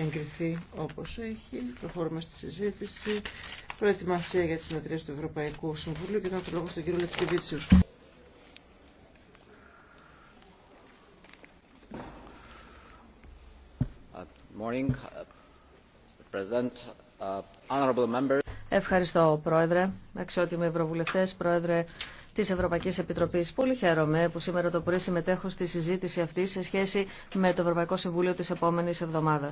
εγκριθεί όπως έχει. Προχωρούμε στη συζήτηση. Προετοιμασία για τη συνεδρία του Ευρωπαϊκού Συμβουλίου και τον λόγο στον κύριο Λετσκεβίτσιου. Uh, uh, uh, Ευχαριστώ, Πρόεδρε. Εξότιμοι Ευρωβουλευτές, Πρόεδρε Τη Ευρωπαϊκή Επιτροπή. Πολύ χαίρομαι που σήμερα το πρωί συμμετέχω στη συζήτηση αυτή σε σχέση με το Ευρωπαϊκό Συμβούλιο τη επόμενη εβδομάδα.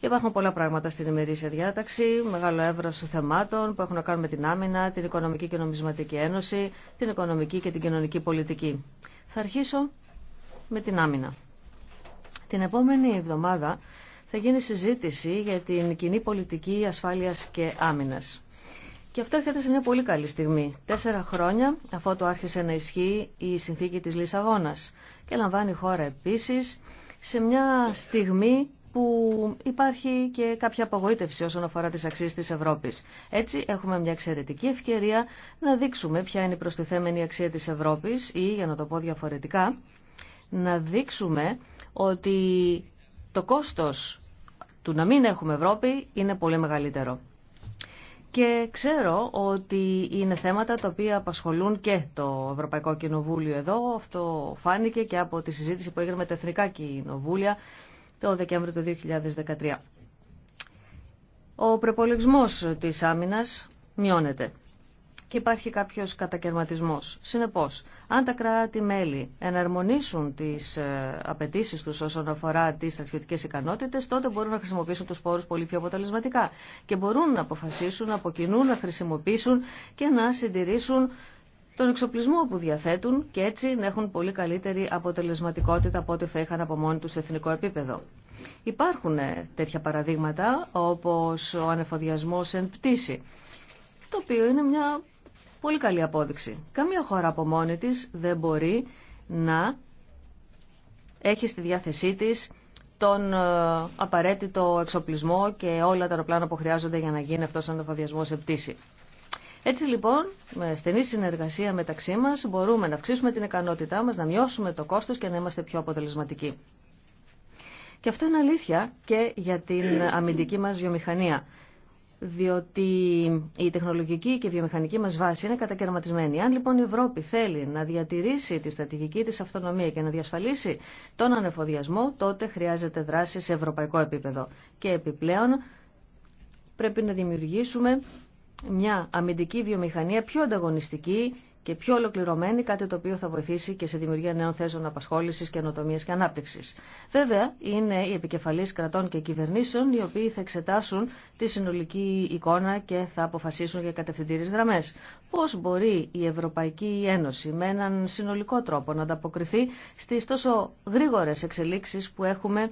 Υπάρχουν πολλά πράγματα στην ημερήσια διάταξη, μεγάλο εύρο θεμάτων που έχουν να κάνουν με την άμυνα, την Οικονομική και Νομισματική Ένωση, την Οικονομική και την Κοινωνική Πολιτική. Θα αρχίσω με την άμυνα. Την επόμενη εβδομάδα θα γίνει συζήτηση για την κοινή πολιτική ασφάλειας και άμυνας. Και αυτό έρχεται σε μια πολύ καλή στιγμή. Τέσσερα χρόνια αφού το άρχισε να ισχύει η συνθήκη της Λισαβόνας. Και λαμβάνει η χώρα επίσης σε μια στιγμή που υπάρχει και κάποια απογοήτευση όσον αφορά τις αξίες της Ευρώπης. Έτσι έχουμε μια εξαιρετική ευκαιρία να δείξουμε ποια είναι η προστιθέμενη αξία της Ευρώπης ή, για να το πω διαφορετικά, να δείξουμε ότι το κόστος του να μην έχουμε Ευρώπη είναι πολύ μεγαλύτερο. Και ξέρω ότι είναι θέματα τα οποία απασχολούν και το Ευρωπαϊκό Κοινοβούλιο εδώ. Αυτό φάνηκε και από τη συζήτηση που έγινε με τα Εθνικά Κοινοβούλια το Δεκέμβριο του 2013. Ο προπολογισμό της άμυνας μειώνεται και υπάρχει κάποιος κατακαιρματισμός. Συνεπώς, αν τα κράτη-μέλη εναρμονίσουν τις ε, απαιτήσει τους όσον αφορά τις στρατιωτικές ικανότητες, τότε μπορούν να χρησιμοποιήσουν τους πόρους πολύ πιο αποτελεσματικά και μπορούν να αποφασίσουν από κοινού να χρησιμοποιήσουν και να συντηρήσουν τον εξοπλισμό που διαθέτουν και έτσι να έχουν πολύ καλύτερη αποτελεσματικότητα από ό,τι θα είχαν από μόνοι τους σε εθνικό επίπεδο. Υπάρχουν ε, τέτοια παραδείγματα όπως ο ανεφοδιασμός εν πτήση, το οποίο είναι μια Πολύ καλή απόδειξη. Καμία χώρα από μόνη της δεν μπορεί να έχει στη διάθεσή της τον ε, απαραίτητο εξοπλισμό και όλα τα αεροπλάνα που χρειάζονται για να γίνει αυτός ο ανεφοδιασμός σε πτήση. Έτσι λοιπόν, με στενή συνεργασία μεταξύ μας, μπορούμε να αυξήσουμε την ικανότητά μας, να μειώσουμε το κόστος και να είμαστε πιο αποτελεσματικοί. Και αυτό είναι αλήθεια και για την αμυντική μας βιομηχανία διότι η τεχνολογική και η βιομηχανική μας βάση είναι κατακαιρματισμένη. Αν λοιπόν η Ευρώπη θέλει να διατηρήσει τη στρατηγική της αυτονομία και να διασφαλίσει τον ανεφοδιασμό, τότε χρειάζεται δράση σε ευρωπαϊκό επίπεδο. Και επιπλέον πρέπει να δημιουργήσουμε μια αμυντική βιομηχανία πιο ανταγωνιστική και πιο ολοκληρωμένη, κάτι το οποίο θα βοηθήσει και σε δημιουργία νέων θέσεων απασχόληση, καινοτομία και ανάπτυξη. Βέβαια, είναι οι επικεφαλεί κρατών και κυβερνήσεων οι οποίοι θα εξετάσουν τη συνολική εικόνα και θα αποφασίσουν για κατευθυντήριε γραμμέ. Πώ μπορεί η Ευρωπαϊκή Ένωση με έναν συνολικό τρόπο να ανταποκριθεί στι τόσο γρήγορε εξελίξει που έχουμε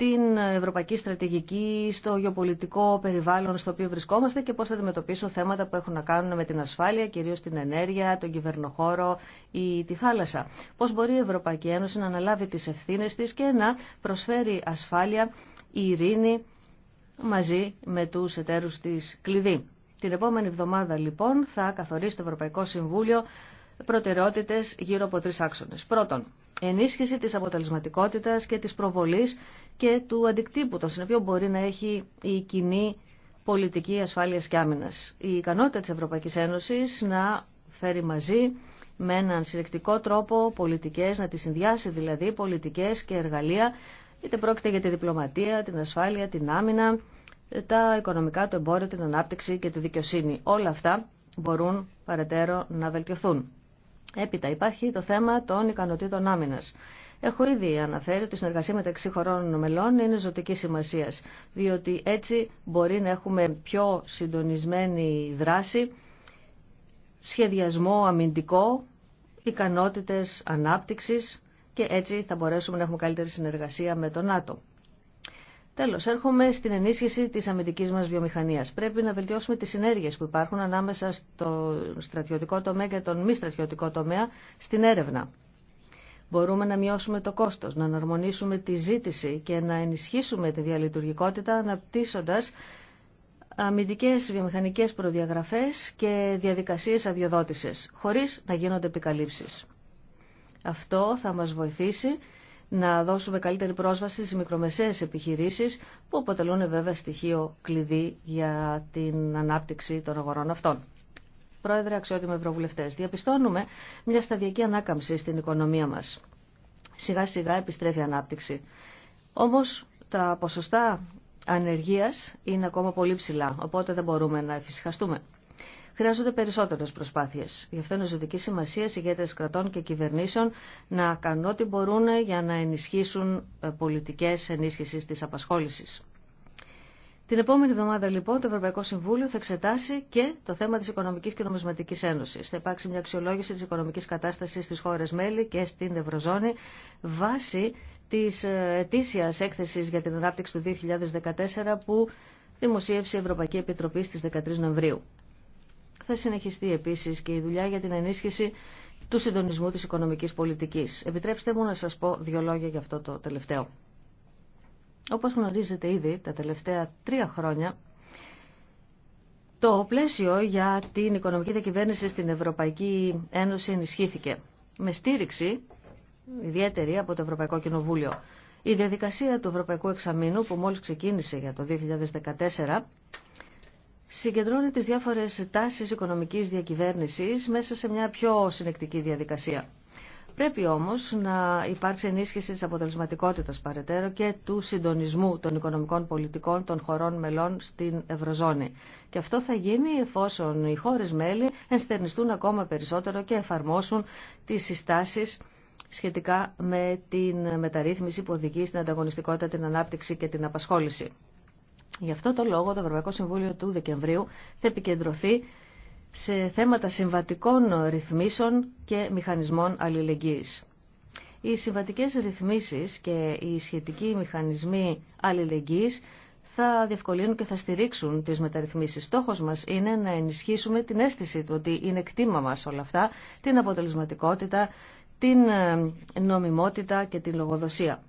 την ευρωπαϊκή στρατηγική στο γεωπολιτικό περιβάλλον στο οποίο βρισκόμαστε και πώς θα αντιμετωπίσω θέματα που έχουν να κάνουν με την ασφάλεια, κυρίως την ενέργεια, τον κυβερνοχώρο ή τη θάλασσα. Πώς μπορεί η Ευρωπαϊκή Ένωση να αναλάβει τις ευθύνες της και να προσφέρει ασφάλεια, ειρήνη μαζί με τους εταίρους της κλειδί. Την επόμενη εβδομάδα λοιπόν θα καθορίσει το Ευρωπαϊκό Συμβούλιο προτεραιότητες γύρω από τρεις άξονες. Πρώτον, ενίσχυση της αποτελεσματικότητας και της προβολής και του αντικτύπου, το συνεπείο μπορεί να έχει η κοινή πολιτική ασφάλειας και άμυνας. Η ικανότητα της Ευρωπαϊκής Ένωσης να φέρει μαζί με έναν συλλεκτικό τρόπο πολιτικές, να τη συνδυάσει δηλαδή πολιτικές και εργαλεία, είτε πρόκειται για τη διπλωματία, την ασφάλεια, την άμυνα, τα οικονομικά, το εμπόριο, την ανάπτυξη και τη δικαιοσύνη. Όλα αυτά μπορούν παρατέρω να βελτιωθούν. Έπειτα υπάρχει το θέμα των ικανοτήτων Άμυνα. Έχω ήδη αναφέρει ότι η συνεργασία μεταξύ χωρών μελών είναι ζωτική σημασία, διότι έτσι μπορεί να έχουμε πιο συντονισμένη δράση, σχεδιασμό αμυντικό, ικανότητε ανάπτυξη και έτσι θα μπορέσουμε να έχουμε καλύτερη συνεργασία με τον ΝΑΤΟ. Τέλο, έρχομαι στην ενίσχυση τη αμυντική μα βιομηχανία. Πρέπει να βελτιώσουμε τι συνέργειε που υπάρχουν ανάμεσα στο στρατιωτικό τομέα και τον μη στρατιωτικό τομέα στην έρευνα. Μπορούμε να μειώσουμε το κόστος, να αναρμονίσουμε τη ζήτηση και να ενισχύσουμε τη διαλειτουργικότητα αναπτύσσοντας αμυντικές βιομηχανικές προδιαγραφές και διαδικασίες αδειοδότησης, χωρίς να γίνονται επικαλύψεις. Αυτό θα μας βοηθήσει να δώσουμε καλύτερη πρόσβαση στις μικρομεσαίες επιχειρήσεις που αποτελούν βέβαια στοιχείο κλειδί για την ανάπτυξη των αγορών αυτών. Πρόεδρε, αξιότιμοι Ευρωβουλευτέ, διαπιστώνουμε μια σταδιακή ανάκαμψη στην οικονομία μα. Σιγά σιγά επιστρέφει η ανάπτυξη. Όμω τα ποσοστά ανεργία είναι ακόμα πολύ ψηλά, οπότε δεν μπορούμε να εφησυχαστούμε. Χρειάζονται περισσότερε προσπάθειε. Γι' αυτό είναι ζωτική σημασία οι ηγέτε κρατών και κυβερνήσεων να κάνουν ό,τι μπορούν για να ενισχύσουν ε, πολιτικέ ενίσχυση τη απασχόληση. Την επόμενη εβδομάδα λοιπόν το Ευρωπαϊκό Συμβούλιο θα εξετάσει και το θέμα της Οικονομικής και Νομισματικής Ένωσης. Θα υπάρξει μια αξιολόγηση της οικονομικής κατάστασης στις χώρες μέλη και στην Ευρωζώνη βάσει της ε, ετήσιας έκθεσης για την ανάπτυξη του 2014 που δημοσίευσε η Ευρωπαϊκή Επιτροπή στις 13 Νοεμβρίου. Θα συνεχιστεί επίσης και η δουλειά για την ενίσχυση του συντονισμού της οικονομικής πολιτικής. Επιτρέψτε μου να σας πω δύο λόγια για αυτό το τελευταίο. Όπως γνωρίζετε ήδη τα τελευταία τρία χρόνια, το πλαίσιο για την οικονομική διακυβέρνηση στην Ευρωπαϊκή Ένωση ενισχύθηκε με στήριξη ιδιαίτερη από το Ευρωπαϊκό Κοινοβούλιο. Η διαδικασία του Ευρωπαϊκού Εξαμήνου που μόλις ξεκίνησε για το 2014 συγκεντρώνει τις διάφορες τάσεις οικονομικής διακυβέρνησης μέσα σε μια πιο συνεκτική διαδικασία. Πρέπει όμως να υπάρξει ενίσχυση της αποτελεσματικότητας παρετέρω και του συντονισμού των οικονομικών πολιτικών των χωρών μελών στην Ευρωζώνη. Και αυτό θα γίνει εφόσον οι χώρες μέλη ενστερνιστούν ακόμα περισσότερο και εφαρμόσουν τις συστάσεις σχετικά με την μεταρρύθμιση που οδηγεί στην ανταγωνιστικότητα, την ανάπτυξη και την απασχόληση. Γι' αυτό το λόγο το Ευρωπαϊκό Συμβούλιο του Δεκεμβρίου θα επικεντρωθεί σε θέματα συμβατικών ρυθμίσεων και μηχανισμών αλληλεγγύης. Οι συμβατικές ρυθμίσεις και οι σχετικοί μηχανισμοί αλληλεγγύης θα διευκολύνουν και θα στηρίξουν τις μεταρρυθμίσεις. Στόχος μας είναι να ενισχύσουμε την αίσθηση του ότι είναι κτήμα μας όλα αυτά, την αποτελεσματικότητα, την ε, νομιμότητα και την λογοδοσία.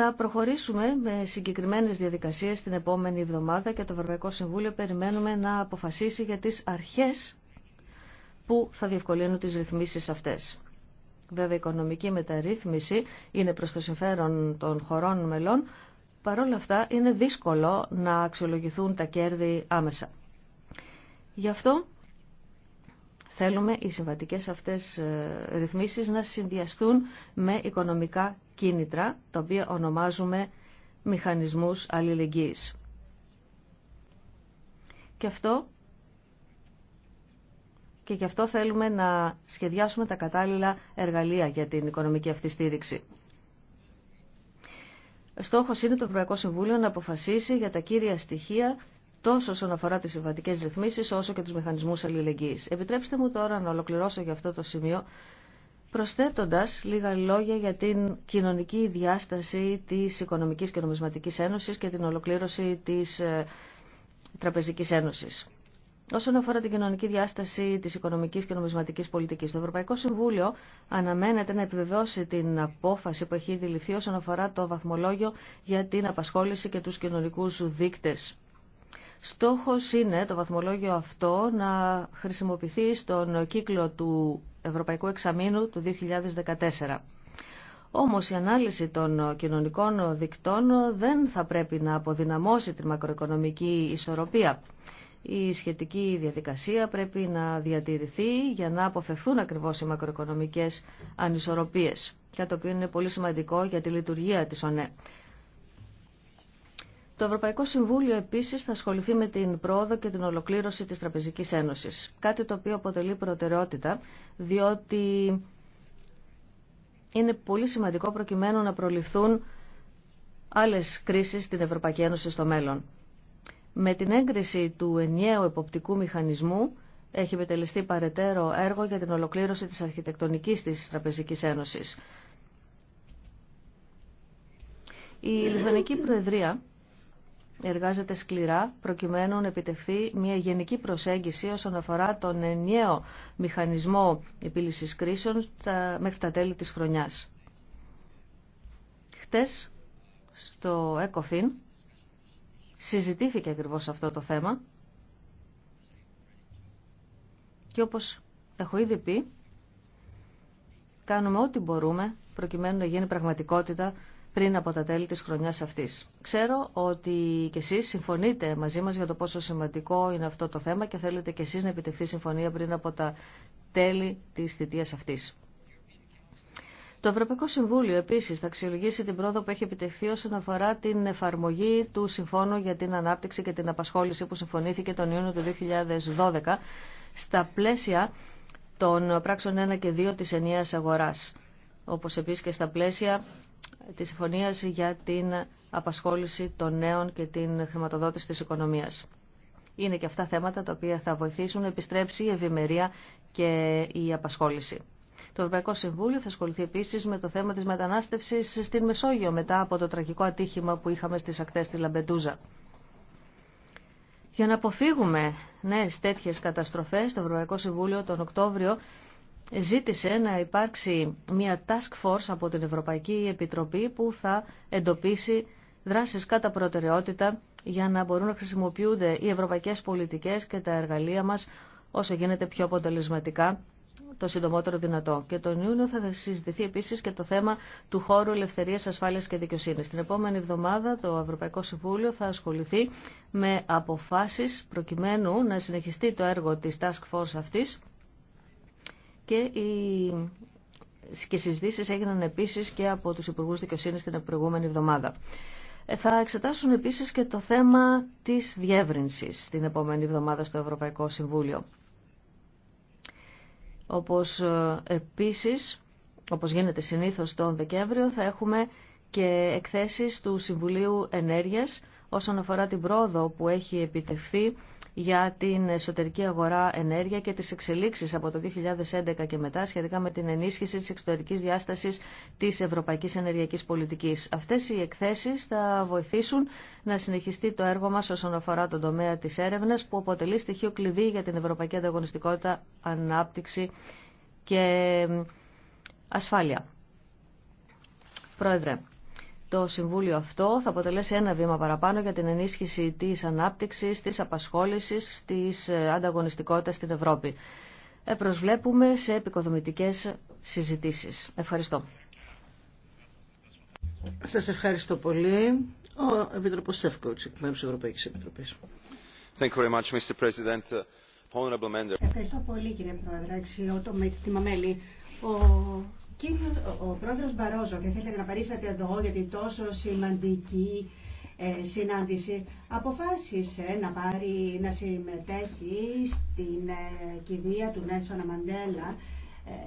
Θα προχωρήσουμε με συγκεκριμένες διαδικασίες την επόμενη εβδομάδα και το Ευρωπαϊκό Συμβούλιο περιμένουμε να αποφασίσει για τις αρχές που θα διευκολύνουν τις ρυθμίσεις αυτές. Βέβαια, η οικονομική μεταρρύθμιση είναι προς το συμφέρον των χωρών μελών. Παρ' όλα αυτά, είναι δύσκολο να αξιολογηθούν τα κέρδη άμεσα. Γι' αυτό θέλουμε οι συμβατικές αυτές ε, ρυθμίσεις να συνδυαστούν με οικονομικά κίνητρα, τα οποία ονομάζουμε μηχανισμούς αλληλεγγύης. Και αυτό και γι' αυτό θέλουμε να σχεδιάσουμε τα κατάλληλα εργαλεία για την οικονομική αυτή στήριξη. Στόχος είναι το Ευρωπαϊκό Συμβούλιο να αποφασίσει για τα κύρια στοιχεία τόσο όσον αφορά τι συμβατικέ ρυθμίσει, όσο και του μηχανισμού αλληλεγγύη. Επιτρέψτε μου τώρα να ολοκληρώσω για αυτό το σημείο προσθέτοντας λίγα λόγια για την κοινωνική διάσταση της Οικονομικής και Νομισματικής Ένωσης και την ολοκλήρωση της ε, Τραπεζικής Ένωσης. Όσον αφορά την κοινωνική διάσταση της οικονομικής και νομισματικής πολιτικής, το Ευρωπαϊκό Συμβούλιο αναμένεται να επιβεβαιώσει την απόφαση που έχει ήδη ληφθεί όσον αφορά το βαθμολόγιο για την απασχόληση και τους κοινωνικούς δείκτες. Στόχος είναι το βαθμολόγιο αυτό να χρησιμοποιηθεί στον κύκλο του Ευρωπαϊκού Εξαμήνου του 2014. Όμως η ανάλυση των κοινωνικών δικτών δεν θα πρέπει να αποδυναμώσει τη μακροοικονομική ισορροπία. Η σχετική διαδικασία πρέπει να διατηρηθεί για να αποφευθούν ακριβώς οι μακροοικονομικές ανισορροπίες, κάτι το οποίο είναι πολύ σημαντικό για τη λειτουργία της ΟΝΕ. Το Ευρωπαϊκό Συμβούλιο επίση θα ασχοληθεί με την πρόοδο και την ολοκλήρωση τη Τραπεζική Ένωση. Κάτι το οποίο αποτελεί προτεραιότητα, διότι είναι πολύ σημαντικό προκειμένου να προληφθούν άλλε κρίσει στην Ευρωπαϊκή Ένωση στο μέλλον. Με την έγκριση του ενιαίου εποπτικού μηχανισμού έχει επιτελεστεί παρετέρω έργο για την ολοκλήρωση της αρχιτεκτονικής της Τραπεζικής Ένωσης. Η Λιθουανική Προεδρία εργάζεται σκληρά προκειμένου να επιτευχθεί μια γενική προσέγγιση όσον αφορά τον ενιαίο μηχανισμό επίλυσης κρίσεων μέχρι τα τέλη της χρονιάς. Χτες στο ΕΚΟΦΗΝ συζητήθηκε ακριβώς αυτό το θέμα και όπως έχω ήδη πει κάνουμε ό,τι μπορούμε προκειμένου να γίνει πραγματικότητα πριν από τα τέλη της χρονιάς αυτής. Ξέρω ότι και εσείς συμφωνείτε μαζί μας για το πόσο σημαντικό είναι αυτό το θέμα και θέλετε και εσείς να επιτευχθεί συμφωνία πριν από τα τέλη της θητείας αυτής. Το Ευρωπαϊκό Συμβούλιο επίση θα αξιολογήσει την πρόοδο που έχει επιτευχθεί όσον αφορά την εφαρμογή του Συμφώνου για την Ανάπτυξη και την Απασχόληση που συμφωνήθηκε τον Ιούνιο του 2012 στα πλαίσια των πράξεων 1 και 2 της ενιαίας αγοράς, όπως επίσης και στα πλαίσια τη συμφωνία για την απασχόληση των νέων και την χρηματοδότηση της οικονομίας. Είναι και αυτά θέματα τα οποία θα βοηθήσουν να επιστρέψει η ευημερία και η απασχόληση. Το Ευρωπαϊκό Συμβούλιο θα ασχοληθεί επίση με το θέμα τη μετανάστευση στην Μεσόγειο μετά από το τραγικό ατύχημα που είχαμε στι ακτέ τη Λαμπεντούζα. Για να αποφύγουμε νέε τέτοιε καταστροφέ, το Ευρωπαϊκό Συμβούλιο τον Οκτώβριο ζήτησε να υπάρξει μια task force από την Ευρωπαϊκή Επιτροπή που θα εντοπίσει δράσεις κατά προτεραιότητα για να μπορούν να χρησιμοποιούνται οι ευρωπαϊκές πολιτικές και τα εργαλεία μας όσο γίνεται πιο αποτελεσματικά το συντομότερο δυνατό. Και τον Ιούνιο θα συζητηθεί επίση και το θέμα του χώρου ελευθερία, ασφάλεια και δικαιοσύνη. Την επόμενη εβδομάδα το Ευρωπαϊκό Συμβούλιο θα ασχοληθεί με αποφάσει προκειμένου να συνεχιστεί το έργο τη Task Force αυτή και οι και συζητήσει έγιναν επίση και από του Υπουργού Δικαιοσύνη την προηγούμενη εβδομάδα. Ε, θα εξετάσουν επίσης και το θέμα της διεύρυνση την επόμενη εβδομάδα στο Ευρωπαϊκό Συμβούλιο. Όπω ε, επίση, όπω γίνεται συνήθω τον Δεκέμβριο, θα έχουμε και εκθέσεις του Συμβουλίου Ενέργειας όσον αφορά την πρόοδο που έχει επιτευχθεί για την εσωτερική αγορά ενέργεια και τις εξελίξεις από το 2011 και μετά σχετικά με την ενίσχυση της εξωτερικής διάστασης της ευρωπαϊκής ενεργειακής πολιτικής. Αυτές οι εκθέσεις θα βοηθήσουν να συνεχιστεί το έργο μας όσον αφορά τον τομέα της έρευνας που αποτελεί στοιχείο κλειδί για την ευρωπαϊκή ανταγωνιστικότητα, ανάπτυξη και ασφάλεια. Πρόεδρε, το Συμβούλιο αυτό θα αποτελέσει ένα βήμα παραπάνω για την ενίσχυση της ανάπτυξης, της απασχόλησης, της ε, ανταγωνιστικότητας στην Ευρώπη. Ε, προσβλέπουμε σε επικοδομητικές συζητήσεις. Ευχαριστώ. Σας ευχαριστώ πολύ. Ο Επιτροπός Σεύκοτς, εκ μέρους Ευρωπαϊκής Επιτροπής. Ε, ευχαριστώ πολύ κύριε Πρόεδρε, αξιότομη μέλη. Ο Κύριε ο πρόεδρος Μπαρόζο, και θέλετε να παρήσατε εδώ γιατί τόσο σημαντική ε, συνάντηση, αποφάσισε να, πάρει, να συμμετέχει στην ε, κηδεία του Νέλσονα Μαντέλα ε,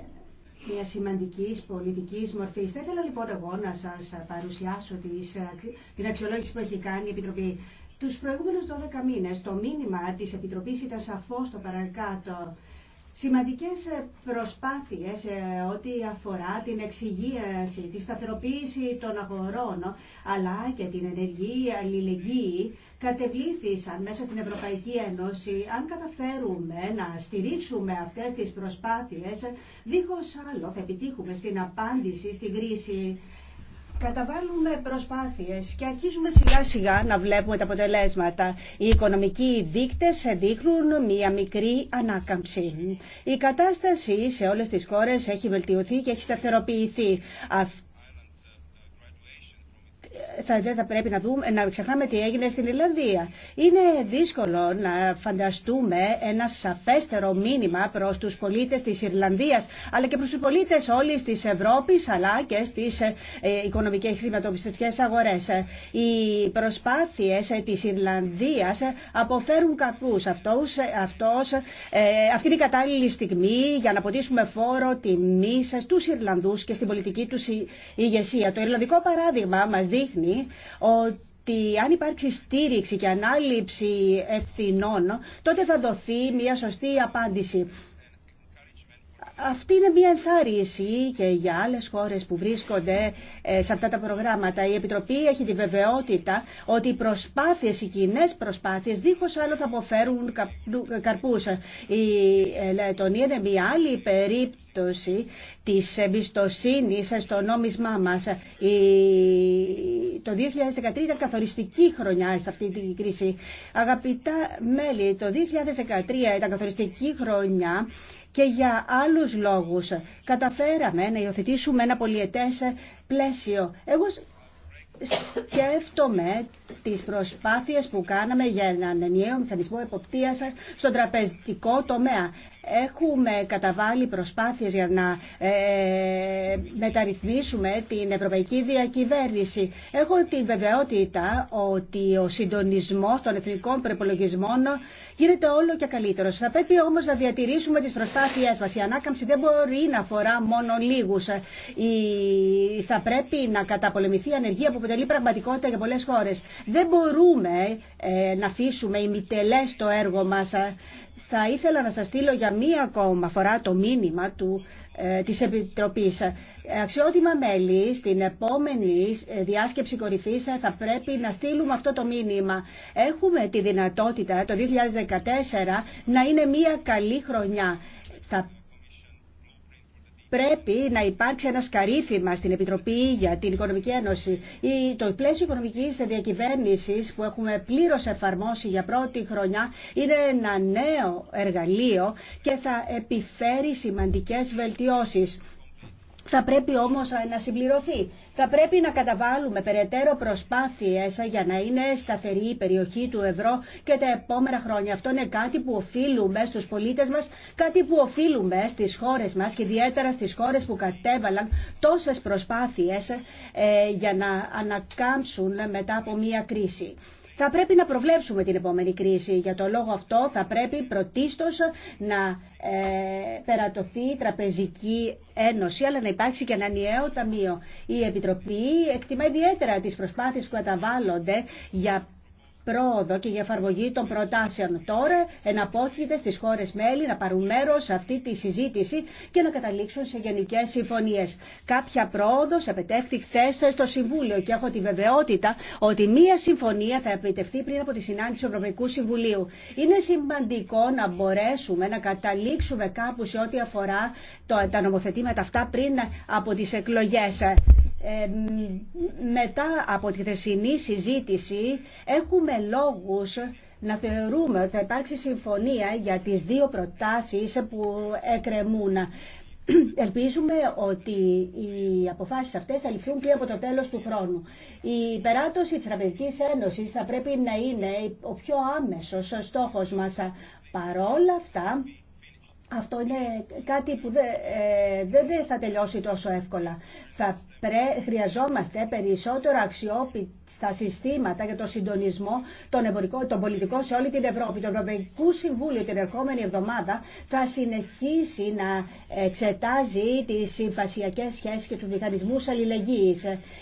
μια σημαντική πολιτική μορφή. Θα ήθελα λοιπόν εγώ να σα παρουσιάσω τις, ε, την αξιολόγηση που έχει κάνει η Επιτροπή. Του προηγούμενου 12 μήνε το μήνυμα τη Επιτροπή ήταν σαφώ το παρακάτω. Σημαντικές προσπάθειες ε, ό,τι αφορά την εξυγίαση, τη σταθεροποίηση των αγορών αλλά και την ενεργή αλληλεγγύη κατεβλήθησαν μέσα στην Ευρωπαϊκή Ένωση αν καταφέρουμε να στηρίξουμε αυτές τις προσπάθειες δίχως άλλο θα επιτύχουμε στην απάντηση στην κρίση καταβάλουμε προσπάθειες και αρχίζουμε σιγά σιγά να βλέπουμε τα αποτελέσματα. Οι οικονομικοί δείκτες δείχνουν μία μικρή ανάκαμψη. Η κατάσταση σε όλες τις χώρες έχει βελτιωθεί και έχει σταθεροποιηθεί θα, δεν θα πρέπει να, δούμε, να ξεχνάμε τι έγινε στην Ιρλανδία. Είναι δύσκολο να φανταστούμε ένα σαφέστερο μήνυμα προς τους πολίτες της Ιρλανδίας, αλλά και προς τους πολίτες όλης της Ευρώπης, αλλά και στις ε, οικονομικές χρηματοπιστωτικέ αγορές. Οι προσπάθειες ε, της Ιρλανδίας ε, αποφέρουν κακούς. Αυτός, αυτός, αυτή είναι η κατάλληλη στιγμή για να αποτίσουμε φόρο τιμή στους Ιρλανδούς και στην πολιτική τους ηγεσία. Το Ιρλανδικό παράδειγμα μας δείχνει ότι ότι αν υπάρξει στήριξη και ανάληψη ευθυνών, τότε θα δοθεί μια σωστή απάντηση. Αυτή είναι μια ενθάρρυνση και για άλλες χώρες που βρίσκονται ε, σε αυτά τα προγράμματα. Η Επιτροπή έχει τη βεβαιότητα ότι οι προσπάθειες, οι κοινέ προσπάθειες, δίχως άλλο θα αποφέρουν καρπούς. Η ε, Λετωνία είναι μια άλλη περίπτωση της εμπιστοσύνη στο νόμισμά μας. Το 2013 ήταν καθοριστική χρονιά σε αυτή την κρίση. Αγαπητά μέλη, το 2013 ήταν καθοριστική χρονιά και για άλλους λόγους. Καταφέραμε να υιοθετήσουμε ένα πολιετές πλαίσιο. Εγώ σκέφτομαι τις προσπάθειες που κάναμε για έναν ενιαίο μηχανισμό εποπτείας στον τραπεζικό τομέα. Έχουμε καταβάλει προσπάθειες για να ε, μεταρρυθμίσουμε την ευρωπαϊκή διακυβέρνηση. Έχω τη βεβαιότητα ότι ο συντονισμός των εθνικών προπολογισμών γίνεται όλο και καλύτερος. Θα πρέπει όμως να διατηρήσουμε τις προσπάθειές μας. Η ανάκαμψη δεν μπορεί να αφορά μόνο λίγους. Θα πρέπει να καταπολεμηθεί η ανεργία που αποτελεί πραγματικότητα για πολλές χώρες. Δεν μπορούμε ε, να αφήσουμε ημιτελές το έργο μας. Θα ήθελα να σας στείλω για μία ακόμα φορά το μήνυμα του, ε, της Επιτροπής. Ε, αξιότιμα μέλη, στην επόμενη ε, διάσκεψη κορυφής ε, θα πρέπει να στείλουμε αυτό το μήνυμα. Έχουμε τη δυνατότητα το 2014 να είναι μία καλή χρονιά πρέπει να υπάρξει ένα σκαρίφημα στην Επιτροπή για την Οικονομική Ένωση. Το πλαίσιο οικονομική διακυβέρνηση που έχουμε πλήρω εφαρμόσει για πρώτη χρονιά είναι ένα νέο εργαλείο και θα επιφέρει σημαντικέ βελτιώσει. Θα πρέπει όμως ε, να συμπληρωθεί. Θα πρέπει να καταβάλουμε περαιτέρω προσπάθειες ε, για να είναι σταθερή η περιοχή του ευρώ και τα επόμενα χρόνια. Αυτό είναι κάτι που οφείλουμε στους πολίτες μας, κάτι που οφείλουμε στις χώρες μας και ιδιαίτερα στις χώρες που κατέβαλαν τόσες προσπάθειες ε, για να ανακάμψουν μετά από μία κρίση. Θα πρέπει να προβλέψουμε την επόμενη κρίση. Για το λόγο αυτό θα πρέπει πρωτίστως να ε, περατωθεί η Τραπεζική Ένωση, αλλά να υπάρξει και ένα νέο ταμείο. Η Επιτροπή εκτιμά ιδιαίτερα τις προσπάθειες που καταβάλλονται για πρόοδο και η εφαρμογή των προτάσεων. Τώρα εναπόκειται στις χώρες μέλη να πάρουν μέρος σε αυτή τη συζήτηση και να καταλήξουν σε γενικές συμφωνίες. Κάποια πρόοδος επετεύχθη χθε στο Συμβούλιο και έχω τη βεβαιότητα ότι μία συμφωνία θα επιτευχθεί πριν από τη συνάντηση του Ευρωπαϊκού Συμβουλίου. Είναι σημαντικό να μπορέσουμε να καταλήξουμε κάπου σε ό,τι αφορά τα νομοθετήματα αυτά πριν από τις εκλογές μετά από τη θεσινή συζήτηση έχουμε λόγους να θεωρούμε ότι θα υπάρξει συμφωνία για τις δύο προτάσεις που εκκρεμούν. Ελπίζουμε ότι οι αποφάσεις αυτές θα ληφθούν πριν από το τέλος του χρόνου. Η περάτωση της Τραπεζικής Ένωσης θα πρέπει να είναι ο πιο άμεσος στόχος μας. Παρόλα αυτά, αυτό είναι κάτι που ε, δεν, θα τελειώσει τόσο εύκολα. Θα χρειαζόμαστε περισσότερο αξιόπι, στα συστήματα για το συντονισμό των, των πολιτικών σε όλη την Ευρώπη. Το Ευρωπαϊκό Συμβούλιο την ερχόμενη εβδομάδα θα συνεχίσει να εξετάζει τι συμβασιακέ σχέσει και του μηχανισμού αλληλεγγύη.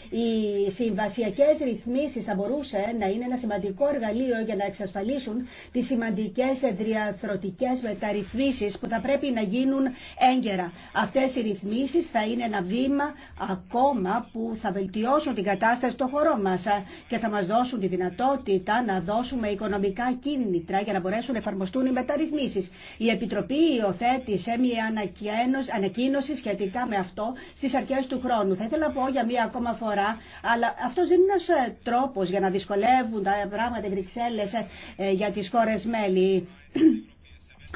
Οι συμβασιακέ ρυθμίσει θα μπορούσε να είναι ένα σημαντικό εργαλείο για να εξασφαλίσουν τι σημαντικέ διαθροτικές μεταρρυθμίσει που θα πρέπει να γίνουν έγκαιρα. Αυτέ οι ρυθμίσει θα είναι ένα βήμα ακόμα που θα βελτιώσουν την κατάσταση στον χώρο μα και θα μας δώσουν τη δυνατότητα να δώσουμε οικονομικά κίνητρα για να μπορέσουν να εφαρμοστούν οι μεταρρυθμίσεις. Η Επιτροπή υιοθέτησε μια ανακοίνωση σχετικά με αυτό στις αρχές του χρόνου. Θα ήθελα να πω για μία ακόμα φορά, αλλά αυτός δεν είναι ο ε, τρόπος για να δυσκολεύουν τα πράγματα οι Βρυξέλλες ε, ε, για τις χώρες μέλη.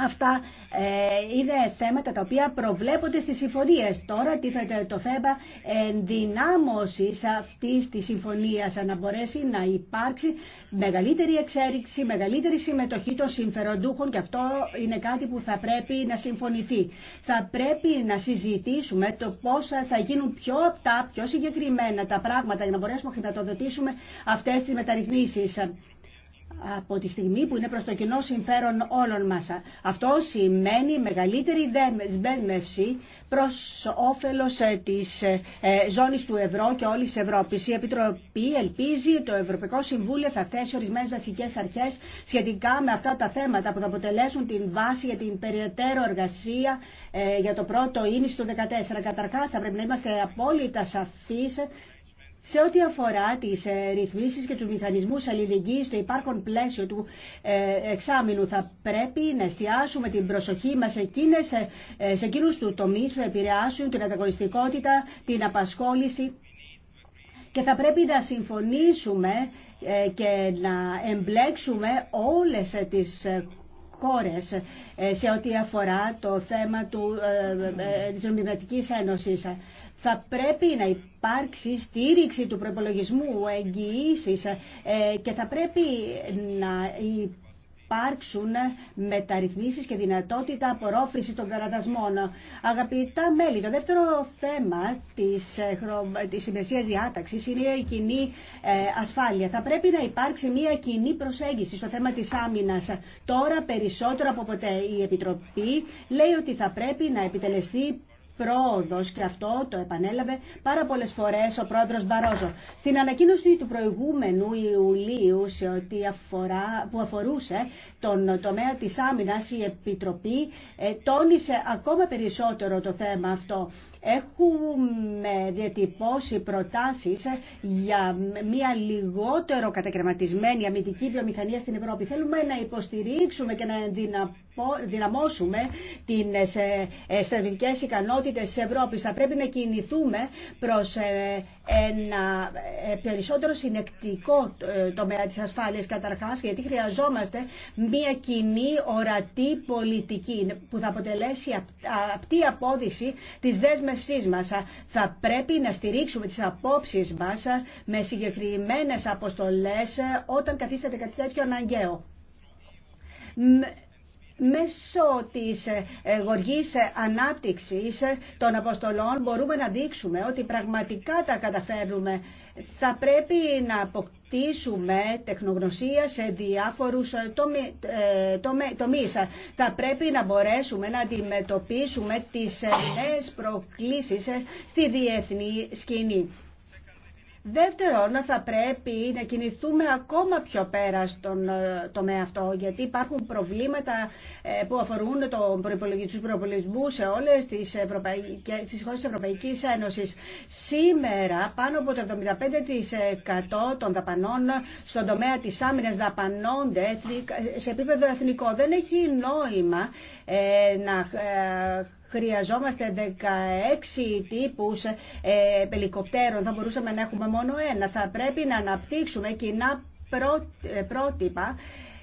Αυτά ε, είναι θέματα τα οποία προβλέπονται στις συμφωνίες. Τώρα τίθεται το θέμα ενδυνάμωσης αυτής της συμφωνίας να μπορέσει να υπάρξει μεγαλύτερη εξέριξη, μεγαλύτερη συμμετοχή των συμφεροντούχων και αυτό είναι κάτι που θα πρέπει να συμφωνηθεί. Θα πρέπει να συζητήσουμε το πώς θα γίνουν πιο απτά, πιο συγκεκριμένα τα πράγματα για να μπορέσουμε να χρηματοδοτήσουμε αυτές τις μεταρρυθμίσεις από τη στιγμή που είναι προς το κοινό συμφέρον όλων μας. Αυτό σημαίνει μεγαλύτερη δέσμευση προς όφελος ε, της ε, ε, ζώνης του ευρώ και όλης της Ευρώπης. Η Επιτροπή ελπίζει το Ευρωπαϊκό Συμβούλιο θα θέσει ορισμένες βασικές αρχές σχετικά με αυτά τα θέματα που θα αποτελέσουν την βάση για την περαιτέρω εργασία για το πρώτο ίμιση του 2014. Καταρχάς θα πρέπει να είμαστε απόλυτα σαφείς σε ό,τι αφορά τις ε, ρυθμίσεις και τους μηχανισμούς αλληλεγγύης στο υπάρχον πλαίσιο του ε, εξάμεινου θα πρέπει να εστιάσουμε την προσοχή μας σε, εκείνες, ε, σε εκείνους του τομείς που επηρεάσουν την ανταγωνιστικότητα, την απασχόληση και θα πρέπει να συμφωνήσουμε και να εμπλέξουμε όλες τις χώρες σε ό,τι αφορά το θέμα του, της Νομιματικής Ένωσης θα πρέπει να υπάρξει στήριξη του προπολογισμού, εγγυήσεις ε, και θα πρέπει να υπάρξουν μεταρρυθμίσεις και δυνατότητα απορρόφησης των καραδασμών. Αγαπητά μέλη, το δεύτερο θέμα της, ε, της ημεσίας διάταξης είναι η κοινή ε, ασφάλεια. Θα πρέπει να υπάρξει μια κοινή προσέγγιση στο θέμα της άμυνας. Τώρα περισσότερο από ποτέ η Επιτροπή λέει ότι θα πρέπει να επιτελεστεί πρόοδος και αυτό το επανέλαβε πάρα πολλές φορές ο πρόεδρος Μπαρόζο. Στην ανακοίνωση του προηγούμενου Ιουλίου σε ό,τι αφορά, που αφορούσε τον τομέα της άμυνας η Επιτροπή ε, τόνισε ακόμα περισσότερο το θέμα αυτό. Έχουμε διατυπώσει προτάσεις για μια λιγότερο κατακρεματισμένη αμυντική βιομηχανία στην Ευρώπη. Θέλουμε να υποστηρίξουμε και να δυναμώσουμε τις ε, στρατηγικές ικανότητες της Ευρώπης. Θα πρέπει να κινηθούμε προς ε, ένα ε, περισσότερο συνεκτικό τομέα της ασφάλειας καταρχάς, γιατί χρειαζόμαστε μια κοινή ορατή πολιτική που θα αποτελέσει απτή απόδειξη της δέσμευσης θα πρέπει να στηρίξουμε τις απόψει μα με συγκεκριμένε αποστολέ όταν καθίσατε κάτι τέτοιο αναγκαίο. Μέσω της γοργής ανάπτυξης των αποστολών μπορούμε να δείξουμε ότι πραγματικά τα καταφέρνουμε θα πρέπει να αποκτήσουμε τεχνογνωσία σε διάφορους ε, ε, τομείς. Θα πρέπει να μπορέσουμε να αντιμετωπίσουμε τις νέες προκλήσεις ε, στη διεθνή σκηνή. Δεύτερον, θα πρέπει να κινηθούμε ακόμα πιο πέρα στον ε, τομέα αυτό, γιατί υπάρχουν προβλήματα ε, που αφορούν τον τους προπολογισμού σε όλες τις, Ευρωπαϊκές τις χώρες της Ευρωπαϊκής Ένωσης. Σήμερα, πάνω από το 75% των δαπανών στον τομέα της άμυνας δαπανώνται σε επίπεδο εθνικό. Δεν έχει νόημα ε, να χρειαζόμαστε 16 τύπους ε, πελικοπτέρων, θα μπορούσαμε να έχουμε μόνο ένα. Θα πρέπει να αναπτύξουμε κοινά ε, πρότυπα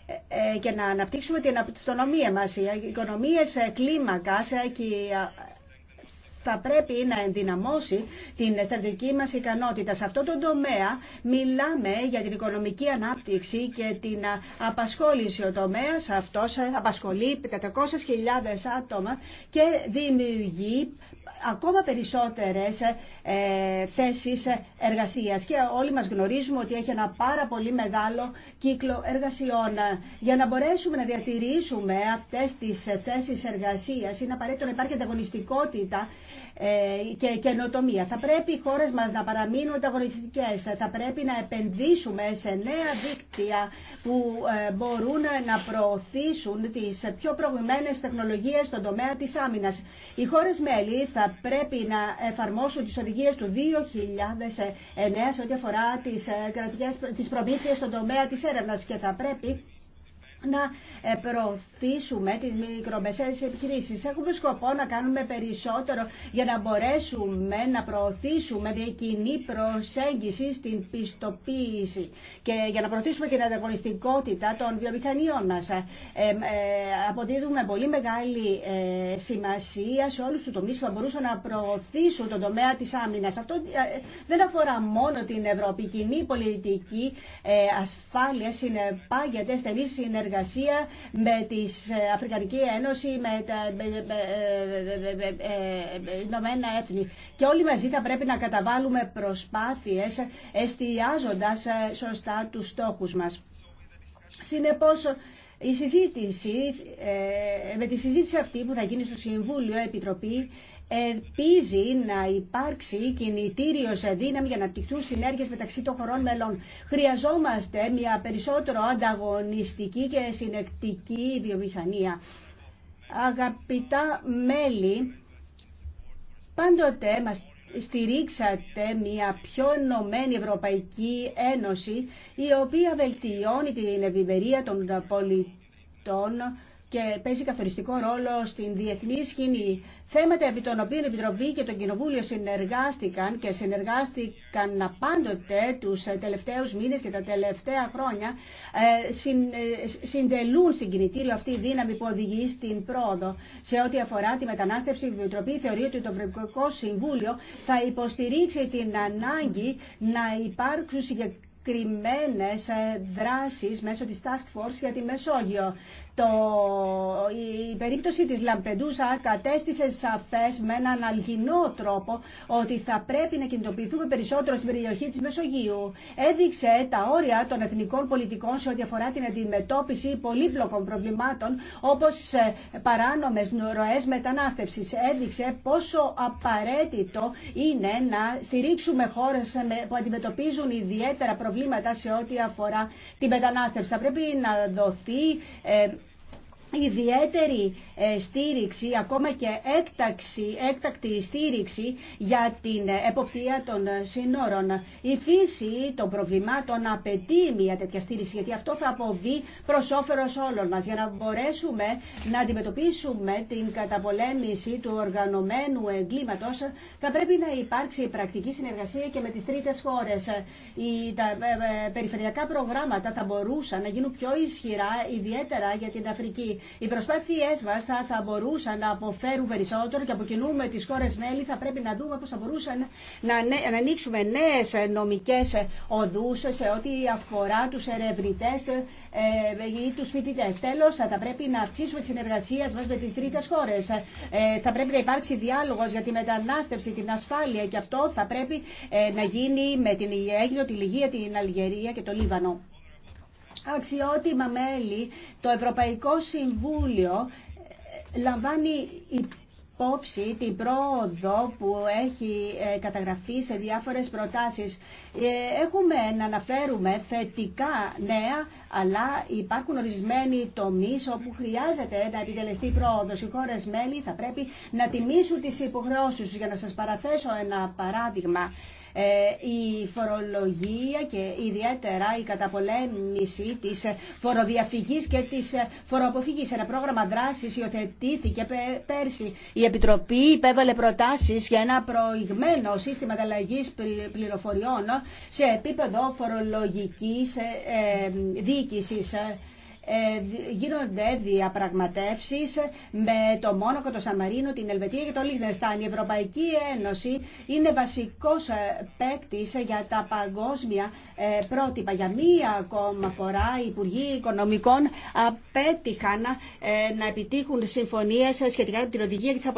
ε, ε, και να αναπτύξουμε την αυτονομία μας. Οι οικονομίες κλίμακας και θα πρέπει να ενδυναμώσει την στρατηγική μας ικανότητα. Σε αυτό το τομέα μιλάμε για την οικονομική ανάπτυξη και την απασχόληση. Ο τομέας αυτός απασχολεί 400.000 άτομα και δημιουργεί ακόμα περισσότερες ε, θέσεις εργασίας. Και όλοι μας γνωρίζουμε ότι έχει ένα πάρα πολύ μεγάλο κύκλο εργασιών. Για να μπορέσουμε να διατηρήσουμε αυτές τις θέσεις εργασίας είναι απαραίτητο να υπάρχει ανταγωνιστικότητα ε, και καινοτομία. Θα πρέπει οι χώρες μας να παραμείνουν ανταγωνιστικές. Θα πρέπει να επενδύσουμε σε νέα δίκτυα που ε, μπορούν να προωθήσουν τις πιο προηγουμένες τεχνολογίες στον τομέα της άμυνας. Οι χώρες μέλη θα πρέπει να εφαρμόσουν τις οδηγίες του 2009 σε ό,τι αφορά τις, ε, τις προμήθειες στον τομέα της έρευνας και θα πρέπει να ε, προωθήσουμε τις μικρομεσαίες επιχειρήσεις. Έχουμε σκοπό να κάνουμε περισσότερο για να μπορέσουμε να προωθήσουμε μια κοινή προσέγγιση στην πιστοποίηση και για να προωθήσουμε την ανταγωνιστικότητα των βιομηχανιών μας. Ε, ε αποδίδουμε πολύ μεγάλη ε, σημασία σε όλους τους τομείς που θα μπορούσαν να προωθήσουν τον τομέα της άμυνας. Αυτό δεν αφορά μόνο την Ευρώπη. Η κοινή πολιτική ασφάλεια συνεπάγεται στενή συνεργασία με την ε, Αφρικανική Ένωση, με τα ε, ε, Ηνωμένα Έθνη. Και όλοι μαζί θα πρέπει να καταβάλουμε προσπάθειες εστιάζοντας σωστά τους στόχους μας. Συνεπώς, η συζήτηση, με τη συζήτηση αυτή που θα γίνει στο Συμβούλιο Επιτροπή ελπίζει να υπάρξει κινητήριο σε δύναμη για να πτυχθούν συνέργειε μεταξύ των χωρών μελών. Χρειαζόμαστε μια περισσότερο ανταγωνιστική και συνεκτική βιομηχανία. Αγαπητά μέλη, πάντοτε μας στηρίξατε μια πιο ενωμένη Ευρωπαϊκή Ένωση η οποία βελτιώνει την ευημερία των πολιτών και παίζει καθοριστικό ρόλο στην διεθνή σκηνή. Θέματα επί των οποίων η Επιτροπή και το Κοινοβούλιο συνεργάστηκαν και συνεργάστηκαν απάντοτε τους τελευταίους μήνες και τα τελευταία χρόνια ε, ε, συντελούν στην κινητήριο αυτή η δύναμη που οδηγεί στην πρόοδο. Σε ό,τι αφορά τη μετανάστευση, η Επιτροπή θεωρεί ότι το Ευρωπαϊκό Συμβούλιο θα υποστηρίξει την ανάγκη να υπάρξουν συγκεκριμένες ε, δράσεις μέσω της Task Force για τη Μεσόγειο. Το, η περίπτωση της Λαμπεντούσα κατέστησε σαφές με έναν αλγινό τρόπο ότι θα πρέπει να κινητοποιηθούμε περισσότερο στην περιοχή της Μεσογείου. Έδειξε τα όρια των εθνικών πολιτικών σε ό,τι αφορά την αντιμετώπιση πολύπλοκων προβλημάτων όπως ε, παράνομες ροές μετανάστευσης. Έδειξε πόσο απαραίτητο είναι να στηρίξουμε χώρες που αντιμετωπίζουν ιδιαίτερα προβλήματα σε ό,τι αφορά την μετανάστευση. Θα πρέπει να δοθεί ε, ιδιαίτερη ε, στήριξη, ακόμα και έκταξη, έκτακτη στήριξη για την εποπτεία των ε, σύνορων. Η φύση των προβλημάτων απαιτεί μια τέτοια στήριξη, γιατί αυτό θα αποβεί προς όφερος όλων μας, για να μπορέσουμε να αντιμετωπίσουμε την καταπολέμηση του οργανωμένου εγκλήματος, θα πρέπει να υπάρξει πρακτική συνεργασία και με τις τρίτες χώρες. τα ε, περιφερειακά προγράμματα θα μπορούσαν να γίνουν πιο ισχυρά, ιδιαίτερα για την Αφρική. Οι προσπάθειε μα θα, θα μπορούσαν να αποφέρουν περισσότερο και από κοινού με τι χώρε μέλη θα πρέπει να δούμε πώ θα μπορούσαν να, να ανοίξουμε νέε νομικέ οδού σε ό,τι αφορά τους ερευνητές ε, ή του φοιτητέ. Τέλο, θα πρέπει να αυξήσουμε τη συνεργασία μα με τις τρίτες χώρες. Ε, θα πρέπει να υπάρξει διάλογο για τη μετανάστευση, την ασφάλεια και αυτό θα πρέπει ε, να γίνει με την Αίγυπτο, τη Λιγία, την Αλγερία και το Λίβανο αξιότιμα μέλη, το Ευρωπαϊκό Συμβούλιο ε, λαμβάνει υπόψη την πρόοδο που έχει ε, καταγραφεί σε διάφορες προτάσεις. Ε, έχουμε να αναφέρουμε θετικά νέα, αλλά υπάρχουν ορισμένοι τομείς όπου χρειάζεται να επιτελεστεί πρόοδος. Οι χώρες μέλη θα πρέπει να τιμήσουν τις υποχρεώσεις τους. Για να σας παραθέσω ένα παράδειγμα, ε, η φορολογία και ιδιαίτερα η καταπολέμηση της φοροδιαφυγής και της φοροαποφυγής. Ένα πρόγραμμα δράσης υιοθετήθηκε πέρσι. Η Επιτροπή υπέβαλε προτάσεις για ένα προηγμένο σύστημα ανταλλαγή πληροφοριών σε επίπεδο φορολογικής ε, ε, διοίκησης. Ε, γίνονται διαπραγματεύσει με το Μόνακο, το Σαμαρίνο, την Ελβετία και το Λίχνεστάν. Η Ευρωπαϊκή Ένωση είναι βασικό ε, παίκτη για τα παγκόσμια ε, πρότυπα. Για μία ακόμα φορά οι Υπουργοί Οικονομικών απέτυχαν να επιτύχουν συμφωνίε σχετικά με την οδηγία και τι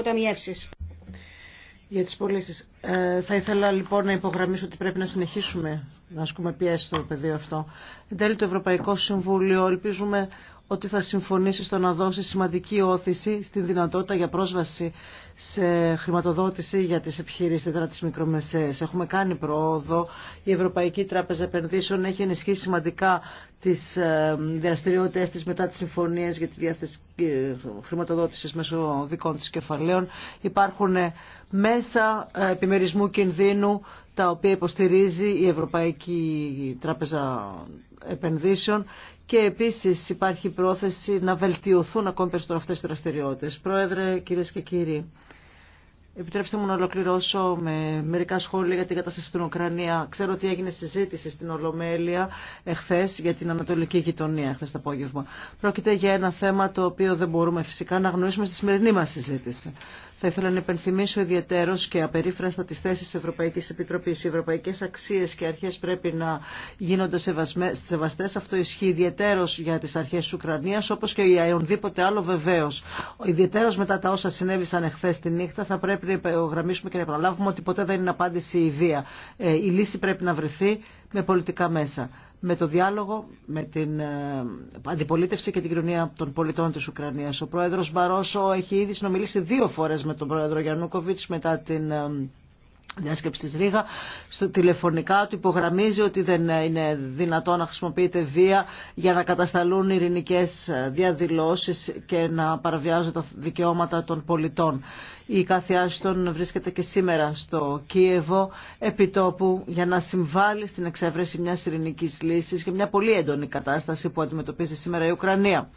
για τις πωλήσει. Ε, θα ήθελα λοιπόν να υπογραμμίσω ότι πρέπει να συνεχίσουμε να ασκούμε πιέση στο πεδίο αυτό. Εν τέλει το Ευρωπαϊκό Συμβούλιο ελπίζουμε ότι θα συμφωνήσει στο να δώσει σημαντική όθηση στη δυνατότητα για πρόσβαση σε χρηματοδότηση για τις επιχειρήσεις τέτρα τις μικρομεσαίες. Έχουμε κάνει πρόοδο. Η Ευρωπαϊκή Τράπεζα Επενδύσεων έχει ενισχύσει σημαντικά τις ε, δραστηριότητες της μετά τις συμφωνίες για τη διάθεση ε, χρηματοδότησης μέσω δικών της κεφαλαίων. Υπάρχουν ε, μέσα επιμερισμού κινδύνου τα οποία υποστηρίζει η Ευρωπαϊκή Τράπεζα Επενδύσεων και επίσης υπάρχει πρόθεση να βελτιωθούν ακόμη περισσότερο αυτές οι δραστηριότητες. Πρόεδρε, κυρίες και κύριοι. Επιτρέψτε μου να ολοκληρώσω με μερικά σχόλια για την κατάσταση στην Ουκρανία. Ξέρω ότι έγινε συζήτηση στην Ολομέλεια εχθέ για την Ανατολική Γειτονία, εχθέ το απόγευμα. Πρόκειται για ένα θέμα το οποίο δεν μπορούμε φυσικά να γνωρίσουμε στη σημερινή μα συζήτηση. Θα ήθελα να υπενθυμίσω ιδιαίτερω και απερίφραστα τι θέσει τη Ευρωπαϊκή Επιτροπή. Οι ευρωπαϊκέ αξίε και αρχέ πρέπει να γίνονται σεβαστέ. Αυτό ισχύει ιδιαίτερω για τι αρχέ τη Ουκρανία, όπω και για οποιονδήποτε άλλο βεβαίω. Ιδιαίτερω μετά τα όσα συνέβησαν εχθέ τη νύχτα, θα πρέπει να υπογραμμίσουμε και να επαναλάβουμε ότι ποτέ δεν είναι απάντηση η βία. Ε, η λύση πρέπει να βρεθεί με πολιτικά μέσα με το διάλογο με την ε, αντιπολίτευση και την κοινωνία των πολιτών της Ουκρανίας. Ο πρόεδρος Μπαρόσο έχει ήδη συνομιλήσει δύο φορές με τον πρόεδρο Γιαννούκοβιτς μετά την ε, διάσκεψη της Ρήγα, στο τηλεφωνικά του υπογραμμίζει ότι δεν είναι δυνατό να χρησιμοποιείται βία για να κατασταλούν ειρηνικές διαδηλώσεις και να παραβιάζουν τα δικαιώματα των πολιτών. Η κάθε Άστον βρίσκεται και σήμερα στο Κίεβο επιτόπου για να συμβάλλει στην εξέβρεση μιας ειρηνικής λύσης και μια πολύ έντονη κατάσταση που αντιμετωπίζει σήμερα η Ουκρανία.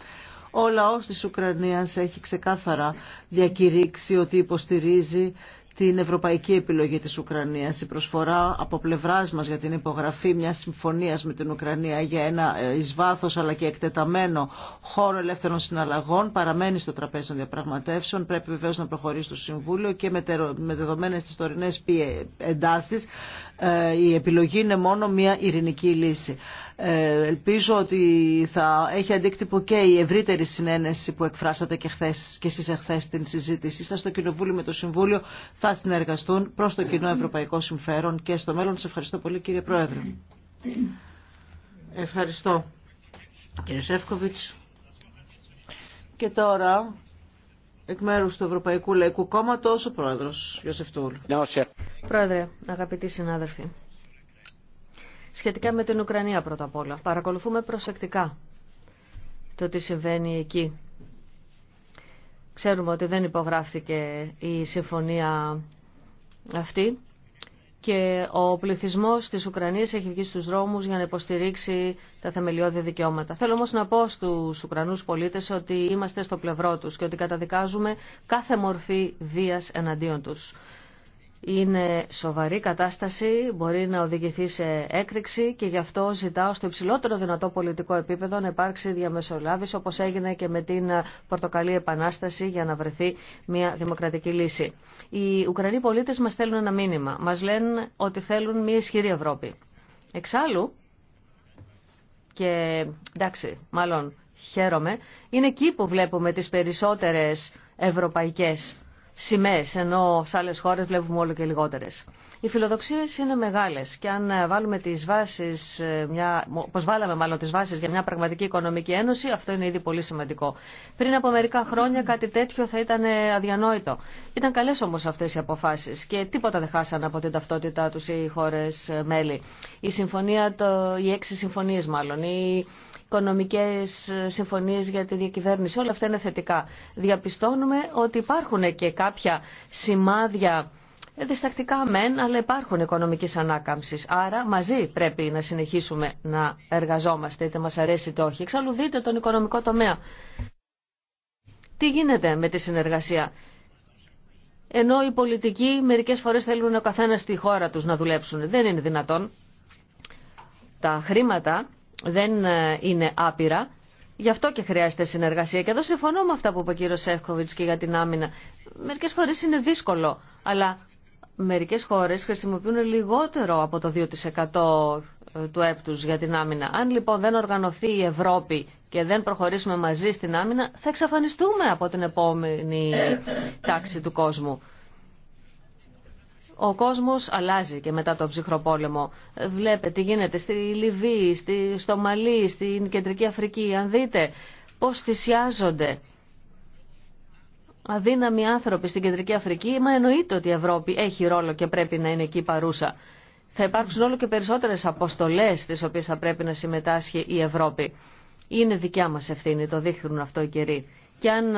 Ο λαός της Ουκρανίας έχει ξεκάθαρα διακηρύξει ότι υποστηρίζει την ευρωπαϊκή επιλογή της Ουκρανίας. Η προσφορά από πλευράς μας για την υπογραφή μιας συμφωνίας με την Ουκρανία για ένα ε, εις αλλά και εκτεταμένο χώρο ελεύθερων συναλλαγών παραμένει στο τραπέζι των διαπραγματεύσεων. Πρέπει βεβαίως να προχωρήσει το Συμβούλιο και με δεδομένες τις τωρινές εντάσεις ε, η επιλογή είναι μόνο μια ειρηνική λύση. Ε, ελπίζω ότι θα έχει αντίκτυπο και η ευρύτερη συνένεση που εκφράσατε και, χθες, και εσείς εχθές στην συζήτησή σας στο Κοινοβούλιο με το Συμβούλιο θα συνεργαστούν προς το κοινό ευρωπαϊκό συμφέρον και στο μέλλον. Σας ευχαριστώ πολύ κύριε Πρόεδρε. Ευχαριστώ κύριε Σεύκοβιτς. Και τώρα εκ μέρου του Ευρωπαϊκού Λαϊκού Κόμματο ο πρόεδρο Ιωσήφ Πρόεδρε, αγαπητοί συνάδελφοι. Σχετικά με την Ουκρανία πρώτα απ' όλα. Παρακολουθούμε προσεκτικά το τι συμβαίνει εκεί. Ξέρουμε ότι δεν υπογράφηκε η συμφωνία αυτή και ο πληθυσμό της Ουκρανίας έχει βγει στους δρόμου για να υποστηρίξει τα θεμελιώδη δικαιώματα. Θέλω όμως να πω στους Ουκρανούς πολίτες ότι είμαστε στο πλευρό τους και ότι καταδικάζουμε κάθε μορφή βίας εναντίον τους είναι σοβαρή κατάσταση, μπορεί να οδηγηθεί σε έκρηξη και γι' αυτό ζητάω στο υψηλότερο δυνατό πολιτικό επίπεδο να υπάρξει διαμεσολάβηση όπως έγινε και με την Πορτοκαλή Επανάσταση για να βρεθεί μια δημοκρατική λύση. Οι Ουκρανοί πολίτες μας θέλουν ένα μήνυμα. Μας λένε ότι θέλουν μια ισχυρή Ευρώπη. Εξάλλου, και εντάξει, μάλλον χαίρομαι, είναι εκεί που βλέπουμε τις περισσότερες ευρωπαϊκές σημαίες, ενώ σε άλλες χώρες βλέπουμε όλο και λιγότερες. Οι φιλοδοξίες είναι μεγάλες και αν ε, βάλουμε τις βάσεις, ε, μια, πως βάλαμε μάλλον τις βάσεις για μια πραγματική οικονομική ένωση, αυτό είναι ήδη πολύ σημαντικό. Πριν από μερικά χρόνια κάτι τέτοιο θα ήταν ε, αδιανόητο. Ήταν καλές όμως αυτές οι αποφάσεις και τίποτα δεν χάσαν από την ταυτότητά τους οι χώρες μέλη. Η συμφωνία, οι έξι συμφωνίες μάλλον, οικονομικές συμφωνίες για τη διακυβέρνηση. Όλα αυτά είναι θετικά. Διαπιστώνουμε ότι υπάρχουν και κάποια σημάδια διστακτικά μεν, αλλά υπάρχουν οικονομικές ανάκαμψεις. Άρα μαζί πρέπει να συνεχίσουμε να εργαζόμαστε, είτε μας αρέσει είτε όχι. Εξάλλου δείτε τον οικονομικό τομέα. Τι γίνεται με τη συνεργασία. Ενώ οι πολιτικοί μερικές φορές θέλουν ο καθένας στη χώρα τους να δουλέψουν. Δεν είναι δυνατόν. Τα χρήματα δεν ε, είναι άπειρα. Γι' αυτό και χρειάζεται συνεργασία. Και εδώ συμφωνώ με αυτά που είπε ο κύριο Σεύκοβιτ και για την άμυνα. Μερικέ φορέ είναι δύσκολο, αλλά μερικέ χώρε χρησιμοποιούν λιγότερο από το 2% ε, του έπτους για την άμυνα. Αν λοιπόν δεν οργανωθεί η Ευρώπη και δεν προχωρήσουμε μαζί στην άμυνα, θα εξαφανιστούμε από την επόμενη τάξη του κόσμου. Ο κόσμος αλλάζει και μετά τον ψυχρό πόλεμο. Βλέπετε τι γίνεται στη Λιβύη, στη, στο Μαλί, στην Κεντρική Αφρική. Αν δείτε πώς θυσιάζονται αδύναμοι άνθρωποι στην Κεντρική Αφρική, μα εννοείται ότι η Ευρώπη έχει ρόλο και πρέπει να είναι εκεί παρούσα. Θα υπάρξουν όλο και περισσότερες αποστολές στις οποίες θα πρέπει να συμμετάσχει η Ευρώπη. Είναι δικιά μας ευθύνη, το δείχνουν αυτό οι καιροί. Και αν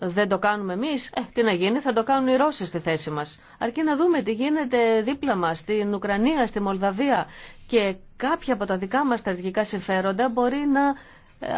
δεν το κάνουμε εμείς, ε, τι να γίνει, θα το κάνουν οι Ρώσοι στη θέση μας. Αρκεί να δούμε τι γίνεται δίπλα μας, στην Ουκρανία, στη Μολδαβία και κάποια από τα δικά μας στρατηγικά συμφέροντα μπορεί να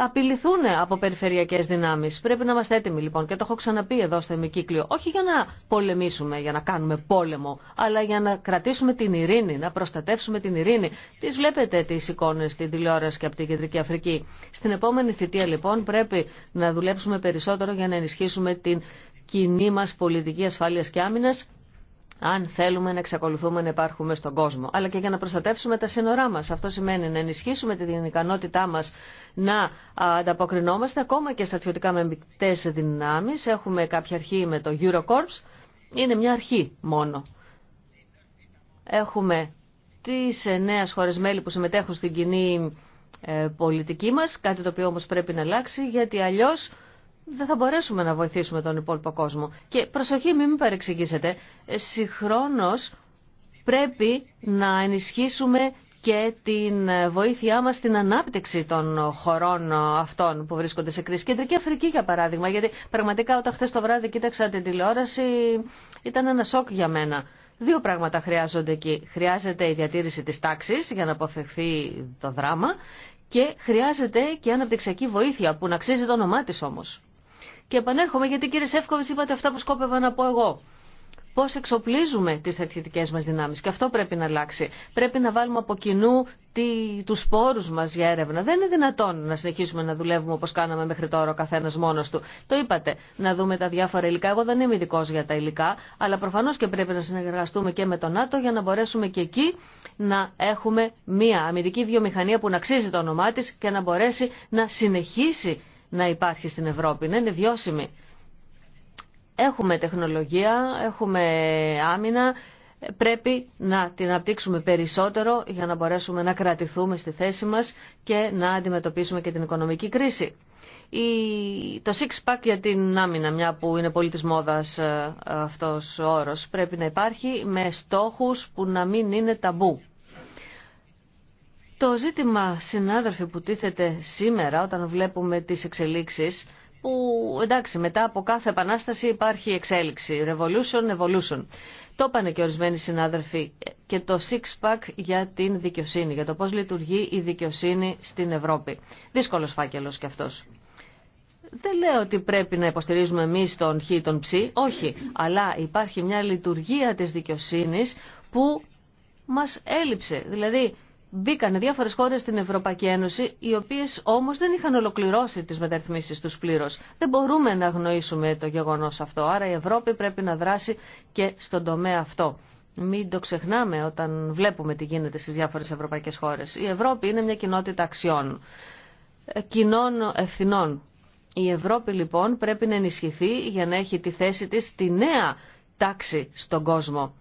απειληθούν από περιφερειακές δυνάμει. Πρέπει να είμαστε έτοιμοι λοιπόν και το έχω ξαναπεί εδώ στο ημικύκλιο. Όχι για να πολεμήσουμε, για να κάνουμε πόλεμο, αλλά για να κρατήσουμε την ειρήνη, να προστατεύσουμε την ειρήνη. Τις βλέπετε τι εικόνε στην τηλεόραση και από την Κεντρική Αφρική. Στην επόμενη θητεία λοιπόν πρέπει να δουλέψουμε περισσότερο για να ενισχύσουμε την κοινή μα πολιτική ασφάλεια και άμυνας αν θέλουμε να εξακολουθούμε να υπάρχουμε στον κόσμο, αλλά και για να προστατεύσουμε τα σύνορά μας. Αυτό σημαίνει να ενισχύσουμε την ικανότητά μας να ανταποκρινόμαστε ακόμα και στρατιωτικά με μικτές δυνάμεις. Έχουμε κάποια αρχή με το Eurocorps, είναι μια αρχή μόνο. Έχουμε τις εννέα χώρες μέλη που συμμετέχουν στην κοινή ε, πολιτική μας, κάτι το οποίο όμως πρέπει να αλλάξει, γιατί αλλιώς δεν θα μπορέσουμε να βοηθήσουμε τον υπόλοιπο κόσμο. Και προσοχή, μην με παρεξηγήσετε, ε, συγχρόνως πρέπει να ενισχύσουμε και την ε, βοήθειά μας στην ανάπτυξη των ε, χωρών αυτών που βρίσκονται σε κρίση. Κεντρική Αφρική, για παράδειγμα, γιατί πραγματικά όταν χθε το βράδυ κοίταξα την τηλεόραση ήταν ένα σοκ για μένα. Δύο πράγματα χρειάζονται εκεί. Χρειάζεται η διατήρηση της τάξης για να αποφευθεί το δράμα και χρειάζεται και αναπτυξιακή βοήθεια που να αξίζει το όνομά τη όμως. Και επανέρχομαι γιατί κύριε Σεύκοβιτς είπατε αυτά που σκόπευα να πω εγώ. Πώς εξοπλίζουμε τι θετικές μα δυνάμει, και αυτό πρέπει να αλλάξει. Πρέπει να βάλουμε από κοινού του πόρου μα για έρευνα. Δεν είναι δυνατόν να συνεχίσουμε να δουλεύουμε όπως κάναμε μέχρι τώρα ο καθένα μόνο του. Το είπατε, να δούμε τα διάφορα υλικά. Εγώ δεν είμαι ειδικό για τα υλικά, αλλά προφανώ και πρέπει να συνεργαστούμε και με τον ΝΑΤΟ για να μπορέσουμε και εκεί να έχουμε μια αμυντική βιομηχανία που να αξίζει το όνομά τη και να μπορέσει να συνεχίσει να υπάρχει στην Ευρώπη, να είναι βιώσιμη. Έχουμε τεχνολογία, έχουμε άμυνα, πρέπει να την απτύξουμε περισσότερο για να μπορέσουμε να κρατηθούμε στη θέση μας και να αντιμετωπίσουμε και την οικονομική κρίση. Το six-pack για την άμυνα, μια που είναι πολύ της μόδας ε, αυτός ο όρος, πρέπει να υπάρχει με στόχους που να μην είναι ταμπού. Το ζήτημα, συνάδελφοι, που τίθεται σήμερα όταν βλέπουμε τις εξελίξεις, που εντάξει μετά από κάθε επανάσταση υπάρχει εξέλιξη, revolution, evolution. Το είπανε και ορισμένοι συνάδελφοι και το six-pack για την δικαιοσύνη, για το πώς λειτουργεί η δικαιοσύνη στην Ευρώπη. Δύσκολος φάκελος και αυτός. Δεν λέω ότι πρέπει να υποστηρίζουμε εμεί τον χ ή τον ψ, όχι. Αλλά υπάρχει μια λειτουργία της δικαιοσύνης που μας έλειψε. Δηλαδή μπήκαν διάφορες χώρες στην Ευρωπαϊκή Ένωση, οι οποίες όμως δεν είχαν ολοκληρώσει τις μεταρρυθμίσεις τους πλήρως. Δεν μπορούμε να αγνοήσουμε το γεγονός αυτό, άρα η Ευρώπη πρέπει να δράσει και στον τομέα αυτό. Μην το ξεχνάμε όταν βλέπουμε τι γίνεται στις διάφορες ευρωπαϊκές χώρες. Η Ευρώπη είναι μια κοινότητα αξιών, κοινών ευθυνών. Η Ευρώπη λοιπόν πρέπει να ενισχυθεί για να έχει τη θέση της στη νέα τάξη στον κόσμο.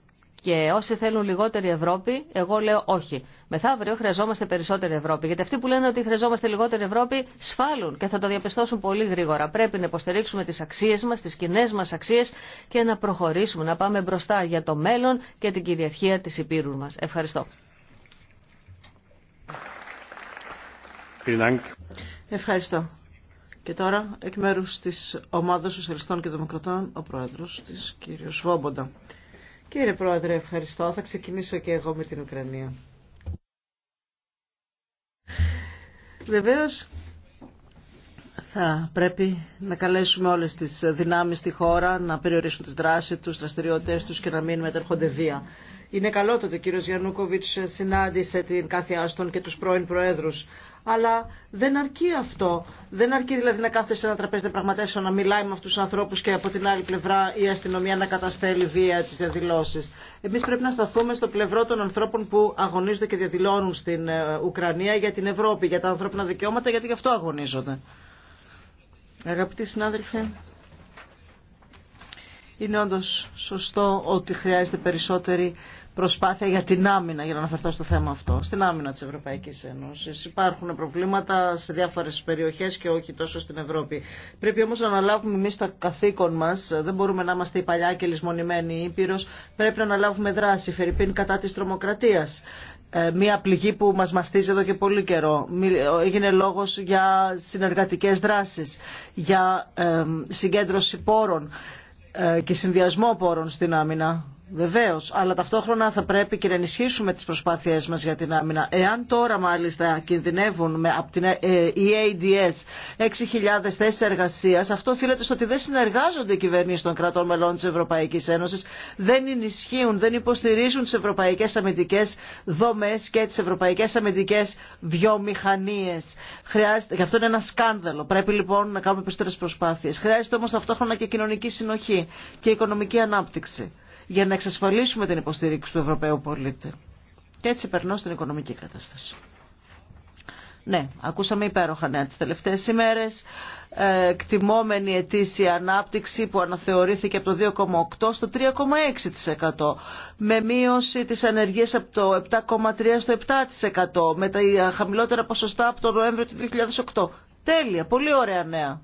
Και όσοι θέλουν λιγότερη Ευρώπη, εγώ λέω όχι. Μεθαύριο χρειαζόμαστε περισσότερη Ευρώπη. Γιατί αυτοί που λένε ότι χρειαζόμαστε λιγότερη Ευρώπη σφάλουν και θα το διαπιστώσουν πολύ γρήγορα. Πρέπει να υποστηρίξουμε τι αξίε μα, τι κοινέ μα αξίε και να προχωρήσουμε, να πάμε μπροστά για το μέλλον και την κυριαρχία τη υπήρου μα. Ευχαριστώ. Ευχαριστώ. Και τώρα, εκ μέρου τη Ομάδα Σοσιαλιστών και Δημοκρατών, ο Πρόεδρο τη, κύριο Βόμποντα. Κύριε Πρόεδρε, ευχαριστώ. Θα ξεκινήσω και εγώ με την Ουκρανία. Βεβαίως, θα πρέπει να καλέσουμε όλες τις δυνάμεις στη χώρα να περιορίσουν τις δράσεις τους, δραστηριότητες τους και να μην μεταρχόνται βία. Είναι καλό το ότι ο κύριος Γιαννούκοβιτς συνάντησε την κάθε άστον και τους πρώην προέδρους αλλά δεν αρκεί αυτό. Δεν αρκεί δηλαδή να κάθεται σε ένα τραπέζι διαπραγματεύσεων να μιλάει με αυτού του ανθρώπου και από την άλλη πλευρά η αστυνομία να καταστέλει βία τι διαδηλώσει. Εμεί πρέπει να σταθούμε στο πλευρό των ανθρώπων που αγωνίζονται και διαδηλώνουν στην ε, Ουκρανία για την Ευρώπη, για τα ανθρώπινα δικαιώματα, γιατί γι' αυτό αγωνίζονται. Αγαπητοί συνάδελφοι, είναι όντω σωστό ότι χρειάζεται περισσότερη προσπάθεια για την άμυνα, για να αναφερθώ στο θέμα αυτό, στην άμυνα της Ευρωπαϊκής Ένωσης. Υπάρχουν προβλήματα σε διάφορες περιοχές και όχι τόσο στην Ευρώπη. Πρέπει όμως να αναλάβουμε εμεί τα καθήκον μας, δεν μπορούμε να είμαστε οι παλιά και λησμονημένη Ήπειρος, πρέπει να αναλάβουμε δράση, φερρυπίν κατά της τρομοκρατίας. Ε, μία πληγή που μας μαστίζει εδώ και πολύ καιρό. Ε, έγινε λόγος για συνεργατικές δράσεις, για ε, συγκέντρωση πόρων και συνδυασμό πόρων στην άμυνα Βεβαίω, αλλά ταυτόχρονα θα πρέπει και να ενισχύσουμε τι προσπάθειέ μα για την άμυνα. Εάν τώρα μάλιστα κινδυνεύουν με, από την EADS 6.000 θέσει εργασία, αυτό οφείλεται στο ότι δεν συνεργάζονται οι κυβερνήσει των κρατών μελών τη Ευρωπαϊκή Ένωση, δεν ενισχύουν, δεν υποστηρίζουν τι ευρωπαϊκέ αμυντικέ δομέ και τι ευρωπαϊκέ αμυντικέ βιομηχανίε. Χρειάζεται, γι' αυτό είναι ένα σκάνδαλο. Πρέπει λοιπόν να κάνουμε περισσότερε προσπάθειε. Χρειάζεται όμω ταυτόχρονα και κοινωνική συνοχή και οικονομική ανάπτυξη για να εξασφαλίσουμε την υποστήριξη του Ευρωπαίου πολίτη. Και έτσι περνώ στην οικονομική κατάσταση. Ναι, ακούσαμε υπέροχα νέα τις τελευταίες ημέρες. Ε, κτιμόμενη ετήσια ανάπτυξη που αναθεωρήθηκε από το 2,8% στο 3,6%. Με μείωση της ανεργίας από το 7,3% στο 7%. Με τα χαμηλότερα ποσοστά από το Νοέμβριο του 2008. Τέλεια, πολύ ωραία νέα.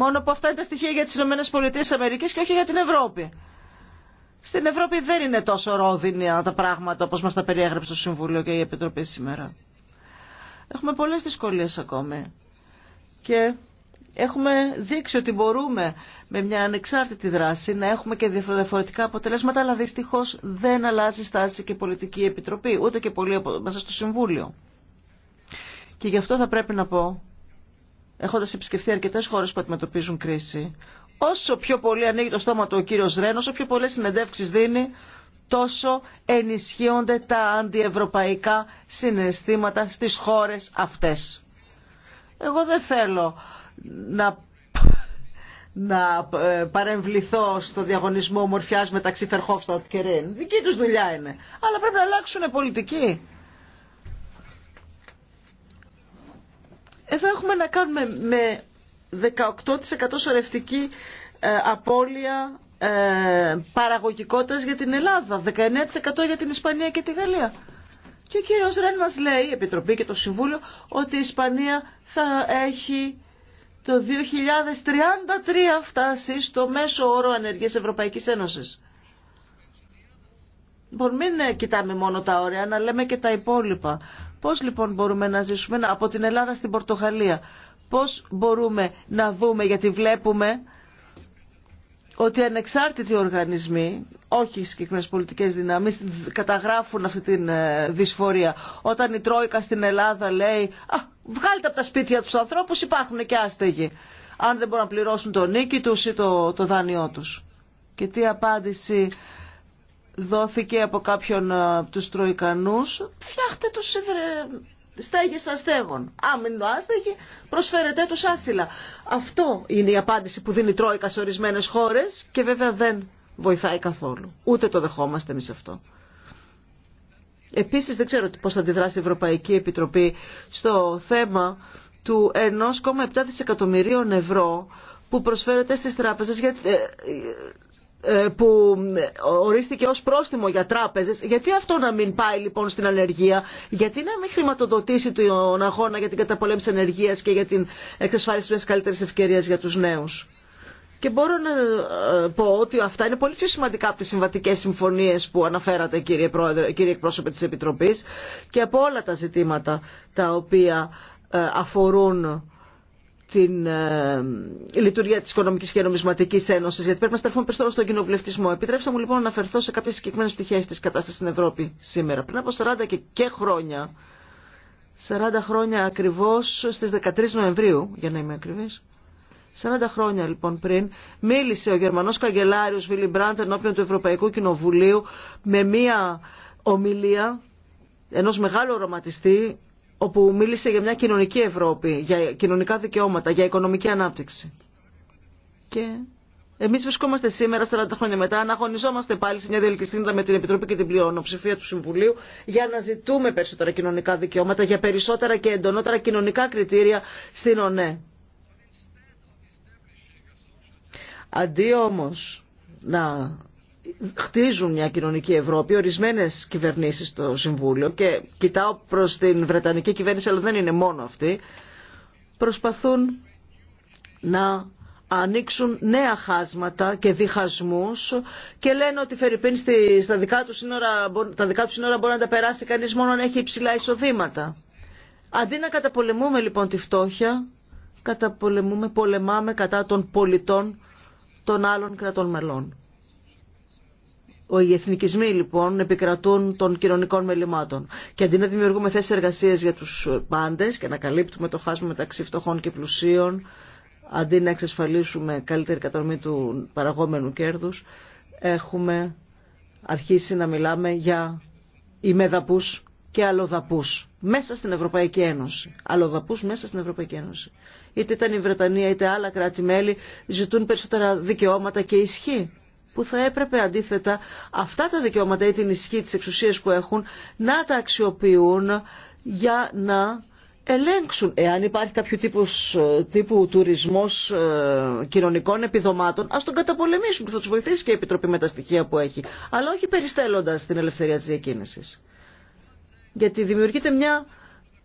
Μόνο που αυτά είναι τα στοιχεία για τις ΗΠΑ και όχι για την Ευρώπη. Στην Ευρώπη δεν είναι τόσο ρόδινα τα πράγματα όπω μα τα περιέγραψε το Συμβούλιο και η Επιτροπή σήμερα. Έχουμε πολλέ δυσκολίε ακόμη και έχουμε δείξει ότι μπορούμε με μια ανεξάρτητη δράση να έχουμε και διαφορετικά αποτελέσματα αλλά δυστυχώ δεν αλλάζει στάση και πολιτική επιτροπή ούτε και πολύ μέσα στο Συμβούλιο. Και γι' αυτό θα πρέπει να πω Έχοντα επισκεφθεί αρκετέ χώρε που αντιμετωπίζουν κρίση, όσο πιο πολύ ανοίγει το στόμα του ο κύριος Ρέν, όσο πιο πολλές συνεντεύξει δίνει, τόσο ενισχύονται τα αντιευρωπαϊκά συναισθήματα στις χώρες αυτές. Εγώ δεν θέλω να να ε, παρεμβληθώ στο διαγωνισμό ομορφιάς μεταξύ Φερχόφστατ και Ρεν. Δική τους δουλειά είναι. Αλλά πρέπει να αλλάξουν πολιτική. Εδώ έχουμε να κάνουμε με 18% σωρευτική ε, απώλεια ε, παραγωγικότητας για την Ελλάδα, 19% για την Ισπανία και τη Γαλλία. Και ο κύριος Ρεν μας λέει, η Επιτροπή και το Συμβούλιο, ότι η Ισπανία θα έχει το 2033 φτάσει στο μέσο όρο ανεργίας Ευρωπαϊκής Ένωσης. Μπορεί να κοιτάμε μόνο τα όρια, να λέμε και τα υπόλοιπα. Πώς λοιπόν μπορούμε να ζήσουμε από την Ελλάδα στην Πορτογαλία. Πώς μπορούμε να δούμε, γιατί βλέπουμε ότι ανεξάρτητοι οργανισμοί, όχι οι συγκεκριμένε πολιτικέ δυνάμει, καταγράφουν αυτή τη ε, δυσφορία. Όταν η Τρόικα στην Ελλάδα λέει Α, βγάλτε από τα σπίτια του ανθρώπου, υπάρχουν και άστεγοι. Αν δεν μπορούν να πληρώσουν το νίκη του ή το, το δάνειό του. Και τι απάντηση δόθηκε από κάποιον ε, από τους Τροϊκανούς, φτιάχτε τους ε, στέγες αστέγων. Άμυνο άστεγε, προσφέρετε τους άσυλα. Αυτό είναι η απάντηση που δίνει η Τρόικα σε ορισμένες χώρες και βέβαια δεν βοηθάει καθόλου. Ούτε το δεχόμαστε εμείς αυτό. Επίσης δεν ξέρω πώς θα αντιδράσει η Ευρωπαϊκή Επιτροπή στο θέμα του 1,7 δισεκατομμυρίων ευρώ που προσφέρεται στις τράπεζες για ε, ε, που ορίστηκε ως πρόστιμο για τράπεζες. Γιατί αυτό να μην πάει λοιπόν στην ανεργία, γιατί να μην χρηματοδοτήσει τον αγώνα για την καταπολέμηση ανεργίας και για την εξασφάλιση μιας καλύτερης ευκαιρίας για τους νέους. Και μπορώ να ε, πω ότι αυτά είναι πολύ πιο σημαντικά από τι συμβατικέ συμφωνίε που αναφέρατε, κύριε, Πρόεδρε, κύριε εκπρόσωπε της Επιτροπής και από όλα τα ζητήματα τα οποία ε, αφορούν την ε, λειτουργία τη Οικονομική και Νομισματικής Ένωση, γιατί πρέπει να στερθούμε περισσότερο στον κοινοβουλευτισμό. Επιτρέψτε μου λοιπόν να αναφερθώ σε κάποιε συγκεκριμένε πτυχέ τη κατάσταση στην Ευρώπη σήμερα. Πριν από 40 και, και χρόνια, 40 χρόνια ακριβώ στι 13 Νοεμβρίου, για να είμαι ακριβή, 40 χρόνια λοιπόν πριν, μίλησε ο Γερμανό καγκελάριο Βίλι Μπραντ ενώπιον του Ευρωπαϊκού Κοινοβουλίου με μία ομιλία ενός μεγάλου οραματιστή όπου μίλησε για μια κοινωνική Ευρώπη, για κοινωνικά δικαιώματα, για οικονομική ανάπτυξη. Και εμείς βρισκόμαστε σήμερα, 40 χρόνια μετά, να αγωνιζόμαστε πάλι σε μια διελκυστήντα με την Επιτροπή και την πλειονοψηφία του Συμβουλίου για να ζητούμε περισσότερα κοινωνικά δικαιώματα, για περισσότερα και εντονότερα κοινωνικά κριτήρια στην ΟΝΕ. Αντί όμως να χτίζουν μια κοινωνική Ευρώπη, ορισμένες κυβερνήσεις στο Συμβούλιο και κοιτάω προς την Βρετανική κυβέρνηση, αλλά δεν είναι μόνο αυτή, προσπαθούν να ανοίξουν νέα χάσματα και διχασμούς και λένε ότι Φερρυπίν στα δικά του σύνορα, τα δικά του σύνορα μπορεί να τα περάσει κανείς μόνο αν έχει υψηλά εισοδήματα. Αντί να καταπολεμούμε λοιπόν τη φτώχεια, καταπολεμούμε, πολεμάμε κατά των πολιτών των άλλων κρατών μελών. Οι εθνικισμοί λοιπόν επικρατούν των κοινωνικών μελημάτων. Και αντί να δημιουργούμε θέσει εργασία για του πάντε και να καλύπτουμε το χάσμα μεταξύ φτωχών και πλουσίων, αντί να εξασφαλίσουμε καλύτερη κατανομή του παραγόμενου κέρδου, έχουμε αρχίσει να μιλάμε για ημεδαπού και αλλοδαπού μέσα στην Ευρωπαϊκή Ένωση. Αλλοδαπού μέσα στην Ευρωπαϊκή Ένωση. Είτε ήταν η Βρετανία είτε άλλα κράτη-μέλη ζητούν περισσότερα δικαιώματα και ισχύ που θα έπρεπε αντίθετα αυτά τα δικαιώματα ή την ισχύ της εξουσίας που έχουν να τα αξιοποιούν για να ελέγξουν εάν υπάρχει κάποιο τύπος, ε, τύπου τουρισμός ε, κοινωνικών επιδομάτων ας τον καταπολεμήσουν και θα τους βοηθήσει και η Επιτροπή με τα στοιχεία που έχει αλλά όχι περιστέλλοντας την ελευθερία της διακίνησης γιατί δημιουργείται μια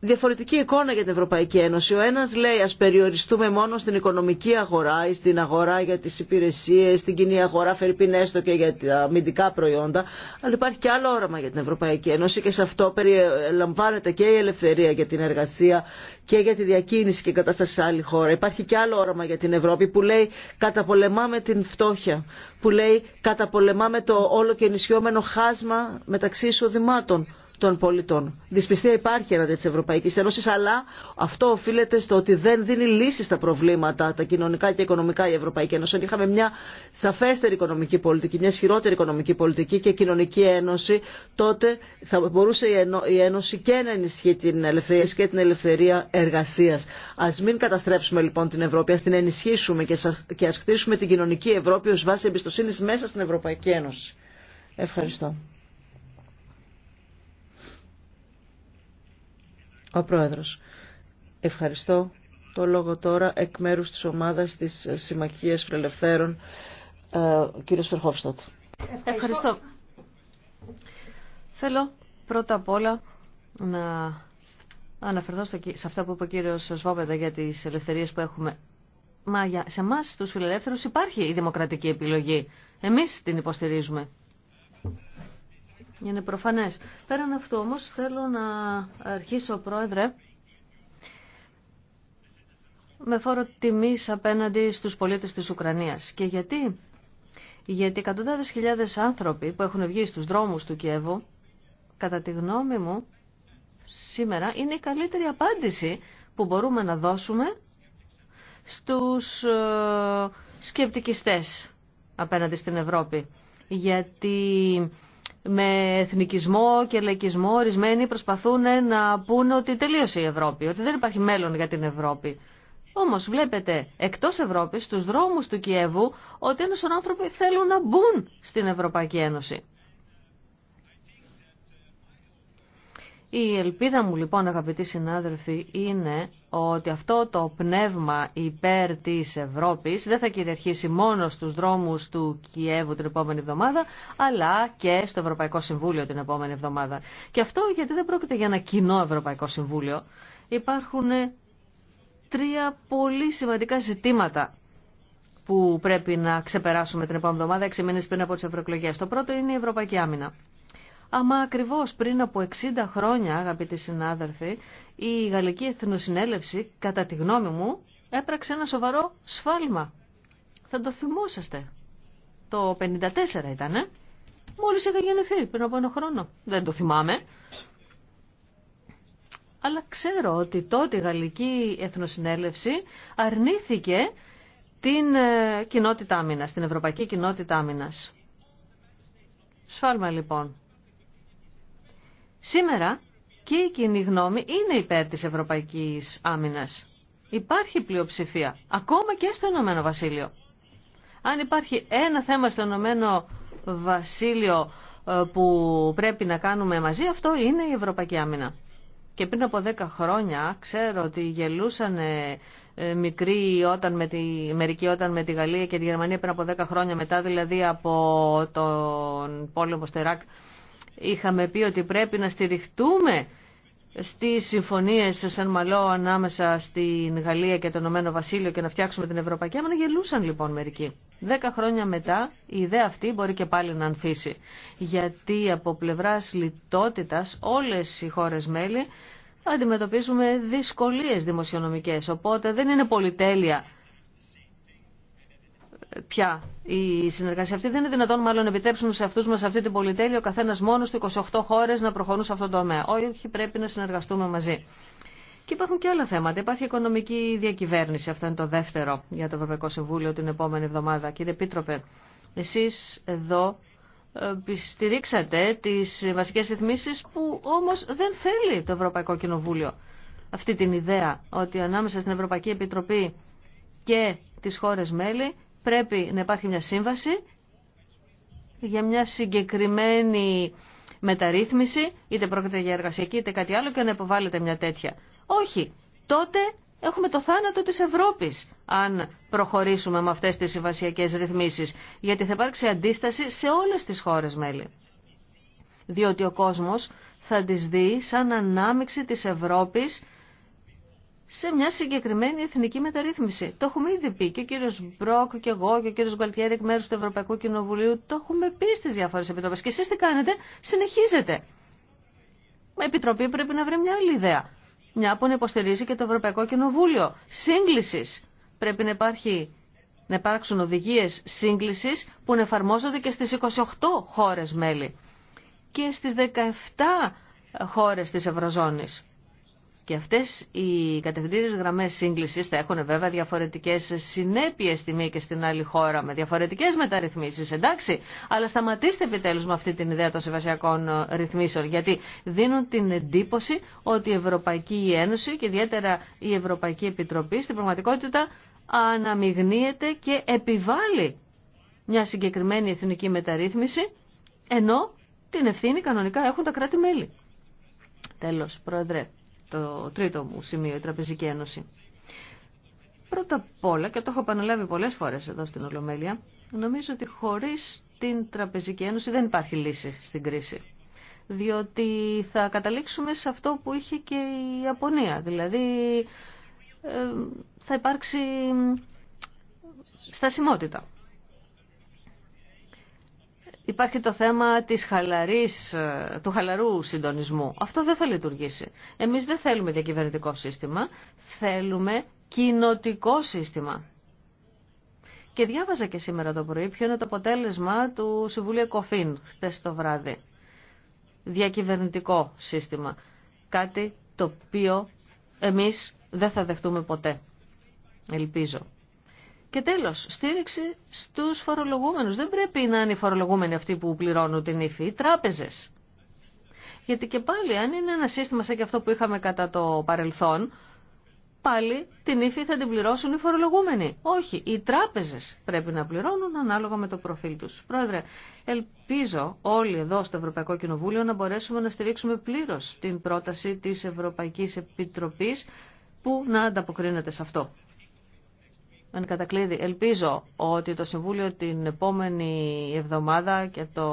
διαφορετική εικόνα για την Ευρωπαϊκή Ένωση. Ο ένας λέει ας περιοριστούμε μόνο στην οικονομική αγορά ή στην αγορά για τις υπηρεσίες, στην κοινή αγορά φερρυπίν έστω και για τα αμυντικά προϊόντα. Αλλά υπάρχει και άλλο όραμα για την Ευρωπαϊκή Ένωση και σε αυτό περιλαμβάνεται και η ελευθερία για την εργασία και για τη διακίνηση και κατάσταση σε άλλη χώρα. Υπάρχει και άλλο όραμα για την Ευρώπη που λέει καταπολεμάμε την φτώχεια, που λέει καταπολεμάμε το όλο και ενισχυόμενο χάσμα μεταξύ εισοδημάτων των πολιτών. Δυσπιστία υπάρχει εναντίον τη Ευρωπαϊκή Ένωση, αλλά αυτό οφείλεται στο ότι δεν δίνει λύσει στα προβλήματα, τα κοινωνικά και οικονομικά, η Ευρωπαϊκή Ένωση. Αν είχαμε μια σαφέστερη οικονομική πολιτική, μια ισχυρότερη οικονομική πολιτική και κοινωνική ένωση, τότε θα μπορούσε η Ένωση και να ενισχύει την ελευθερία και την ελευθερία εργασία. Α μην καταστρέψουμε λοιπόν την Ευρώπη, α την ενισχύσουμε και α χτίσουμε την κοινωνική Ευρώπη ω βάση εμπιστοσύνη μέσα στην Ευρωπαϊκή Ένωση. Ευχαριστώ. Ο Πρόεδρος. Ευχαριστώ. Το λόγο τώρα εκ μέρους της ομάδας της Συμμαχίας Φιλελευθέρων, ε, ο κύριος Φερχόφστατ. Ευχαριστώ. Θέλω πρώτα απ' όλα να αναφερθώ σε αυτά που είπε ο κύριος Σβόπεδα για τις ελευθερίες που έχουμε. Μα για, σε εμά τους φιλελεύθερους υπάρχει η δημοκρατική επιλογή. Εμείς την υποστηρίζουμε. Είναι προφανές. Πέραν αυτού όμως θέλω να αρχίσω, Πρόεδρε, με φόρο τιμής απέναντι στους πολίτες της Ουκρανίας. Και γιατί? Γιατί εκατοντάδες χιλιάδες άνθρωποι που έχουν βγει στους δρόμους του Κιέβου, κατά τη γνώμη μου, σήμερα είναι η καλύτερη απάντηση που μπορούμε να δώσουμε στους ε, σκεπτικιστές απέναντι στην Ευρώπη. Γιατί με εθνικισμό και λαϊκισμό ορισμένοι προσπαθούν να πούνε ότι τελείωσε η Ευρώπη, ότι δεν υπάρχει μέλλον για την Ευρώπη. Όμω βλέπετε εκτός Ευρώπης, στου δρόμους του Κιέβου, ότι ένας άνθρωποι θέλουν να μπουν στην Ευρωπαϊκή Ένωση. Η ελπίδα μου λοιπόν αγαπητοί συνάδελφοι είναι ότι αυτό το πνεύμα υπέρ της Ευρώπης δεν θα κυριαρχήσει μόνο στους δρόμους του Κιέβου την επόμενη εβδομάδα αλλά και στο Ευρωπαϊκό Συμβούλιο την επόμενη εβδομάδα. Και αυτό γιατί δεν πρόκειται για ένα κοινό Ευρωπαϊκό Συμβούλιο. Υπάρχουν τρία πολύ σημαντικά ζητήματα που πρέπει να ξεπεράσουμε την επόμενη εβδομάδα, έξι μήνες πριν από τις ευρωεκλογές. Το πρώτο είναι η Ευρωπαϊκή Άμυνα. Αμα ακριβώς πριν από 60 χρόνια, αγαπητοί συνάδελφοι, η Γαλλική Εθνοσυνέλευση, κατά τη γνώμη μου, έπραξε ένα σοβαρό σφάλμα. Θα το θυμόσαστε. Το 54 ήταν, Μόλις είχα γεννηθεί πριν από ένα χρόνο. Δεν το θυμάμαι. Αλλά ξέρω ότι τότε η Γαλλική Εθνοσυνέλευση αρνήθηκε την ε, κοινότητα άμυνας, την Ευρωπαϊκή Κοινότητα Άμυνας. Σφάλμα λοιπόν. Σήμερα και η κοινή γνώμη είναι υπέρ της Ευρωπαϊκής Άμυνας. Υπάρχει πλειοψηφία, ακόμα και στο Ηνωμένο Βασίλειο. Αν υπάρχει ένα θέμα στο Ηνωμένο Βασίλειο ε, που πρέπει να κάνουμε μαζί, αυτό είναι η Ευρωπαϊκή Άμυνα. Και πριν από 10 χρόνια ξέρω ότι γελούσαν ε, μικροί όταν με τη, μερικοί όταν με τη Γαλλία και τη Γερμανία πριν από 10 χρόνια μετά δηλαδή από τον πόλεμο στο Ιράκ είχαμε πει ότι πρέπει να στηριχτούμε στις συμφωνίες σαν μαλό ανάμεσα στην Γαλλία και το Ηνωμένο Βασίλειο και να φτιάξουμε την Ευρωπαϊκή Άμυνα, γελούσαν λοιπόν μερικοί. Δέκα χρόνια μετά η ιδέα αυτή μπορεί και πάλι να ανθίσει. Γιατί από πλευράς λιτότητας όλες οι χώρες μέλη αντιμετωπίζουμε δυσκολίες δημοσιονομικές. Οπότε δεν είναι πολυτέλεια πια η συνεργασία αυτή. Δεν είναι δυνατόν μάλλον να επιτρέψουν σε αυτού μα αυτή την πολυτέλεια ο καθένα μόνο του 28 χώρε να προχωρούν σε αυτόν τον τομέα. Όχι, πρέπει να συνεργαστούμε μαζί. Και υπάρχουν και άλλα θέματα. Υπάρχει οικονομική διακυβέρνηση. Αυτό είναι το δεύτερο για το Ευρωπαϊκό Συμβούλιο την επόμενη εβδομάδα. Κύριε Επίτροπε, εσεί εδώ ε, στηρίξατε τι βασικέ ρυθμίσει που όμω δεν θέλει το Ευρωπαϊκό Κοινοβούλιο. Αυτή την ιδέα ότι ανάμεσα στην Ευρωπαϊκή Επιτροπή και τις χώρες μέλη πρέπει να υπάρχει μια σύμβαση για μια συγκεκριμένη μεταρρύθμιση, είτε πρόκειται για εργασιακή είτε κάτι άλλο και να υποβάλλεται μια τέτοια. Όχι, τότε έχουμε το θάνατο της Ευρώπης αν προχωρήσουμε με αυτές τις συμβασιακές ρυθμίσεις, γιατί θα υπάρξει αντίσταση σε όλες τις χώρες μέλη. Διότι ο κόσμος θα τις δει σαν ανάμειξη της Ευρώπης σε μια συγκεκριμένη εθνική μεταρρύθμιση. Το έχουμε ήδη πει και ο κύριο Μπρόκ και εγώ και ο κύριο Γκαλτιέρη εκ μέρου του Ευρωπαϊκού Κοινοβουλίου. Το έχουμε πει στι διάφορε επιτροπέ. Και εσεί τι κάνετε, συνεχίζετε. Με Επιτροπή πρέπει να βρει μια άλλη ιδέα. Μια που να υποστηρίζει και το Ευρωπαϊκό Κοινοβούλιο. Σύγκληση. Πρέπει να, υπάρχει, να υπάρξουν οδηγίε σύγκληση που να εφαρμόζονται και στι 28 χώρε μέλη και στι 17 χώρε τη Ευρωζώνης. Και αυτές οι κατευθυντήριε γραμμές σύγκλησης θα έχουν βέβαια διαφορετικές συνέπειες στη μία και στην άλλη χώρα με διαφορετικές μεταρρυθμίσεις, εντάξει. Αλλά σταματήστε επιτέλους με αυτή την ιδέα των συμβασιακών ε, ρυθμίσεων, γιατί δίνουν την εντύπωση ότι η Ευρωπαϊκή Ένωση και ιδιαίτερα η Ευρωπαϊκή Επιτροπή στην πραγματικότητα αναμειγνύεται και επιβάλλει μια συγκεκριμένη εθνική μεταρρύθμιση, ενώ την ευθύνη κανονικά έχουν τα κράτη-μέλη. Τέλος, Πρόεδρε το τρίτο μου σημείο, η Τραπεζική Ένωση. Πρώτα απ' όλα, και το έχω επαναλάβει πολλές φορές εδώ στην Ολομέλεια, νομίζω ότι χωρίς την Τραπεζική Ένωση δεν υπάρχει λύση στην κρίση. Διότι θα καταλήξουμε σε αυτό που είχε και η Ιαπωνία. Δηλαδή ε, θα υπάρξει στασιμότητα. Υπάρχει το θέμα της χαλαρής, του χαλαρού συντονισμού. Αυτό δεν θα λειτουργήσει. Εμείς δεν θέλουμε διακυβερνητικό σύστημα, θέλουμε κοινοτικό σύστημα. Και διάβαζα και σήμερα το πρωί ποιο είναι το αποτέλεσμα του Συμβουλίου Κοφίν χθε το βράδυ. Διακυβερνητικό σύστημα. Κάτι το οποίο εμείς δεν θα δεχτούμε ποτέ. Ελπίζω. Και τέλο, στήριξη στου φορολογούμενους. Δεν πρέπει να είναι οι φορολογούμενοι αυτοί που πληρώνουν την ύφη, οι τράπεζε. Γιατί και πάλι, αν είναι ένα σύστημα σαν και αυτό που είχαμε κατά το παρελθόν, πάλι την ύφη θα την πληρώσουν οι φορολογούμενοι. Όχι, οι τράπεζε πρέπει να πληρώνουν ανάλογα με το προφίλ του. Πρόεδρε, ελπίζω όλοι εδώ στο Ευρωπαϊκό Κοινοβούλιο να μπορέσουμε να στηρίξουμε πλήρω την πρόταση τη Ευρωπαϊκή Επιτροπή που να ανταποκρίνεται σε αυτό. Αν κατακλείδη, ελπίζω ότι το Συμβούλιο την επόμενη εβδομάδα και το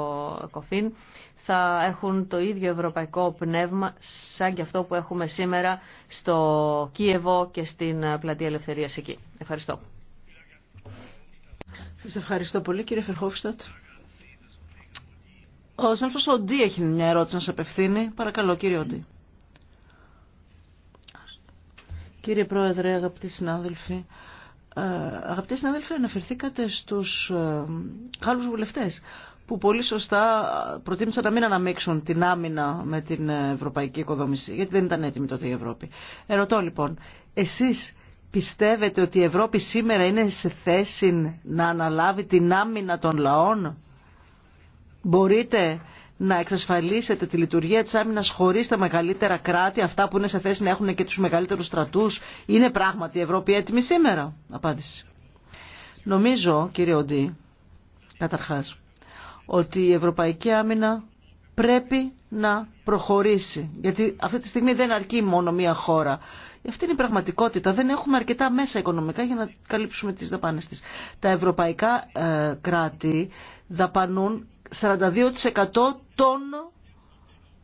κοφίν θα έχουν το ίδιο ευρωπαϊκό πνεύμα σαν και αυτό που έχουμε σήμερα στο Κίεβο και στην Πλατεία Ελευθερίας εκεί. Ευχαριστώ. Σας ευχαριστώ πολύ κύριε Φερχόφστατ. Ο Σαλφός Οντί έχει μια ερώτηση να σας απευθύνει. Παρακαλώ κύριε Οντί. Κύριε Πρόεδρε, αγαπητοί συνάδελφοι, ε, αγαπητοί συνάδελφοι, αναφερθήκατε στους ε, Γάλλους βουλευτές που πολύ σωστά προτίμησαν να μην αναμίξουν την άμυνα με την ευρωπαϊκή οικοδόμηση, γιατί δεν ήταν έτοιμη τότε η Ευρώπη. Ερωτώ λοιπόν, εσείς πιστεύετε ότι η Ευρώπη σήμερα είναι σε θέση να αναλάβει την άμυνα των λαών? Μπορείτε να εξασφαλίσετε τη λειτουργία της άμυνας χωρίς τα μεγαλύτερα κράτη, αυτά που είναι σε θέση να έχουν και τους μεγαλύτερους στρατούς. Είναι πράγματι η Ευρώπη έτοιμη σήμερα. Απάντηση. Νομίζω, κύριε Οντή, καταρχάς, ότι η Ευρωπαϊκή Άμυνα πρέπει να προχωρήσει. Γιατί αυτή τη στιγμή δεν αρκεί μόνο μία χώρα. Αυτή είναι η πραγματικότητα. Δεν έχουμε αρκετά μέσα οικονομικά για να καλύψουμε τις δαπάνες της. Τα ευρωπαϊκά ε, κράτη δαπανούν 42% των,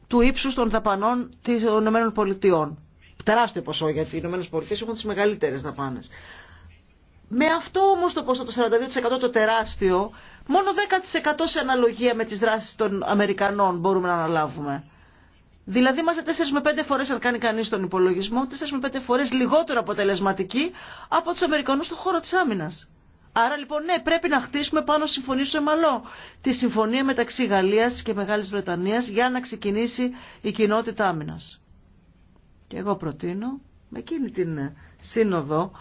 του ύψους των δαπανών των ΗΠΑ. Τεράστιο ποσό γιατί οι ΗΠΑ έχουν τις μεγαλύτερες δαπάνες. Με αυτό όμως το ποσό, το 42% το τεράστιο, μόνο 10% σε αναλογία με τις δράσεις των Αμερικανών μπορούμε να αναλάβουμε. Δηλαδή είμαστε 4 με 5 φορές, αν κάνει κανείς τον υπολογισμό, 4 με 5 φορές λιγότερο αποτελεσματικοί από τους Αμερικανούς στον χώρο της άμυνας. Άρα λοιπόν ναι, πρέπει να χτίσουμε πάνω του μαλό τη συμφωνία μεταξύ Γαλλίας και Μεγάλης Βρετανίας για να ξεκινήσει η κοινότητα άμυνας. Και εγώ προτείνω με εκείνη την ε, σύνοδο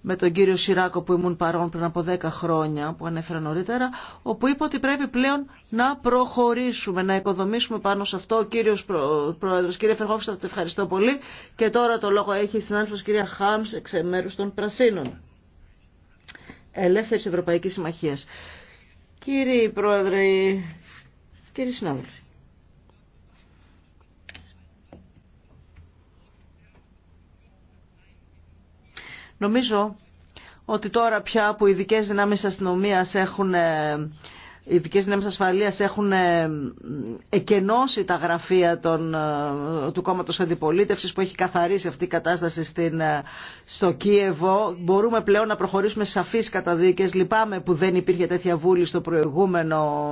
με τον κύριο Σιράκο που ήμουν παρόν πριν από 10 χρόνια που ανέφερα νωρίτερα όπου είπε ότι πρέπει πλέον να προχωρήσουμε, να οικοδομήσουμε πάνω σε αυτό ο κύριος Πρόεδρος. Κύριε Φερχόφιστα, ευχαριστώ πολύ και τώρα το λόγο έχει η συνάδελφος κυρία Χάμς εξ των Πρασίνων. Ελεύθερης Ευρωπαϊκής Συμμαχίας. Κύριε Πρόεδρε, κύριοι συνάδελφοι, νομίζω ότι τώρα πια που οι ειδικές δυνάμεις αστυνομίας έχουν ε, οι ειδικέ δυνάμει ασφαλεία έχουν ε, εκενώσει τα γραφεία των, ε, του κόμματο αντιπολίτευση που έχει καθαρίσει αυτή η κατάσταση στην, ε, στο Κίεβο. Μπορούμε πλέον να προχωρήσουμε σε σαφεί καταδίκε. Λυπάμαι που δεν υπήρχε τέτοια βούλη στο προηγούμενο,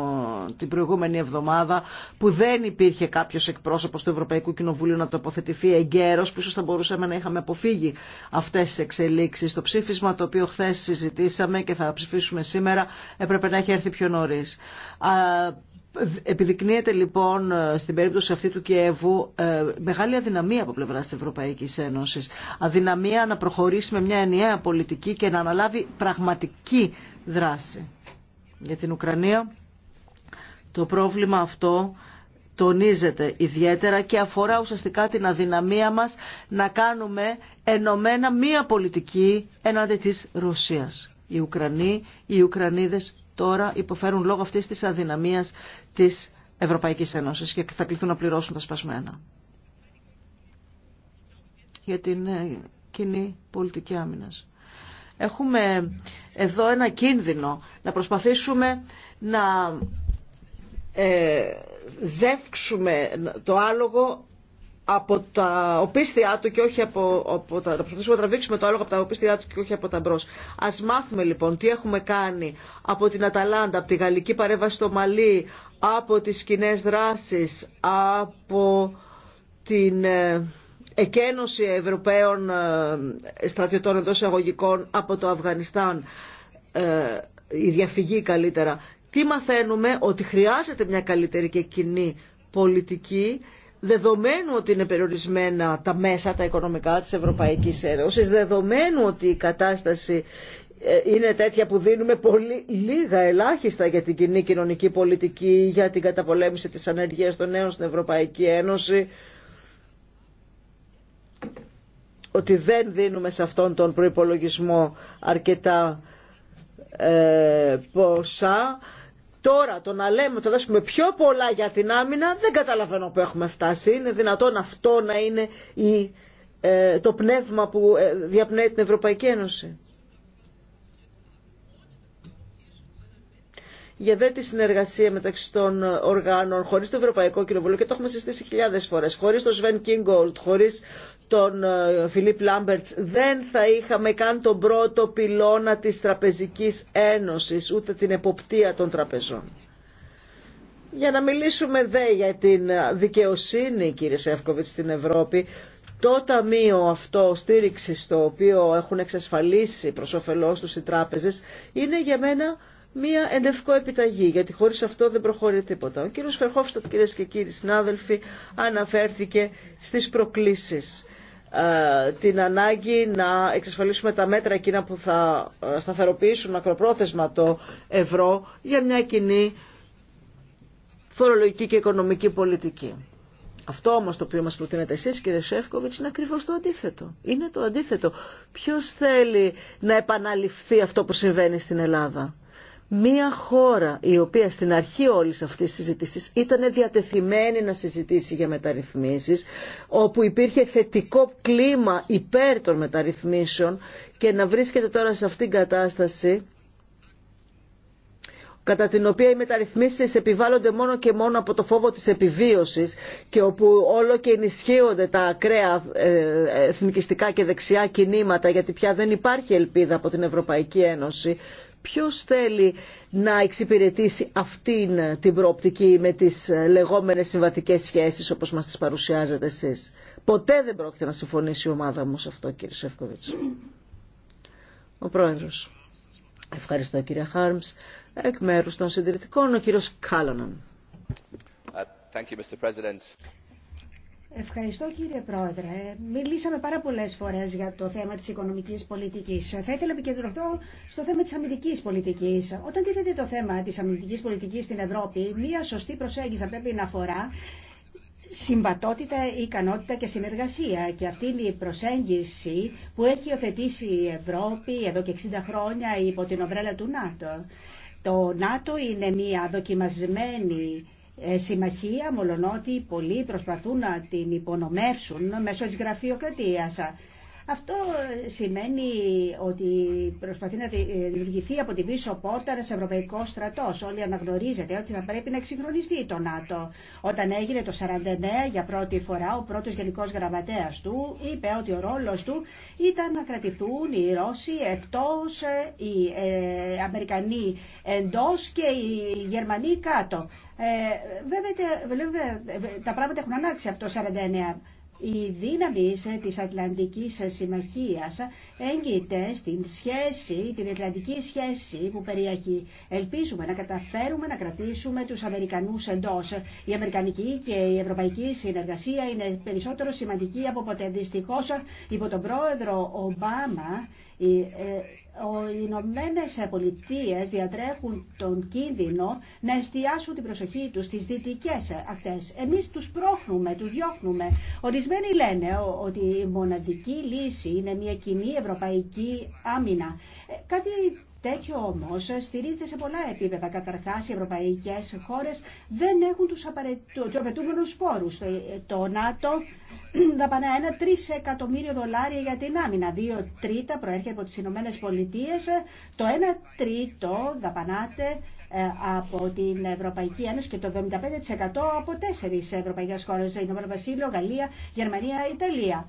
την προηγούμενη εβδομάδα, που δεν υπήρχε κάποιο εκπρόσωπο του Ευρωπαϊκού Κοινοβουλίου να τοποθετηθεί εγκαίρω, που ίσω θα μπορούσαμε να είχαμε αποφύγει αυτέ τι εξελίξει. Το ψήφισμα το οποίο χθε συζητήσαμε και θα ψηφίσουμε σήμερα έπρεπε να έχει έρθει πιο νωρί. Επιδεικνύεται λοιπόν στην περίπτωση αυτή του Κιέβου ε, μεγάλη αδυναμία από πλευρά της Ευρωπαϊκής Ένωσης Αδυναμία να προχωρήσει με μια ενιαία πολιτική και να αναλάβει πραγματική δράση. Για την Ουκρανία το πρόβλημα αυτό τονίζεται ιδιαίτερα και αφορά ουσιαστικά την αδυναμία μας να κάνουμε ενωμένα μία πολιτική έναντι της Ρωσίας. Οι Ουκρανοί, οι Ουκρανίδες τώρα υποφέρουν λόγω αυτής της αδυναμίας της Ευρωπαϊκής Ένωσης και θα κληθούν να πληρώσουν τα σπασμένα. Για την ε, κοινή πολιτική άμυνας. Έχουμε εδώ ένα κίνδυνο να προσπαθήσουμε να ε, ζεύξουμε το άλογο από τα οπίστια του και όχι από, από τα, να προσπαθήσουμε τραβήξουμε το άλογο από τα οπίστια του και όχι από τα μπρος. Ας μάθουμε λοιπόν τι έχουμε κάνει από την Αταλάντα, από τη γαλλική παρέμβαση στο Μαλί, από τις κοινέ δράσεις, από την ε, εκένωση Ευρωπαίων ε, στρατιωτών εντό εισαγωγικών από το Αφγανιστάν, ε, η διαφυγή καλύτερα. Τι μαθαίνουμε ότι χρειάζεται μια καλύτερη και κοινή πολιτική δεδομένου ότι είναι περιορισμένα τα μέσα, τα οικονομικά της Ευρωπαϊκής Ένωσης, δεδομένου ότι η κατάσταση ε, είναι τέτοια που δίνουμε πολύ λίγα ελάχιστα για την κοινή κοινωνική πολιτική, για την καταπολέμηση της ανεργίας των νέων στην Ευρωπαϊκή Ένωση, ότι δεν δίνουμε σε αυτόν τον προϋπολογισμό αρκετά ε, ποσά. Τώρα το να λέμε ότι θα δώσουμε πιο πολλά για την άμυνα δεν καταλαβαίνω που έχουμε φτάσει. Είναι δυνατόν αυτό να είναι η, ε, το πνεύμα που ε, διαπνέει την Ευρωπαϊκή Ένωση. για δε τη συνεργασία μεταξύ των οργάνων, χωρί το Ευρωπαϊκό Κοινοβούλιο, και το έχουμε συστήσει χιλιάδε φορέ, χωρί το Σβεν Κίνγκολτ, χωρί τον ε, Φιλίπ Λάμπερτς δεν θα είχαμε καν τον πρώτο πυλώνα της Τραπεζικής Ένωσης ούτε την εποπτεία των τραπεζών. Για να μιλήσουμε δε για την δικαιοσύνη κύριε Σεύκοβιτς στην Ευρώπη το ταμείο αυτό στήριξη το οποίο έχουν εξασφαλίσει προς όφελός τους οι τράπεζες είναι για μένα μία ενευκό επιταγή, γιατί χωρίς αυτό δεν προχωρεί τίποτα. Ο κύριος Φερχόφστατ, κυρίες και κύριοι συνάδελφοι, αναφέρθηκε στις προκλήσεις ε, την ανάγκη να εξασφαλίσουμε τα μέτρα εκείνα που θα ε, σταθεροποιήσουν ακροπρόθεσμα το ευρώ για μια κοινή φορολογική και οικονομική πολιτική. Αυτό όμως το οποίο μας προτείνετε εσείς κύριε Σεύκοβιτς είναι ακριβώς το αντίθετο. Είναι το αντίθετο. Ποιος θέλει να επαναληφθεί αυτό που συμβαίνει στην Ελλάδα. Μία χώρα η οποία στην αρχή όλης αυτής της συζήτησης ήταν διατεθειμένη να συζητήσει για μεταρρυθμίσεις, όπου υπήρχε θετικό κλίμα υπέρ των μεταρρυθμίσεων και να βρίσκεται τώρα σε αυτήν την κατάσταση κατά την οποία οι μεταρρυθμίσεις επιβάλλονται μόνο και μόνο από το φόβο της επιβίωσης και όπου όλο και ενισχύονται τα ακραία ε, εθνικιστικά και δεξιά κινήματα γιατί πια δεν υπάρχει ελπίδα από την Ευρωπαϊκή Ένωση ποιος θέλει να εξυπηρετήσει αυτήν την προοπτική με τις λεγόμενες συμβατικές σχέσεις όπως μας τις παρουσιάζετε εσείς. Ποτέ δεν πρόκειται να συμφωνήσει η ομάδα μου σε αυτό κύριε Σεύκοβιτς. Ο Πρόεδρος. Ευχαριστώ κύριε Χάρμς. Εκ μέρους των συντηρητικών ο κύριος Κάλαναν. Uh, Ευχαριστώ κύριε Πρόεδρε. Μιλήσαμε πάρα πολλέ φορέ για το θέμα τη οικονομική πολιτική. Θα ήθελα να επικεντρωθώ στο θέμα τη αμυντική πολιτική. Όταν τίθεται το θέμα τη αμυντική πολιτική στην Ευρώπη, μία σωστή προσέγγιση θα πρέπει να αφορά συμβατότητα, ικανότητα και συνεργασία. Και αυτή είναι η προσέγγιση που έχει υιοθετήσει η Ευρώπη εδώ και 60 χρόνια υπό την ομπρέλα του ΝΑΤΟ. Το ΝΑΤΟ είναι μία δοκιμασμένη ε, συμμαχία, μολονότι πολλοί προσπαθούν να την υπονομεύσουν μέσω της γραφειοκρατίας. Αυτό ε, σημαίνει ότι προσπαθεί να ε, δημιουργηθεί από την πίσω πόρτα ένα ευρωπαϊκό στρατό. Όλοι αναγνωρίζετε ότι θα πρέπει να εξυγχρονιστεί το ΝΑΤΟ. Όταν έγινε το 49 για πρώτη φορά, ο πρώτο γενικό γραμματέα του είπε ότι ο ρόλο του ήταν να κρατηθούν οι Ρώσοι εκτό, οι Αμερικανοί εντό και οι Γερμανοί κάτω. Ε, βέβαια, τα πράγματα έχουν ανάξει από το 49. Η δύναμη της Ατλαντικής Συμμαχίας έγκυται στην σχέση, την Ατλαντική σχέση που περιέχει. Ελπίζουμε να καταφέρουμε να κρατήσουμε τους Αμερικανούς εντός. Η Αμερικανική και η Ευρωπαϊκή συνεργασία είναι περισσότερο σημαντική από ποτέ. Δυστυχώς, υπό τον πρόεδρο Ομπάμα, ε, οι Ηνωμένε Πολιτείε διατρέχουν τον κίνδυνο να εστιάσουν την προσοχή τους στις δυτικέ ακτές. Εμείς τους πρόχνουμε, τους διώχνουμε. Ορισμένοι λένε ότι η μοναδική λύση είναι μια κοινή ευρωπαϊκή άμυνα. Ε, Τέτοιο όμω στηρίζεται σε πολλά επίπεδα. Καταρχά, οι ευρωπαϊκέ χώρε δεν έχουν του απαραίτητους απαιτούμενου πόρου. Το ΝΑΤΟ δαπανά ένα τρίσεκατομμύριο εκατομμύριο δολάρια για την άμυνα. Δύο τρίτα προέρχεται από τι Ηνωμένε Πολιτείε. Το ένα τρίτο δαπανάται ε, από την Ευρωπαϊκή Ένωση και το 75% από τέσσερι ευρωπαϊκέ χώρε. Ηνωμένο Βασίλειο, Γαλλία, Γερμανία, Ιταλία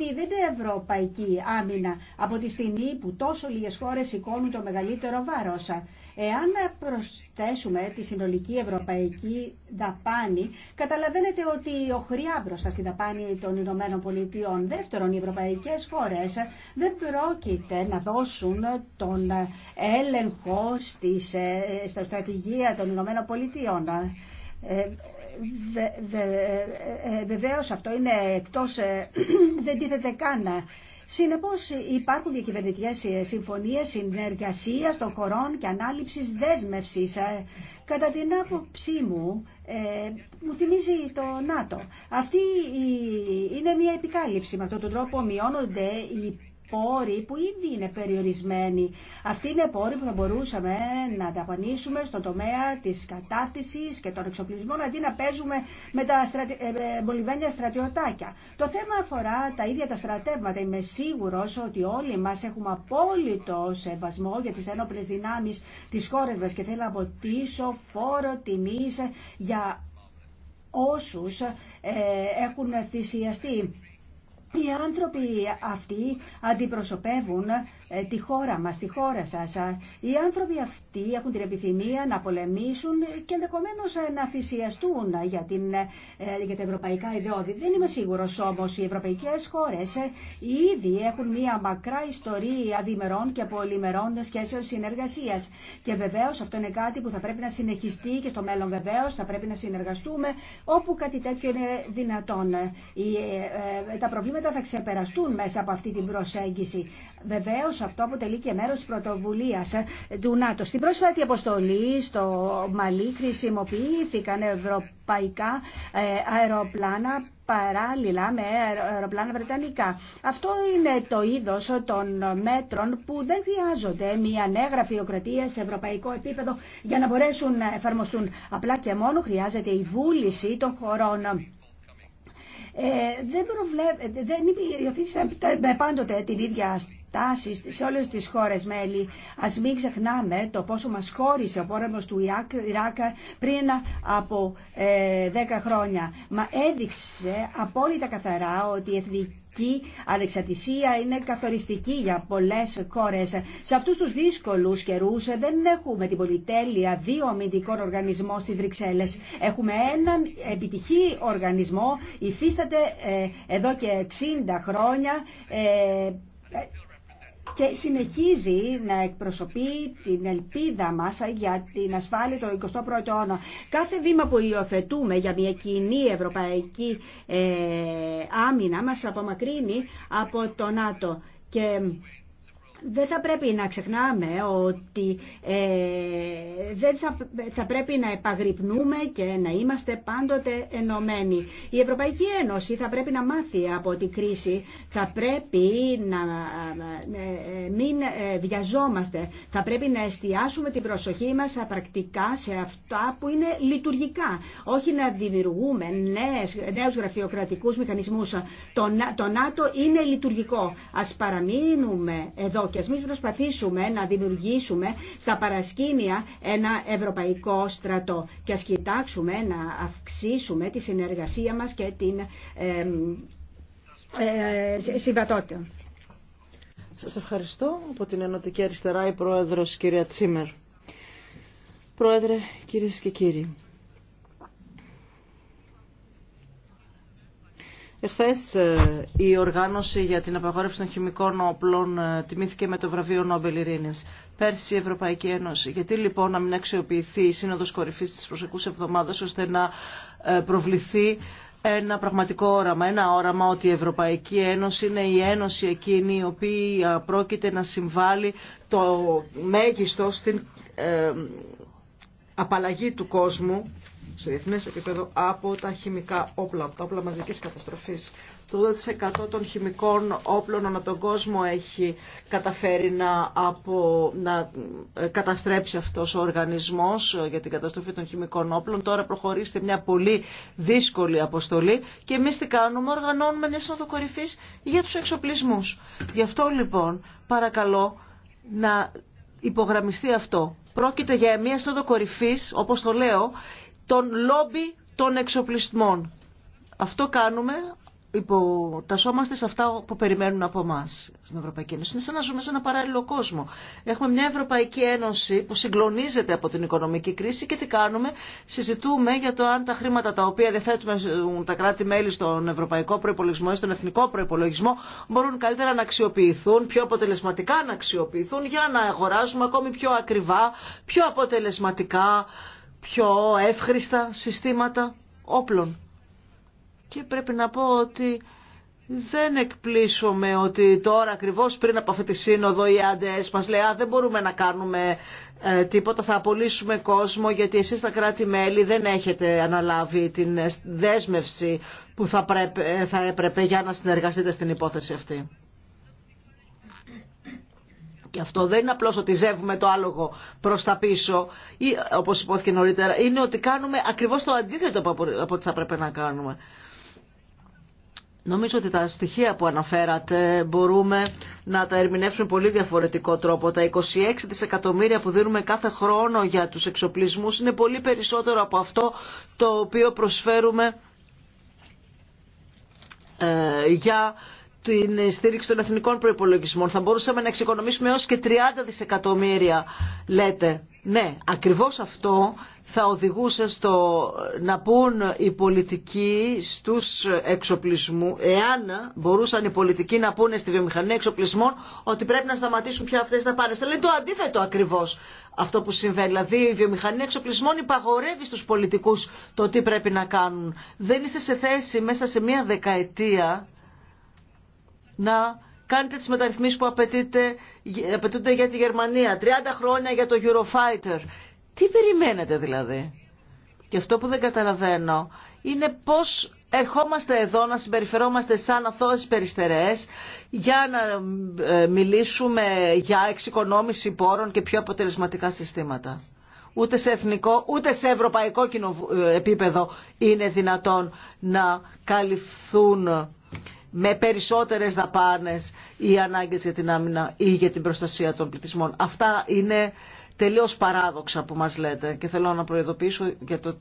αυτή δεν είναι ευρωπαϊκή άμυνα από τη στιγμή που τόσο λίγες χώρες σηκώνουν το μεγαλύτερο βάρος. Εάν προσθέσουμε τη συνολική ευρωπαϊκή δαπάνη, καταλαβαίνετε ότι χρειά μπροστά στη δαπάνη των Ηνωμένων Πολιτειών. Δεύτερον, οι ευρωπαϊκές χώρες δεν πρόκειται να δώσουν τον έλεγχο στη ε, ε, στρατηγία των Ηνωμένων Πολιτειών. Ε, ε, ε, Βεβαίω αυτό είναι εκτός, ε, δεν τίθεται καν. Συνεπώ, υπάρχουν διακυβερνητικέ συμφωνίε συνεργασία των χωρών και ανάληψη δέσμευση. Κατά την άποψή μου, μου θυμίζει το ΝΑΤΟ. Αυτή είναι μια επικάλυψη. Με αυτόν τον τρόπο μειώνονται οι πόροι που ήδη είναι περιορισμένοι. Αυτοί είναι πόροι που θα μπορούσαμε να δαπανίσουμε στον τομέα της κατάρτισης και των εξοπλισμών αντί να παίζουμε με τα στρατι... Ε, ε, στρατιωτάκια. Το θέμα αφορά τα ίδια τα στρατεύματα. Είμαι σίγουρος ότι όλοι μας έχουμε απόλυτο σεβασμό για τις ένοπλες δυνάμεις της χώρας μας και θέλω να αποτίσω φόρο τιμής για όσους ε, έχουν θυσιαστεί οι άνθρωποι αυτοί αντιπροσωπεύουν ε, τη χώρα μας, τη χώρα σας. Οι άνθρωποι αυτοί έχουν την επιθυμία να πολεμήσουν και ενδεχομένω ε, να θυσιαστούν για, την, ε, για τα ευρωπαϊκά ιδεώδη. Δεν είμαι σίγουρος όμως οι ευρωπαϊκές χώρες ήδη έχουν μια μακρά ιστορία διμερών και πολυμερών σχέσεων συνεργασίας. Και βεβαίως αυτό είναι κάτι που θα πρέπει να συνεχιστεί και στο μέλλον βεβαίως θα πρέπει να συνεργαστούμε όπου κάτι τέτοιο είναι δυνατόν. τα προβλήματα θα ξεπεραστούν μέσα από αυτή την προσέγγιση. Βεβαίως αυτό αποτελεί και μέρος της πρωτοβουλίας του ΝΑΤΟ. Στην πρόσφατη αποστολή στο Μαλί χρησιμοποιήθηκαν ευρωπαϊκά ε, αεροπλάνα παράλληλα με αεροπλάνα βρετανικά. Αυτό είναι το είδος των μέτρων που δεν χρειάζονται μια νέα γραφειοκρατία σε ευρωπαϊκό επίπεδο για να μπορέσουν να εφαρμοστούν. Απλά και μόνο χρειάζεται η βούληση των χωρών. Ε, δεν δεν πάντοτε την ίδια τάσεις σε όλες τις χώρες μέλη. Ας μην ξεχνάμε το πόσο μας χώρισε ο πόλεμο του Ιράκ πριν από 10 ε, χρόνια. Μα έδειξε απόλυτα καθαρά ότι η εθνική ανεξαρτησία είναι καθοριστική για πολλέ χώρε. Σε αυτού τους δύσκολου καιρού. δεν έχουμε την πολυτέλεια δύο αμυντικών οργανισμών στι Βρυξέλλε. Έχουμε έναν επιτυχή οργανισμό, υφίσταται ε, εδώ και 60 χρόνια, ε, και συνεχίζει να εκπροσωπεί την ελπίδα μας για την ασφάλεια του 21ου αιώνα. Κάθε βήμα που υιοθετούμε για μια κοινή ευρωπαϊκή ε, άμυνα μας απομακρύνει από το ΝΑΤΟ. Και δεν θα πρέπει να ξεχνάμε ότι ε, δεν θα, πρέπει να επαγρυπνούμε και να είμαστε πάντοτε ενωμένοι. Η Ευρωπαϊκή Ένωση θα πρέπει να μάθει από την κρίση, θα πρέπει να ε, μην ε, βιαζόμαστε, θα πρέπει να εστιάσουμε την προσοχή μας πρακτικά σε αυτά που είναι λειτουργικά, όχι να δημιουργούμε νέες, νέους γραφειοκρατικούς μηχανισμούς. Το, το ΝΑΤΟ είναι λειτουργικό. Ας παραμείνουμε εδώ και ας μην προσπαθήσουμε να δημιουργήσουμε στα παρασκήνια ένα ευρωπαϊκό στρατό και ας κοιτάξουμε να αυξήσουμε τη συνεργασία μας και την ε, ε, συμβατότητα. Σας ευχαριστώ από την Ενωτική Αριστερά η Πρόεδρος κυρία Τσίμερ. Πρόεδρε, κυρίες και κύριοι. Εχθές ε, η οργάνωση για την απαγόρευση των χημικών όπλων ε, τιμήθηκε με το βραβείο Νόμπελ Ειρήνης. Πέρσι η Ευρωπαϊκή Ένωση. Γιατί λοιπόν να μην αξιοποιηθεί η Σύνοδο Κορυφή τη προσεκού εβδομάδα ώστε να ε, προβληθεί ένα πραγματικό όραμα, ένα όραμα ότι η Ευρωπαϊκή Ένωση είναι η ένωση εκείνη η οποία πρόκειται να συμβάλλει το μέγιστο στην απαλλαγή του κόσμου σε διεθνές επίπεδο από τα χημικά όπλα, από τα όπλα μαζικής καταστροφής. Το 80% των χημικών όπλων ανά τον κόσμο έχει καταφέρει να, από, να ε, καταστρέψει αυτός ο οργανισμός ε, για την καταστροφή των χημικών όπλων. Τώρα προχωρήστε μια πολύ δύσκολη αποστολή και εμείς τι κάνουμε, οργανώνουμε μια συνοδοκορυφή για τους εξοπλισμούς. Γι' αυτό λοιπόν παρακαλώ να υπογραμμιστεί αυτό. Πρόκειται για μια σύνοδο κορυφή, το λέω, τον λόμπι των εξοπλισμών. Αυτό κάνουμε, υποτασσόμαστε σε αυτά που περιμένουν από εμά στην Ευρωπαϊκή Ένωση. Είναι σαν να ζούμε σε ένα παράλληλο κόσμο. Έχουμε μια Ευρωπαϊκή Ένωση που συγκλονίζεται από την οικονομική κρίση και τι κάνουμε. Συζητούμε για το αν τα χρήματα τα οποία διαθέτουμε τα κράτη-μέλη στον Ευρωπαϊκό Προπολογισμό ή στον Εθνικό Προπολογισμό μπορούν καλύτερα να αξιοποιηθούν, πιο αποτελεσματικά να αξιοποιηθούν για να αγοράζουμε ακόμη πιο ακριβά, πιο αποτελεσματικά πιο εύχριστα συστήματα όπλων. Και πρέπει να πω ότι δεν εκπλήσουμε ότι τώρα ακριβώς πριν από αυτή τη σύνοδο οι άντες μας λέει δεν μπορούμε να κάνουμε ε, τίποτα, θα απολύσουμε κόσμο γιατί εσείς τα κράτη-μέλη δεν έχετε αναλάβει την δέσμευση που θα, ε, θα έπρεπε για να συνεργαστείτε στην υπόθεση αυτή» και αυτό δεν είναι απλώς ότι ζεύουμε το άλογο προς τα πίσω ή όπως υπόθηκε νωρίτερα, είναι ότι κάνουμε ακριβώς το αντίθετο από ό,τι θα πρέπει να κάνουμε. Νομίζω ότι τα στοιχεία που αναφέρατε μπορούμε να τα ερμηνεύσουμε πολύ διαφορετικό τρόπο. Τα 26 δισεκατομμύρια που δίνουμε κάθε χρόνο για τους εξοπλισμούς είναι πολύ περισσότερο από αυτό το οποίο προσφέρουμε ε, για την στήριξη των εθνικών προϋπολογισμών. Θα μπορούσαμε να εξοικονομήσουμε έως και 30 δισεκατομμύρια, λέτε. Ναι, ακριβώς αυτό θα οδηγούσε στο να πούν οι πολιτικοί στους εξοπλισμού, εάν μπορούσαν οι πολιτικοί να πούνε στη βιομηχανία εξοπλισμών ότι πρέπει να σταματήσουν πια αυτές τα πάνε. Αλλά το αντίθετο ακριβώς αυτό που συμβαίνει. Δηλαδή η βιομηχανία εξοπλισμών υπαγορεύει στους πολιτικούς το τι πρέπει να κάνουν. Δεν είστε σε θέση μέσα σε μία δεκαετία να κάνετε τις μεταρρυθμίσεις που απαιτούνται για τη Γερμανία. 30 χρόνια για το Eurofighter. Τι περιμένετε δηλαδή. Και αυτό που δεν καταλαβαίνω είναι πώς ερχόμαστε εδώ να συμπεριφερόμαστε σαν αθώες περιστερές για να ε, μιλήσουμε για εξοικονόμηση πόρων και πιο αποτελεσματικά συστήματα. Ούτε σε εθνικό, ούτε σε ευρωπαϊκό ε, επίπεδο είναι δυνατόν να καλυφθούν με περισσότερες δαπάνες ή ανάγκες για την άμυνα ή για την προστασία των πληθυσμών. Αυτά είναι τελείως παράδοξα που μας λέτε και θέλω να προειδοποιήσω για, το,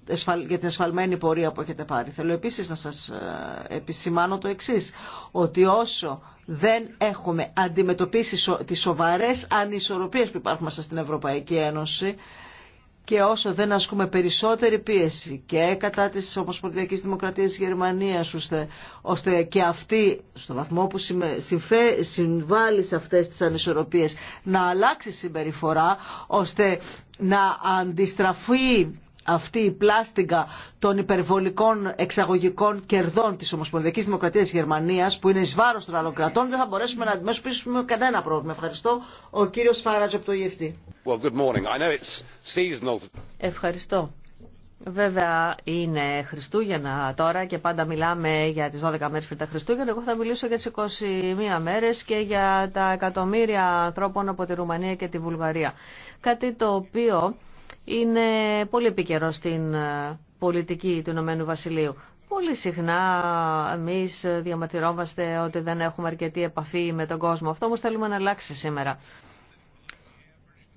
για την ασφαλμένη πορεία που έχετε πάρει. Θέλω επίσης να σας ε, επισημάνω το εξής, ότι όσο δεν έχουμε αντιμετωπίσει τις σοβαρές ανισορροπίες που υπάρχουν στην Ευρωπαϊκή Ένωση, και όσο δεν ασκούμε περισσότερη πίεση και κατά τη Ομοσπονδιακή δημοκρατία της Γερμανίας ώστε, και αυτή στο βαθμό που συμβάλλει σε αυτές τις ανισορροπίες να αλλάξει συμπεριφορά ώστε να αντιστραφεί αυτή η πλάστιγκα των υπερβολικών εξαγωγικών κερδών της Ομοσπονδιακής Δημοκρατίας Γερμανίας που είναι εις βάρος των άλλων κρατών δεν θα μπορέσουμε να αντιμετωπίσουμε κανένα πρόβλημα. Ευχαριστώ. Ο κύριος Φάρατζ από το EFT. Well, Ευχαριστώ. Βέβαια είναι Χριστούγεννα τώρα και πάντα μιλάμε για τις 12 μέρες πριν τα Χριστούγεννα. Εγώ θα μιλήσω για τις 21 μέρες και για τα εκατομμύρια ανθρώπων από τη Ρουμανία και τη Βουλγαρία. Κάτι το οποίο είναι πολύ επίκαιρο στην ε, πολιτική του Ηνωμένου Βασιλείου. Πολύ συχνά εμεί διαμαρτυρόμαστε ότι δεν έχουμε αρκετή επαφή με τον κόσμο. Αυτό όμω θέλουμε να αλλάξει σήμερα.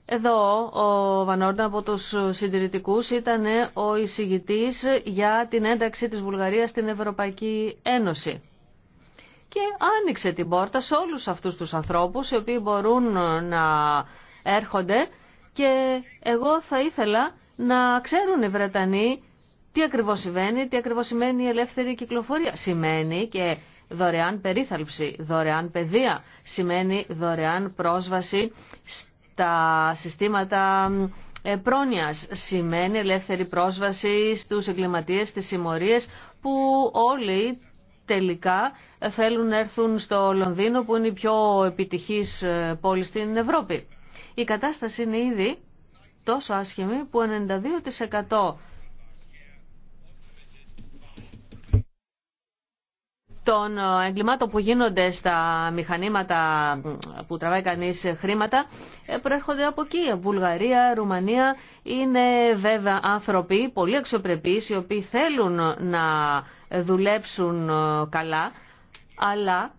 Εδώ ο Βανόρντα από τους συντηρητικούς ήταν ο εισηγητής για την ένταξη της Βουλγαρίας στην Ευρωπαϊκή Ένωση. Και άνοιξε την πόρτα σε όλους αυτούς τους ανθρώπους οι οποίοι μπορούν να έρχονται και εγώ θα ήθελα να ξέρουν οι Βρετανοί τι ακριβώς συμβαίνει, τι ακριβώς σημαίνει η ελεύθερη κυκλοφορία. Σημαίνει και δωρεάν περίθαλψη, δωρεάν παιδεία, σημαίνει δωρεάν πρόσβαση στα συστήματα ε, πρόνοιας, σημαίνει ελεύθερη πρόσβαση στους εγκληματίες, στις συμμορίες που όλοι τελικά θέλουν να έρθουν στο Λονδίνο που είναι η πιο επιτυχής ε, πόλη στην Ευρώπη η κατάσταση είναι ήδη τόσο άσχημη που 92% των ε, εγκλημάτων που γίνονται στα μηχανήματα που τραβάει κανείς χρήματα ε, προέρχονται από εκεί. Βουλγαρία, Ρουμανία είναι βέβαια άνθρωποι πολύ αξιοπρεπείς οι οποίοι θέλουν να δουλέψουν ε, καλά αλλά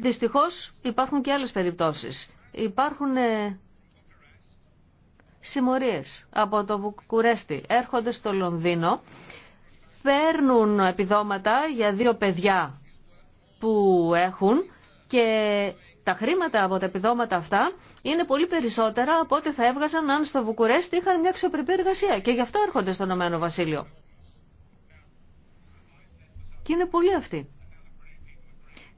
δυστυχώς υπάρχουν και άλλες περιπτώσεις. Υπάρχουν συμμορίες από το Βουκουρέστι. Έρχονται στο Λονδίνο, παίρνουν επιδόματα για δύο παιδιά που έχουν και τα χρήματα από τα επιδόματα αυτά είναι πολύ περισσότερα από ό,τι θα έβγαζαν αν στο Βουκουρέστι είχαν μια αξιοπρεπή εργασία. Και γι' αυτό έρχονται στον Ηνωμένο Βασίλειο. Και είναι πολλοί αυτοί.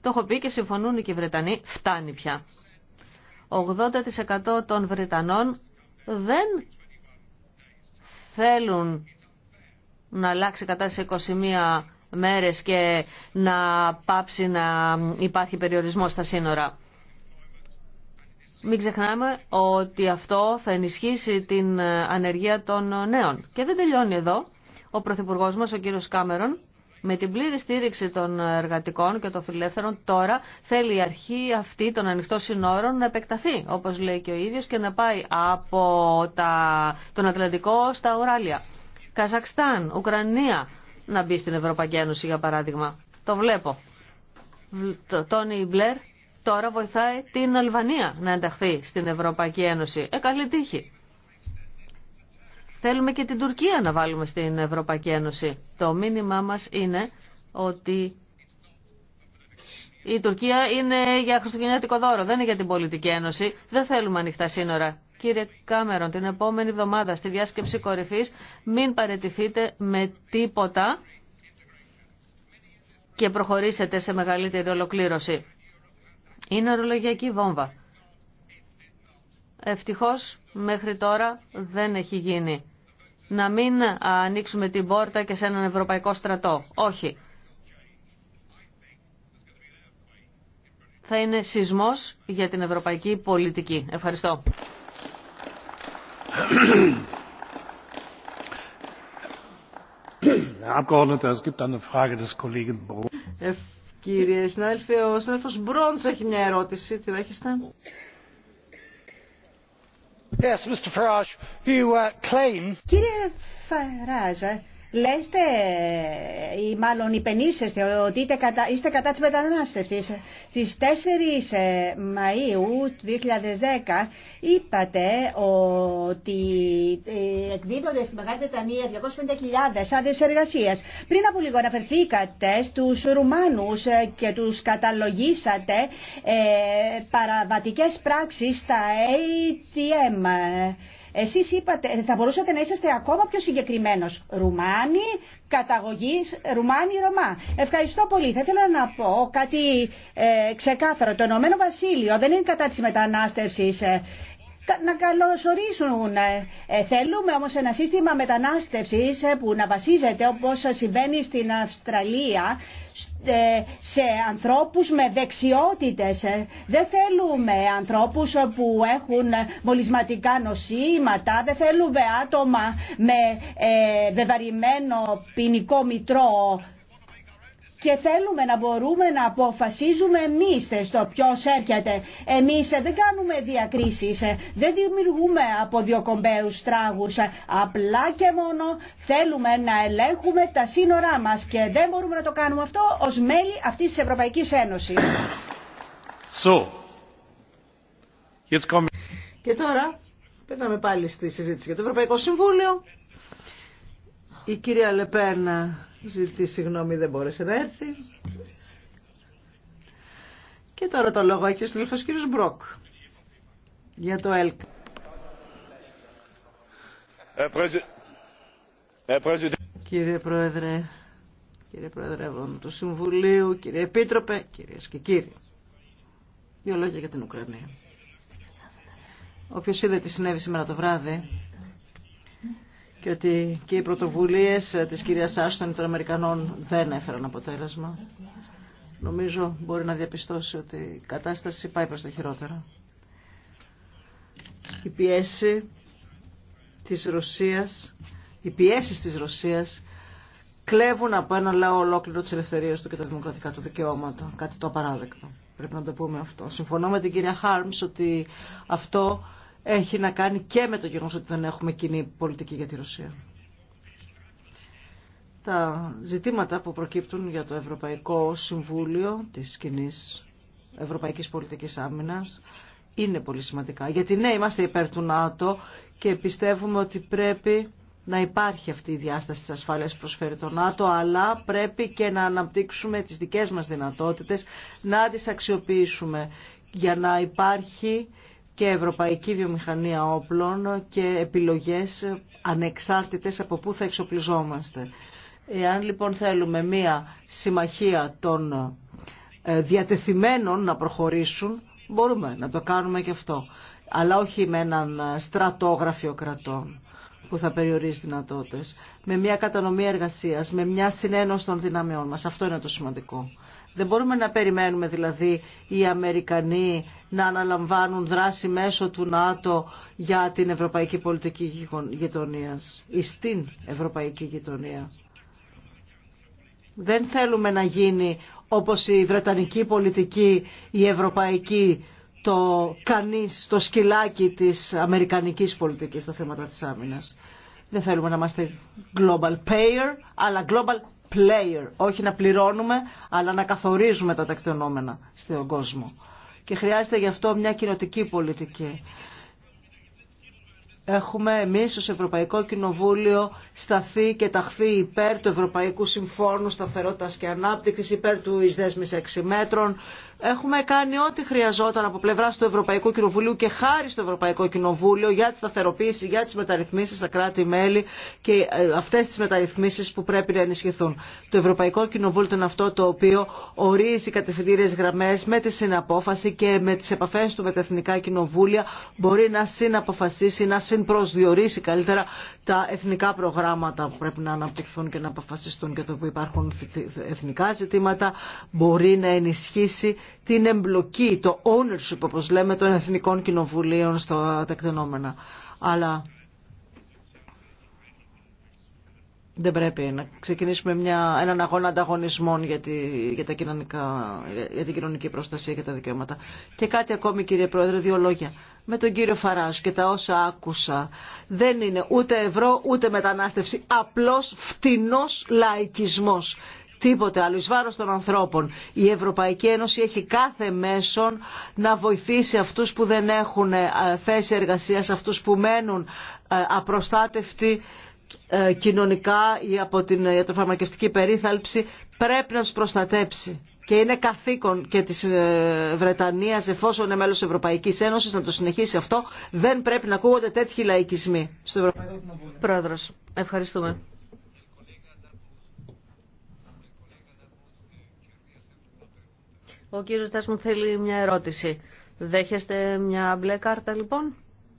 Το έχω πει και συμφωνούν και οι Βρετανοί, φτάνει πια. 80% των Βρετανών δεν θέλουν να αλλάξει κατά σε 21 μέρες και να πάψει να υπάρχει περιορισμό στα σύνορα. Μην ξεχνάμε ότι αυτό θα ενισχύσει την ανεργία των νέων. Και δεν τελειώνει εδώ. Ο Πρωθυπουργός μας, ο κύριος Κάμερον, με την πλήρη στήριξη των εργατικών και των φιλεύθερων, τώρα θέλει η αρχή αυτή των ανοιχτών συνόρων να επεκταθεί, όπως λέει και ο ίδιος, και να πάει από τα... τον Ατλαντικό στα Ουράλια. Καζακστάν, Ουκρανία να μπει στην Ευρωπαϊκή Ένωση για παράδειγμα. Το βλέπω. Τόνι Μπλερ τώρα βοηθάει την Αλβανία να ενταχθεί στην Ευρωπαϊκή Ένωση. Ε, καλή τύχη. Θέλουμε και την Τουρκία να βάλουμε στην Ευρωπαϊκή Ένωση. Το μήνυμά μας είναι ότι η Τουρκία είναι για χριστουγεννιάτικο δώρο, δεν είναι για την πολιτική ένωση. Δεν θέλουμε ανοιχτά σύνορα. Κύριε Κάμερον, την επόμενη εβδομάδα στη διάσκεψη κορυφής μην παρετηθείτε με τίποτα και προχωρήσετε σε μεγαλύτερη ολοκλήρωση. Είναι ορολογιακή βόμβα ευτυχώς μέχρι τώρα δεν έχει γίνει. Να μην ανοίξουμε την πόρτα και σε έναν ευρωπαϊκό στρατό. Όχι. Θα είναι σεισμός για την ευρωπαϊκή πολιτική. Ευχαριστώ. Ε, κύριε συνάδελφε, ο συνάδελφος Μπρόντς έχει μια ερώτηση. Τη δέχεστε. Yes, Mr. Farage, you claim... Κύριε λέστε ε, ή μάλλον υπενήσεστε ότι είστε κατά, είστε κατά της μετανάστευσης. Στις 4 ε, Μαΐου 2010 είπατε ότι ε, εκδίδονται στη Μεγάλη Βρετανία 250.000 άδειες εργασίας. Πριν από λίγο αναφερθήκατε στους Ρουμάνους και τους καταλογίσατε ε, παραβατικές πράξεις στα ATM. Εσείς είπατε, θα μπορούσατε να είσαστε ακόμα πιο συγκεκριμένο. Ρουμάνοι, καταγωγής, Ρουμάνοι, Ρωμά. Ευχαριστώ πολύ. Θα ήθελα να πω κάτι ε, ξεκάθαρο. Το Ενωμένο Βασίλειο δεν είναι κατά της μετανάστευσης. Ε, να καλωσορίσουν. Ε, ε, θέλουμε όμως ένα σύστημα μετανάστευσης ε, που να βασίζεται όπως συμβαίνει στην Αυστραλία σε ανθρώπους με δεξιότητες. Δεν θέλουμε ανθρώπους που έχουν μολυσματικά νοσήματα, δεν θέλουμε άτομα με βεβαρημένο ποινικό μητρό και θέλουμε να μπορούμε να αποφασίζουμε εμεί στο ποιό έρχεται. Εμείς ε, δεν κάνουμε διακρίσεις, ε, δεν δημιουργούμε αποδιοκομπέους τράγου. Απλά και μόνο θέλουμε να ελέγχουμε τα σύνορά μας και δεν μπορούμε να το κάνουμε αυτό ω μέλη αυτής της Ευρωπαϊκής Ένωσης. So. Και τώρα πέθαμε πάλι στη συζήτηση για το Ευρωπαϊκό Συμβούλιο. Η κυρία Λεπέρνα Ζητή συγγνώμη δεν μπόρεσε να έρθει. Και τώρα το λόγο έχει ο συνέλφος κύριος Μπρόκ για το ΕΛΚ. Ε, ε, κύριε Πρόεδρε, κύριε Πρόεδρε του Συμβουλίου, κύριε Επίτροπε, κυρίες και κύριοι. Δύο λόγια για την Ουκρανία. Όποιος είδε τι συνέβη σήμερα το βράδυ, και ότι και οι πρωτοβουλίες της κυρίας Άστον των Αμερικανών δεν έφεραν αποτέλεσμα. Νομίζω μπορεί να διαπιστώσει ότι η κατάσταση πάει προς τα χειρότερα. Η πιέση της Ρωσίας, οι πιέσει της Ρωσίας κλέβουν από ένα λαό ολόκληρο τις ελευθερίες του και τα δημοκρατικά του δικαιώματα. Κάτι το απαράδεκτο. Πρέπει να το πούμε αυτό. Συμφωνώ με την κυρία Χάρμς ότι αυτό έχει να κάνει και με το γεγονός ότι δεν έχουμε κοινή πολιτική για τη Ρωσία. Τα ζητήματα που προκύπτουν για το Ευρωπαϊκό Συμβούλιο της κοινή Ευρωπαϊκής Πολιτικής Άμυνας είναι πολύ σημαντικά. Γιατί ναι, είμαστε υπέρ του ΝΑΤΟ και πιστεύουμε ότι πρέπει να υπάρχει αυτή η διάσταση της ασφάλειας που προσφέρει το ΝΑΤΟ, αλλά πρέπει και να αναπτύξουμε τις δικές μας δυνατότητες, να τις αξιοποιήσουμε για να υπάρχει και ευρωπαϊκή βιομηχανία όπλων και επιλογές ανεξάρτητες από πού θα εξοπλιζόμαστε. Εάν λοιπόν θέλουμε μία συμμαχία των ε, διατεθειμένων να προχωρήσουν, μπορούμε να το κάνουμε και αυτό. Αλλά όχι με έναν στρατό γραφειοκρατών που θα περιορίσει κανουμε και αυτο αλλα οχι με εναν στρατογραφιο κρατών που θα περιοριζει δυνατοτητες Με μια κατανομή εργασίας, με μια συνένωση των δυναμιών μας. Αυτό είναι το σημαντικό. Δεν μπορούμε να περιμένουμε δηλαδή οι Αμερικανοί να αναλαμβάνουν δράση μέσω του ΝΑΤΟ για την ευρωπαϊκή πολιτική γειτονία ή στην ευρωπαϊκή γειτονία. Δεν θέλουμε να γίνει όπως η βρετανική πολιτική, η ευρωπαϊκή, το κανείς, το σκυλάκι της αμερικανικής πολιτικής στα θέματα της άμυνας. Δεν θέλουμε να είμαστε global payer, αλλά global player, όχι να πληρώνουμε, αλλά να καθορίζουμε τα τεκτενόμενα στον κόσμο. Και χρειάζεται γι' αυτό μια κοινοτική πολιτική. Έχουμε εμείς ως Ευρωπαϊκό Κοινοβούλιο σταθεί και ταχθεί υπέρ του Ευρωπαϊκού Συμφώνου Σταθερότητας και Ανάπτυξης, υπέρ του εις 6 μέτρων, Έχουμε κάνει ό,τι χρειαζόταν από πλευρά του Ευρωπαϊκού Κοινοβουλίου και χάρη στο Ευρωπαϊκό Κοινοβούλιο για τη σταθεροποίηση, για τι μεταρρυθμίσει στα κράτη-μέλη και ε, αυτέ τι μεταρρυθμίσει που πρέπει να ενισχυθούν. Το Ευρωπαϊκό Κοινοβούλιο είναι αυτό το οποίο ορίζει κατευθυντήριε γραμμέ με τη συναπόφαση και με τι επαφέ του με τα εθνικά κοινοβούλια μπορεί να συναποφασίσει, να συμπροσδιορίσει καλύτερα τα εθνικά προγράμματα που πρέπει να αναπτυχθούν και να αποφασιστούν και το που υπάρχουν εθνικά ζητήματα μπορεί να ενισχύσει την εμπλοκή, το ownership όπως λέμε των εθνικών κοινοβουλίων στα τεκτενόμενα. Αλλά δεν πρέπει να ξεκινήσουμε μια, έναν αγώνα ανταγωνισμών για, για, τα για την κοινωνική προστασία και τα δικαιώματα. Και κάτι ακόμη κύριε Πρόεδρε, δύο λόγια. Με τον κύριο Φαράζ και τα όσα άκουσα. Δεν είναι ούτε ευρώ ούτε μετανάστευση. Απλώς φτηνός λαϊκισμός τίποτε άλλο εις βάρος των ανθρώπων. Η Ευρωπαϊκή Ένωση έχει κάθε μέσον να βοηθήσει αυτούς που δεν έχουν ε, θέση εργασίας, αυτούς που μένουν ε, απροστάτευτοι ε, κοινωνικά ή από την ιατροφαρμακευτική περίθαλψη πρέπει να τους προστατέψει. Και είναι καθήκον και της Βρετανίας εφόσον είναι μέλος της Ευρωπαϊκής Ένωσης να το συνεχίσει αυτό. Δεν πρέπει να ακούγονται τέτοιοι λαϊκισμοί. Στο Ευρωπαϊκό ευχαριστούμε. Ο κύριος μου θέλει μια ερώτηση. Δέχεστε μια μπλε κάρτα λοιπόν.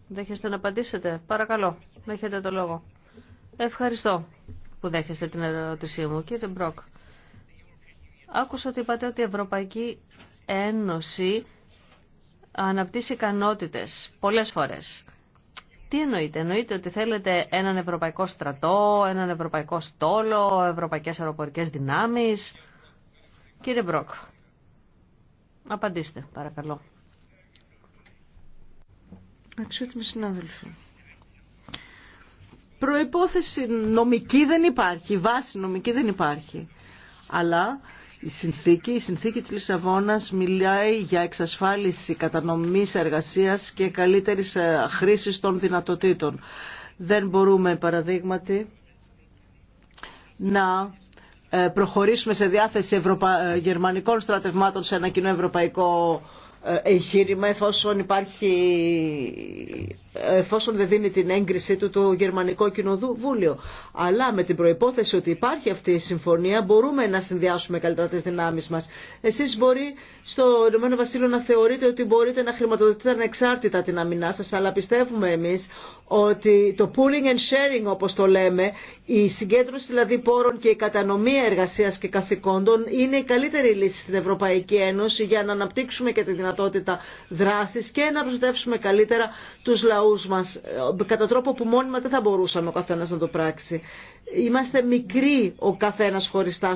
Δέχεστε να απαντήσετε. Παρακαλώ. Δέχετε το λόγο. Ευχαριστώ που δέχεστε την ερώτησή μου. Κύριε Μπρόκ, άκουσα ότι είπατε ότι η Ευρωπαϊκή Ένωση αναπτύσσει ικανότητες πολλές φορές. Τι εννοείτε, εννοείτε ότι θέλετε έναν ευρωπαϊκό στρατό, έναν ευρωπαϊκό στόλο, ευρωπαϊκές αεροπορικές δυνάμεις. Κύριε Μπρόκ, Απαντήστε, παρακαλώ. Αξιότιμη συνάδελφα. Προϋπόθεση νομική δεν υπάρχει, βάση νομική δεν υπάρχει. Αλλά η συνθήκη, η συνθήκη της Λισαβόνας μιλάει για εξασφάλιση κατανομής εργασίας και καλύτερης ε, χρήσης των δυνατοτήτων. Δεν μπορούμε, παραδείγματι, να ε, προχωρήσουμε σε διάθεση ε, γερμανικών στρατευμάτων σε ένα κοινό ευρωπαϊκό ε, εγχείρημα εφόσον υπάρχει εφόσον δεν δίνει την έγκρισή του το Γερμανικό Κοινοβούλιο. Αλλά με την προϋπόθεση ότι υπάρχει αυτή η συμφωνία μπορούμε να συνδυάσουμε καλύτερα τις δυνάμεις μας. Εσείς μπορεί στο Ηνωμένο Βασίλειο να θεωρείτε ότι μπορείτε να χρηματοδοτείτε ανεξάρτητα την αμυνά σας, αλλά πιστεύουμε εμείς ότι το pooling and sharing όπως το λέμε, η συγκέντρωση δηλαδή πόρων και η κατανομή εργασίας και καθηκόντων είναι η καλύτερη λύση στην Ευρωπαϊκή Ένωση για να αναπτύξουμε και τη δυνατότητα δράσης και να προστατεύσουμε καλύτερα τους λαούς μας κατά τρόπο που μόνιμα δεν θα μπορούσαμε ο καθένας να το πράξει. Είμαστε μικροί ο καθένας χωριστά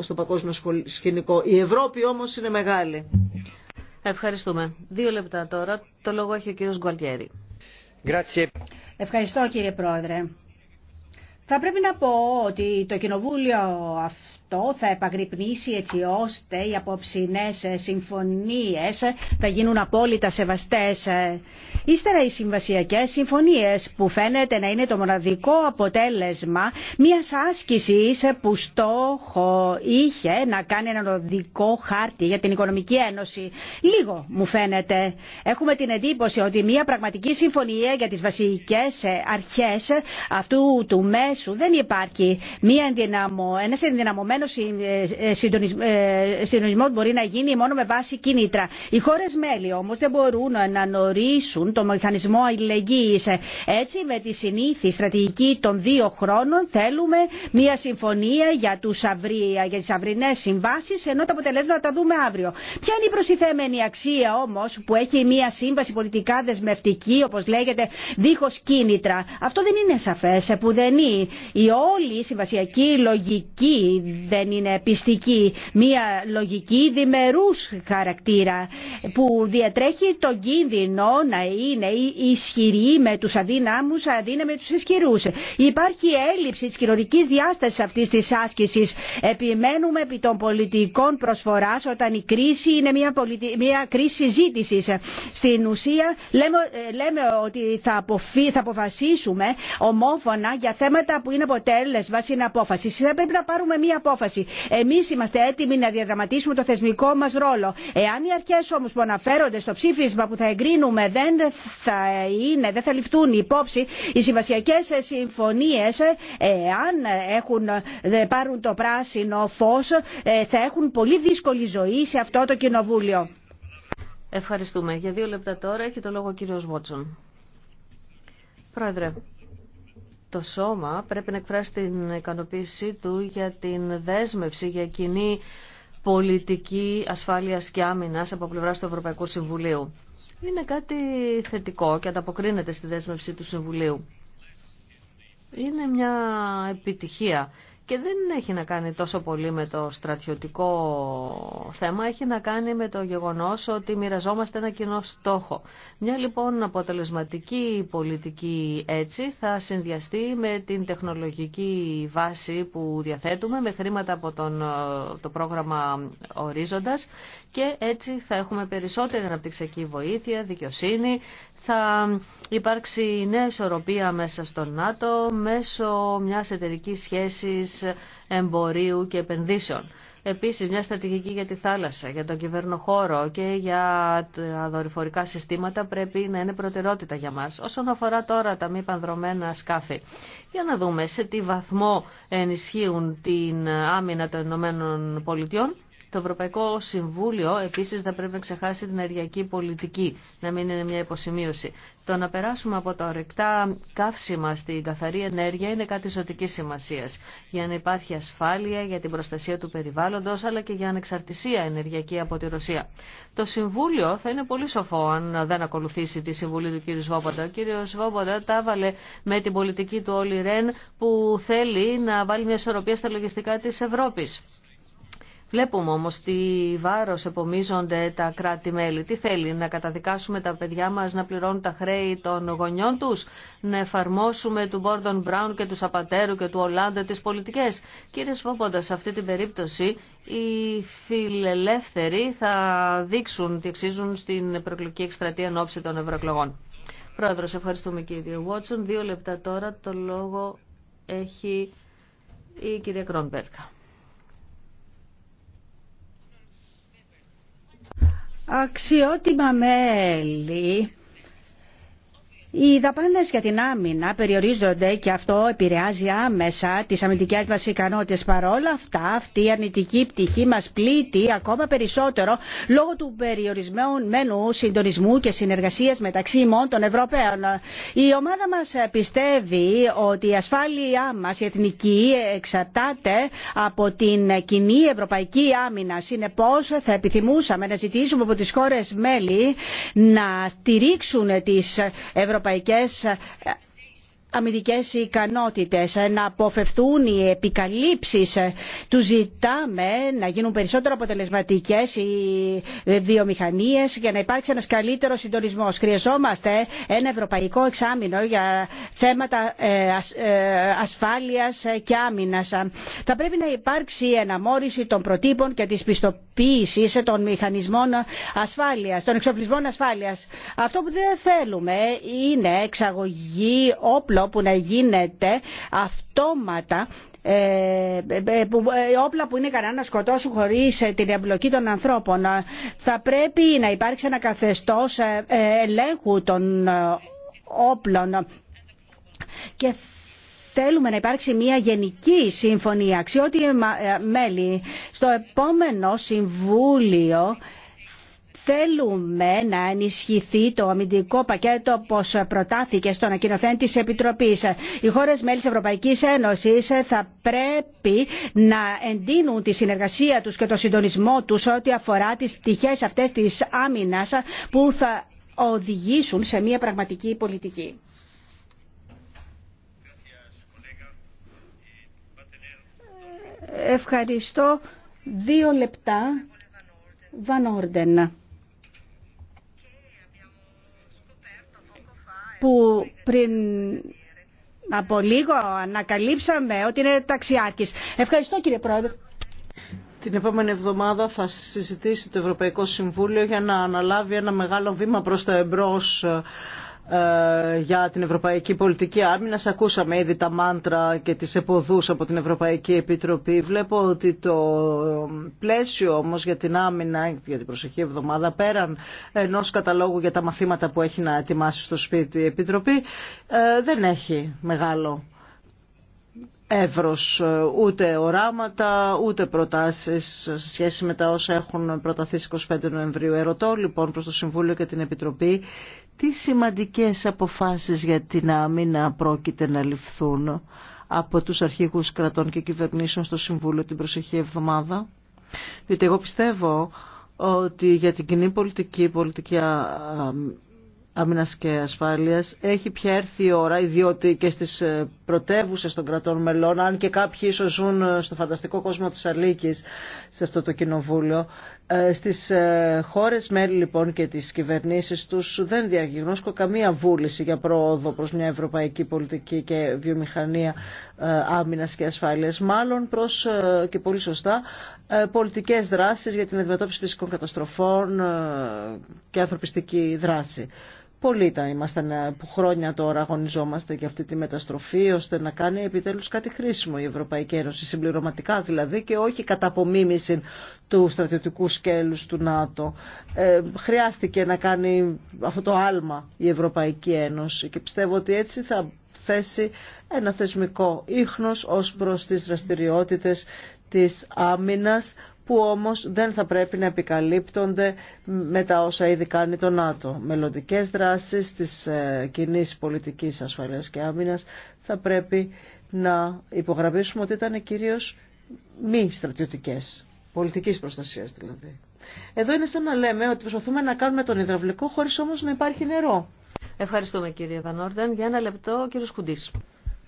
στο παγκόσμιο σκηνικό. Η Ευρώπη όμως είναι μεγάλη. Ευχαριστούμε. Δύο λεπτά τώρα. Το λόγο έχει ο κύριος Γκουαλιέρη. Ευχαριστώ κύριε Πρόεδρε. Θα πρέπει να πω ότι το κοινοβούλιο αυτό το θα επαγρυπνήσει έτσι ώστε οι απόψινές ε, συμφωνίες ε, θα γίνουν απόλυτα σεβαστές. Ε, ύστερα οι συμβασιακές συμφωνίες που φαίνεται να είναι το μοναδικό αποτέλεσμα μιας άσκησης που στόχο είχε να κάνει ένα οδικό χάρτη για την Οικονομική Ένωση. Λίγο μου φαίνεται. Έχουμε την εντύπωση ότι μια πραγματική συμφωνία για τις βασικές αρχές αυτού του μέσου δεν υπάρχει. Μια ενδυναμω, ένας ενδυναμωμένος Επομένω, ε, ε, ε, συντονισμό μπορεί να γίνει μόνο με βάση κίνητρα. Οι χώρε μέλη όμω δεν μπορούν να γνωρίσουν το μηχανισμό αλληλεγγύη. Έτσι, με τη συνήθη στρατηγική των δύο χρόνων, θέλουμε μια συμφωνία για, αυρί, για τι αυρινέ συμβάσει, ενώ τα αποτελέσματα τα δούμε αύριο. Ποια είναι η προστιθέμενη αξία όμω που έχει μια σύμβαση πολιτικά δεσμευτική, όπω λέγεται, δίχω κίνητρα. Αυτό δεν είναι σαφέ, που δεν είναι. Η όλη συμβασιακή λογική δεν είναι πιστική. Μία λογική διμερούς χαρακτήρα που διατρέχει τον κίνδυνο να είναι ισχυρή με τους αδύναμους, αδύναμη με τους ισχυρούς. Υπάρχει έλλειψη της κοινωνικής διάστασης αυτής της άσκησης. Επιμένουμε επί των πολιτικών προσφοράς όταν η κρίση είναι μια, πολιτι... μια κρίση συζήτηση. Στην ουσία λέμε, λέμε ότι θα, αποφυ... αποφασίσουμε ομόφωνα για θέματα που είναι αποτέλεσμα συναπόφασης. Θα πρέπει να πάρουμε μια απόφαση απόφαση. Εμεί είμαστε έτοιμοι να διαδραματίσουμε το θεσμικό μα ρόλο. Εάν οι αρχέ όμω που αναφέρονται στο ψήφισμα που θα εγκρίνουμε δεν θα, είναι, δεν θα ληφθούν υπόψη, οι συμβασιακέ συμφωνίε, εάν έχουν, ε, πάρουν το πράσινο φω, ε, θα έχουν πολύ δύσκολη ζωή σε αυτό το κοινοβούλιο. Ευχαριστούμε. Για δύο λεπτά τώρα έχει το λόγο ο κύριος Βότσον. Πρόεδρε, το σώμα πρέπει να εκφράσει την ικανοποίησή του για την δέσμευση για κοινή πολιτική ασφάλειας και άμυνας από πλευράς του Ευρωπαϊκού Συμβουλίου. Είναι κάτι θετικό και ανταποκρίνεται στη δέσμευση του Συμβουλίου. Είναι μια επιτυχία και δεν έχει να κάνει τόσο πολύ με το στρατιωτικό θέμα, έχει να κάνει με το γεγονός ότι μοιραζόμαστε ένα κοινό στόχο. Μια λοιπόν αποτελεσματική πολιτική έτσι θα συνδυαστεί με την τεχνολογική βάση που διαθέτουμε με χρήματα από τον, ε, το πρόγραμμα Ορίζοντας και έτσι θα έχουμε περισσότερη αναπτυξιακή βοήθεια, δικαιοσύνη, θα υπάρξει νέα ισορροπία μέσα στο ΝΑΤΟ μέσω μιας εταιρική σχέσης εμπορίου και επενδύσεων. Επίσης μια στρατηγική για τη θάλασσα, για τον κυβερνοχώρο και για τα δορυφορικά συστήματα πρέπει να είναι προτεραιότητα για μας. Όσον αφορά τώρα τα μη πανδρομένα σκάφη, για να δούμε σε τι βαθμό ενισχύουν την άμυνα των Ηνωμένων Πολιτειών το Ευρωπαϊκό Συμβούλιο επίσης θα πρέπει να ξεχάσει την ενεργειακή πολιτική, να μην είναι μια υποσημείωση. Το να περάσουμε από τα ορεκτά καύσιμα στην καθαρή ενέργεια είναι κάτι ζωτική σημασία για να υπάρχει ασφάλεια, για την προστασία του περιβάλλοντο αλλά και για ανεξαρτησία ενεργειακή από τη Ρωσία. Το Συμβούλιο θα είναι πολύ σοφό αν δεν ακολουθήσει τη συμβουλή του κ. Σβόμποντα. Ο κ. Σβόμποντα τα έβαλε με την πολιτική του Όλη Ρεν που θέλει να βάλει μια ισορροπία στα λογιστικά τη Ευρώπη. Βλέπουμε όμως τι βάρος επομίζονται τα κράτη-μέλη. Τι θέλει, να καταδικάσουμε τα παιδιά μας να πληρώνουν τα χρέη των γονιών τους, να εφαρμόσουμε του Μπόρντον Μπράουν και του Σαπατέρου και του Ολάντα τις πολιτικές. Κύριε Σφόποντα, σε αυτή την περίπτωση οι φιλελεύθεροι θα δείξουν τι εξίζουν στην προεκλογική εκστρατεία εν ώψη των ευρωεκλογών. Πρόεδρος, ευχαριστούμε κύριε Βότσον. Δύο λεπτά τώρα το λόγο έχει η κυρία Κρόνμπεργκ. Αξιότιμα μέλη, οι δαπάνε για την άμυνα περιορίζονται και αυτό επηρεάζει άμεσα τι αμυντικέ μα ικανότητε. Παρόλα αυτά, αυτή η αρνητική πτυχή μα πλήττει ακόμα περισσότερο λόγω του περιορισμένου συντονισμού και συνεργασία μεταξύ ημών των Ευρωπαίων. Η ομάδα μα πιστεύει ότι η ασφάλειά μα, η εθνική, εξαρτάται από την κοινή ευρωπαϊκή άμυνα. Συνεπώ, θα επιθυμούσαμε να ζητήσουμε από τι χώρε μέλη να στηρίξουν τι ευρωπαϊκέ ευρωπαϊκές αμυντικές ικανότητες, να αποφευθούν οι επικαλύψεις. Του ζητάμε να γίνουν περισσότερο αποτελεσματικές οι βιομηχανίες για να υπάρξει ένας καλύτερος συντονισμός. Χρειαζόμαστε ένα ευρωπαϊκό εξάμεινο για θέματα ε, ε, ασφάλειας και άμυνας. Θα πρέπει να υπάρξει εναμόρυση των προτύπων και της πιστοποίησης των μηχανισμών ασφάλειας, των εξοπλισμών ασφάλειας. Αυτό που δεν θέλουμε είναι εξαγωγή όπλων που να γίνεται αυτόματα ε, ε, ε, όπλα που είναι κανένα να σκοτώσουν χωρίς την εμπλοκή των ανθρώπων. Θα πρέπει να υπάρξει ένα καθεστώς ελέγχου των όπλων και θέλουμε να υπάρξει μια γενική συμφωνία αξιότιμη μέλη στο επόμενο συμβούλιο Θέλουμε να ενισχυθεί το αμυντικό πακέτο όπω προτάθηκε στον ανακοινωθέν τη Επιτροπή. Οι χώρε μέλη της Ευρωπαϊκής Ένωσης θα πρέπει να εντείνουν τη συνεργασία τους και το συντονισμό τους ό,τι αφορά τις πτυχέ αυτέ τη Άμυνα που θα οδηγήσουν σε μια πραγματική πολιτική. Ευχαριστώ. Δύο λεπτά. Van που πριν από λίγο ανακαλύψαμε ότι είναι ταξιάρχης. Ευχαριστώ κύριε Πρόεδρε. Την επόμενη εβδομάδα θα συζητήσει το Ευρωπαϊκό Συμβούλιο για να αναλάβει ένα μεγάλο βήμα προς τα εμπρός ε, για την ευρωπαϊκή πολιτική Άμυνα. Ακούσαμε ήδη τα μάντρα και τις εποδούς από την Ευρωπαϊκή Επιτροπή. Βλέπω ότι το πλαίσιο όμως για την άμυνα, για την προσεχή εβδομάδα, πέραν ενός καταλόγου για τα μαθήματα που έχει να ετοιμάσει στο σπίτι η Επιτροπή, ε, δεν έχει μεγάλο εύρος, ούτε οράματα, ούτε προτάσεις σε σχέση με τα όσα έχουν προταθεί στις 25 Νοεμβρίου. Ερωτώ λοιπόν προς το Συμβούλιο και την Επιτροπή τι σημαντικές αποφάσεις για την άμυνα πρόκειται να ληφθούν από τους αρχηγούς κρατών και κυβερνήσεων στο Συμβούλιο την προσεχή εβδομάδα. Διότι εγώ πιστεύω ότι για την κοινή πολιτική, πολιτική Άμυνας και Ασφάλειας. Έχει πια έρθει η ώρα, διότι και στις ε, πρωτεύουσε των κρατών μελών, αν και κάποιοι ίσως ζουν ε, στο φανταστικό κόσμο της Αλίκης, σε αυτό το κοινοβούλιο, ε, στις χώρες μέλη λοιπόν και τις κυβερνήσεις τους δεν διαγνώσκω καμία βούληση για πρόοδο προς μια ευρωπαϊκή πολιτική και βιομηχανία άμυνας και ασφάλειας, μάλλον προς και πολύ σωστά πολιτικές δράσεις για την αντιμετώπιση φυσικών καταστροφών και ανθρωπιστική δράση. Πολλοί τα ήμασταν που χρόνια τώρα αγωνιζόμαστε για αυτή τη μεταστροφή ώστε να κάνει επιτέλους κάτι χρήσιμο η Ευρωπαϊκή Ένωση, συμπληρωματικά δηλαδή και όχι κατά απομίμηση του στρατιωτικού σκέλους του ΝΑΤΟ. Ε, χρειάστηκε να κάνει αυτό το άλμα η Ευρωπαϊκή Ένωση και πιστεύω ότι έτσι θα θέσει ένα θεσμικό ίχνος ως προς τις δραστηριότητες της άμυνας που όμως δεν θα πρέπει να επικαλύπτονται με τα όσα ήδη κάνει το ΝΑΤΟ. Μελλοντικέ δράσεις της ε, κοινή πολιτικής ασφαλείας και άμυνας θα πρέπει να υπογραμμίσουμε ότι ήταν κυρίως μη στρατιωτικές, πολιτικής προστασίας δηλαδή. Εδώ είναι σαν να λέμε ότι προσπαθούμε να κάνουμε τον υδραυλικό χωρίς όμως να υπάρχει νερό. Ευχαριστούμε κύριε Βανόρντεν. Για ένα λεπτό ο κύριος Κουντής.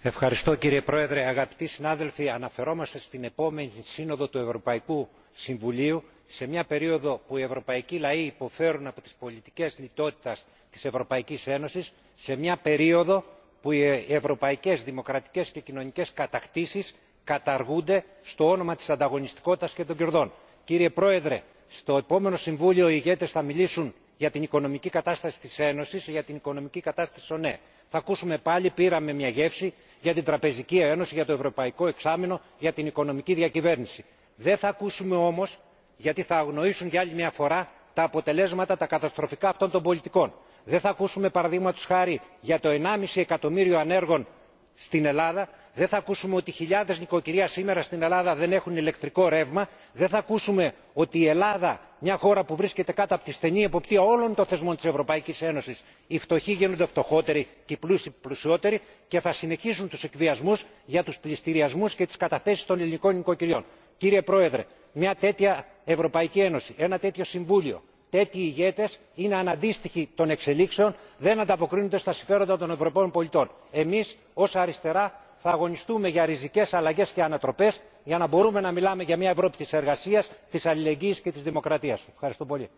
Ευχαριστώ κύριε Πρόεδρε. Αγαπητοί συνάδελφοι, αναφερόμαστε στην επόμενη σύνοδο του Ευρωπαϊκού συμβουλίου σε μια περίοδο που οι ευρωπαϊκοί λαοί υποφέρουν από τις πολιτικές λιτότητας της ευρωπαϊκής ένωσης σε μια περίοδο που οι ευρωπαϊκές δημοκρατικές και κοινωνικές κατακτήσεις καταργούνται στο όνομα της ανταγωνιστικότητας και των κερδών. κύριε πρόεδρε στο επόμενο συμβούλιο οι ηγέτες θα μιλήσουν για την οικονομική κατάσταση της ένωσης για την οικονομική κατάσταση της ονε. θα ακούσουμε πάλι πήραμε μια γεύση για την τραπεζική ένωση για το ευρωπαϊκό εξάμεινο για την οικονομική διακυβέρνηση δεν θα ακούσουμε όμως γιατί θα αγνοήσουν για άλλη μια φορά τα αποτελέσματα τα καταστροφικά αυτών των πολιτικών. δεν θα ακούσουμε παραδείγματο χάρη για το 1,5 εκατομμύριο ανέργων στην ελλάδα δεν θα ακούσουμε ότι χιλιάδε νοικοκυριά σήμερα στην ελλάδα δεν έχουν ηλεκτρικό ρεύμα δεν θα ακούσουμε ότι η ελλάδα μια χώρα που βρίσκεται κάτω από τη στενή εποπτεία όλων των θεσμών τη ευρωπαϊκή ένωση οι φτωχοί γίνονται φτωχότεροι και οι πλούσιοι πλουσιότεροι και θα συνεχίσουν του εκβιασμού για του πληστηριασμού και τι καταθέσει των ελληνικών νοικοκυριών. κύριε πρόεδρε μια τέτοια ευρωπαϊκή ένωση ένα τέτοιο συμβούλιο τέτοιοι ηγέτε είναι αναντίστοιχοι των εξελίξεων δεν ανταποκρίνονται στα συμφέροντα των ευρωπαίων πολιτών. εμεί ω αριστερά θα αγωνιστούμε για ριζικές αλλαγές και ανατροπές για να μπορούμε να μιλάμε για μια ευρώπη της εργασίας της αλληλεγγύης και της δημοκρατίας. ευχαριστώ πολύ.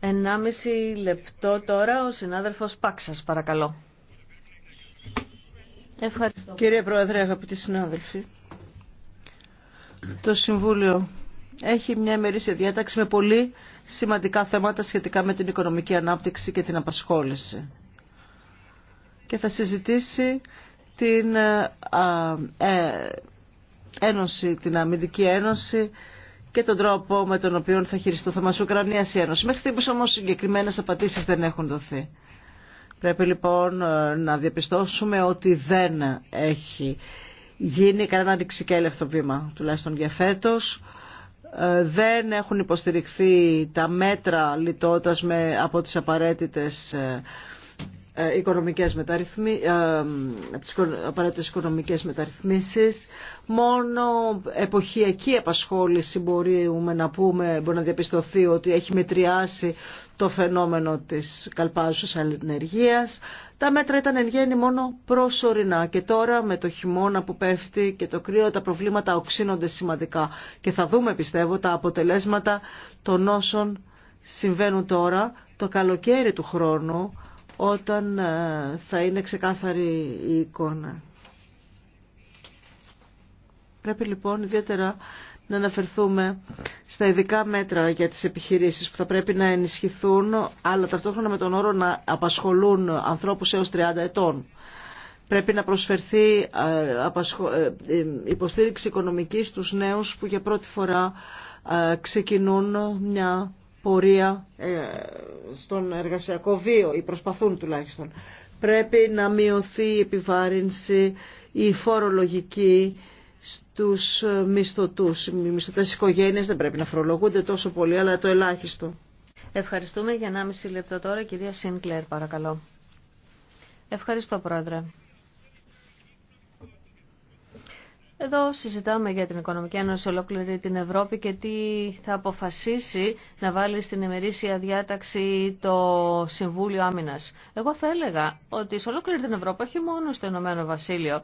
Ενάμιση λεπτό τώρα ο συνάδελφος Πάξας παρακαλώ. Ευχαριστώ. Κύριε Πρόεδρε, αγαπητοί συνάδελφοι, το Συμβούλιο έχει μια ημερήσια διάταξη με πολύ σημαντικά θέματα σχετικά με την οικονομική ανάπτυξη και την απασχόληση. Και θα συζητήσει την ε, ε, Ένωση, την Αμυντική Ένωση και τον τρόπο με τον οποίο θα χειριστεί το θέμα Ουκρανίας η Ένωση. Μέχρι στιγμής όμως συγκεκριμένες απαντήσεις δεν έχουν δοθεί. Πρέπει λοιπόν ε, να διαπιστώσουμε ότι δεν έχει γίνει κανένα ανοιξικέλευτο βήμα, τουλάχιστον για φέτος. Ε, δεν έχουν υποστηριχθεί τα μέτρα λιτότητας με, από τις απαραίτητες ε, ε, οικονομικές μεταρρυθμί... τις απαραίτητες οικονομικές μεταρρυθμίσεις. Μόνο εποχιακή απασχόληση μπορούμε να πούμε, μπορεί να διαπιστωθεί ότι έχει μετριάσει το φαινόμενο της καλπάζουσας ανεργίας. Τα μέτρα ήταν εν γέννη μόνο προσωρινά και τώρα με το χειμώνα που πέφτει και το κρύο τα προβλήματα οξύνονται σημαντικά και θα δούμε πιστεύω τα αποτελέσματα των όσων συμβαίνουν τώρα το καλοκαίρι του χρόνου όταν ε, θα είναι ξεκάθαρη η εικόνα. Πρέπει λοιπόν ιδιαίτερα να αναφερθούμε στα ειδικά μέτρα για τις επιχειρήσεις που θα πρέπει να ενισχυθούν, αλλά ταυτόχρονα με τον όρο να απασχολούν ανθρώπους έως 30 ετών. Πρέπει να προσφερθεί ε, ε, ε, υποστήριξη οικονομική στους νέους που για πρώτη φορά ξεκινούν μια πορεία στον εργασιακό βίο ή προσπαθούν τουλάχιστον. Πρέπει να μειωθεί η επιβάρυνση, η φορολογική, στους μισθωτούς. Οι μισθωτές οικογένειες δεν πρέπει να φορολογούνται τόσο πολύ, αλλά το ελάχιστο. Ευχαριστούμε για 1,5 λεπτό τώρα. Κυρία Σίνκλερ, παρακαλώ. Ευχαριστώ, Πρόεδρε. Εδώ συζητάμε για την Οικονομική Ένωση ολόκληρη την Ευρώπη και τι θα αποφασίσει να βάλει στην ημερήσια διάταξη το Συμβούλιο Άμυνα. Εγώ θα έλεγα ότι σε ολόκληρη την Ευρώπη, όχι μόνο στο Ηνωμένο Βασίλειο,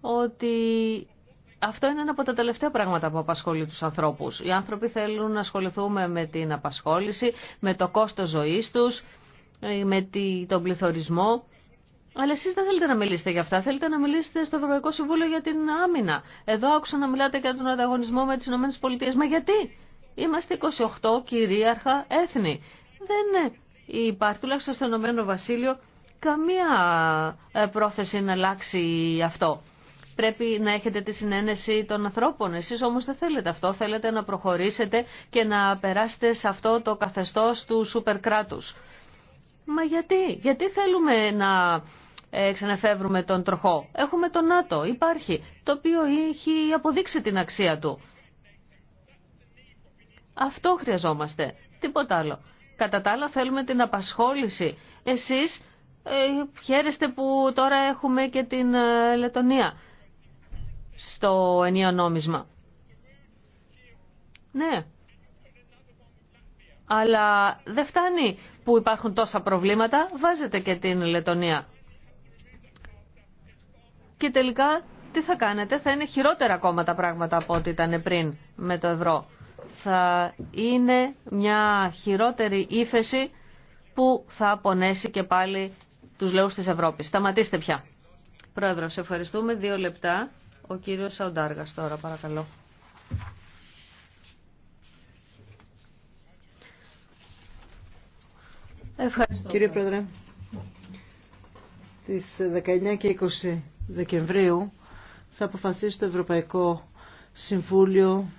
ότι αυτό είναι ένα από τα τελευταία πράγματα που απασχολεί τους ανθρώπους. Οι άνθρωποι θέλουν να ασχοληθούμε με την απασχόληση, με το κόστος ζωής τους, ε, με τον πληθωρισμό. Αλλά εσεί δεν θέλετε να μιλήσετε για αυτά. Θέλετε να μιλήσετε στο Ευρωπαϊκό Συμβούλιο για την άμυνα. Εδώ άκουσα να μιλάτε για τον ανταγωνισμό με τι ΗΠΑ. Μα γιατί είμαστε 28 κυρίαρχα έθνη. Δεν υπάρχει, τουλάχιστον στο Ηνωμένο Βασίλειο, καμία ε, πρόθεση να αλλάξει αυτό πρέπει να έχετε τη συνένεση των ανθρώπων. Εσείς όμως δεν θέλετε αυτό, θέλετε να προχωρήσετε και να περάσετε σε αυτό το καθεστώς του σούπερ κράτους. Μα γιατί, γιατί θέλουμε να ε, ξαναφεύρουμε τον τροχό. Έχουμε τον ΝΑΤΟ, υπάρχει, το οποίο έχει αποδείξει την αξία του. Αυτό χρειαζόμαστε, τίποτα άλλο. Κατά τα άλλα θέλουμε την απασχόληση. Εσείς ε, χαίρεστε που τώρα έχουμε και την ε, Λετωνία στο ενίο νόμισμα. Ναι. Αλλά δεν φτάνει που υπάρχουν τόσα προβλήματα, βάζετε και την Λετωνία. Και τελικά τι θα κάνετε, θα είναι χειρότερα ακόμα τα πράγματα από ό,τι ήταν πριν με το ευρώ. Θα είναι μια χειρότερη ύφεση που θα πονέσει και πάλι τους λαούς της Ευρώπης. Σταματήστε πια. σε ευχαριστούμε. Δύο λεπτά. Ο κύριος Σαουντάργας τώρα, παρακαλώ. Ευχαριστώ. Κύριε Πρόεδρε, στις 19 και 20 Δεκεμβρίου θα αποφασίσει το Ευρωπαϊκό Συμβούλιο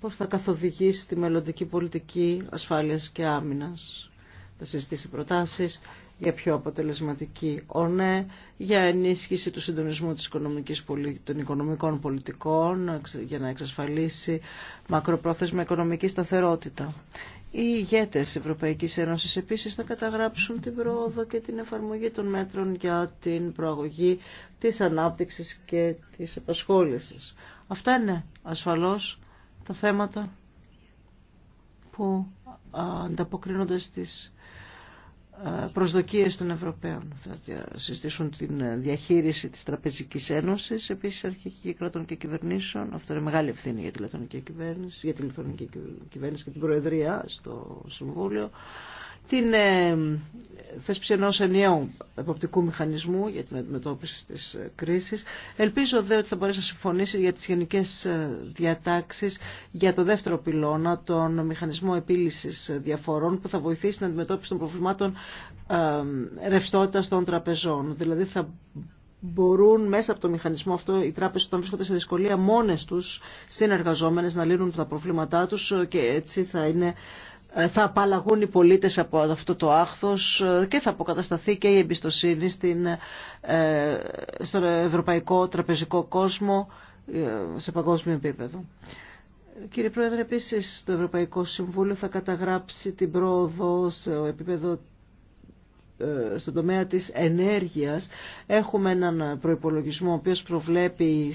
πώς θα καθοδηγήσει τη μελλοντική πολιτική ασφάλειας και άμυνας. Θα συζητήσει προτάσεις για πιο αποτελεσματική ΩΝΕ, για ενίσχυση του συντονισμού της οικονομικής, των οικονομικών πολιτικών για να εξασφαλίσει μακροπρόθεσμα οικονομική σταθερότητα. Οι ηγέτες Ευρωπαϊκής Ένωσης επίσης θα καταγράψουν την πρόοδο και την εφαρμογή των μέτρων για την προαγωγή της ανάπτυξης και της επασχόλησης. Αυτά είναι ασφαλώς τα θέματα που ανταποκρίνονται στις ε, προσδοκίες των Ευρωπαίων. Θα συστήσουν την διαχείριση της Τραπεζικής Ένωσης, επίσης αρχική κρατών και κυβερνήσεων. Αυτό είναι μεγάλη ευθύνη για τη Λεθονική Κυβέρνηση, για τη Λεθονική Κυβέρνηση και την Προεδρία στο Συμβούλιο την ε, θέσπιση ενό ενιαίου εποπτικού μηχανισμού για την αντιμετώπιση τη ε, κρίση. Ελπίζω δε ότι θα μπορέσει να συμφωνήσει για τι γενικέ ε, διατάξει για το δεύτερο πυλώνα, τον μηχανισμό επίλυση διαφορών, που θα βοηθήσει την αντιμετώπιση των προβλημάτων ρευστότητα των τραπεζών. Δηλαδή θα μπορούν μέσα από το μηχανισμό αυτό οι τράπεζε όταν βρίσκονται σε δυσκολία μόνε του συνεργαζόμενε να λύνουν τα προβλήματά του και έτσι θα είναι ε, θα απαλλαγούν οι πολίτες από αυτό το άχθος ε, και θα αποκατασταθεί και η εμπιστοσύνη στην, ε, στον ευρωπαϊκό τραπεζικό κόσμο σε παγκόσμιο επίπεδο. Κύριε Πρόεδρε, επίσης το Ευρωπαϊκό Συμβούλιο θα καταγράψει την πρόοδο σε επίπεδο στον τομέα της ενέργειας έχουμε έναν προϋπολογισμό ο οποίος προβλέπει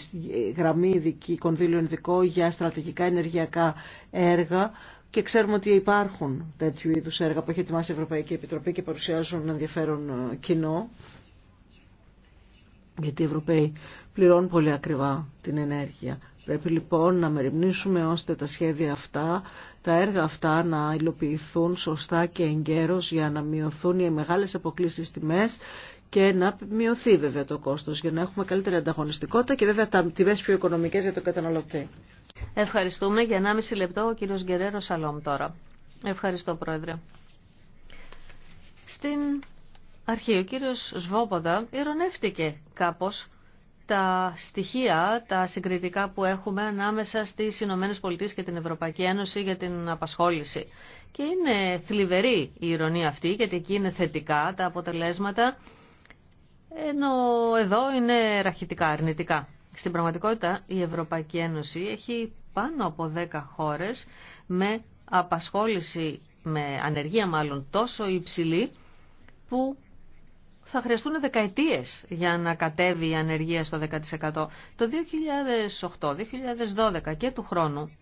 γραμμή ειδική, κονδύλιο ειδικό για στρατηγικά ενεργειακά έργα και ξέρουμε ότι υπάρχουν τέτοιου είδους έργα που έχει ετοιμάσει η Ευρωπαϊκή Επιτροπή και παρουσιάζουν ενδιαφέρον ε, κοινό γιατί οι Ευρωπαίοι πληρώνουν πολύ ακριβά την ενέργεια. Πρέπει λοιπόν να μεριμνήσουμε ώστε τα σχέδια αυτά, τα έργα αυτά να υλοποιηθούν σωστά και εγκαίρως για να μειωθούν οι μεγάλες αποκλήσεις τιμές και να μειωθεί βέβαια το κόστος για να έχουμε καλύτερη ανταγωνιστικότητα και βέβαια τα τιμές πιο οικονομικές για τον καταναλωτή. Ευχαριστούμε για 1,5 λεπτό ο κύριος Γκερέρο Σαλόμ τώρα. Ευχαριστώ Πρόεδρε. Στην αρχή ο κύριος Σβόποντα ηρωνεύτηκε κάπως τα στοιχεία, τα συγκριτικά που έχουμε ανάμεσα στις Ηνωμένε Πολιτείες και την Ευρωπαϊκή Ένωση για την απασχόληση. Και είναι θλιβερή η ηρωνία αυτή, γιατί εκεί είναι θετικά τα αποτελέσματα, ενώ εδώ είναι ραχητικά, αρνητικά. Στην πραγματικότητα η Ευρωπαϊκή Ένωση έχει πάνω από 10 χώρες με απασχόληση, με ανεργία μάλλον τόσο υψηλή που θα χρειαστούν δεκαετίες για να κατέβει η ανεργία στο 10%. Το 2008-2012 και του χρόνου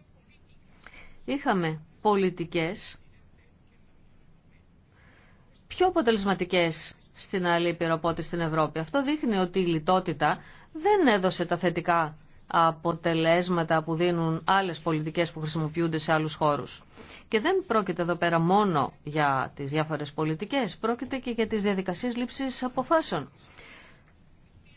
είχαμε πολιτικές πιο αποτελεσματικές στην άλλη πυροπότη στην Ευρώπη. Αυτό δείχνει ότι η λιτότητα δεν έδωσε τα θετικά αποτελέσματα που δίνουν άλλες πολιτικές που χρησιμοποιούνται σε άλλους χώρους. Και δεν πρόκειται εδώ πέρα μόνο για τις διάφορες πολιτικές, πρόκειται και για τις διαδικασίες λήψης αποφάσεων.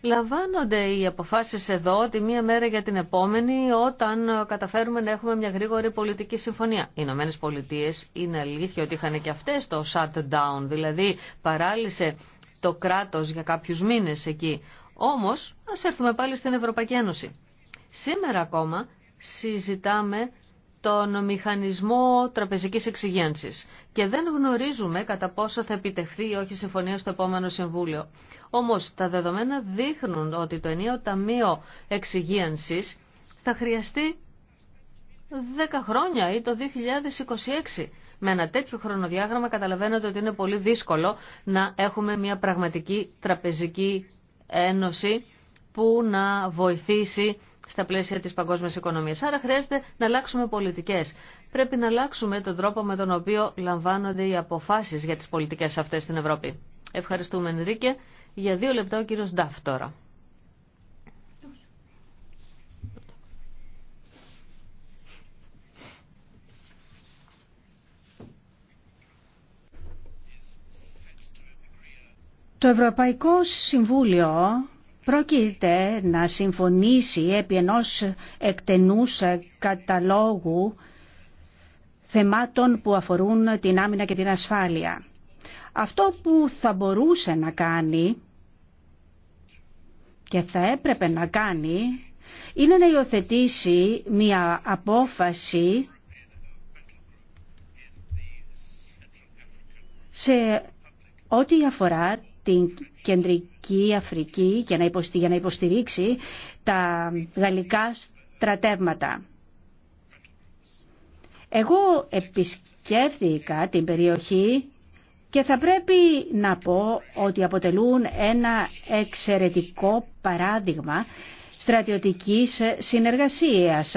Λαμβάνονται οι αποφάσεις εδώ τη μία μέρα για την επόμενη όταν καταφέρουμε να έχουμε μια γρήγορη πολιτική συμφωνία. Οι Ηνωμένε Πολιτείε είναι αλήθεια ότι είχαν και αυτές το shutdown, δηλαδή παράλυσε το κράτος για κάποιους μήνες εκεί. Όμως, ας έρθουμε πάλι στην Ευρωπαϊκή Ένωση. Σήμερα ακόμα συζητάμε τον μηχανισμό τραπεζικής εξυγένσης και δεν γνωρίζουμε κατά πόσο θα επιτευχθεί ή όχι συμφωνία στο επόμενο Συμβούλιο. Όμως τα δεδομένα δείχνουν ότι το ενίο Ταμείο Εξυγένσης θα χρειαστεί 10 χρόνια ή το 2026. Με ένα τέτοιο χρονοδιάγραμμα καταλαβαίνετε ότι είναι πολύ δύσκολο να έχουμε μια πραγματική τραπεζική ένωση που να βοηθήσει στα πλαίσια της παγκόσμιας οικονομίας. Άρα χρειάζεται να αλλάξουμε πολιτικές. Πρέπει να αλλάξουμε τον τρόπο με τον οποίο λαμβάνονται οι αποφάσεις για τις πολιτικές αυτές στην Ευρώπη. Ευχαριστούμε Ενρίκε. Για δύο λεπτά ο κύριος Νταφ τώρα. Το Ευρωπαϊκό Συμβούλιο πρόκειται να συμφωνήσει επί ενός εκτενούς καταλόγου θεμάτων που αφορούν την άμυνα και την ασφάλεια. Αυτό που θα μπορούσε να κάνει και θα έπρεπε να κάνει είναι να υιοθετήσει μια απόφαση σε ό,τι αφορά την Κεντρική Αφρική για να υποστηρίξει τα γαλλικά στρατεύματα. Εγώ επισκέφθηκα την περιοχή και θα πρέπει να πω ότι αποτελούν ένα εξαιρετικό παράδειγμα στρατιωτικής συνεργασίας.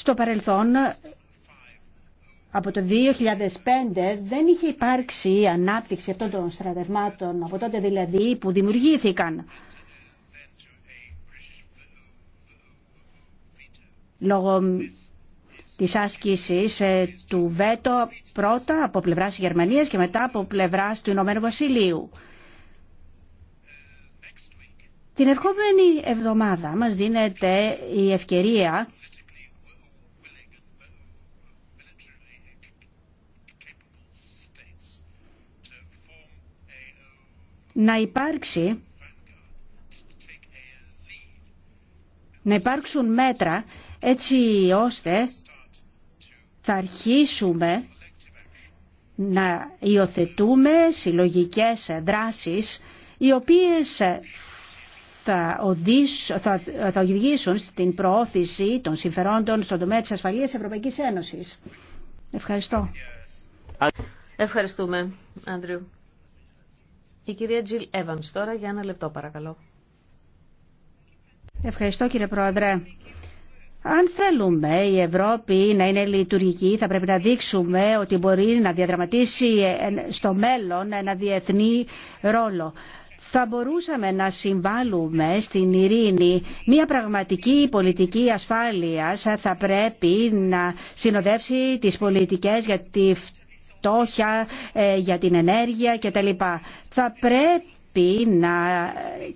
Στο παρελθόν από το 2005 δεν είχε υπάρξει ανάπτυξη αυτών των στρατευμάτων, από τότε δηλαδή που δημιουργήθηκαν. Λόγω της άσκησης ε, του ΒΕΤΟ πρώτα από πλευράς της Γερμανίας και μετά από πλευράς του Ηνωμένου Βασιλείου. Την ερχόμενη εβδομάδα μας δίνεται η ευκαιρία να υπάρξει να υπάρξουν μέτρα έτσι ώστε θα αρχίσουμε να υιοθετούμε συλλογικές δράσεις οι οποίες θα οδηγήσουν στην προώθηση των συμφερόντων στον τομέα της ασφαλείας Ευρωπαϊκής Ένωσης. Ευχαριστώ. Ευχαριστούμε, Άντριου. Η κυρία Τζιλ Εύανς τώρα για ένα λεπτό παρακαλώ. Ευχαριστώ κύριε Πρόεδρε. Αν θέλουμε η Ευρώπη να είναι λειτουργική, θα πρέπει να δείξουμε ότι μπορεί να διαδραματίσει στο μέλλον ένα διεθνή ρόλο θα μπορούσαμε να συμβάλλουμε στην ειρήνη. Μια πραγματική πολιτική ασφάλεια θα πρέπει να συνοδεύσει τις πολιτικές για φτώχεια, ε, για την ενέργεια κτλ. Θα πρέπει πρέπει να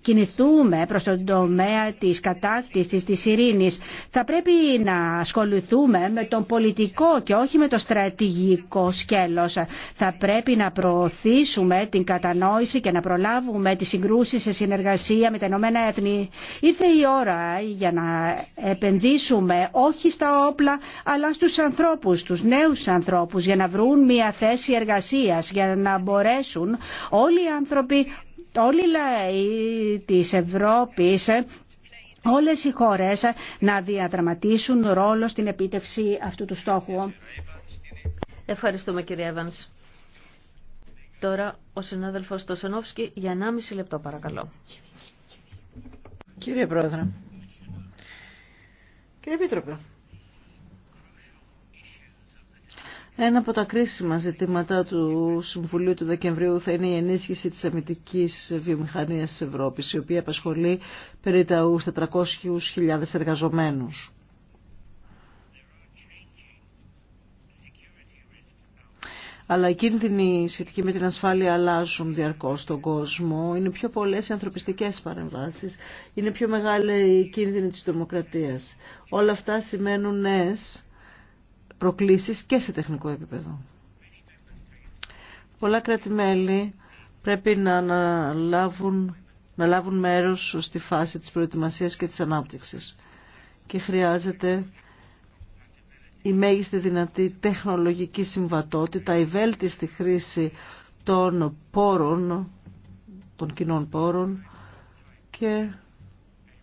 κινηθούμε προς τον τομέα της κατάκτησης της ειρήνης. Θα πρέπει να ασχοληθούμε με τον πολιτικό και όχι με το στρατηγικό σκέλος. Θα πρέπει να προωθήσουμε την κατανόηση και να προλάβουμε τις συγκρούσεις σε συνεργασία με τα Ηνωμένα Έθνη. Ήρθε η ώρα για να επενδύσουμε όχι στα όπλα αλλά στους ανθρώπους, τους νέους ανθρώπους για να βρουν μια θέση εργασίας, για να μπορέσουν όλοι οι άνθρωποι όλοι οι λαοί της Ευρώπης όλες οι χώρες να διαδραματίσουν ρόλο στην επίτευξη αυτού του στόχου. Ευχαριστούμε κύριε Εύανς. Τώρα ο συνάδελφος Τοσονόφσκι για 1,5 λεπτό παρακαλώ. Κύριε Πρόεδρε, κύριε Επίτροπε, Ένα από τα κρίσιμα ζητήματα του Συμβουλίου του Δεκεμβρίου θα είναι η ενίσχυση της αμυντικής βιομηχανίας της Ευρώπης, η οποία απασχολεί περί τα 400.000 εργαζομένους. αλλά οι κίνδυνοι σχετικοί με την ασφάλεια αλλάζουν διαρκώς στον κόσμο. Είναι πιο πολλές οι ανθρωπιστικέ παρεμβάσει. Είναι πιο μεγάλη η κίνδυνη της δημοκρατία. Όλα αυτά σημαίνουν νέες προκλήσεις και σε τεχνικό επίπεδο. Πολλά κράτη-μέλη πρέπει να λάβουν, να λάβουν μέρος στη φάση της προετοιμασίας και της ανάπτυξης. Και χρειάζεται η μέγιστη δυνατή τεχνολογική συμβατότητα, η βέλτιστη χρήση των πόρων, των κοινών πόρων και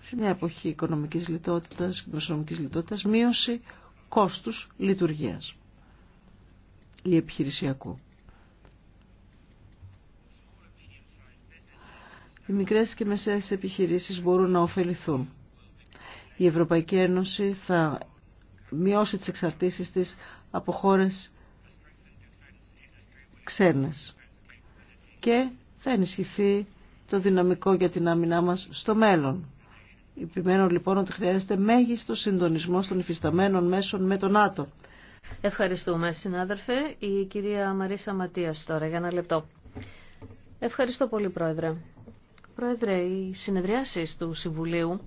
σε μια εποχή οικονομικής λιτότητας και λιτότητας, μείωση κόστους λειτουργίας ή επιχειρησιακού. Οι μικρές και μεσαίες επιχειρήσεις μπορούν να ωφεληθούν. Η Ευρωπαϊκή Ένωση θα μειώσει τις εξαρτήσεις της από χώρες ξένες και θα ενισχυθεί το δυναμικό για την άμυνά μας στο μέλλον. Επιμένω λοιπόν ότι χρειάζεται μέγιστο συντονισμό των υφισταμένων μέσων με τον ΝΑΤΟ. Ευχαριστούμε συνάδελφε. Η κυρία Μαρίσα Ματίας τώρα για ένα λεπτό. Ευχαριστώ πολύ πρόεδρε. Πρόεδρε, οι συνεδριάσεις του Συμβουλίου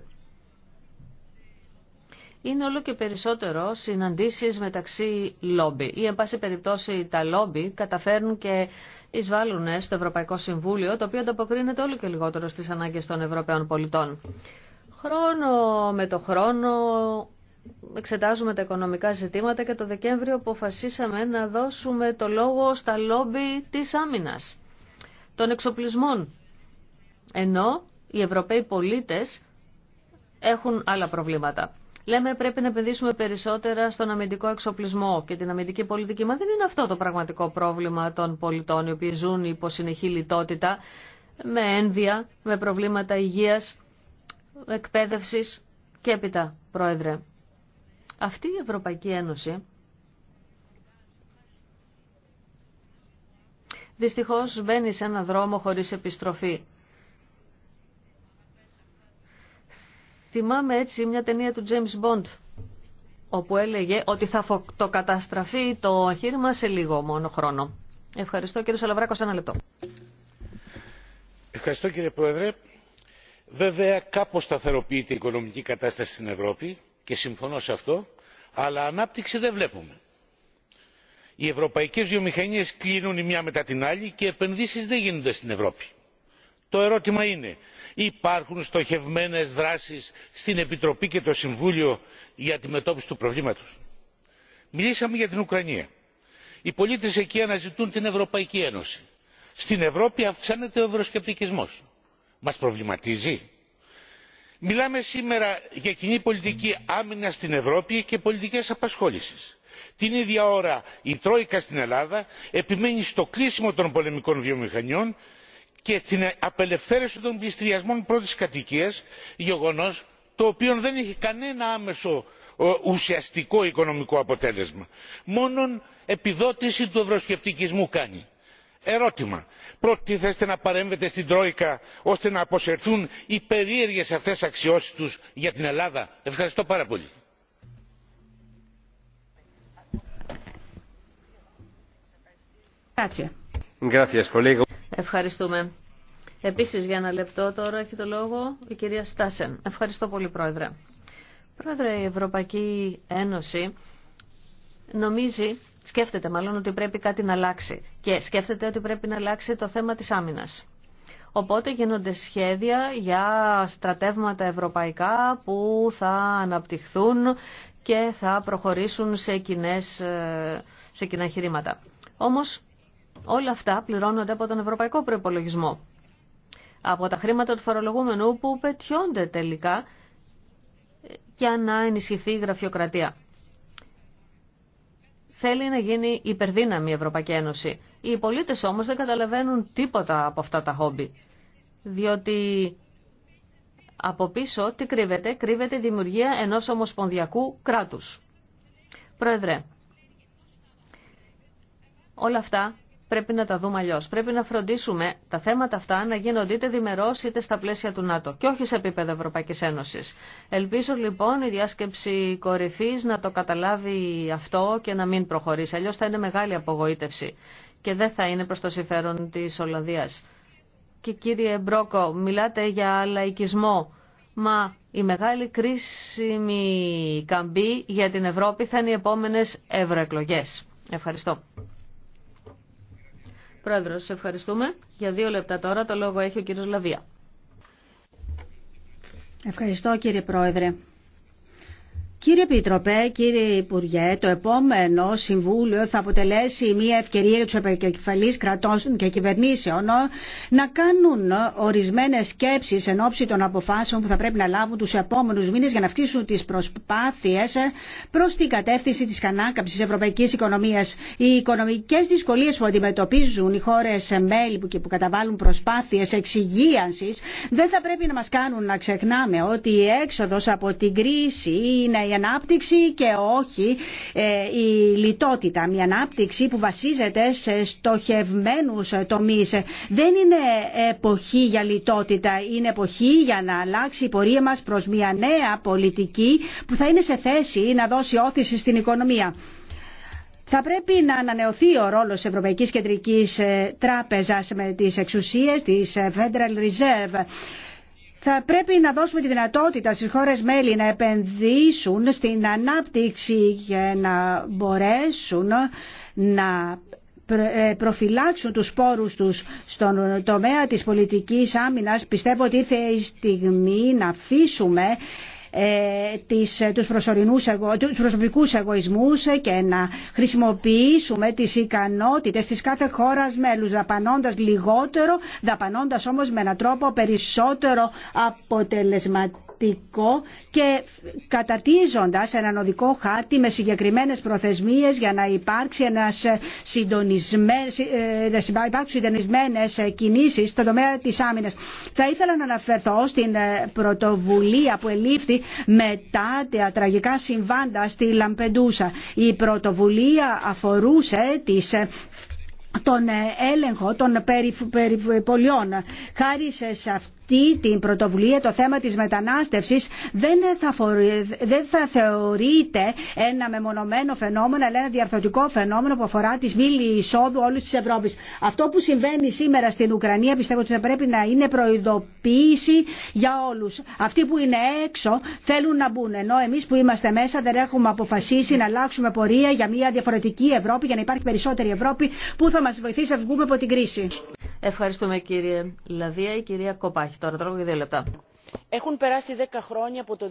είναι όλο και περισσότερο συναντήσεις μεταξύ λόμπι. Ή, εν πάση περιπτώσει, τα λόμπι καταφέρνουν και εισβάλλουν στο Ευρωπαϊκό Συμβούλιο, το οποίο ανταποκρίνεται όλο και λιγότερο στις ανάγκες των Ευρωπαίων πολιτών. Χρόνο με το χρόνο εξετάζουμε τα οικονομικά ζητήματα και το Δεκέμβριο αποφασίσαμε να δώσουμε το λόγο στα λόμπι της άμυνας, των εξοπλισμών. Ενώ οι Ευρωπαίοι πολίτες έχουν άλλα προβλήματα. Λέμε πρέπει να επενδύσουμε περισσότερα στον αμυντικό εξοπλισμό και την αμυντική πολιτική. Μα δεν είναι αυτό το πραγματικό πρόβλημα των πολιτών οι οποίοι ζουν υπό συνεχή λιτότητα, με ένδια, με προβλήματα υγείας εκπαίδευσης και έπειτα, Πρόεδρε. Αυτή η Ευρωπαϊκή Ένωση δυστυχώς μπαίνει σε ένα δρόμο χωρίς επιστροφή. Θυμάμαι έτσι μια ταινία του James Bond, όπου έλεγε ότι θα το καταστραφεί το εγχείρημα σε λίγο μόνο χρόνο. Ευχαριστώ κύριε Σαλαβράκο, ένα λεπτό. Ευχαριστώ κύριε Πρόεδρε βέβαια κάπως σταθεροποιείται η οικονομική κατάσταση στην ευρώπη και συμφωνώ σε αυτό αλλά ανάπτυξη δεν βλέπουμε. οι ευρωπαϊκές βιομηχανίες κλείνουν η μια μετά την άλλη και επενδύσεις δεν γίνονται στην ευρώπη. το ερώτημα είναι υπάρχουν στοχευμένες δράσεις στην επιτροπή και το συμβούλιο για αντιμετώπιση του προβλήματος. μιλήσαμε για την ουκρανία. οι πολίτες εκεί αναζητούν την ευρωπαϊκή ένωση. στην ευρώπη αυξάνεται ο ευρωσκεπτικισμός μας προβληματίζει. μιλάμε σήμερα για κοινή πολιτική άμυνα στην ευρώπη και πολιτικές απασχόλησης. την ίδια ώρα η τρόικα στην ελλάδα επιμένει στο κλείσιμο των πολεμικών βιομηχανιών και την απελευθέρωση των πληστηριασμών πρώτης κατοικίας γεγονός το οποίο δεν έχει κανένα άμεσο ουσιαστικό οικονομικό αποτέλεσμα. μόνον επιδότηση του ευρωσκεπτικισμού κάνει ερώτημα προτίθεστε να παρέμβετε στην τρόικα ώστε να αποσυρθούν οι περίεργες αυτές αξιώσεις τους για την ελλάδα; ευχαριστώ πάρα πολύ. Ευχαριστούμε. Επίσης για ένα λεπτό τώρα έχει το λόγο η κυρία Στάσεν. Ευχαριστώ πολύ Πρόεδρε. Πρόεδρε, η Ευρωπαϊκή Ένωση νομίζει Σκέφτεται μάλλον ότι πρέπει κάτι να αλλάξει και σκέφτεται ότι πρέπει να αλλάξει το θέμα της άμυνας. Οπότε γίνονται σχέδια για στρατεύματα ευρωπαϊκά που θα αναπτυχθούν και θα προχωρήσουν σε, κοινές, ε, σε κοινά χειρήματα. Όμως όλα αυτά πληρώνονται από τον ευρωπαϊκό προϋπολογισμό. Από τα χρήματα του φορολογούμενου που πετιώνται τελικά για να ενισχυθεί η γραφειοκρατία θέλει να γίνει υπερδύναμη η Ευρωπαϊκή Ένωση. Οι πολίτες όμως δεν καταλαβαίνουν τίποτα από αυτά τα χόμπι. Διότι από πίσω τι κρύβεται, κρύβεται η δημιουργία ενός ομοσπονδιακού κράτους. Πρόεδρε, όλα αυτά πρέπει να τα δούμε αλλιώ. Πρέπει να φροντίσουμε τα θέματα αυτά να γίνονται είτε διμερό είτε στα πλαίσια του ΝΑΤΟ και όχι σε επίπεδο Ευρωπαϊκή Ένωση. Ελπίζω λοιπόν η διάσκεψη κορυφή να το καταλάβει αυτό και να μην προχωρήσει. Αλλιώ θα είναι μεγάλη απογοήτευση και δεν θα είναι προ το συμφέρον τη Ολλανδία. Και κύριε Μπρόκο, μιλάτε για λαϊκισμό. Μα η μεγάλη κρίσιμη καμπή για την Ευρώπη θα είναι οι επόμενες ευρωεκλογέ. Ευχαριστώ. Πρόεδρος, σε ευχαριστούμε. Για δύο λεπτά τώρα το λόγο έχει ο κύριος Λαβία. Ευχαριστώ κύριε Πρόεδρε. Κύριε Επιτροπέ, κύριε Υπουργέ, το επόμενο Συμβούλιο θα αποτελέσει μια ευκαιρία για τους επικεφαλείς κρατών και κυβερνήσεων ε, να κάνουν ε, ορισμένες σκέψεις εν ώψη των αποφάσεων που θα πρέπει να λάβουν τους επόμενους μήνες για να αυξήσουν τις προσπάθειες ε, προς την κατεύθυνση της ανάκαμψης ευρωπαϊκής οικονομίας. Οι οικονομικές δυσκολίες που αντιμετωπίζουν οι χώρες μέλη που, που καταβάλουν προσπάθειες εξυγίανσης δεν θα πρέπει να μας κάνουν να ξεχνάμε ότι η έξοδος από την κρίση είναι η ανάπτυξη και όχι ε, η λιτότητα. Μια ανάπτυξη που βασίζεται σε στοχευμένους τομείς. Δεν είναι εποχή για λιτότητα, είναι εποχή για να αλλάξει η πορεία μας προς μια νέα πολιτική που θα είναι σε θέση να δώσει όθηση στην οικονομία. Θα πρέπει να ανανεωθεί ο ρόλος της Ευρωπαϊκής Κεντρικής Τράπεζας με τις εξουσίες της Federal Reserve θα πρέπει να δώσουμε τη δυνατότητα στις χώρες μέλη να επενδύσουν στην ανάπτυξη για να μπορέσουν να ε, προφυλάξουν τους σπόρους τους στον τομέα της πολιτικής άμυνας. Πιστεύω ότι ήρθε η στιγμή να αφήσουμε ε, τις, ε, τους, προσωρινούς, τους προσωπικούς εγωισμούς και να χρησιμοποιήσουμε τις ικανότητες της κάθε χώρας μέλους, δαπανώντας λιγότερο, δαπανώντας όμως με έναν τρόπο περισσότερο αποτελεσματικό και καταρτίζοντας έναν οδικό χάρτη με συγκεκριμένες προθεσμίες για να υπάρξει ένας ε, να υπάρξουν συντονισμένες κινήσεις στον τομέα της άμυνας. Θα ήθελα να αναφερθώ στην ε, πρωτοβουλία που ελήφθη μετά τα τραγικά συμβάντα στη Λαμπεντούσα. Η πρωτοβουλία αφορούσε τις ε, τον έλεγχο των περιπολιών. Χάρη σε αυτή την πρωτοβουλία το θέμα της μετανάστευσης δεν θα, φορεί, θεωρείται ένα μεμονωμένο φαινόμενο αλλά ένα διαρθωτικό φαινόμενο που αφορά τη σμήλη εισόδου όλη της Ευρώπης. Αυτό που συμβαίνει σήμερα στην Ουκρανία πιστεύω ότι θα πρέπει να είναι προειδοποίηση για όλους. Αυτοί που είναι έξω θέλουν να μπουν ενώ εμείς που είμαστε μέσα δεν έχουμε αποφασίσει να αλλάξουμε πορεία για μια διαφορετική Ευρώπη για να υπάρχει περισσότερη Ευρώπη που θα μας βοηθήσει να βγούμε από την κρίση. Ευχαριστούμε κύριε Λαδία, Η κυρία Κοπάχη. τώρα για δύο λεπτά. Έχουν περάσει δέκα χρόνια από το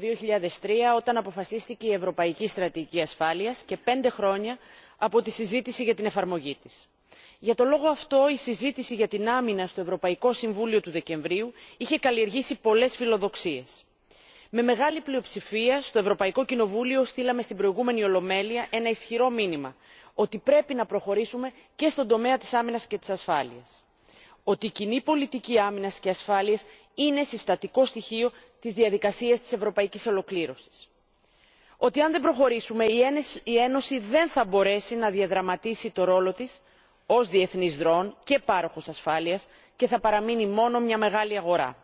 2003 όταν αποφασίστηκε η Ευρωπαϊκή Στρατηγική Ασφάλειας και πέντε χρόνια από τη συζήτηση για την εφαρμογή της. Για το λόγο αυτό η συζήτηση για την άμυνα στο Ευρωπαϊκό Συμβούλιο του Δεκεμβρίου είχε καλλιεργήσει πολλές φιλοδοξίες. Με μεγάλη πλειοψηφία στο Ευρωπαϊκό Κοινοβούλιο στείλαμε στην προηγούμενη Ολομέλεια ένα ισχυρό μήνυμα ότι πρέπει να προχωρήσουμε και στον τομέα της άμυνας και της ασφάλειας ότι η κοινή πολιτική άμυνας και ασφάλειας είναι συστατικό στοιχείο της διαδικασίας της ευρωπαϊκής ολοκλήρωσης ότι αν δεν προχωρήσουμε η ένωση δεν θα μπορέσει να διαδραματίσει το ρόλο της ως διεθνής δρόμου και πάροχος ασφάλειας και θα παραμείνει μόνο μια μεγάλη αγορά.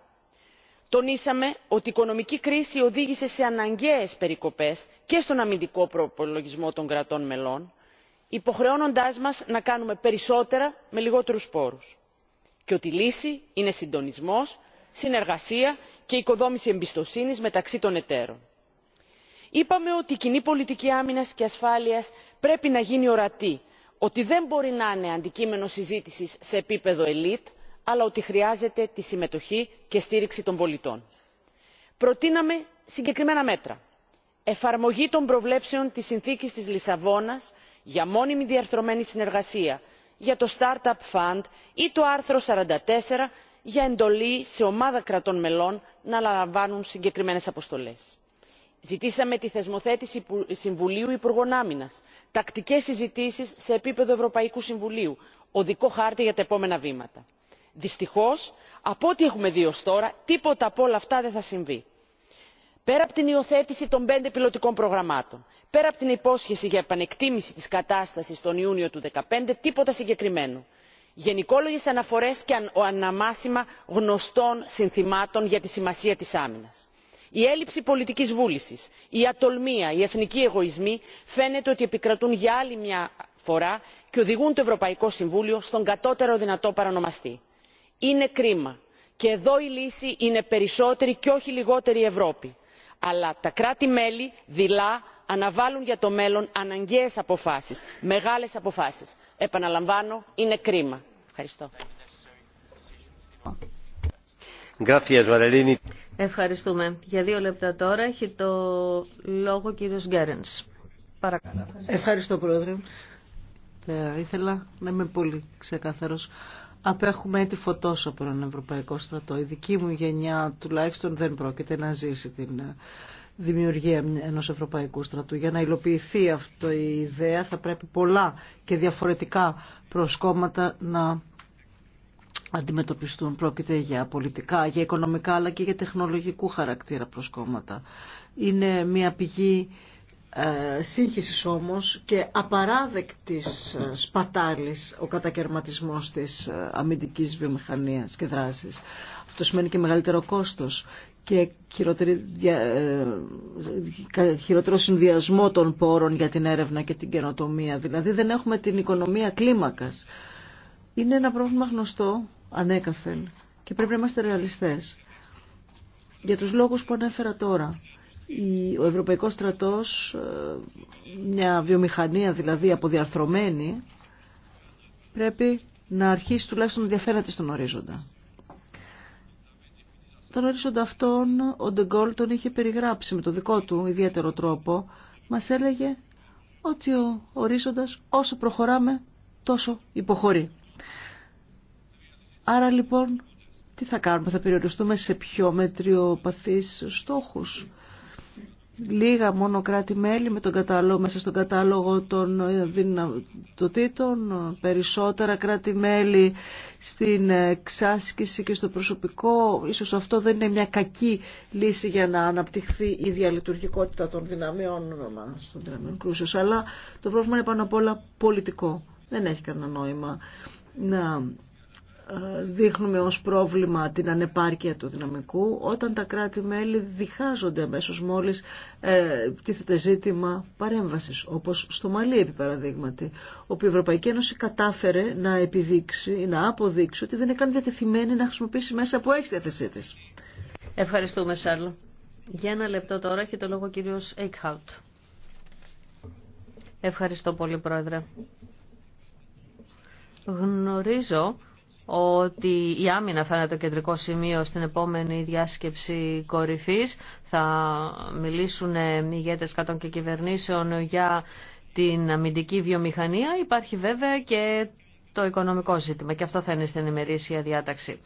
τονίσαμε ότι η οικονομική κρίση οδήγησε σε αναγκαίες περικοπές και στον αμυντικό προπολογισμό των κρατών μελών υποχρεώνοντάς μας να κάνουμε περισσότερα με λιγότερους πόρους και ότι η λύση είναι συντονισμός συνεργασία και οικοδόμηση εμπιστοσύνης μεταξύ των εταίρων. είπαμε ότι η κοινή πολιτική άμυνας και ασφάλειας πρέπει να γίνει ορατή ότι δεν μπορεί να είναι αντικείμενο συζήτησης σε επίπεδο ελίτ αλλά ότι χρειάζεται τη συμμετοχή και στήριξη των πολιτών. προτείναμε συγκεκριμένα μέτρα εφαρμογή των προβλέψεων της συνθήκης της λισαβόνας για μόνιμη διαρθρωμένη συνεργασία για το start up fund ή το άρθρο 44 για εντολή σε ομάδα κρατών μελών να λαμβάνουν συγκεκριμένες αποστολές. Ζητήσαμε τη θεσμοθέτηση Συμβουλίου Υπουργών Άμυνας, τακτικές συζητήσεις σε επίπεδο Ευρωπαϊκού Συμβουλίου, οδικό χάρτη για τα επόμενα βήματα. Δυστυχώς, από ό,τι έχουμε δει ως τώρα, τίποτα από όλα αυτά δεν θα συμβεί πέρα από την υιοθέτηση των πέντε πιλωτικών προγραμμάτων πέρα από την υπόσχεση για επανεκτίμηση της κατάστασης τον ιούνιο του δύο τίποτα συγκεκριμένο γενικόλογες αναφορές και αναμάσιμα γνωστών συνθημάτων για τη σημασία της άμυνας. η έλλειψη πολιτικής βούλησης η ατολμία οι εθνικοί εγωισμοί φαίνεται ότι επικρατούν για άλλη μια φορά και οδηγούν το ευρωπαϊκό συμβούλιο στον κατώτερο δυνατό παρανομαστή. είναι κρίμα και εδώ η λύση είναι περισσότερη και όχι λιγότερη ευρώπη αλλά τα κράτη μέλη δειλά αναβάλουν για το μέλλον αναγκαίες αποφάσεις μεγάλες αποφάσεις. επαναλαμβάνω είναι κρίμα. ευχαριστώ. Ευχαριστούμε. Για δύο λεπτά τώρα έχει το λόγο ο κύριος Γκέρενς. Ευχαριστώ Πρόεδρε. Θα ήθελα να είμαι πολύ ξεκάθαρος απέχουμε έτη φωτός από έναν Ευρωπαϊκό στρατό. Η δική μου γενιά τουλάχιστον δεν πρόκειται να ζήσει την ε, δημιουργία ενός Ευρωπαϊκού στρατού. Για να υλοποιηθεί αυτή η ιδέα θα πρέπει πολλά και διαφορετικά προσκόμματα να αντιμετωπιστούν. Πρόκειται για πολιτικά, για οικονομικά αλλά και για τεχνολογικού χαρακτήρα προσκόμματα. Είναι μια πηγή ε, σύγχυσης όμως και απαράδεκτης ε, σπατάλης ο κατακαιρματισμός της ε, αμυντικής βιομηχανίας και δράσης. Αυτό σημαίνει και μεγαλύτερο κόστος και χειροτερό συνδυασμό των πόρων για την έρευνα και την καινοτομία. Δηλαδή δεν έχουμε την οικονομία κλίμακας. Είναι ένα πρόβλημα γνωστό, ανέκαθεν, και πρέπει να είμαστε ρεαλιστές. Για τους λόγους που ανέφερα τώρα ο Ευρωπαϊκός στρατός, ε, μια βιομηχανία δηλαδή αποδιαρθρωμένη, πρέπει να αρχίσει τουλάχιστον να διαφαίνεται στον ορίζοντα. Τον ορίζοντα αυτόν ο Ντεγκόλ τον είχε περιγράψει με το δικό του ιδιαίτερο τρόπο. Μας έλεγε ότι ο ορίζοντας όσο προχωράμε τόσο υποχωρεί. Άρα λοιπόν τι θα κάνουμε, θα περιοριστούμε σε πιο μετριοπαθείς στόχους λίγα μόνο κράτη-μέλη με τον κατάλογο, μέσα στον κατάλογο των ε, δυνατοτήτων, περισσότερα κράτη-μέλη στην εξάσκηση και στο προσωπικό. Ίσως αυτό δεν είναι μια κακή λύση για να αναπτυχθεί η διαλειτουργικότητα των δυναμιών μας, των δυναμιών κρούσεως. Αλλά το πρόβλημα είναι πάνω απ' όλα πολιτικό. Δεν έχει κανένα νόημα να δείχνουμε ως πρόβλημα την ανεπάρκεια του δυναμικού όταν τα κράτη-μέλη διχάζονται αμέσω μόλις ε, ζήτημα παρέμβασης όπως στο Μαλί επί παραδείγματι όπου η Ευρωπαϊκή Ένωση κατάφερε να επιδείξει ή να αποδείξει ότι δεν έκανε διατεθειμένη να χρησιμοποιήσει μέσα που έχει στη Ευχαριστούμε Σάρλο. Για ένα λεπτό τώρα έχει το λόγο ο κύριος Eichhout. Ευχαριστώ πολύ Πρόεδρε ότι η άμυνα θα είναι το κεντρικό σημείο στην επόμενη διάσκεψη κορυφής. Θα μιλήσουν οι ηγέτες κατών και κυβερνήσεων για την αμυντική βιομηχανία. Υπάρχει βέβαια και το οικονομικό ζήτημα και αυτό θα είναι στην ημερήσια διάταξη.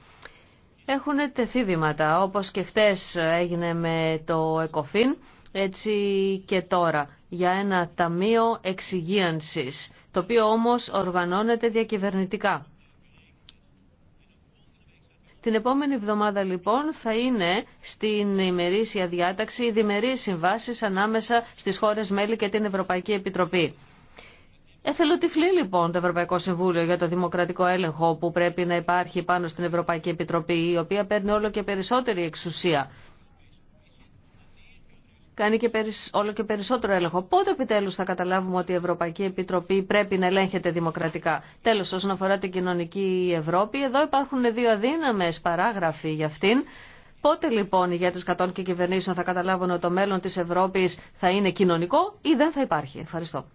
Έχουν τεθεί βήματα, όπως και χτες έγινε με το ΕΚΟΦΗΝ, έτσι και τώρα, για ένα ταμείο εξυγίανσης, το οποίο όμως οργανώνεται διακυβερνητικά. Την επόμενη εβδομάδα λοιπόν θα είναι στην ημερήσια διάταξη οι διμερείς συμβάσεις ανάμεσα στις χώρες μέλη και την Ευρωπαϊκή Επιτροπή. τυφλή, λοιπόν το Ευρωπαϊκό Συμβούλιο για το Δημοκρατικό Έλεγχο που πρέπει να υπάρχει πάνω στην Ευρωπαϊκή Επιτροπή η οποία παίρνει όλο και περισσότερη εξουσία κάνει και περισ... όλο και περισσότερο έλεγχο. Πότε επιτέλους θα καταλάβουμε ότι η Ευρωπαϊκή Επιτροπή πρέπει να ελέγχεται δημοκρατικά. Τέλος, όσον αφορά την κοινωνική Ευρώπη, εδώ υπάρχουν δύο αδύναμες παράγραφοι για αυτήν. Πότε λοιπόν οι ηγέτες κατών και κυβερνήσεων θα καταλάβουν ότι το μέλλον της Ευρώπης θα είναι κοινωνικό ή δεν θα υπάρχει. Ευχαριστώ.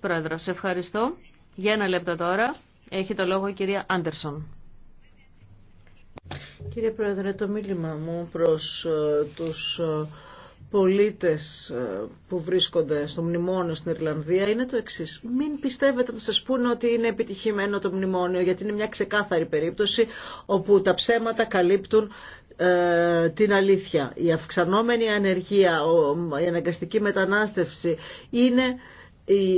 Πρόεδρος, ευχαριστώ. Για ένα λεπτό τώρα έχει το λόγο η κυρία Άντερσον. Κύριε Πρόεδρε, το μίλημά μου προς ε, τους ε, πολίτες ε, που βρίσκονται στο μνημόνιο στην Ιρλανδία είναι το εξής. Μην πιστεύετε να σας πούνε ότι είναι επιτυχημένο το μνημόνιο, γιατί είναι μια ξεκάθαρη περίπτωση όπου τα ψέματα καλύπτουν την αλήθεια. Η αυξανόμενη ανεργία, η αναγκαστική μετανάστευση είναι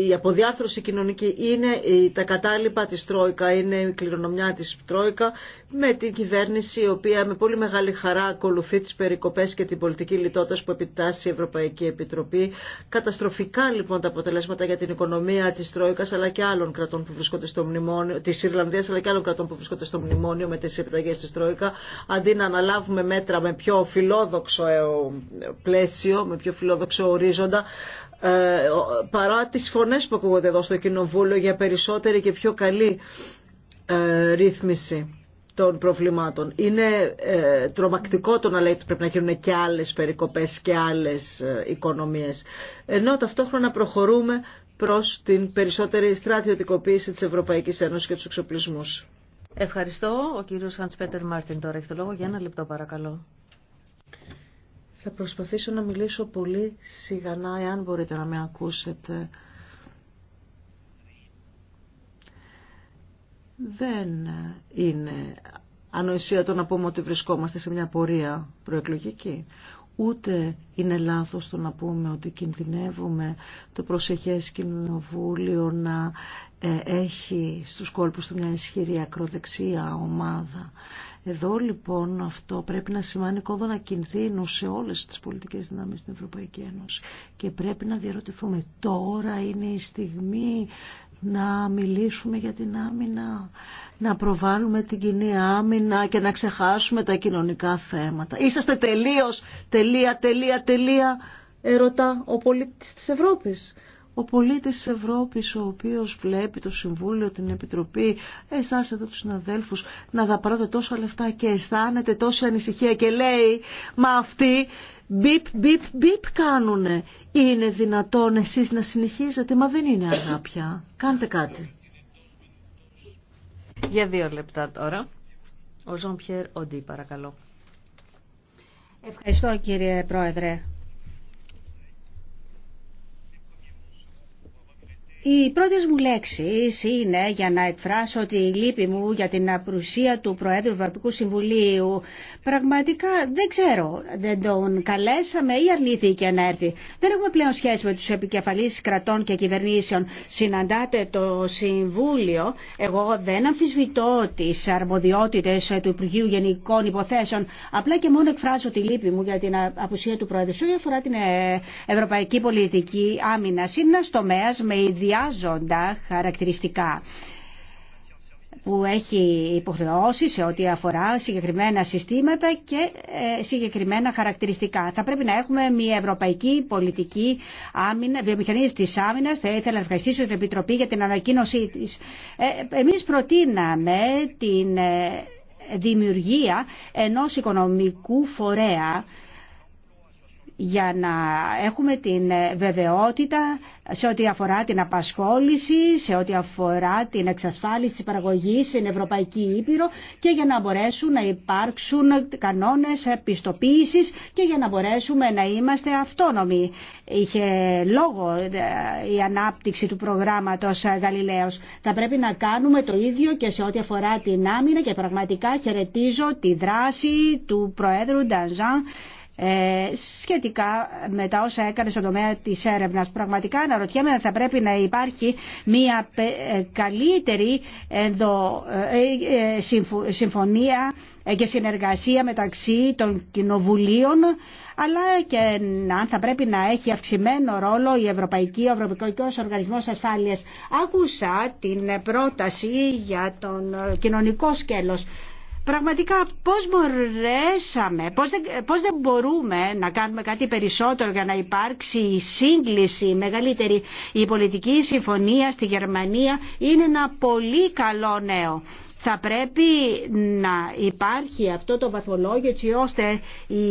η αποδιάρθρωση κοινωνική είναι τα κατάλοιπα της Τρόικα, είναι η κληρονομιά της Τρόικα με την κυβέρνηση η οποία με πολύ μεγάλη χαρά ακολουθεί τις περικοπές και την πολιτική λιτότητα που επιτάσσει η Ευρωπαϊκή Επιτροπή. Καταστροφικά λοιπόν τα αποτελέσματα για την οικονομία της Τρόικας αλλά και άλλων κρατών που βρισκόνται στο μνημόνιο, της Ιρλανδίας αλλά και άλλων κρατών που βρισκόνται στο μνημόνιο με τις επιταγές της Τρόικα αντί να αναλάβουμε μέτρα με πιο φιλόδοξο ε, πλαίσιο, με πιο φιλόδοξο ορίζοντα ε, παρά τις φωνές που ακούγονται εδώ στο Κοινοβούλιο για περισσότερη και πιο καλή ε, ρύθμιση των προβλημάτων. Είναι ε, τρομακτικό το να λέει ότι πρέπει να γίνουν και άλλες περικοπές και άλλες ε, οικονομίες. Ενώ ταυτόχρονα προχωρούμε προς την περισσότερη στρατιωτικοποίηση της Ευρωπαϊκής Ένωσης και τους εξοπλισμούς. Ευχαριστώ. Ο κύριος Χαντς Πέτερ Μάρτιν τώρα έχει το λόγο. Για ένα λεπτό παρακαλώ. Θα προσπαθήσω να μιλήσω πολύ σιγανά, εάν μπορείτε να με ακούσετε. Δεν είναι ανοησία το να πούμε ότι βρισκόμαστε σε μια πορεία προεκλογική. Ούτε είναι λάθος το να πούμε ότι κινδυνεύουμε το προσεχές κοινοβούλιο να ε, έχει στους κόλπους του μια ισχυρή ακροδεξία ομάδα. Εδώ λοιπόν αυτό πρέπει να σημάνει κόδωνα κινδύνου σε όλες τις πολιτικές δυνάμεις στην Ευρωπαϊκή Ένωση και πρέπει να διαρωτηθούμε τώρα είναι η στιγμή να μιλήσουμε για την άμυνα, να προβάλλουμε την κοινή άμυνα και να ξεχάσουμε τα κοινωνικά θέματα. Είσαστε τελείως, τελεία, τελεία, τελεία, ερωτά ο πολίτης της Ευρώπης. Ο πολίτης της Ευρώπης ο οποίος βλέπει το Συμβούλιο, την Επιτροπή, εσάς εδώ τους συναδέλφους να δαπαρώτε τόσα λεφτά και αισθάνετε τόση ανησυχία και λέει «Μα αυτοί μπιπ μπιπ μπιπ κάνουνε, είναι δυνατόν εσείς να συνεχίζετε, μα δεν είναι αγάπια, κάντε κάτι». Για δύο λεπτά τώρα. Ο Ζων Πιέρ Οντί, παρακαλώ. Ευχαριστώ κύριε Πρόεδρε. Οι πρώτες μου λέξεις είναι για να εκφράσω τη λύπη μου για την απρουσία του Προέδρου Ευρωπαϊκού Συμβουλίου. Πραγματικά δεν ξέρω, δεν τον καλέσαμε ή αρνήθηκε να έρθει. Δεν έχουμε πλέον σχέση με τους επικεφαλείς κρατών και κυβερνήσεων. Συναντάτε το Συμβούλιο. Εγώ δεν αμφισβητώ τις αρμοδιότητες του Υπουργείου Γενικών Υποθέσεων. Απλά και μόνο εκφράζω τη λύπη μου για την απουσία του Προέδρου. Σε αφορά την ε, ευρωπαϊκή πολιτική άμυνα, είναι ένα τομέα με ιδιαίτερη ζώντα χαρακτηριστικά που έχει υποχρεώσει σε ό,τι αφορά συγκεκριμένα συστήματα και ε, συγκεκριμένα χαρακτηριστικά. Θα πρέπει να έχουμε μια ευρωπαϊκή πολιτική άμυνα, βιομηχανία τη άμυνα. Θα ήθελα να ευχαριστήσω την Επιτροπή για την ανακοίνωσή τη. Ε, Εμεί προτείναμε την ε, δημιουργία ενός οικονομικού φορέα για να έχουμε την βεβαιότητα σε ό,τι αφορά την απασχόληση, σε ό,τι αφορά την εξασφάλιση της παραγωγής στην Ευρωπαϊκή Ήπειρο και για να μπορέσουν να υπάρξουν κανόνες επιστοποίησης και για να μπορέσουμε να είμαστε αυτόνομοι. Είχε λόγο ε, η ανάπτυξη του προγράμματος Γαλιλαίος. Θα πρέπει να κάνουμε το ίδιο και σε ό,τι αφορά την άμυνα και πραγματικά χαιρετίζω τη δράση του Προέδρου Νταζάν ε, σχετικά με τα όσα έκανε στον τομέα της έρευνας. Πραγματικά αναρωτιέμαι αν θα πρέπει να υπάρχει μια ε, καλύτερη ε, συμφωνία και συνεργασία μεταξύ των κοινοβουλίων αλλά και αν θα πρέπει να έχει αυξημένο ρόλο η Ευρωπαϊκή ο Ευρωπαϊκός Οργανισμός Ασφάλειας. Άκουσα την πρόταση για τον κοινωνικό σκέλος. Πραγματικά πώς μπορέσαμε, πώς δεν, πώς δεν μπορούμε να κάνουμε κάτι περισσότερο για να υπάρξει η σύγκληση μεγαλύτερη. Η πολιτική συμφωνία στη Γερμανία είναι ένα πολύ καλό νέο. Θα πρέπει να υπάρχει αυτό το βαθμολόγιο έτσι ώστε η,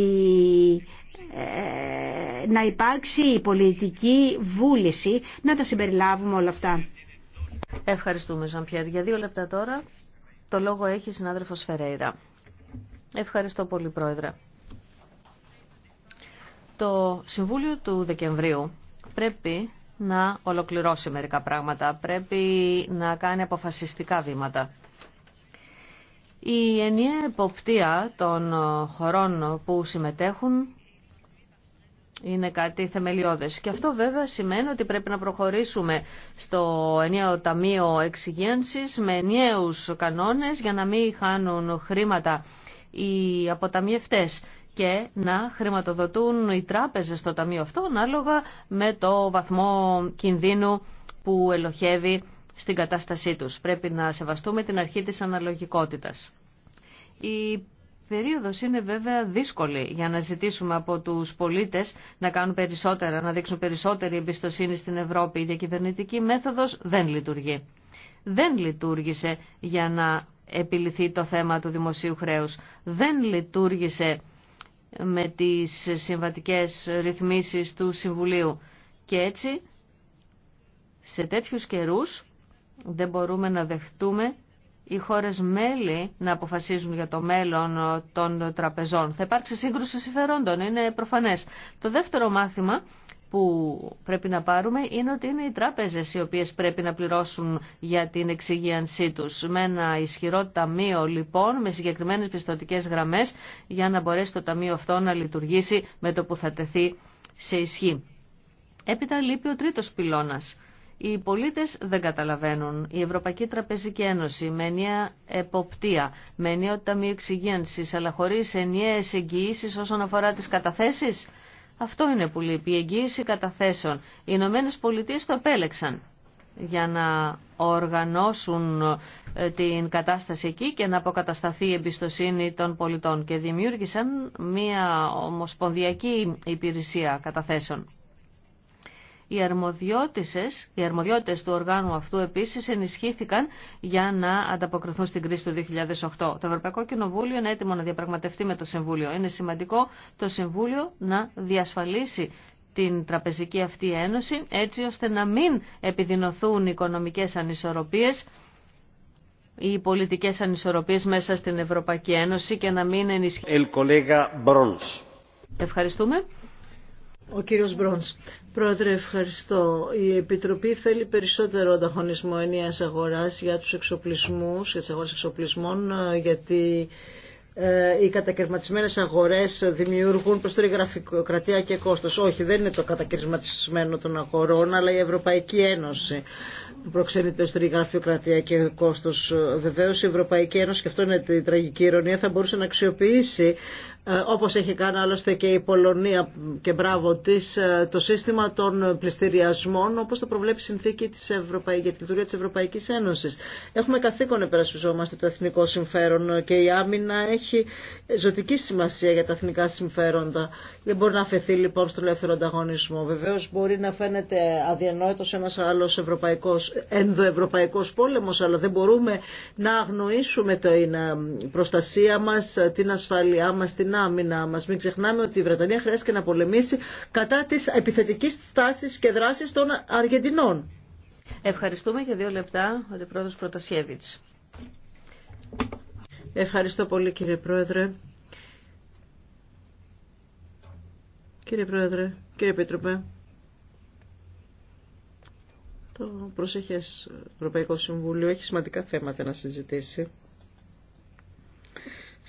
ε, να υπάρξει η πολιτική βούληση να τα συμπεριλάβουμε όλα αυτά. Ευχαριστούμε Ζαμπιέρ. Για δύο λεπτά τώρα το λόγο έχει η συνάδελφος Φερέιρα. Ευχαριστώ πολύ, Πρόεδρε. Το Συμβούλιο του Δεκεμβρίου πρέπει να ολοκληρώσει μερικά πράγματα. Πρέπει να κάνει αποφασιστικά βήματα. Η ενιαία εποπτεία των χωρών που συμμετέχουν είναι κάτι θεμελιώδες. Και αυτό βέβαια σημαίνει ότι πρέπει να προχωρήσουμε στο ενιαίο Ταμείο Εξυγένσης με ενιαίους κανόνες για να μην χάνουν χρήματα οι αποταμιευτές και να χρηματοδοτούν οι τράπεζες στο ταμείο αυτό ανάλογα με το βαθμό κινδύνου που ελοχεύει στην κατάστασή τους. Πρέπει να σεβαστούμε την αρχή της αναλογικότητας. Η περίοδος είναι βέβαια δύσκολη για να ζητήσουμε από τους πολίτες να κάνουν περισσότερα, να δείξουν περισσότερη εμπιστοσύνη στην Ευρώπη. Η διακυβερνητική μέθοδος δεν λειτουργεί. Δεν λειτουργήσε για να επιληθεί το θέμα του δημοσίου χρέους. Δεν λειτουργήσε με τις συμβατικές ρυθμίσεις του Συμβουλίου. Και έτσι, σε τέτοιους καιρούς δεν μπορούμε να δεχτούμε οι χώρες μέλη να αποφασίζουν για το μέλλον ε, των τραπεζών. Θα υπάρξει σύγκρουση συμφερόντων, είναι προφανές. Το δεύτερο μάθημα που πρέπει να πάρουμε είναι ότι είναι οι τράπεζες οι οποίες πρέπει να πληρώσουν για την εξυγίανσή τους. Με ένα ισχυρό ταμείο λοιπόν, με συγκεκριμένες πιστοτικές γραμμές για να μπορέσει το ταμείο αυτό να λειτουργήσει με το που θα τεθεί σε ισχύ. Έπειτα λείπει ο τρίτος πυλώνας οι πολίτες δεν καταλαβαίνουν. Η Ευρωπαϊκή Τραπεζική Ένωση με ενιαία εποπτεία, με ενιαίο ταμείο εξυγένσης, αλλά χωρίς ενιαίες εγγυήσεις όσον αφορά τις καταθέσεις. Αυτό είναι που λείπει, η εγγύηση καταθέσεων. Οι Ηνωμένε Πολιτείες το επέλεξαν για να οργανώσουν ε, την κατάσταση εκεί και να αποκατασταθεί η εμπιστοσύνη των πολιτών και δημιούργησαν μια ομοσπονδιακή υπηρεσία καταθέσεων. Οι αρμοδιότητες, οι αρμοδιότητες του οργάνου αυτού επίσης ενισχύθηκαν για να ανταποκριθούν στην κρίση του 2008. Το Ευρωπαϊκό Κοινοβούλιο είναι έτοιμο να διαπραγματευτεί με το Συμβούλιο. Είναι σημαντικό το Συμβούλιο να διασφαλίσει την τραπεζική αυτή ένωση έτσι ώστε να μην επιδεινωθούν οι οικονομικές ανισορροπίες ή οι πολιτικές ανισορροπίες μέσα στην Ευρωπαϊκή Ένωση και να μην ενισχύσουν Ευχαριστούμε. Ο κύριος Μπρόντς. Πρόεδρε, ευχαριστώ. Η Επιτροπή θέλει περισσότερο ανταγωνισμό ενίας αγοράς για τους εξοπλισμούς, για τις αγορές εξοπλισμών, γιατί ε, οι κατακαιρματισμένες αγορές δημιουργούν προς τώρα γραφειοκρατία και κόστος. Όχι, δεν είναι το κατακαιρματισμένο των αγορών, αλλά η Ευρωπαϊκή Ένωση που προξενεί περισσότερη γραφειοκρατία και κόστο. Βεβαίω, η Ευρωπαϊκή Ένωση, και αυτό είναι η τραγική ηρωνία, θα μπορούσε να αξιοποιήσει ε, όπως έχει κάνει άλλωστε και η Πολωνία και μπράβο της, ε, το σύστημα των πληστηριασμών όπως το προβλέπει η συνθήκη της Ευρωπαϊκής, για τη λειτουργία της Ευρωπαϊκής Ένωσης. Έχουμε καθήκον να υπερασπιζόμαστε το εθνικό συμφέρον και η άμυνα έχει ζωτική σημασία για τα εθνικά συμφέροντα. Δεν μπορεί να αφαιθεί λοιπόν στο ελεύθερο ανταγωνισμό. Βεβαίως μπορεί να φαίνεται αδιανόητος ένας άλλος ευρωπαϊκός, ενδοευρωπαϊκός πόλεμος, αλλά δεν μπορούμε να αγνοήσουμε την ε, προστασία μας, την ασφαλειά μας, την άμυνά Μην ξεχνάμε ότι η Βρετανία χρειάστηκε να πολεμήσει κατά τη επιθετική στάση και δράση των Αργεντινών. Ευχαριστούμε για δύο λεπτά ο Αντιπρόεδρος Προτασιέβιτς. Ευχαριστώ πολύ κύριε Πρόεδρε. Κύριε Πρόεδρε, κύριε Επίτροπε, το προσεχές Ευρωπαϊκό Συμβούλιο έχει σημαντικά θέματα να συζητήσει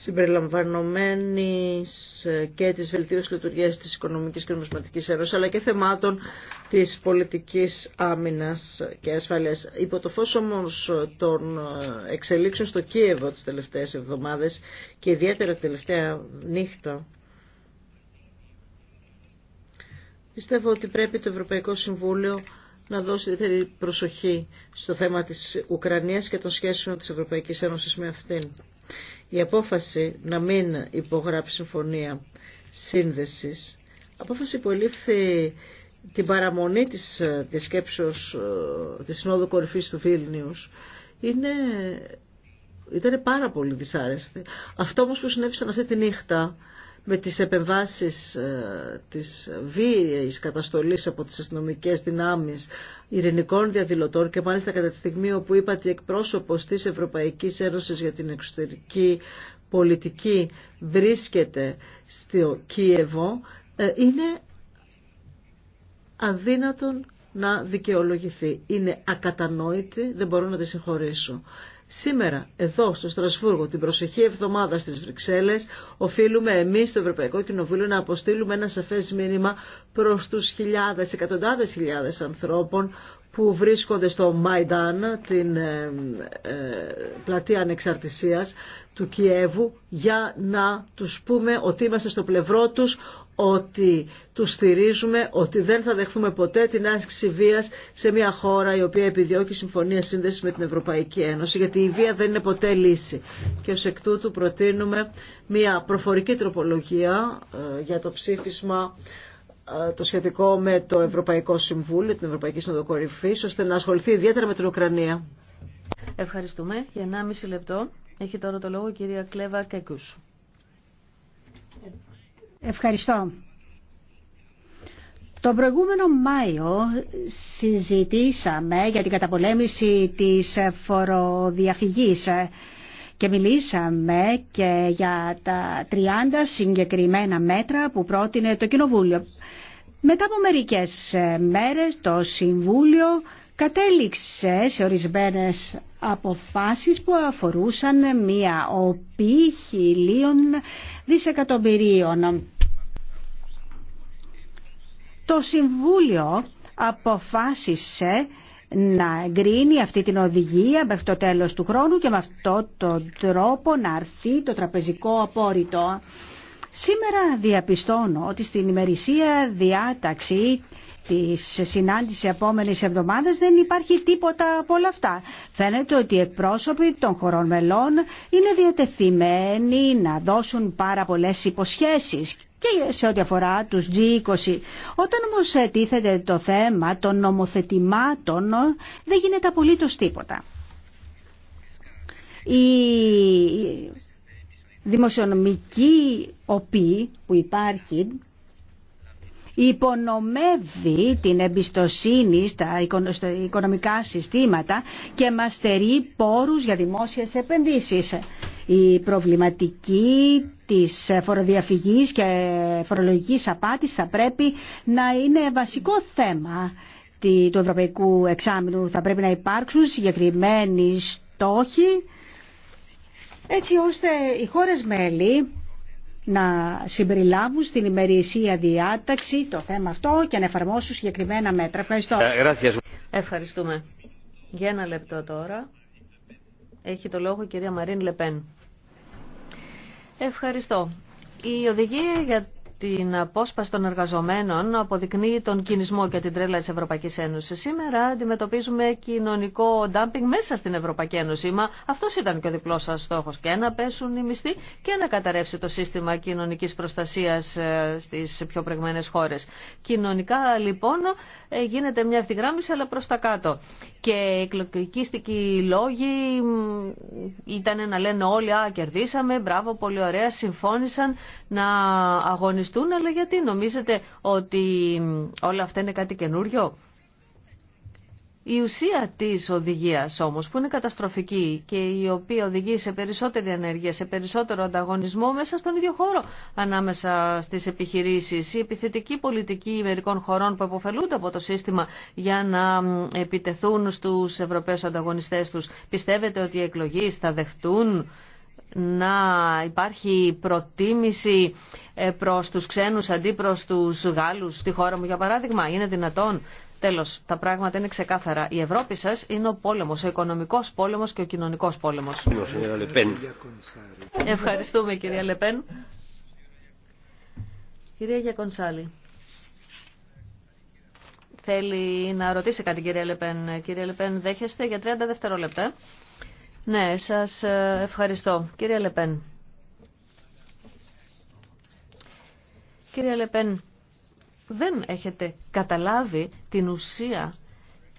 συμπεριλαμβανομένης ε, και της βελτίωσης λειτουργίας της Οικονομικής και Νομισματικής Ένωσης, αλλά και θεμάτων της πολιτικής άμυνας και ασφαλείας. Υπό το φως όμως των ε, εξελίξεων στο Κίεβο τις τελευταίες εβδομάδες και ιδιαίτερα τη τελευταία νύχτα, πιστεύω ότι πρέπει το Ευρωπαϊκό Συμβούλιο να δώσει ιδιαίτερη προσοχή στο θέμα της Ουκρανίας και των σχέσεων της Ευρωπαϊκής Ένωσης με αυτήν η απόφαση να μην υπογράψει συμφωνία σύνδεσης, απόφαση που ελήφθη την παραμονή της, της ε, της Συνόδου Κορυφής του Βίλνιους, είναι, ήταν πάρα πολύ δυσάρεστη. Αυτό όμως που συνέβησαν αυτή τη νύχτα με τις επεμβάσεις ε, της βίαιης καταστολής από τις αστυνομικέ δυνάμεις ειρηνικών διαδηλωτών και μάλιστα κατά τη στιγμή όπου είπα ότι εκπρόσωπος της Ευρωπαϊκής Ένωσης για την εξωτερική πολιτική βρίσκεται στο Κίεβο ε, είναι αδύνατον να δικαιολογηθεί. Είναι ακατανόητη, δεν μπορώ να τη συγχωρήσω. Σήμερα, εδώ στο Στρασβούργο, την προσεχή εβδομάδα στις Βρυξέλλες, οφείλουμε εμείς στο Ευρωπαϊκό Κοινοβούλιο να αποστείλουμε ένα σαφές μήνυμα προς τους χιλιάδες, εκατοντάδες χιλιάδες ανθρώπων που βρίσκονται στο Μαϊντάν, την ε, ε, πλατεία ανεξαρτησίας του Κιέβου, για να τους πούμε ότι είμαστε στο πλευρό τους, ότι τους στηρίζουμε, ότι δεν θα δεχθούμε ποτέ την άσκηση βίας σε μια χώρα η οποία επιδιώκει συμφωνία σύνδεση με την Ευρωπαϊκή Ένωση, γιατί η βία δεν είναι ποτέ λύση. Και ως εκ τούτου προτείνουμε μια προφορική τροπολογία ε, για το ψήφισμα ε, το σχετικό με το Ευρωπαϊκό Συμβούλιο, την Ευρωπαϊκή Συνοδοκορυφή, ώστε να ασχοληθεί ιδιαίτερα με την Ουκρανία. Ευχαριστούμε. Για 1,5 λεπτό έχει τώρα το λόγο η κυρία Κλέβα Κέκους. Ευχαριστώ. Το προηγούμενο Μάιο συζητήσαμε για την καταπολέμηση της φοροδιαφυγής και μιλήσαμε και για τα 30 συγκεκριμένα μέτρα που πρότεινε το Κοινοβούλιο. Μετά από μερικές ε, μέρες το Συμβούλιο κατέληξε σε ορισμένες αποφάσεις που αφορούσαν μία οπή χιλίων δισεκατομμυρίων. Το Συμβούλιο αποφάσισε να εγκρίνει αυτή την οδηγία μέχρι το τέλος του χρόνου και με αυτόν τον τρόπο να αρθεί το τραπεζικό απόρριτο. Σήμερα διαπιστώνω ότι στην ημερησία διάταξη της συνάντησης επόμενης εβδομάδας δεν υπάρχει τίποτα από όλα αυτά. Φαίνεται ότι οι εκπρόσωποι των χωρών μελών είναι διατεθειμένοι να δώσουν πάρα πολλές υποσχέσεις και σε ό,τι αφορά τους G20. Όταν όμως τίθεται το θέμα των νομοθετημάτων δεν γίνεται απολύτως τίποτα δημοσιονομική οπή που υπάρχει υπονομεύει την εμπιστοσύνη στα οικονομικά συστήματα και μας στερεί πόρους για δημόσιες επενδύσεις. Η προβληματική της φοροδιαφυγής και φορολογικής απάτης θα πρέπει να είναι βασικό θέμα του Ευρωπαϊκού Εξάμεινου. Θα πρέπει να υπάρξουν συγκεκριμένοι στόχοι έτσι ώστε οι χώρες μέλη να συμπεριλάβουν στην ημερησία διάταξη το θέμα αυτό και να εφαρμόσουν συγκεκριμένα μέτρα. Ευχαριστώ. Ε, Ευχαριστούμε. Για ένα λεπτό τώρα. Έχει το λόγο η κυρία Μαρίν Λεπέν. Ευχαριστώ. Η οδηγία για την απόσπαση των εργαζομένων αποδεικνύει τον κινησμό και την τρέλα της Ευρωπαϊκής Ένωσης. Σήμερα αντιμετωπίζουμε κοινωνικό ντάμπινγκ μέσα στην Ευρωπαϊκή Ένωση. Μα αυτός ήταν και ο διπλός σας στόχος. Και να πέσουν οι μισθοί και να καταρρεύσει το σύστημα κοινωνικής προστασίας ε, στις πιο πρεγμένες χώρες. Κοινωνικά λοιπόν ε, γίνεται μια ευθυγράμμιση αλλά προς τα κάτω. Και εκλογικοί λόγοι ήταν να λένε όλοι «Α, κερδίσαμε, μπράβο, πολύ ωραία, συμφώνησαν» να αγωνιστούν, αλλά γιατί νομίζετε ότι όλα αυτά είναι κάτι καινούριο. Η ουσία της οδηγίας όμως που είναι καταστροφική και η οποία οδηγεί σε περισσότερη ενέργεια, σε περισσότερο ανταγωνισμό μέσα στον ίδιο χώρο ανάμεσα στις επιχειρήσεις, η επιθετική πολιτική μερικών χωρών που αποφελούνται από το σύστημα για να επιτεθούν στους Ευρωπαίους ανταγωνιστές τους. Πιστεύετε ότι οι εκλογείς θα δεχτούν να υπάρχει προτίμηση ε, προς τους ξένους αντί προς τους Γάλλους στη χώρα μου για παράδειγμα. Είναι δυνατόν. Τέλος, τα πράγματα είναι ξεκάθαρα. Η Ευρώπη σας είναι ο πόλεμος, ο οικονομικός πόλεμος και ο κοινωνικός πόλεμος. Ευχαριστούμε κυρία Λεπέν. Κυρία Γιακονσάλη. Θέλει να ρωτήσει κάτι κυρία Λεπέν. Κυρία Λεπέν δέχεστε για 30 δευτερόλεπτα. Ε? Ναι, σας ε, ευχαριστώ. Κύριε Λεπέν. Κύριε Λεπέν, δεν έχετε καταλάβει την ουσία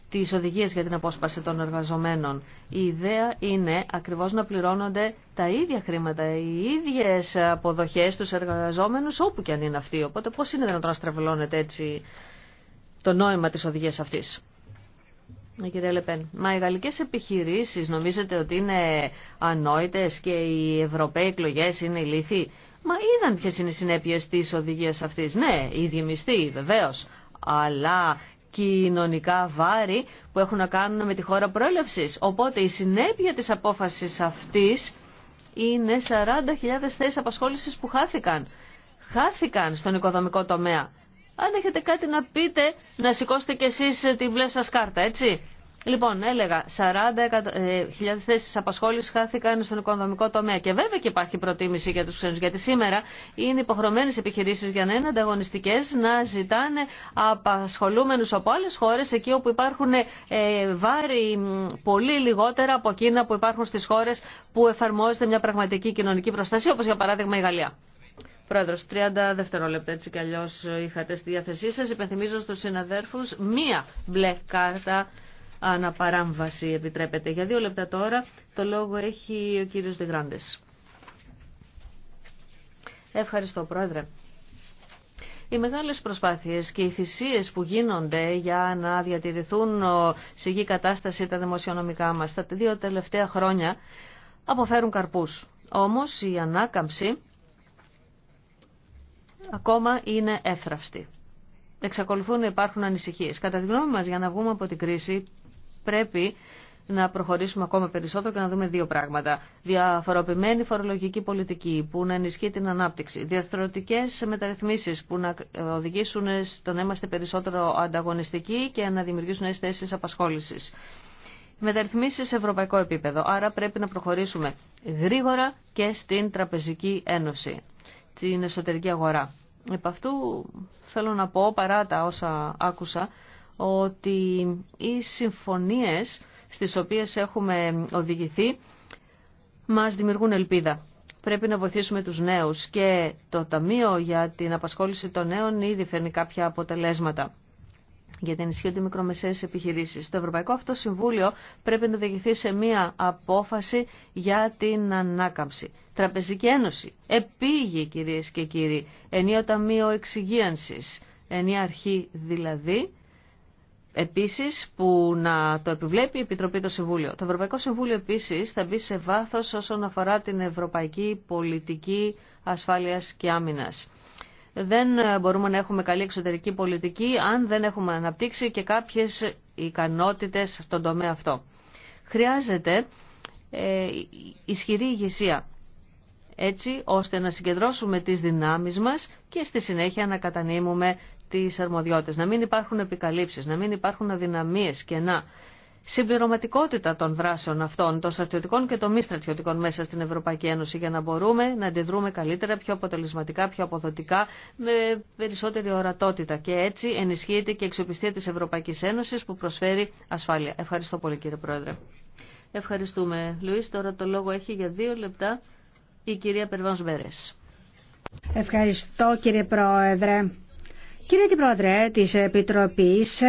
της οδηγίας για την απόσπαση των εργαζομένων. Η ιδέα είναι ακριβώς να πληρώνονται τα ίδια χρήματα, οι ίδιες αποδοχές τους εργαζόμενους όπου και αν είναι αυτοί. Οπότε πώς είναι να τραβελώνετε έτσι το νόημα της οδηγίας αυτής. Ναι, κύριε Λεπέν, μα οι γαλλικές επιχειρήσεις νομίζετε ότι είναι ανόητες και οι ευρωπαίοι εκλογές είναι ηλίθιοι. Μα είδαν ποιες είναι οι συνέπειες της οδηγίας αυτής. Ναι, οι ίδιοι μισθοί βεβαίως, αλλά κοινωνικά βάρη που έχουν να κάνουν με τη χώρα προέλευσης. Οπότε η συνέπεια της απόφασης αυτής είναι 40.000 θέσεις απασχόλησης που χάθηκαν. Χάθηκαν στον οικοδομικό τομέα. Αν έχετε κάτι να πείτε, να σηκώσετε κι εσεί ε, την μπλε σα κάρτα, έτσι. Λοιπόν, έλεγα, 40.000 θέσει απασχόληση χάθηκαν στον οικονομικό τομέα. Και βέβαια και υπάρχει προτίμηση για του ξένου, γιατί σήμερα είναι υποχρεωμένε επιχειρήσει για να είναι ανταγωνιστικέ να ζητάνε απασχολούμενους από άλλε χώρε, εκεί όπου υπάρχουν ε, βάρη πολύ λιγότερα από εκείνα που υπάρχουν στι χώρε που εφαρμόζεται μια πραγματική κοινωνική προστασία, όπω για παράδειγμα η Γαλλία. Πρόεδρο, 30 δευτερόλεπτα έτσι κι αλλιώ είχατε στη διάθεσή σα. Υπενθυμίζω στου συναδέρφου μία μπλε κάρτα αναπαράμβαση επιτρέπεται. Για δύο λεπτά τώρα το λόγο έχει ο κύριος Δεγράντε. Ευχαριστώ Πρόεδρε. Οι μεγάλες προσπάθειες και οι θυσίες που γίνονται για να διατηρηθούν σε γη κατάσταση τα δημοσιονομικά μας τα δύο τελευταία χρόνια αποφέρουν καρπούς. Όμως η ανάκαμψη ακόμα είναι εύθραυστη. Εξακολουθούν να υπάρχουν ανησυχίες. Κατά τη γνώμη μας, για να βγούμε από την κρίση, πρέπει να προχωρήσουμε ακόμα περισσότερο και να δούμε δύο πράγματα. Διαφοροποιημένη φορολογική πολιτική που να ενισχύει την ανάπτυξη. Διαρθρωτικές μεταρρυθμίσεις που να οδηγήσουν στο να είμαστε περισσότερο ανταγωνιστικοί και να δημιουργήσουν νέε θέσει απασχόλησης. Μεταρρυθμίσεις σε ευρωπαϊκό επίπεδο. Άρα πρέπει να προχωρήσουμε γρήγορα και στην Τραπεζική Ένωση στην εσωτερική αγορά. Επ' αυτού θέλω να πω, παρά τα όσα άκουσα, ότι οι συμφωνίες στις οποίες έχουμε οδηγηθεί μας δημιουργούν ελπίδα. Πρέπει να βοηθήσουμε τους νέους και το Ταμείο για την Απασχόληση των Νέων ήδη φέρνει κάποια αποτελέσματα για την ισχύ των μικρομεσαίε επιχειρήσει. Το Ευρωπαϊκό αυτό Συμβούλιο πρέπει να οδηγηθεί σε μία απόφαση για την ανάκαμψη. Τραπεζική Ένωση. Επίγει, κυρίε και κύριοι, ενίο ταμείο εξυγίανση. Ενία αρχή δηλαδή. Επίση, που να το επιβλέπει η Επιτροπή το Συμβούλιο. Το Ευρωπαϊκό Συμβούλιο επίση θα μπει σε βάθο όσον αφορά την ευρωπαϊκή πολιτική ασφάλεια και άμυνα. Δεν μπορούμε να έχουμε καλή εξωτερική πολιτική αν δεν έχουμε αναπτύξει και κάποιες ικανότητες στον τομέα αυτό. Χρειάζεται ε, ισχυρή ηγεσία έτσι ώστε να συγκεντρώσουμε τις δυνάμεις μας και στη συνέχεια να κατανείμουμε τις αρμοδιότητες. Να μην υπάρχουν επικαλύψεις, να μην υπάρχουν αδυναμίες και να συμπληρωματικότητα των δράσεων αυτών, των στρατιωτικών και των μη στρατιωτικών μέσα στην Ευρωπαϊκή Ένωση, για να μπορούμε να αντιδρούμε καλύτερα, πιο αποτελεσματικά, πιο αποδοτικά, με περισσότερη ορατότητα. Και έτσι ενισχύεται και η εξοπιστία τη Ευρωπαϊκή Ένωση που προσφέρει ασφάλεια. Ευχαριστώ πολύ, κύριε Πρόεδρε. Ευχαριστούμε, Λουί. Τώρα το λόγο έχει για δύο λεπτά η κυρία Περβάνς Μπέρες. Ευχαριστώ, κύριε Πρόεδρε. Κύριε την Πρόεδρε τη Επιτροπής,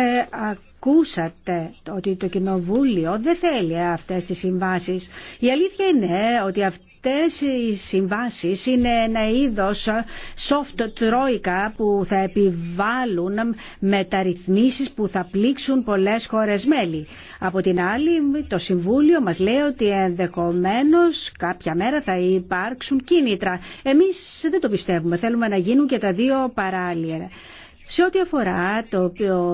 ακούσατε ότι το Κοινοβούλιο δεν θέλει αυτές τις συμβάσεις. Η αλήθεια είναι ότι αυτές οι συμβάσεις είναι ένα είδος soft τρόικα που θα επιβάλλουν μεταρρυθμίσεις που θα πλήξουν πολλές χώρες μέλη. Από την άλλη το Συμβούλιο μας λέει ότι ενδεχομένως κάποια μέρα θα υπάρξουν κίνητρα. Εμείς δεν το πιστεύουμε. Θέλουμε να γίνουν και τα δύο παράλληλα. Σε ό,τι αφορά το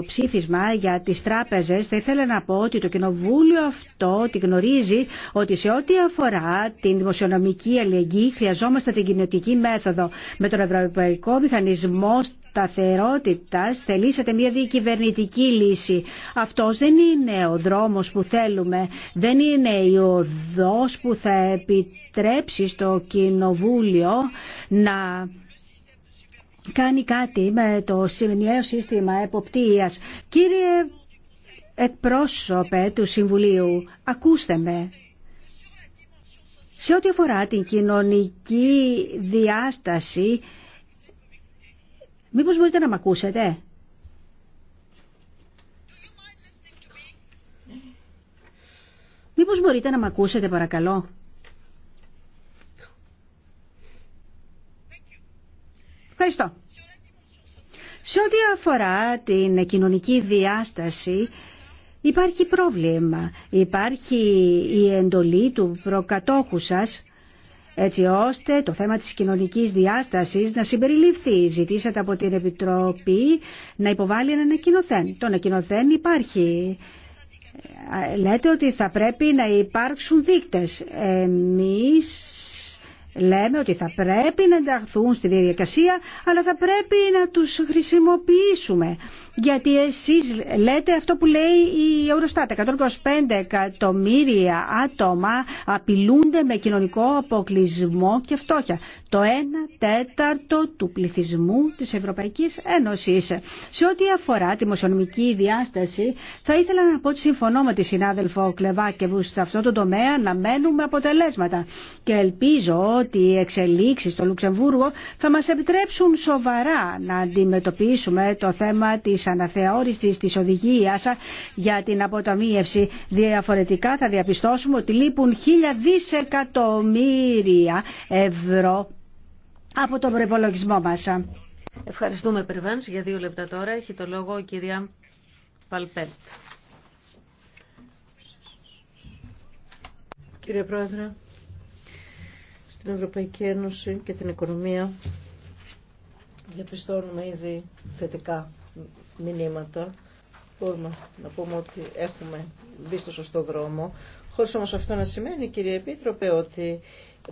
ψήφισμα για τις τράπεζες, θα ήθελα να πω ότι το Κοινοβούλιο αυτό τη γνωρίζει ότι σε ό,τι αφορά την δημοσιονομική αλληλεγγύη χρειαζόμαστε την κοινωτική μέθοδο. Με τον Ευρωπαϊκό Μηχανισμό Σταθερότητας θελήσατε μια διακυβερνητική λύση. Αυτό δεν είναι ο δρόμος που θέλουμε. Δεν είναι η οδό που θα επιτρέψει στο Κοινοβούλιο να κάνει κάτι με το σημειαίο σύστημα εποπτείας. Κύριε εκπρόσωπε του Συμβουλίου, ακούστε με. Σε ό,τι αφορά την κοινωνική διάσταση, μήπως μπορείτε να με ακούσετε. Μήπως μπορείτε να με ακούσετε παρακαλώ. Σε ό,τι αφορά την κοινωνική διάσταση, υπάρχει πρόβλημα. Υπάρχει η εντολή του προκατόχου σας έτσι ώστε το θέμα της κοινωνικής διάστασης να συμπεριληφθεί. Ζητήσατε από την Επιτροπή να υποβάλει ένα ανακοινοθέν. Το ανακοινοθέν υπάρχει. Ε, λέτε ότι θα πρέπει να υπάρξουν δείκτες. Εμείς Λέμε ότι θα πρέπει να ενταχθούν στη διαδικασία, αλλά θα πρέπει να τους χρησιμοποιήσουμε γιατί εσείς λέτε αυτό που λέει η Eurostat. 125 εκατομμύρια άτομα απειλούνται με κοινωνικό αποκλεισμό και φτώχεια. Το 1 τέταρτο του πληθυσμού της Ευρωπαϊκής Ένωσης. Σε ό,τι αφορά τη μοσονομική διάσταση, θα ήθελα να πω ότι συμφωνώ με τη συνάδελφο Κλεβάκεβου σε αυτό το τομέα να μένουμε αποτελέσματα. Και ελπίζω ότι οι εξελίξεις στο Λουξεμβούργο θα μας επιτρέψουν σοβαρά να αντιμετωπίσουμε το θέμα της αναθεώρηση τη οδηγία για την αποταμίευση. Διαφορετικά θα διαπιστώσουμε ότι λείπουν χίλια δισεκατομμύρια ευρώ από τον προπολογισμό μα. Ευχαριστούμε Περβάν. για δύο λεπτά τώρα. Έχει το λόγο η κυρία Παλπέλτ. Κύριε Πρόεδρε, στην Ευρωπαϊκή Ένωση και την οικονομία διαπιστώνουμε ήδη θετικά μηνύματα. Μπορούμε να πούμε ότι έχουμε μπει στο σωστό δρόμο. Χωρίς όμως αυτό να σημαίνει, κύριε Επίτροπε, ότι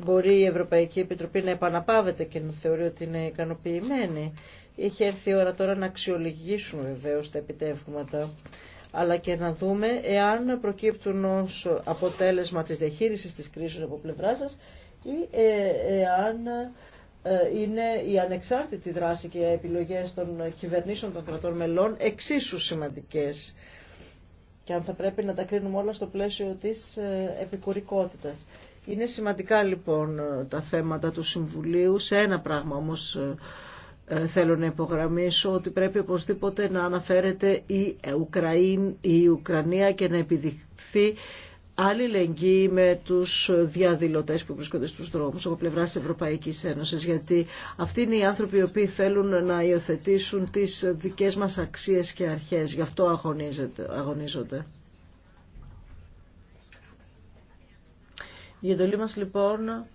μπορεί η Ευρωπαϊκή Επιτροπή να επαναπάβεται και να θεωρεί ότι είναι ικανοποιημένη. Είχε έρθει η ώρα τώρα να αξιολογήσουν βεβαίω τα επιτεύγματα, αλλά και να δούμε εάν προκύπτουν ω αποτέλεσμα της διαχείρισης της κρίσης από πλευρά σας ή ε, εάν ε, είναι η ανεξάρτητη δράση και οι επιλογές των κυβερνήσεων των κρατών μελών εξίσου σημαντικές και αν θα πρέπει να τα κρίνουμε όλα στο πλαίσιο της ε, επικουρικότητας. Είναι σημαντικά λοιπόν ε, τα θέματα του Συμβουλίου. Σε ένα πράγμα όμως θέλω να υπογραμμίσω ότι πρέπει οπωσδήποτε να αναφέρεται η, Ουκραίν, η Ουκρανία και να επιδειχθεί αλληλεγγύη με τους διαδηλωτές που βρίσκονται στους δρόμους από πλευράς Ευρωπαϊκής Ένωσης γιατί αυτοί είναι οι άνθρωποι οι οποίοι θέλουν να υιοθετήσουν τις δικές μας αξίες και αρχές γι' αυτό αγωνίζονται. Η εντολή μας λοιπόν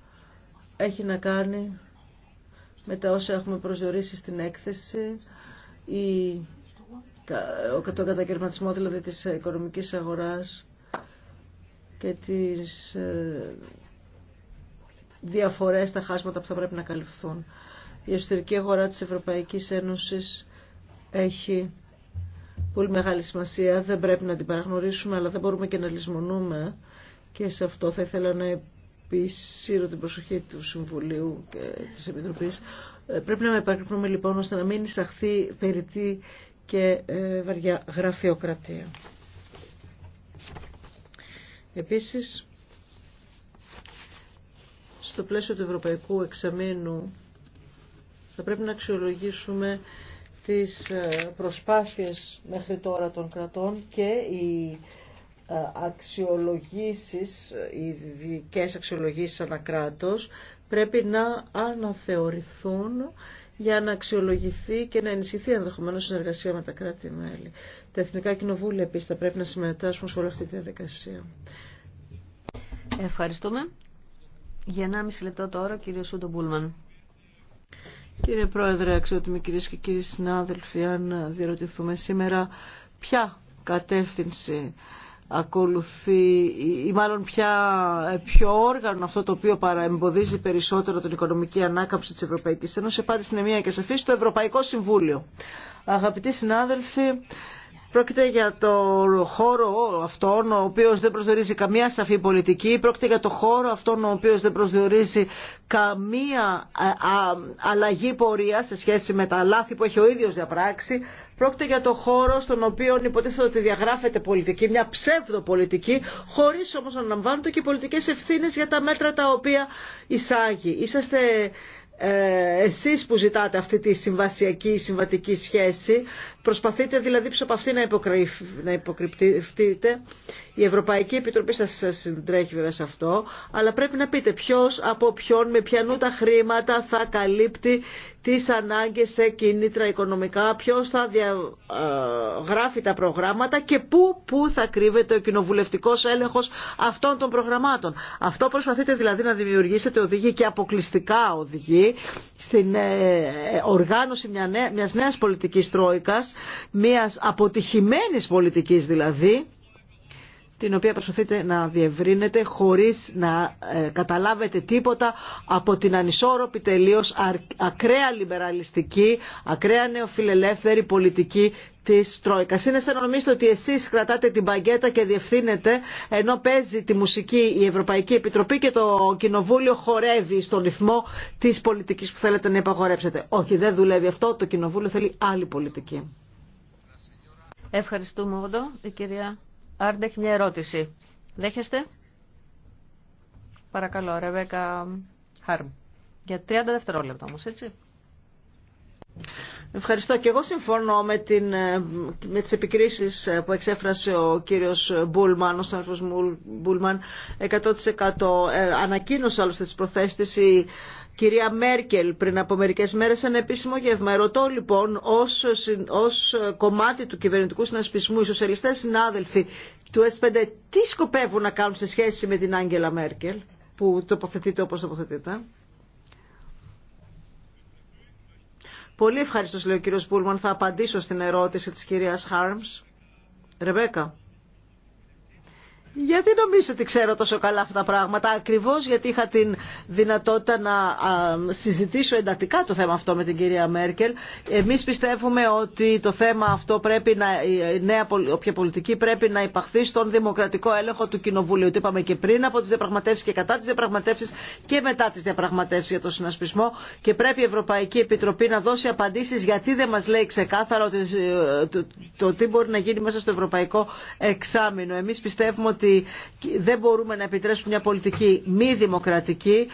έχει να κάνει με τα όσα έχουμε προσδιορίσει στην έκθεση η, το κατακαιρματισμό δηλαδή της οικονομικής αγοράς και τις ε, διαφορές, τα χάσματα που θα πρέπει να καλυφθούν. Η εσωτερική αγορά της Ευρωπαϊκής Ένωσης έχει πολύ μεγάλη σημασία. Δεν πρέπει να την παραγνωρίσουμε, αλλά δεν μπορούμε και να λησμονούμε. Και σε αυτό θα ήθελα να επισύρω την προσοχή του Συμβουλίου και της Επιτροπής. Ε, πρέπει να με επαγγελθούμε λοιπόν ώστε να μην εισαχθεί περιττή και ε, βαριά γραφειοκρατία. Επίσης, στο πλαίσιο του Ευρωπαϊκού Εξαμήνου θα πρέπει να αξιολογήσουμε τις ε, προσπάθειες μέχρι τώρα των κρατών και οι ε, αξιολογήσεις, οι δικές αξιολογήσεις ανακράτος πρέπει να αναθεωρηθούν για να αξιολογηθεί και να ενισχυθεί ενδεχομένω συνεργασία με τα κράτη-μέλη. Τα Εθνικά Κοινοβούλια επίση θα πρέπει να συμμετάσχουν σε όλη αυτή τη διαδικασία. Ευχαριστούμε. Για 1,5 λεπτό τώρα, κύριο Σούντο Μπούλμαν. Κύριε Πρόεδρε, αξιότιμοι κυρίε και κύριοι συνάδελφοι, αν διαρωτηθούμε σήμερα ποια κατεύθυνση ακολουθεί ή μάλλον πια, ε, ποιο όργανο αυτό το οποίο παραεμποδίζει περισσότερο την οικονομική ανάκαμψη της Ευρωπαϊκής Ένωσης. Επάντηση είναι μία και σαφή στο Ευρωπαϊκό Συμβούλιο. Αγαπητοί συνάδελφοι, Πρόκειται για το χώρο αυτόν ο οποίος δεν προσδιορίζει καμία σαφή πολιτική. Πρόκειται για το χώρο αυτόν ο οποίος δεν προσδιορίζει καμία ε, αλλαγή πορεία σε σχέση με τα λάθη που έχει ο ίδιος διαπράξει. Πρόκειται για το χώρο στον οποίο υποτίθεται ότι διαγράφεται πολιτική, μια ψεύδο πολιτική, χωρίς όμως να αναμβάνονται και οι πολιτικές ευθύνες για τα μέτρα τα οποία εισάγει. Είσαστε ε, εσείς που ζητάτε αυτή τη συμβασιακή συμβατική σχέση Προσπαθείτε δηλαδή πίσω από αυτή να, να Η Ευρωπαϊκή Επιτροπή σας συντρέχει βέβαια σε αυτό, αλλά πρέπει να πείτε ποιος από ποιον, με ποιανού τα χρήματα θα καλύπτει τις ανάγκες σε κινήτρα οικονομικά, ποιος θα γράφει τα προγράμματα και πού, πού θα κρύβεται ο κοινοβουλευτικός έλεγχος αυτών των προγραμμάτων. Αυτό προσπαθείτε δηλαδή να δημιουργήσετε οδηγεί και αποκλειστικά οδηγεί στην ε, ε, οργάνωση μια νέα, μιας νέας πολιτικής τρόικας μιας αποτυχημένης πολιτικής δηλαδή την οποία προσπαθείτε να διευρύνετε χωρίς να ε, καταλάβετε τίποτα από την ανισόρροπη τελείως ακραία λιμπεραλιστική, ακραία νεοφιλελεύθερη πολιτική της Τρόικας. Είναι σαν να νομίζετε ότι εσείς κρατάτε την παγκέτα και διευθύνετε ενώ παίζει τη μουσική η Ευρωπαϊκή Επιτροπή και το Κοινοβούλιο χορεύει στον ρυθμό της πολιτικής που θέλετε να υπαγορέψετε. Όχι, δεν δουλεύει αυτό. Το Κοινοβούλιο θέλει άλλη πολιτική. Ευχαριστούμε, κυρία Άρντε έχει μια ερώτηση. Δέχεστε. Παρακαλώ, Ρεβέκα Χάρμ. Για 30 δευτερόλεπτα όμως, έτσι. Ευχαριστώ και εγώ συμφωνώ με, την, ε, με τις επικρίσεις ε, που εξέφρασε ο κύριος Μπούλμαν, ο Σάρφος Μπούλμαν, 100% ε, ανακοίνωσε άλλωστε τις προθέσεις κυρία Μέρκελ πριν από μερικέ μέρε ένα επίσημο γεύμα. Ερωτώ λοιπόν ω κομμάτι του κυβερνητικού συνασπισμού οι σοσιαλιστέ συνάδελφοι του S5 τι σκοπεύουν να κάνουν σε σχέση με την Άγγελα Μέρκελ που τοποθετείται όπως τοποθετείται. Πολύ ευχαριστώ, λέει ο κύριο Πούλμαν. Θα απαντήσω στην ερώτηση της κυρία Χάρμ. Ρεβέκα. Γιατί νομίζετε ότι ξέρω τόσο καλά αυτά τα πράγματα, ακριβώς γιατί είχα την δυνατότητα να συζητήσω εντατικά το θέμα αυτό με την κυρία Μέρκελ. Εμείς πιστεύουμε ότι το θέμα αυτό πρέπει να, η νέα όποια πολιτική πρέπει να υπαχθεί στον δημοκρατικό έλεγχο του Κοινοβουλίου. Το είπαμε και πριν από τις διαπραγματεύσεις και κατά τις διαπραγματεύσεις και μετά τις διαπραγματεύσεις για το συνασπισμό και πρέπει η Ευρωπαϊκή Επιτροπή να δώσει απαντήσεις γιατί δεν μας λέει ξεκάθαρα ε, το, τι μπορεί να γίνει μέσα στο ευρωπαϊκό εξάμεινο. Εμείς πιστεύουμε ότι δεν μπορούμε να επιτρέψουμε μια πολιτική μη δημοκρατική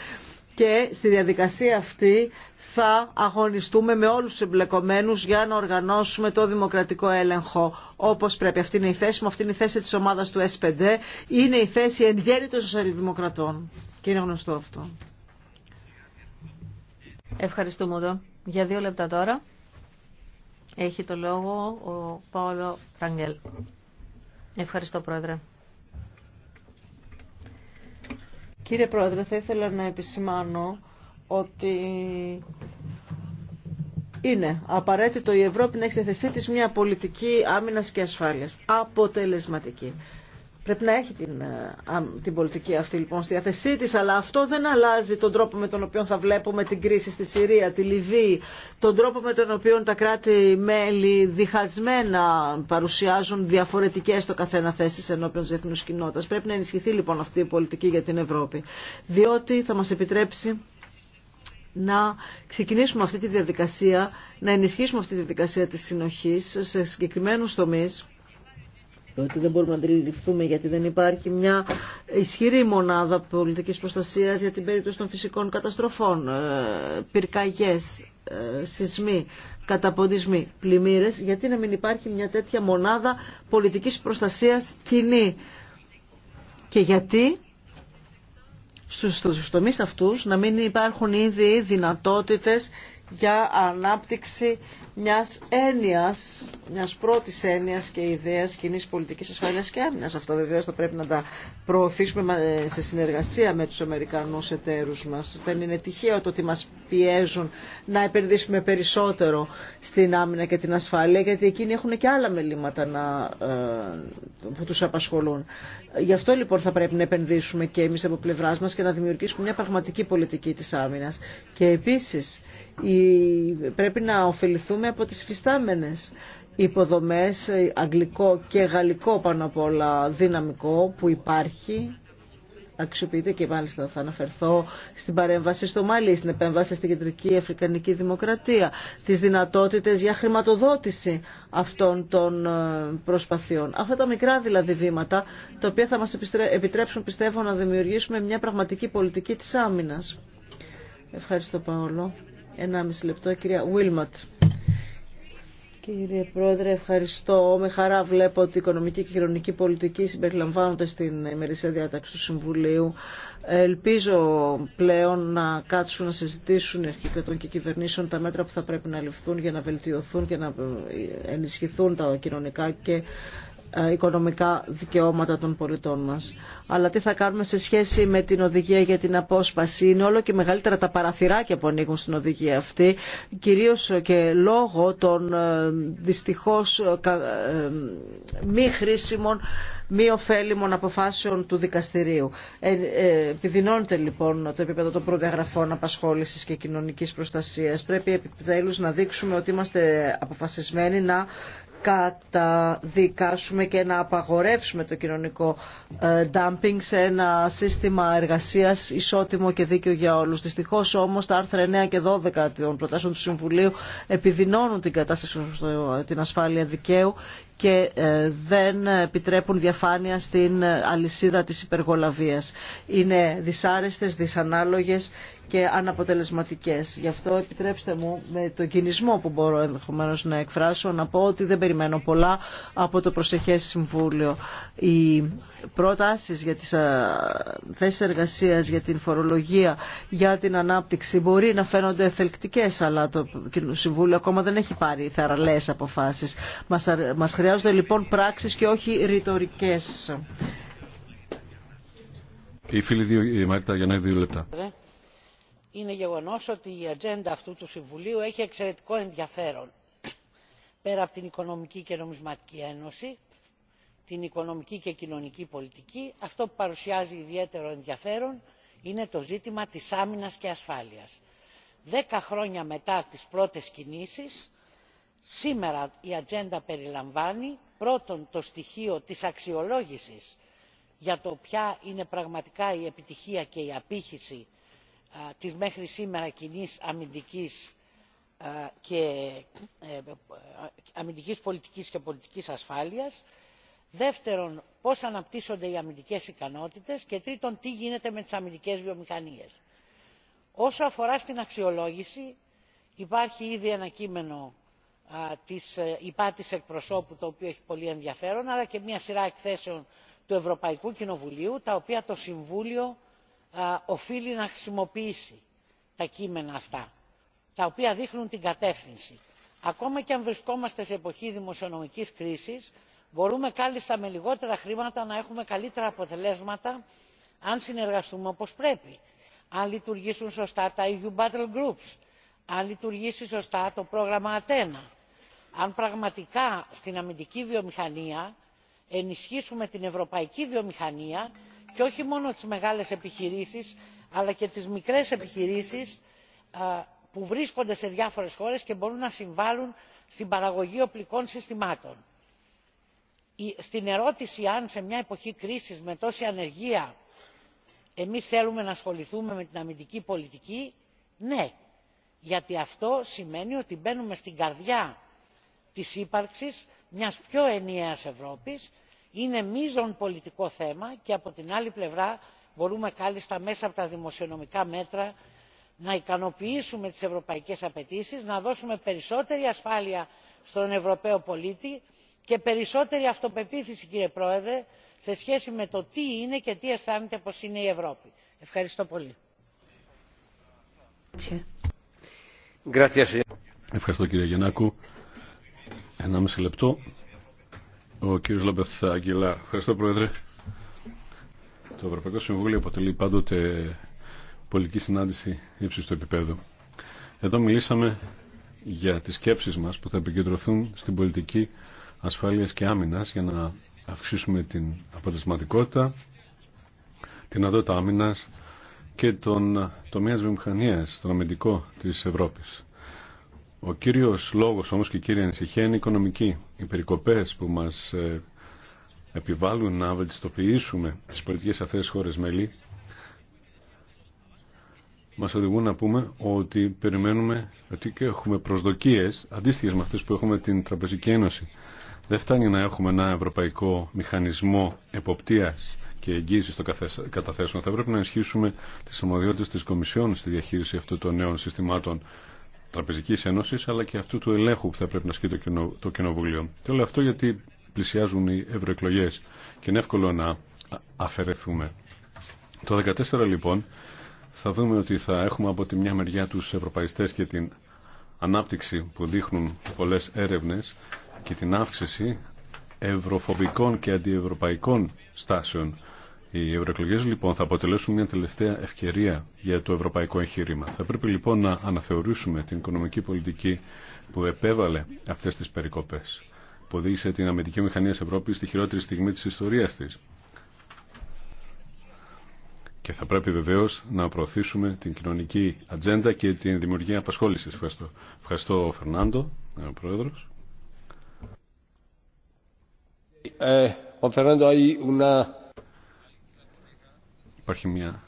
και στη διαδικασία αυτή θα αγωνιστούμε με όλους τους εμπλεκομένους για να οργανώσουμε το δημοκρατικό έλεγχο όπως πρέπει. Αυτή είναι η θέση μου, αυτή είναι η θέση της ομάδας του S5. Είναι η θέση εν γέννη των σοσιαλδημοκρατών. Και είναι γνωστό αυτό. Ευχαριστούμε εδώ. Για δύο λεπτά τώρα έχει το λόγο ο Πάολο Ραγγέλ. Ευχαριστώ πρόεδρε. Κύριε Πρόεδρε, θα ήθελα να επισημάνω ότι είναι απαραίτητο η Ευρώπη να έχει της μια πολιτική άμυνας και ασφάλειας. Αποτελεσματική. Πρέπει να έχει την, ε, την πολιτική αυτή λοιπόν στη διάθεσή τη. αλλά αυτό δεν αλλάζει τον τρόπο με τον οποίο θα βλέπουμε την κρίση στη Συρία, τη Λιβύη, τον τρόπο με τον οποίο τα κράτη-μέλη διχασμένα παρουσιάζουν διαφορετικέ το καθένα θέσει ενώπιον τη διεθνού κοινότητα. Πρέπει να ενισχυθεί λοιπόν αυτή η πολιτική για την Ευρώπη, διότι θα μα επιτρέψει να ξεκινήσουμε αυτή τη διαδικασία, να ενισχύσουμε αυτή τη διαδικασία της συνοχής σε συγκεκριμένους τομείς ότι δεν μπορούμε να αντιληφθούμε γιατί δεν υπάρχει μια ισχυρή μονάδα πολιτικής προστασίας για την περίπτωση των φυσικών καταστροφών, ε, πυρκαγιές, ε, σεισμοί, καταποντισμοί, πλημμύρες, γιατί να μην υπάρχει μια τέτοια μονάδα πολιτικής προστασίας κοινή. Και γιατί στους τομείς αυτούς να μην υπάρχουν ήδη δυνατότητες για ανάπτυξη μιας έννοιας, μιας πρώτης έννοιας και ιδέας κοινή πολιτικής ασφάλειας και άμυνας. Αυτό βεβαίως θα πρέπει να τα προωθήσουμε ε, σε συνεργασία με τους Αμερικανούς εταίρους μας. Δεν είναι τυχαίο το ότι μας πιέζουν να επενδύσουμε περισσότερο στην άμυνα και την ασφάλεια, γιατί εκείνοι έχουν και άλλα μελήματα να, ε, που τους απασχολούν. Γι' αυτό λοιπόν θα πρέπει να επενδύσουμε και εμείς από πλευρά μας και να δημιουργήσουμε μια πραγματική πολιτική της άμυνας. Και επίσης πρέπει να ωφεληθούμε από τις φυστάμενες υποδομές, ε, αγγλικό και γαλλικό πάνω απ' όλα δυναμικό που υπάρχει αξιοποιείται και μάλιστα θα αναφερθώ στην παρέμβαση στο Μάλι, στην επέμβαση στην Κεντρική Αφρικανική Δημοκρατία, τις δυνατότητες για χρηματοδότηση αυτών των ε, προσπαθειών. Αυτά τα μικρά δηλαδή βήματα, τα οποία θα μας επιτρέψουν πιστεύω να δημιουργήσουμε μια πραγματική πολιτική της άμυνας. Ευχαριστώ Παόλο. Ένα μισή λεπτό, κυρία Βίλματ. Κύριε Πρόεδρε, ευχαριστώ. Με χαρά βλέπω ότι η οικονομική και η κοινωνική πολιτική συμπεριλαμβάνονται στην ημερήσια διάταξη του Συμβουλίου. Ελπίζω πλέον να κάτσουν να συζητήσουν οι αρχικοί και κυβερνήσεων τα μέτρα που θα πρέπει να ληφθούν για να βελτιωθούν και να ενισχυθούν τα κοινωνικά και ε, οικονομικά δικαιώματα των πολιτών μας. Αλλά τι θα κάνουμε σε σχέση με την οδηγία για την απόσπαση. Είναι όλο και μεγαλύτερα τα παραθυράκια που ανοίγουν στην οδηγία αυτή, κυρίως και λόγω των ε, δυστυχώς ε, μη χρήσιμων, μη ωφέλιμων αποφάσεων του δικαστηρίου. Επιδεινώνεται λοιπόν το επίπεδο των προδιαγραφών απασχόλησης και κοινωνικής προστασίας. Πρέπει επιτέλους να δείξουμε ότι είμαστε αποφασισμένοι να καταδικάσουμε και να απαγορεύσουμε το κοινωνικό ε, dumping σε ένα σύστημα εργασίας ισότιμο και δίκαιο για όλους. Δυστυχώ, όμως τα άρθρα 9 και 12 των προτάσεων του Συμβουλίου επιδεινώνουν την κατάσταση την ασφάλεια δικαίου και ε, δεν επιτρέπουν διαφάνεια στην αλυσίδα της υπεργολαβίας. Είναι δυσάρεστες, δυσανάλογες και αναποτελεσματικές. Γι' αυτό επιτρέψτε μου με τον κινησμό που μπορώ ενδεχομένω να εκφράσω να πω ότι δεν περιμένω πολλά από το προσεχές συμβούλιο προτάσεις για τις ε, θέσεις εργασίας, για την φορολογία, για την ανάπτυξη μπορεί να φαίνονται εθελκτικές, αλλά το Συμβούλιο ακόμα δεν έχει πάρει θεραλές αποφάσεις. Μας, μας χρειάζονται λοιπόν πράξεις και όχι ρητορικέ. Η φίλη δύο, δύο λεπτά. Είναι γεγονός ότι η ατζέντα αυτού του Συμβουλίου έχει εξαιρετικό ενδιαφέρον πέρα από την Οικονομική και Νομισματική Ένωση την οικονομική και κοινωνική πολιτική αυτό που παρουσιάζει ιδιαίτερο ενδιαφέρον είναι το ζήτημα της άμυνας και ασφάλειας. δέκα χρόνια μετά τις πρώτες κινήσεις σήμερα η ατζέντα περιλαμβάνει πρώτον το στοιχείο της αξιολόγησης για το ποια είναι πραγματικά η επιτυχία και η απήχηση της μέχρι σήμερα κοινή και ε, ε, αμυντικής πολιτικής και πολιτικής ασφάλειας δεύτερον πώς αναπτύσσονται οι αμυντικές ικανότητες και τρίτον τι γίνεται με τις αμυντικές βιομηχανίες. Όσο αφορά στην αξιολόγηση υπάρχει ήδη ένα κείμενο της ε, υπάτης εκπροσώπου το οποίο έχει πολύ ενδιαφέρον αλλά και μια σειρά εκθέσεων του ευρωπαϊκού κοινοβουλίου τα οποία το συμβούλιο οφείλει να χρησιμοποιήσει τα κείμενα αυτά τα οποία δείχνουν την κατεύθυνση. ακόμα και αν βρισκόμαστε σε εποχή δημοσιονομικής κρίσης μπορούμε κάλλιστα με λιγότερα χρήματα να έχουμε καλύτερα αποτελέσματα αν συνεργαστούμε όπως πρέπει αν λειτουργήσουν σωστά τα eu battle groups αν λειτουργήσει σωστά το πρόγραμμα ατένα αν πραγματικά στην αμυντική βιομηχανία ενισχύσουμε την ευρωπαϊκή βιομηχανία και όχι μόνο τις μεγάλες επιχειρήσεις αλλά και τις μικρές επιχειρήσεις που βρίσκονται σε διάφορες χώρες και μπορούν να συμβάλλουν στην παραγωγή οπλικών συστημάτων στην ερώτηση αν σε μια εποχή κρίσης με τόση ανεργία εμείς θέλουμε να ασχοληθούμε με την αμυντική πολιτική ναι γιατί αυτό σημαίνει ότι μπαίνουμε στην καρδιά της ύπαρξης μιας πιο ενιαίας ευρώπης είναι μείζον πολιτικό θέμα και από την άλλη πλευρά μπορούμε κάλλιστα μέσα από τα δημοσιονομικά μέτρα να ικανοποιήσουμε τις ευρωπαϊκές απαιτήσεις να δώσουμε περισσότερη ασφάλεια στον ευρωπαίο πολίτη και περισσότερη αυτοπεποίθηση κύριε πρόεδρε σε σχέση με το τι είναι και τι αισθάνεται πως είναι η ευρώπη. ευχαριστώ πολύ. Ευχαριστώ κύριε Γεννάκου. Ένα μισή λεπτό. Ο κύριος Λόμπεθ Αγγελά. Ευχαριστώ πρόεδρε. Το Ευρωπαϊκό Συμβούλιο αποτελεί πάντοτε πολιτική συνάντηση ύψης του επίπεδο. Εδώ μιλήσαμε για τις σκέψεις μας που θα επικεντρωθούν στην πολιτική ασφάλειας και άμυνας για να αυξήσουμε την αποτελεσματικότητα, την αδότα άμυνας και τον τομέα βιομηχανίας, τον αμυντικό της Ευρώπης. Ο κύριος λόγος όμως και η κύρια ανησυχία είναι οικονομική. Οι περικοπές που μας ε, επιβάλλουν να βελτιστοποιήσουμε τις πολιτικές αυτές τις χώρες μέλη μας οδηγούν να πούμε ότι περιμένουμε ότι έχουμε προσδοκίες αντίστοιχες με αυτές που έχουμε την Τραπεζική Ένωση. Δεν φτάνει να έχουμε ένα ευρωπαϊκό μηχανισμό εποπτείας και εγγύηση των καταθέσεων. Θα πρέπει να ενισχύσουμε τις αρμοδιότητες της Κομισιόν στη διαχείριση αυτού των νέων συστημάτων Τραπεζικής Ένωσης, αλλά και αυτού του ελέγχου που θα πρέπει να ασκεί το, κοινο, το Κοινοβούλιο. Και όλο αυτό γιατί πλησιάζουν οι ευρωεκλογέ και είναι εύκολο να αφαιρεθούμε. Το 2014 λοιπόν θα δούμε ότι θα έχουμε από τη μια μεριά τους ευρωπαϊστές και την ανάπτυξη που δείχνουν πολλές έρευνε και την αύξηση ευρωφοβικών και αντιευρωπαϊκών στάσεων. Οι ευρωεκλογέ λοιπόν θα αποτελέσουν μια τελευταία ευκαιρία για το ευρωπαϊκό εγχείρημα. Θα πρέπει λοιπόν να αναθεωρήσουμε την οικονομική πολιτική που επέβαλε αυτέ τι περικοπέ, που οδήγησε την αμυντική μηχανία τη Ευρώπη στη χειρότερη στιγμή τη ιστορία τη. Και θα πρέπει βεβαίω να προωθήσουμε την κοινωνική ατζέντα και την δημιουργία απασχόληση. Ευχαριστώ, Φερνάντο, Πρόεδρο. Ε, Υπάρχει μια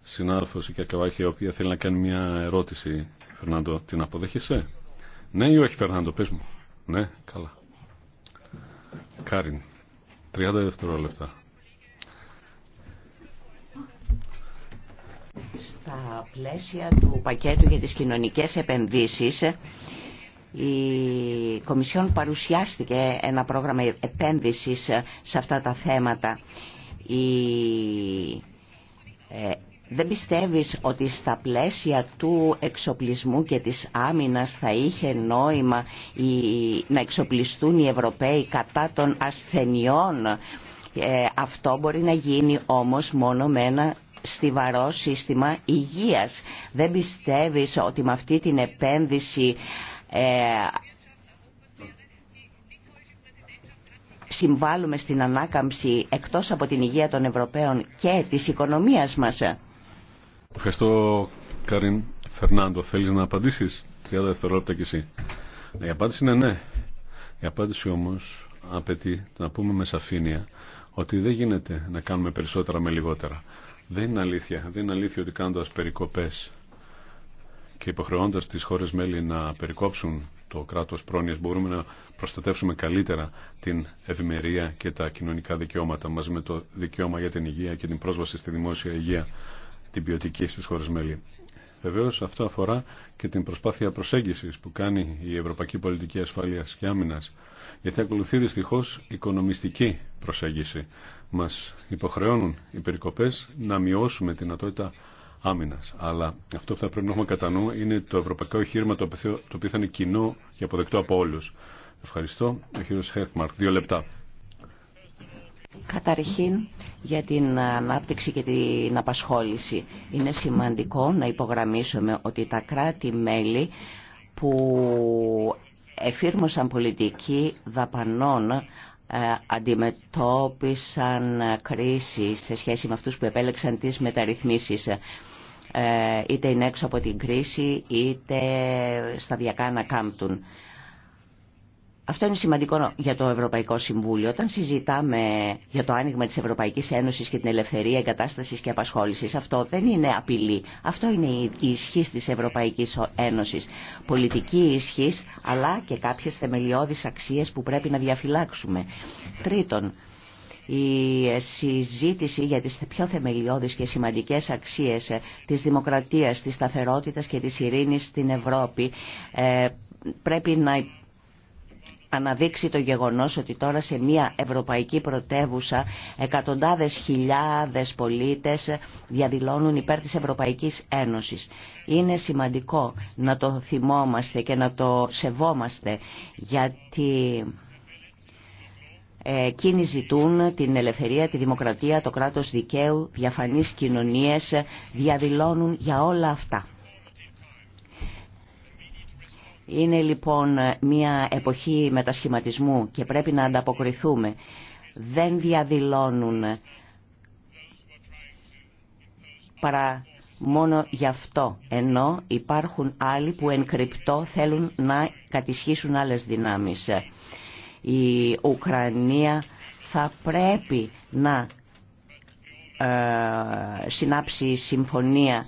συνάδελφος η Κακαβάχη η οποία θέλει να κάνει μια ερώτηση. Φερνάντο, την αποδέχεσαι? Ναι ή όχι Φερνάντο, πες μου. Ναι, καλά. Κάριν, 30 δευτερόλεπτα. Στα πλαίσια του πακέτου για τις κοινωνικές επενδύσεις η Κομισιόν παρουσιάστηκε ένα πρόγραμμα επένδυσης σε αυτά τα θέματα. Ε, δεν πιστεύεις ότι στα πλαίσια του εξοπλισμού και της άμυνας θα είχε νόημα η... να εξοπλιστούν οι Ευρωπαίοι κατά των ασθενειών. Ε, αυτό μπορεί να γίνει όμως μόνο με ένα στιβαρό σύστημα υγείας. Δεν πιστεύεις ότι με αυτή την επένδυση συμβάλλουμε στην ανάκαμψη εκτός από την υγεία των Ευρωπαίων και της οικονομίας μας. Ευχαριστώ Καρίν Φερνάντο. Θέλεις να απαντήσεις 30 δευτερόλεπτα κι εσύ. Ναι, η απάντηση είναι ναι. Η απάντηση όμως απαιτεί να πούμε με σαφήνεια ότι δεν γίνεται να κάνουμε περισσότερα με λιγότερα. Δεν είναι αλήθεια. Δεν είναι αλήθεια ότι κάνοντας περικοπές και υποχρεώντα τι χώρε μέλη να περικόψουν το κράτο πρόνοια, μπορούμε να προστατεύσουμε καλύτερα την ευημερία και τα κοινωνικά δικαιώματα μαζί με το δικαίωμα για την υγεία και την πρόσβαση στη δημόσια υγεία την ποιοτική στι χώρε μέλη. Βεβαίω αυτό αφορά και την προσπάθεια προσέγγιση που κάνει η Ευρωπαϊκή Πολιτική Ασφάλεια και Αμυνα, γιατί ακολουθεί δυστυχώ οικονομιστική προσέγγιση. Μα υποχρεώνουν οι περικοπέ να μειώσουμε την δυνατότητα άμυνα. Αλλά αυτό που θα πρέπει να έχουμε κατά νου είναι το ευρωπαϊκό εγχείρημα το οποίο θα είναι κοινό και αποδεκτό από όλου. Ευχαριστώ. Ο κύριο δύο λεπτά. Καταρχήν για την ανάπτυξη και την απασχόληση. Είναι σημαντικό να υπογραμμίσουμε ότι τα κράτη-μέλη που εφήρμοσαν πολιτική δαπανών ε, αντιμετώπισαν κρίση σε σχέση με αυτούς που επέλεξαν τις μεταρρυθμίσεις. Ε, είτε είναι έξω από την κρίση είτε σταδιακά ανακάμπτουν. Αυτό είναι σημαντικό για το Ευρωπαϊκό Συμβούλιο. Όταν συζητάμε για το άνοιγμα της Ευρωπαϊκής Ένωσης και την ελευθερία εγκατάστασης και απασχόλησης, αυτό δεν είναι απειλή. Αυτό είναι η ισχύ της Ευρωπαϊκής Ένωσης. Πολιτική ισχύ, αλλά και κάποιες θεμελιώδεις αξίες που πρέπει να διαφυλάξουμε. Τρίτον, η συζήτηση για τις πιο θεμελιώδεις και σημαντικές αξίες της δημοκρατίας, της σταθερότητας και της ειρήνης στην Ευρώπη ε, πρέπει να αναδείξει το γεγονός ότι τώρα σε μια ευρωπαϊκή πρωτεύουσα εκατοντάδες χιλιάδες πολίτες διαδηλώνουν υπέρ της Ευρωπαϊκής Ένωσης. Είναι σημαντικό να το θυμόμαστε και να το σεβόμαστε γιατί ε, εκείνοι ζητούν την ελευθερία, τη δημοκρατία, το κράτος δικαίου, διαφανείς κοινωνίες, διαδηλώνουν για όλα αυτά. Είναι λοιπόν μια εποχή μετασχηματισμού και πρέπει να ανταποκριθούμε. Δεν διαδηλώνουν παρά μόνο γι' αυτό, ενώ υπάρχουν άλλοι που εν θέλουν να κατησχίσουν άλλες δυνάμεις η Ουκρανία θα πρέπει να ε, συνάψει συμφωνία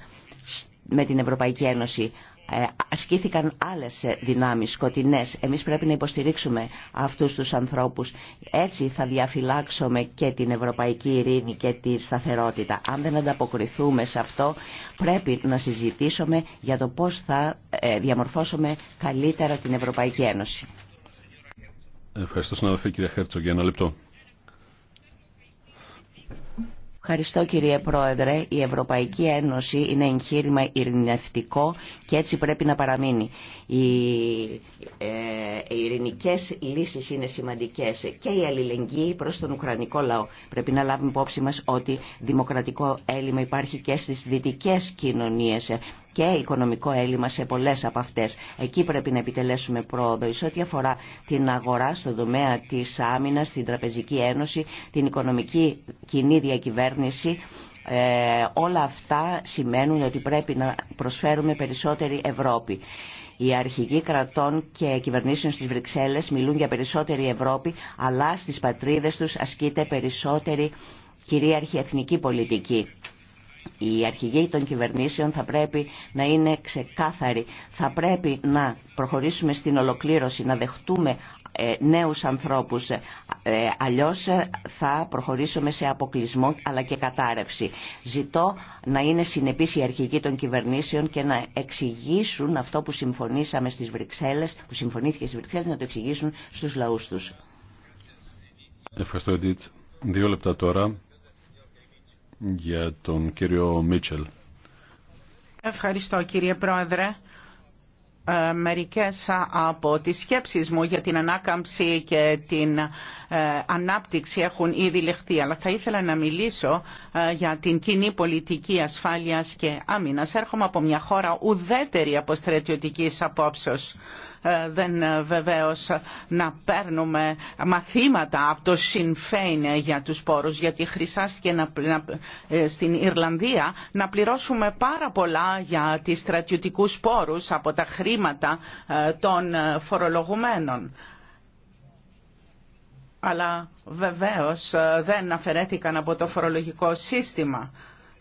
με την Ευρωπαϊκή Ένωση. Ε, ασκήθηκαν άλλες δυνάμεις σκοτεινές. Εμείς πρέπει να υποστηρίξουμε αυτούς τους ανθρώπους. Έτσι θα διαφυλάξουμε και την ευρωπαϊκή ειρήνη και τη σταθερότητα. Αν δεν ανταποκριθούμε σε αυτό πρέπει να συζητήσουμε για το πώς θα ε, διαμορφώσουμε καλύτερα την Ευρωπαϊκή Ένωση. Ευχαριστώ κύριε Χέρτσο για ένα λεπτό. Ευχαριστώ κύριε Πρόεδρε. Η Ευρωπαϊκή Ένωση είναι εγχείρημα ειρηνευτικό και έτσι πρέπει να παραμείνει. Ε, οι ειρηνικές λύσεις είναι σημαντικές και η αλληλεγγύη προς τον Ουκρανικό λαό. Πρέπει να λάβουμε υπόψη μας ότι δημοκρατικό έλλειμμα υπάρχει και στις δυτικές κοινωνίες και οικονομικό έλλειμμα σε πολλές από αυτές. Εκεί πρέπει να επιτελέσουμε πρόοδο. Σε ό,τι αφορά την αγορά στον τομέα της άμυνας, την Τραπεζική Ένωση, την οικονομική κοινή διακυβέρνηση, ε, όλα αυτά σημαίνουν ότι πρέπει να προσφέρουμε περισσότερη Ευρώπη. Οι αρχηγοί κρατών και κυβερνήσεων στις Βρυξέλλες μιλούν για περισσότερη Ευρώπη, αλλά στις πατρίδες τους ασκείται περισσότερη κυρίαρχη εθνική πολιτική οι αρχηγοί των κυβερνήσεων θα πρέπει να είναι ξεκάθαροι. Θα πρέπει να προχωρήσουμε στην ολοκλήρωση, να δεχτούμε ε, νέους ανθρώπους. Ε, αλλιώς ε, θα προχωρήσουμε σε αποκλεισμό αλλά και κατάρρευση. Ζητώ να είναι συνεπείς οι αρχηγοί των κυβερνήσεων και να εξηγήσουν αυτό που συμφωνήσαμε στις Βρυξέλλες, που συμφωνήθηκε στις Βρυξέλλες, να το εξηγήσουν στους λαούς τους. Ευχαριστώ, Δύο τώρα για τον κύριο Μίτσελ. Ευχαριστώ κύριε Πρόεδρε. Ε, μερικές από τις σκέψεις μου για την ανάκαμψη και την ε, ανάπτυξη έχουν ήδη λεχθεί, αλλά θα ήθελα να μιλήσω ε, για την κοινή πολιτική ασφάλειας και άμυνας. Έρχομαι από μια χώρα ουδέτερη από στρατιωτικής απόψεως ε, δεν ε, βεβαίως να παίρνουμε μαθήματα από το Sinn Féin ε, για τους πόρους γιατί χρυσάστηκε να, στην Ιρλανδία να πληρώσουμε πάρα πολλά για τις στρατιωτικούς πόρους από τα χρήματα των φορολογουμένων. Αλλά βεβαίως δεν αφαιρέθηκαν από το φορολογικό σύστημα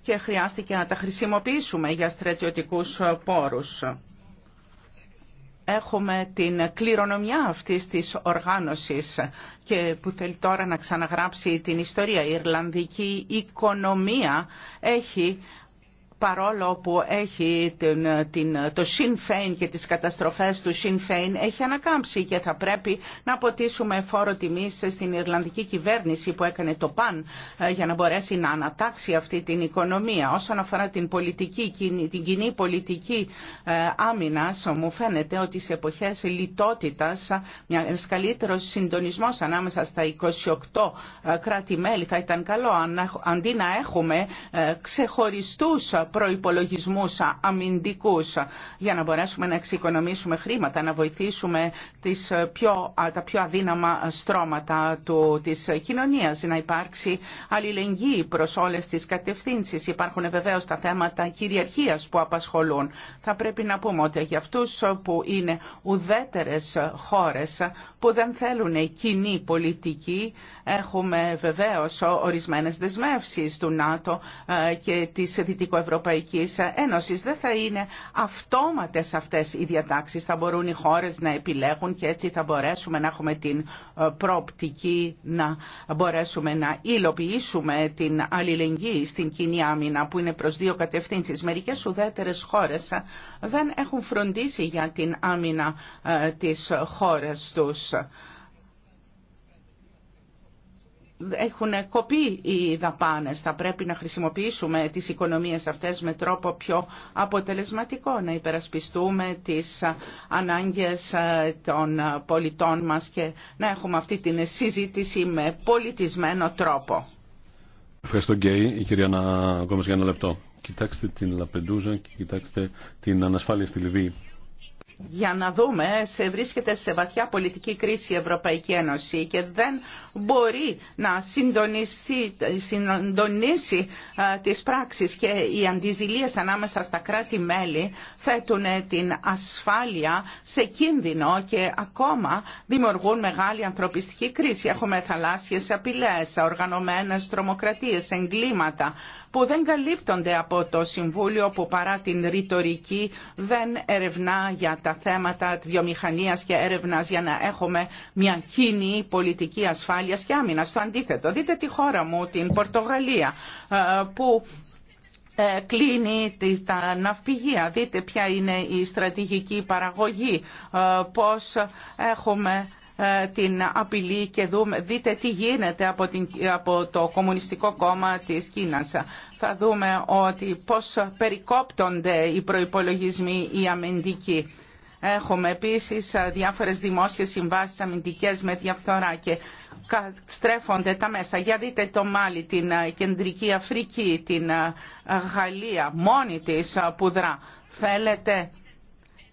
και χρειάστηκε να τα χρησιμοποιήσουμε για στρατιωτικούς πόρους έχουμε την κληρονομιά αυτής της οργάνωσης και που θέλει τώρα να ξαναγράψει την ιστορία. Η Ιρλανδική οικονομία έχει παρόλο που έχει την, την, το Sinn Féin και τις καταστροφές του Sinn Féin έχει ανακάμψει και θα πρέπει να αποτίσουμε φόρο τιμής στην Ιρλανδική κυβέρνηση που έκανε το παν ε, για να μπορέσει να ανατάξει αυτή την οικονομία. Όσον αφορά την, πολιτική, την κοινή πολιτική ε, Άμυνα, μου φαίνεται ότι σε εποχές λιτότητας μια καλύτερος συντονισμός ανάμεσα στα 28 ε, κράτη-μέλη θα ήταν καλό αντί να έχουμε ξεχωριστούς προϋπολογισμούς αμυντικούς για να μπορέσουμε να εξοικονομήσουμε χρήματα, να βοηθήσουμε τις πιο, τα πιο αδύναμα στρώματα του, της κοινωνίας, να υπάρξει αλληλεγγύη προς όλες τις κατευθύνσεις. Υπάρχουν βεβαίω τα θέματα κυριαρχίας που απασχολούν. Θα πρέπει να πούμε ότι για αυτούς που είναι ουδέτερες χώρες που δεν θέλουν κοινή πολιτική έχουμε βεβαίω ορισμένες δεσμεύσεις του ΝΑΤΟ ε, και της Δυτικοευρωπαϊκής Ευρωπαϊκής Ένωσης. Δεν θα είναι αυτόματες αυτές οι διατάξεις. Θα μπορούν οι χώρες να επιλέγουν και έτσι θα μπορέσουμε να έχουμε την ε, πρόπτικη να μπορέσουμε να υλοποιήσουμε την αλληλεγγύη στην κοινή άμυνα που είναι προς δύο κατευθύνσεις. Μερικές ουδέτερες χώρες ε, δεν έχουν φροντίσει για την άμυνα ε, της χώρας τους έχουν κοπεί οι δαπάνες. Θα πρέπει να χρησιμοποιήσουμε τις οικονομίες αυτές με τρόπο πιο αποτελεσματικό, να υπερασπιστούμε τις ανάγκες ε, των πολιτών μας και να έχουμε αυτή την συζήτηση με πολιτισμένο τρόπο. Ευχαριστώ Γκέι. Η κυρία Ναγκόμες για ένα λεπτό. Κοιτάξτε την Λαπεντούζα και κοιτάξτε την ανασφάλεια στη Λιβύη για να δούμε, σε, βρίσκεται σε βαθιά πολιτική κρίση η Ευρωπαϊκή Ένωση και δεν μπορεί να συντονίσει, συντονίσει τις πράξεις και οι αντιζηλίες ανάμεσα στα κράτη-μέλη θέτουν την ασφάλεια σε κίνδυνο και ακόμα δημιουργούν μεγάλη ανθρωπιστική κρίση. Έχουμε θαλάσσιες απειλές, οργανωμένες τρομοκρατίες, εγκλήματα, που δεν καλύπτονται από το Συμβούλιο που παρά την ρητορική δεν ερευνά για τα θέματα βιομηχανίας και έρευνας για να έχουμε μια κοινή πολιτική ασφάλειας και άμυνας. Στο αντίθετο, δείτε τη χώρα μου, την Πορτογαλία, ε, που ε, κλείνει τα ναυπηγεία. Δείτε ποια είναι η στρατηγική παραγωγή, ε, πώς έχουμε ε, την απειλή και δούμε, δείτε τι γίνεται από, το Κομμουνιστικό Κόμμα της Κίνας. Θα δούμε ότι πώς περικόπτονται οι προϋπολογισμοί οι αμυντικοί. Έχουμε επίσης διάφορες δημόσιες συμβάσεις αμυντικές με διαφθορά και στρέφονται τα μέσα. Για δείτε το Μάλι, την ε, Κεντρική Αφρική, την ε, Γαλλία, μόνη της που δρά. Θέλετε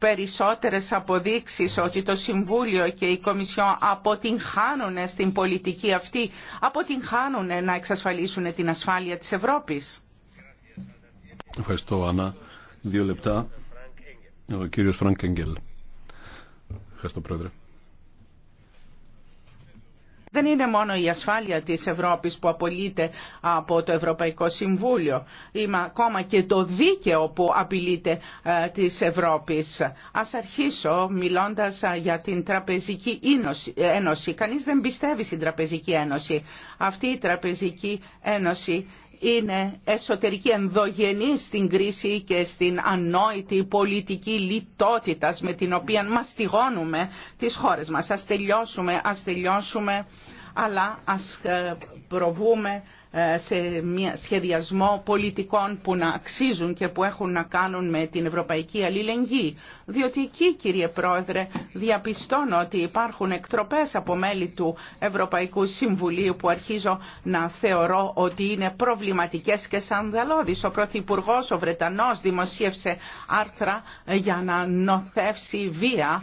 περισσότερες αποδείξεις ότι το Συμβούλιο και η Κομισιόν αποτυγχάνουν στην πολιτική αυτή, αποτυγχάνουν να εξασφαλίσουν την ασφάλεια της Ευρώπης. Ευχαριστώ, Άννα. Δύο λεπτά. Ο κύριος Φρανκ Εγγέλ. Ευχαριστώ, Πρόεδρε. Δεν είναι μόνο η ασφάλεια της Ευρώπης που απολύεται από το Ευρωπαϊκό Συμβούλιο. Είμαι ακόμα και το δίκαιο που απειλείται ε, της Ευρώπης. Ας αρχίσω μιλώντας ε, για την Τραπεζική ε, Ένωση. Κανείς δεν πιστεύει στην Τραπεζική Ένωση. Αυτή η Τραπεζική Ένωση είναι εσωτερική ενδογενή στην κρίση και στην ανόητη πολιτική λιτότητα με την οποία μαστιγώνουμε τις χώρες μας. Ας τελειώσουμε, ας τελειώσουμε, αλλά ας ε, προβούμε ε, σε μια σχεδιασμό πολιτικών που να αξίζουν και που έχουν να κάνουν με την ευρωπαϊκή αλληλεγγύη. Διότι εκεί, κύριε Πρόεδρε, διαπιστώνω ότι υπάρχουν εκτροπές από μέλη του Ευρωπαϊκού Συμβουλίου που αρχίζω να θεωρώ ότι είναι προβληματικές και σαν σανδαλώδεις. Ο Πρωθυπουργό, ο Βρετανός, δημοσίευσε άρθρα για να νοθεύσει βία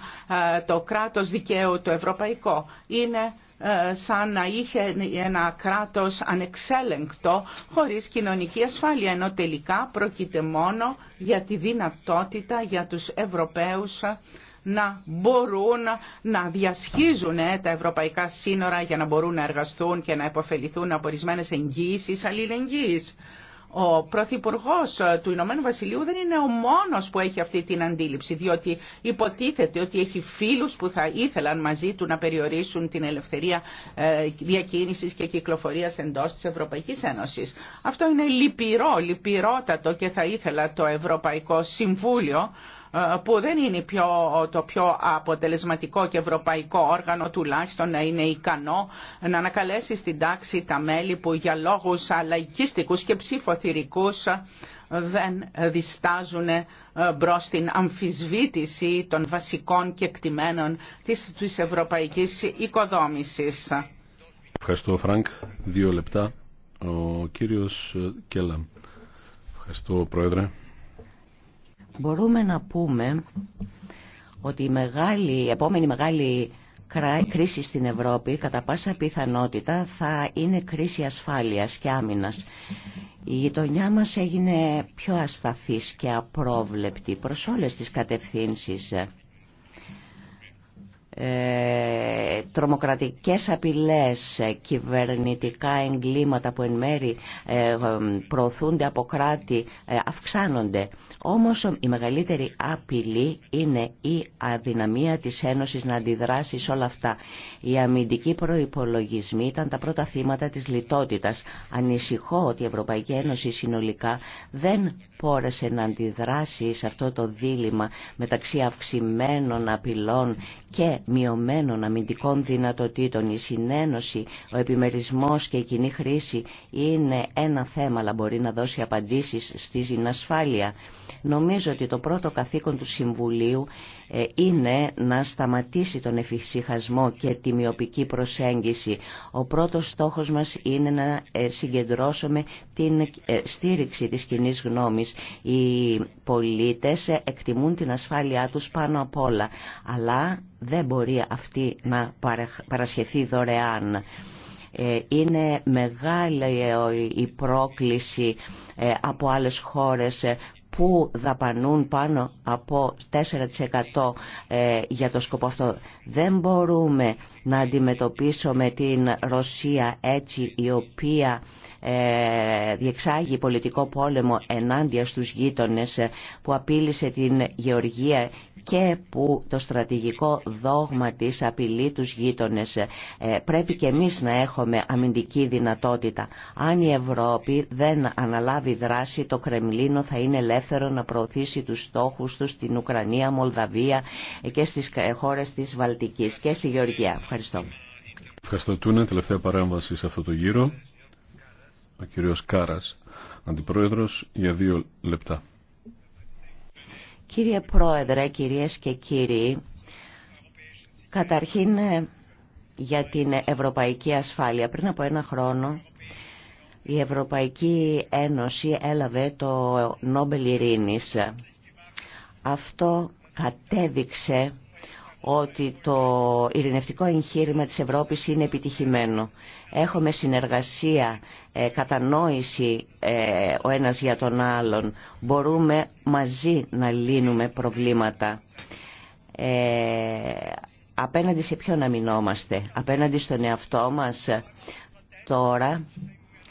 ε, το κράτος δικαίου το ευρωπαϊκό. Είναι ε, σαν να είχε ένα κράτος ανεξέλεγκτο χωρίς κοινωνική ασφάλεια ενώ τελικά πρόκειται μόνο για τη δυνατότητα για τους Ευρωπαίους να μπορούν να διασχίζουν ε, τα ευρωπαϊκά σύνορα για να μπορούν να εργαστούν και να υποφεληθούν από ορισμένε εγγύησει αλληλεγγύης. Ο Πρωθυπουργό του Ηνωμένου Βασιλείου δεν είναι ο μόνος που έχει αυτή την αντίληψη, διότι υποτίθεται ότι έχει φίλους που θα ήθελαν μαζί του να περιορίσουν την ελευθερία ε, διακίνησης και κυκλοφορίας εντός της Ευρωπαϊκής Ένωσης. Αυτό είναι λυπηρό, λυπηρότατο και θα ήθελα το Ευρωπαϊκό Συμβούλιο ε, που δεν είναι πιο, το πιο αποτελεσματικό και ευρωπαϊκό όργανο τουλάχιστον να είναι ικανό να ανακαλέσει στην τάξη τα μέλη που για λόγους λαϊκίστικους και ψηφοθυρικούς δεν διστάζουν ε, μπρος στην αμφισβήτηση των βασικών και κτημένων της, της ευρωπαϊκής οικοδόμησης. Ευχαριστώ Φρανκ. Δύο λεπτά. Ο κύριος ε, Κέλλα. Ευχαριστώ Πρόεδρε μπορούμε να πούμε ότι η, μεγάλη, επόμενη μεγάλη κρίση στην Ευρώπη κατά πάσα πιθανότητα θα είναι κρίση ασφάλειας και άμυνας. Η γειτονιά μας έγινε πιο ασταθής και απρόβλεπτη προς όλες τις κατευθύνσεις ε, τρομοκρατικές απειλές, ε, κυβερνητικά εγκλήματα που εν μέρη ε, προωθούνται από κράτη ε, αυξάνονται. Όμως η μεγαλύτερη απειλή είναι η αδυναμία της Ένωσης να αντιδράσει σε όλα αυτά. Οι αμυντικοί προϋπολογισμοί ήταν τα πρώτα θύματα της λιτότητας. Ανησυχώ ότι η Ευρωπαϊκή Ένωση συνολικά δεν πόρεσε να αντιδράσει σε αυτό το δίλημα μεταξύ αυξημένων απειλών και μειωμένων αμυντικών δυνατοτήτων. Η συνένωση, ο επιμερισμός και η κοινή χρήση είναι ένα θέμα, αλλά μπορεί να δώσει απαντήσεις στη συνασφάλεια. Νομίζω ότι το πρώτο καθήκον του Συμβουλίου ε, είναι να σταματήσει τον εφησυχασμό και τη μειοπική προσέγγιση. Ο πρώτος στόχος μας είναι να ε, συγκεντρώσουμε την ε, στήριξη της κοινή γνώμης. Οι πολίτες εκτιμούν την ασφάλειά τους πάνω απ' όλα, αλλά δεν μπορεί αυτή να παρασχεθεί δωρεάν. Είναι μεγάλη η πρόκληση από άλλες χώρες που δαπανούν πάνω από 4% ε, για το σκοπό αυτό. Δεν μπορούμε να αντιμετωπίσουμε την Ρωσία έτσι η οποία ε, διεξάγει πολιτικό πόλεμο ενάντια στους γείτονες ε, που απείλησε την Γεωργία και που το στρατηγικό δόγμα της απειλεί τους γείτονες. Ε, πρέπει και εμείς να έχουμε αμυντική δυνατότητα. Αν η Ευρώπη δεν αναλάβει δράση, το Κρεμλίνο θα είναι ελεύθερο να προωθήσει τους στόχους του στην Ουκρανία, Μολδαβία και στις χώρες της Βαλτικής και στη Γεωργία. Ευχαριστώ. Ευχαριστώ Τούνε, τελευταία παρέμβαση σε αυτό το γύρο ο κύριος Κάρας, αντιπρόεδρος, για δύο λεπτά. Κύριε Πρόεδρε, κυρίες και κύριοι, καταρχήν ε, για την ευρωπαϊκή ασφάλεια. Πριν από ένα χρόνο η Ευρωπαϊκή Ένωση έλαβε το Νόμπελ Ειρήνης. Αυτό κατέδειξε ότι το ειρηνευτικό εγχείρημα της Ευρώπης είναι επιτυχημένο. Έχουμε συνεργασία, ε, κατανόηση ε, ο ένας για τον άλλον. Μπορούμε μαζί να λύνουμε προβλήματα. Ε, απέναντι σε ποιον αμυνόμαστε. Απέναντι στον εαυτό μας. Τώρα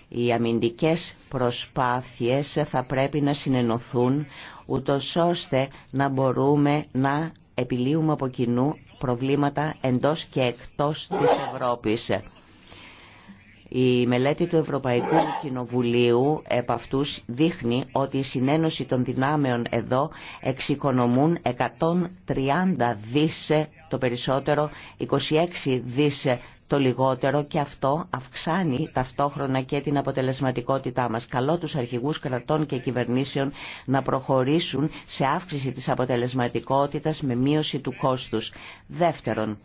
οι αμυντικές προσπάθειες θα πρέπει να συνενωθούν ούτως ώστε να μπορούμε να επιλύουμε από κοινού προβλήματα εντός και εκτός της Ευρώπης. Η μελέτη του Ευρωπαϊκού Κοινοβουλίου επ' αυτούς δείχνει ότι η συνένωση των δυνάμεων εδώ εξοικονομούν 130 δίσε το περισσότερο, 26 δίσε το λιγότερο και αυτό αυξάνει ταυτόχρονα και την αποτελεσματικότητά μας. Καλό τους αρχηγούς κρατών και κυβερνήσεων να προχωρήσουν σε αύξηση της αποτελεσματικότητας με μείωση του κόστους. Δεύτερον,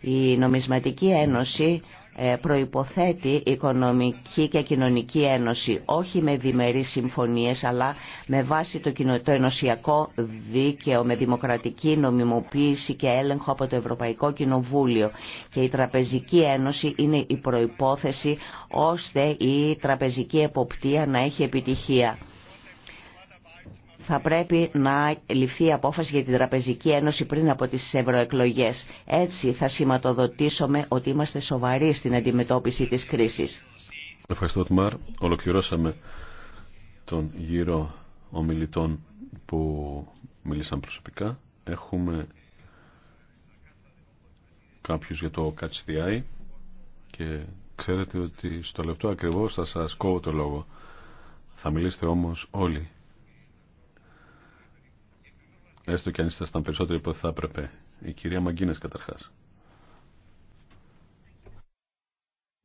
η Νομισματική Ένωση ε, προϋποθέτει οικονομική και κοινωνική ένωση, όχι με διμερείς συμφωνίες, αλλά με βάση το, το ενωσιακό δίκαιο, με δημοκρατική νομιμοποίηση και έλεγχο από το Ευρωπαϊκό Κοινοβούλιο. Και η Τραπεζική Ένωση είναι η προϋπόθεση ώστε η τραπεζική εποπτεία να έχει επιτυχία θα πρέπει να ληφθεί η απόφαση για την Τραπεζική Ένωση πριν από τις ευρωεκλογέ. Έτσι θα σηματοδοτήσουμε ότι είμαστε σοβαροί στην αντιμετώπιση της κρίσης. Ευχαριστώ, Τμάρ. Ολοκληρώσαμε τον γύρο ομιλητών που μίλησαν προσωπικά. Έχουμε κάποιους για το Catch και ξέρετε ότι στο λεπτό ακριβώς θα σας κόβω το λόγο. Θα μιλήσετε όμως όλοι Έστω και αν ήσασταν περισσότεροι από θα έπρεπε. Η κυρία Μαγκίνες καταρχάς.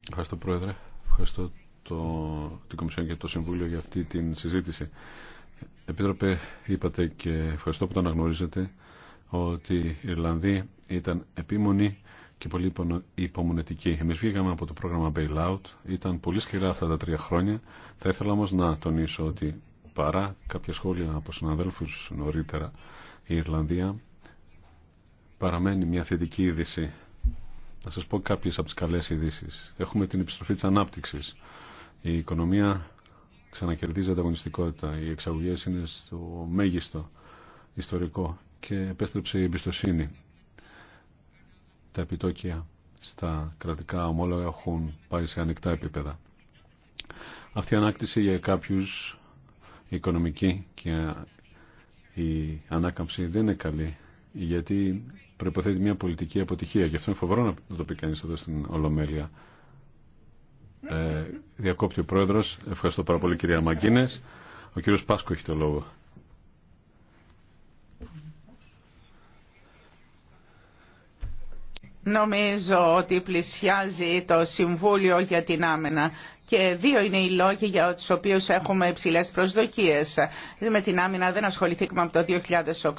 Ευχαριστώ Πρόεδρε. Ευχαριστώ το, την Κομισιόν και το Συμβούλιο για αυτή την συζήτηση. Επίτροπε, είπατε και ευχαριστώ που το αναγνωρίζετε ότι οι Ιρλανδοί ήταν επίμονοι και πολύ υπομονετικοί. Εμεί βγήκαμε από το πρόγραμμα Bailout, ήταν πολύ σκληρά αυτά τα τρία χρόνια. Θα ήθελα όμω να τονίσω ότι παρά κάποια σχόλια από συναδέλφου νωρίτερα, η Ιρλανδία παραμένει μια θετική είδηση. Να σας πω κάποιες από τις καλές ειδήσει. Έχουμε την επιστροφή της ανάπτυξης. Η οικονομία ξανακερδίζει ανταγωνιστικότητα. Οι εξαγωγές είναι στο μέγιστο ιστορικό και επέστρεψε η εμπιστοσύνη. Τα επιτόκια στα κρατικά ομόλογα έχουν πάει σε ανοιχτά επίπεδα. Αυτή η ανάκτηση για κάποιους οικονομική και η ανάκαμψη δεν είναι καλή γιατί προποθέτει μια πολιτική αποτυχία. Γι' αυτό είναι φοβερό να το πει κανεί εδώ στην Ολομέλεια. Ε, διακόπτει ο Πρόεδρος. Ευχαριστώ πάρα πολύ κυρία Μαγκίνε. Ο κύριο Πάσκο έχει το λόγο. Νομίζω ότι πλησιάζει το Συμβούλιο για την Άμενα και δύο είναι οι λόγοι για του οποίου έχουμε υψηλέ προσδοκίε. Με την άμυνα δεν ασχοληθήκαμε από το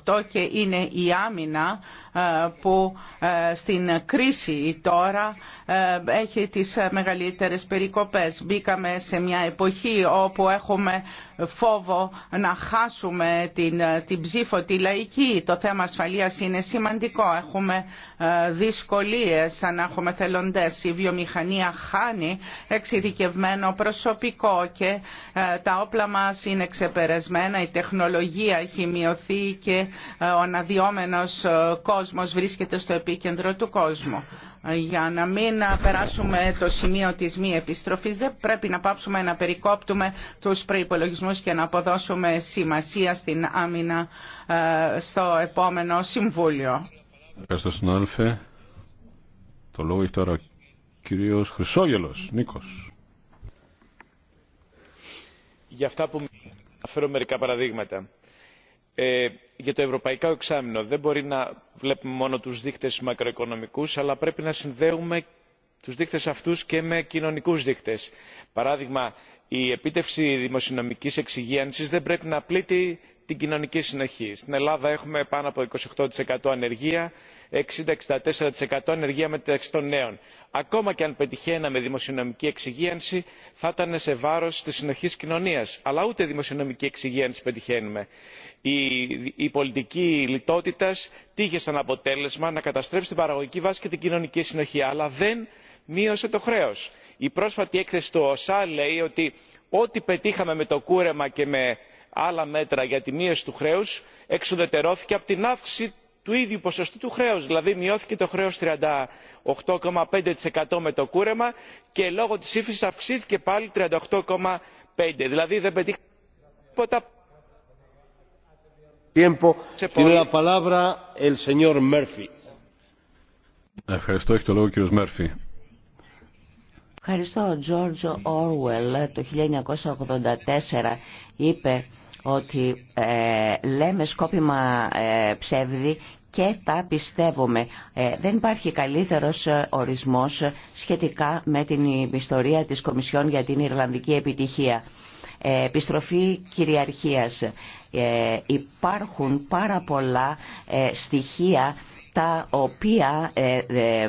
2008 και είναι η άμυνα ε, που ε, στην κρίση τώρα ε, έχει τις μεγαλύτερες περικοπές. Μπήκαμε σε μια εποχή όπου έχουμε φόβο να χάσουμε την, την ψήφο τη λαϊκή. Το θέμα ασφαλείας είναι σημαντικό. Έχουμε δυσκολίες αν έχουμε θελοντές. Η βιομηχανία χάνει εξειδικευμένο προσωπικό και τα όπλα μας είναι ξεπερασμένα. Η τεχνολογία έχει μειωθεί και ο αναδιόμενος κόσμος κόσμος βρίσκεται στο επίκεντρο του κόσμου. Για να μην περάσουμε το σημείο της μη επιστροφής δεν πρέπει να πάψουμε να περικόπτουμε τους προϋπολογισμούς και να αποδώσουμε σημασία στην άμυνα ε, στο επόμενο Συμβούλιο. Ευχαριστώ Το λόγο έχει τώρα ο κύριος Χρυσόγελος, Νίκος. Για αυτά που αναφέρω μερικά παραδείγματα ε, για το ευρωπαϊκό εξάμεινο δεν μπορεί να βλέπουμε μόνο τους δείκτες μακροοικονομικούς αλλά πρέπει να συνδέουμε τους δείκτες αυτούς και με κοινωνικούς δείκτες. παράδειγμα η επίτευξη δημοσιονομικής εξυγίανσης δεν πρέπει να πλήττει την κοινωνική συνοχή. στην ελλάδα έχουμε πάνω από 28% ανεργία 60 64% ανεργία μεταξύ των νέων. ακόμα και αν πετυχαίναμε δημοσιονομική εξυγίανση θα ήταν σε βάρος της συνοχής κοινωνίας αλλά ούτε δημοσιονομική εξυγίανση πετυχαίνουμε η πολιτική λιτότητα είχε σαν αποτέλεσμα να καταστρέψει την παραγωγική βάση και την κοινωνική συνοχή αλλά δεν μείωσε το χρέο. η πρόσφατη έκθεση του οσα λέει ότι ό,τι πετύχαμε με το κούρεμα και με άλλα μέτρα για τη μείωση του χρέου, εξουδετερώθηκε από την αύξηση του ίδιου ποσοστού του χρέους δηλαδή μειώθηκε το χρέος 38,5% με το κούρεμα και λόγω τη ύφεση αυξήθηκε πάλι 38,5% δηλαδή δεν πετύχαμε τίποτα tiempo. Tiene la palabra el señor Murphy. Ευχαριστώ. Έχει το λόγο ο κύριος Ευχαριστώ. Ο Όρουελ το 1984 είπε ότι ε, λέμε σκόπιμα ε, ψεύδι και τα πιστεύουμε. Ε, δεν υπάρχει καλύτερος ε, ορισμός σχετικά με την ιστορία της Κομισιόν για την Ιρλανδική επιτυχία. Ε, επιστροφή κυριαρχίας. Ε, υπάρχουν πάρα πολλά ε, στοιχεία τα οποία ε, ε, ε,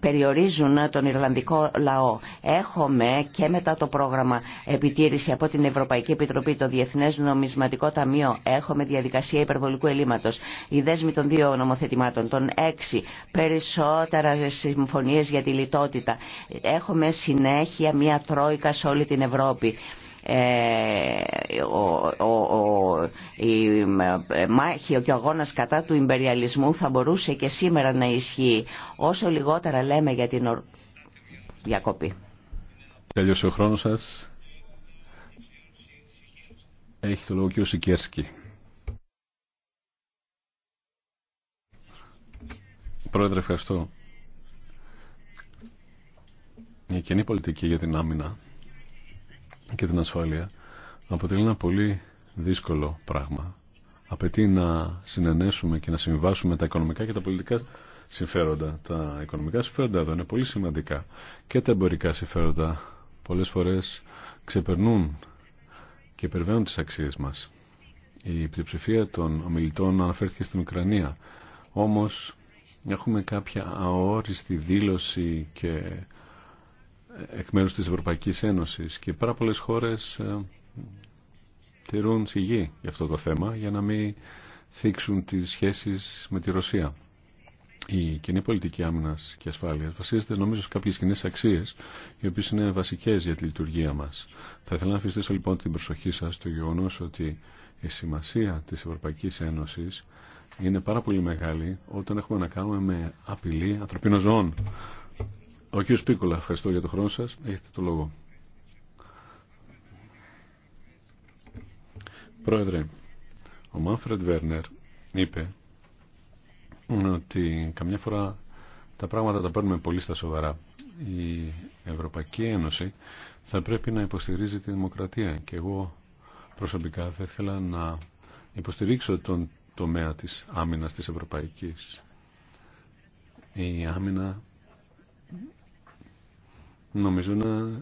περιορίζουν τον Ιρλανδικό λαό. Έχουμε και μετά το πρόγραμμα επιτήρηση από την Ευρωπαϊκή Επιτροπή, το Διεθνές Νομισματικό Ταμείο, έχουμε διαδικασία υπερβολικού ελλείμματος, οι δέσμοι των δύο νομοθετημάτων, των έξι, περισσότερα συμφωνίες για τη λιτότητα. Έχουμε συνέχεια μια τρόικα σε όλη την Ευρώπη. Ε, η μάχη και ο αγώνας κατά του ιμπεριαλισμού θα μπορούσε και σήμερα να ισχύει. Όσο λιγότερα λέμε για την ορ... διακοπή. Τελειώσε ο χρόνος σας. Έχει το λόγο και ο Σικέρσκι. Πρόεδρε, ευχαριστώ. Η κοινή πολιτική για την άμυνα και την ασφάλεια αποτελεί ένα πολύ δύσκολο πράγμα. Απαιτεί να συνενέσουμε και να συμβάσουμε τα οικονομικά και τα πολιτικά συμφέροντα. Τα οικονομικά συμφέροντα εδώ είναι πολύ σημαντικά και τα εμπορικά συμφέροντα πολλές φορές ξεπερνούν και υπερβαίνουν τις αξίες μας. Η πλειοψηφία των ομιλητών αναφέρθηκε στην Ουκρανία. Όμως έχουμε κάποια αόριστη δήλωση και εκ μέρους της Ευρωπαϊκής Ένωσης και πάρα πολλές χώρες ε, τηρούν σιγή για αυτό το θέμα για να μην θίξουν τις σχέσεις με τη Ρωσία. Η κοινή πολιτική άμυνας και ασφάλειας βασίζεται νομίζω σε κάποιες κοινές αξίες οι οποίες είναι βασικές για τη λειτουργία μας. Θα ήθελα να αφιστήσω λοιπόν την προσοχή σας στο γεγονό ότι η σημασία της Ευρωπαϊκής Ένωσης είναι πάρα πολύ μεγάλη όταν έχουμε να κάνουμε με απειλή ανθρωπίνων ζώων. Ο κύριος Πίκουλα, ευχαριστώ για τον χρόνο σας. Έχετε το λόγο. Πρόεδρε, ο Μάνφρεντ Βέρνερ είπε ότι καμιά φορά τα πράγματα τα παίρνουμε πολύ στα σοβαρά. Η Ευρωπαϊκή Ένωση θα πρέπει να υποστηρίζει τη δημοκρατία και εγώ προσωπικά θα ήθελα να υποστηρίξω τον τομέα της άμυνας της Ευρωπαϊκής. Η άμυνα νομίζω είναι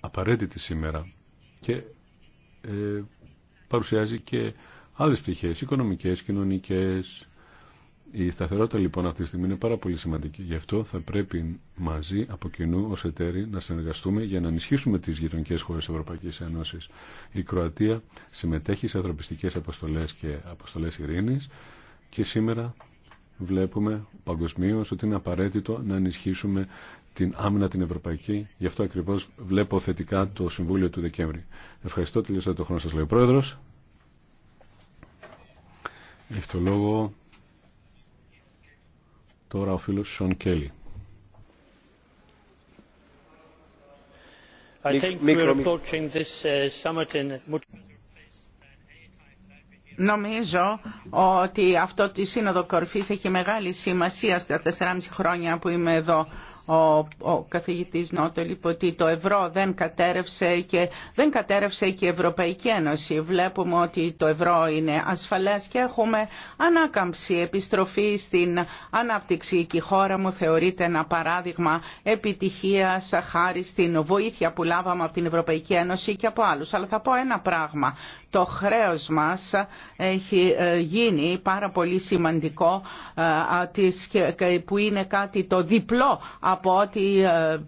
απαραίτητη σήμερα και ε, παρουσιάζει και άλλες πτυχές, οικονομικές, κοινωνικές. Η σταθερότητα λοιπόν αυτή τη στιγμή είναι πάρα πολύ σημαντική. Γι' αυτό θα πρέπει μαζί από κοινού ως εταίροι να συνεργαστούμε για να ενισχύσουμε τις γειτονικές χώρες της Ευρωπαϊκής Ένωσης. Η Κροατία συμμετέχει σε ανθρωπιστικές αποστολές και αποστολές ειρήνης και σήμερα βλέπουμε παγκοσμίω ότι είναι απαραίτητο να ενισχύσουμε την άμυνα την ευρωπαϊκή. Γι' αυτό ακριβώ βλέπω θετικά το Συμβούλιο του Δεκέμβρη. Ευχαριστώ. Τελειώσατε το χρόνο σα, λέει ο Πρόεδρο. Έχει το λόγο τώρα ο φίλος Σον Κέλλη. Uh, Νομίζω ότι αυτό τη σύνοδο κορφής έχει μεγάλη σημασία στα 4,5 χρόνια που είμαι εδώ ο, ο καθηγητής Νότολ είπε ότι το ευρώ δεν κατέρευσε και δεν κατέρευσε και η Ευρωπαϊκή Ένωση. Βλέπουμε ότι το ευρώ είναι ασφαλές και έχουμε ανάκαμψη, επιστροφή στην ανάπτυξη και η χώρα μου θεωρείται ένα παράδειγμα επιτυχίας χάρη στην βοήθεια που λάβαμε από την Ευρωπαϊκή Ένωση και από άλλους. Αλλά θα πω ένα πράγμα το χρέος μας έχει ε, γίνει πάρα πολύ σημαντικό ε, που είναι κάτι το διπλό από ό,τι ε,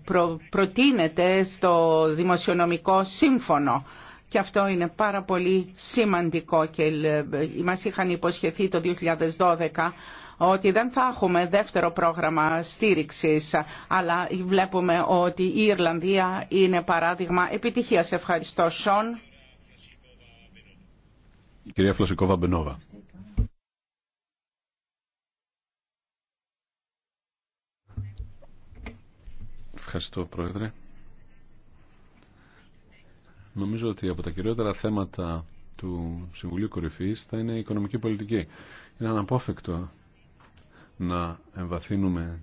προτείνεται στο Δημοσιονομικό Σύμφωνο. Και αυτό είναι πάρα πολύ σημαντικό και μας είχαν υποσχεθεί το 2012 ότι δεν θα έχουμε δεύτερο πρόγραμμα στήριξης, αλλά βλέπουμε ότι η Ιρλανδία είναι παράδειγμα επιτυχίας. Ευχαριστώ, Σον. Η κυρία Φλασικόβα Μπενόβα. Ευχαριστώ, Πρόεδρε. Νομίζω ότι από τα κυριότερα θέματα του Συμβουλίου Κορυφής θα είναι η οικονομική πολιτική. Είναι αναπόφευκτο να εμβαθύνουμε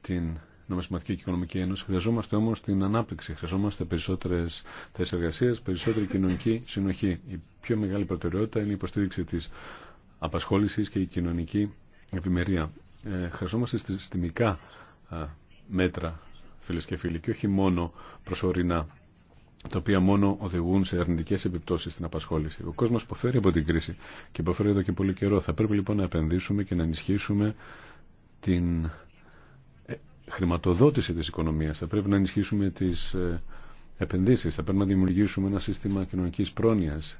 την νομισματική και οικονομική ένωση. Χρειαζόμαστε όμω την ανάπτυξη. Χρειαζόμαστε περισσότερε θέσει εργασία, περισσότερη κοινωνική συνοχή. Η πιο μεγάλη προτεραιότητα είναι η υποστήριξη τη απασχόληση και η κοινωνική ευημερία. Ε, χρειαζόμαστε συστημικά μέτρα, φίλε και φίλοι, και όχι μόνο προσωρινά τα οποία μόνο οδηγούν σε αρνητικέ επιπτώσει στην απασχόληση. Ο κόσμο υποφέρει από την κρίση και υποφέρει εδώ και πολύ καιρό. Θα πρέπει λοιπόν να επενδύσουμε και να ενισχύσουμε την χρηματοδότηση της οικονομίας. Θα πρέπει να ενισχύσουμε τις ε, επενδύσεις. Θα πρέπει να δημιουργήσουμε ένα σύστημα κοινωνικής πρόνοιας,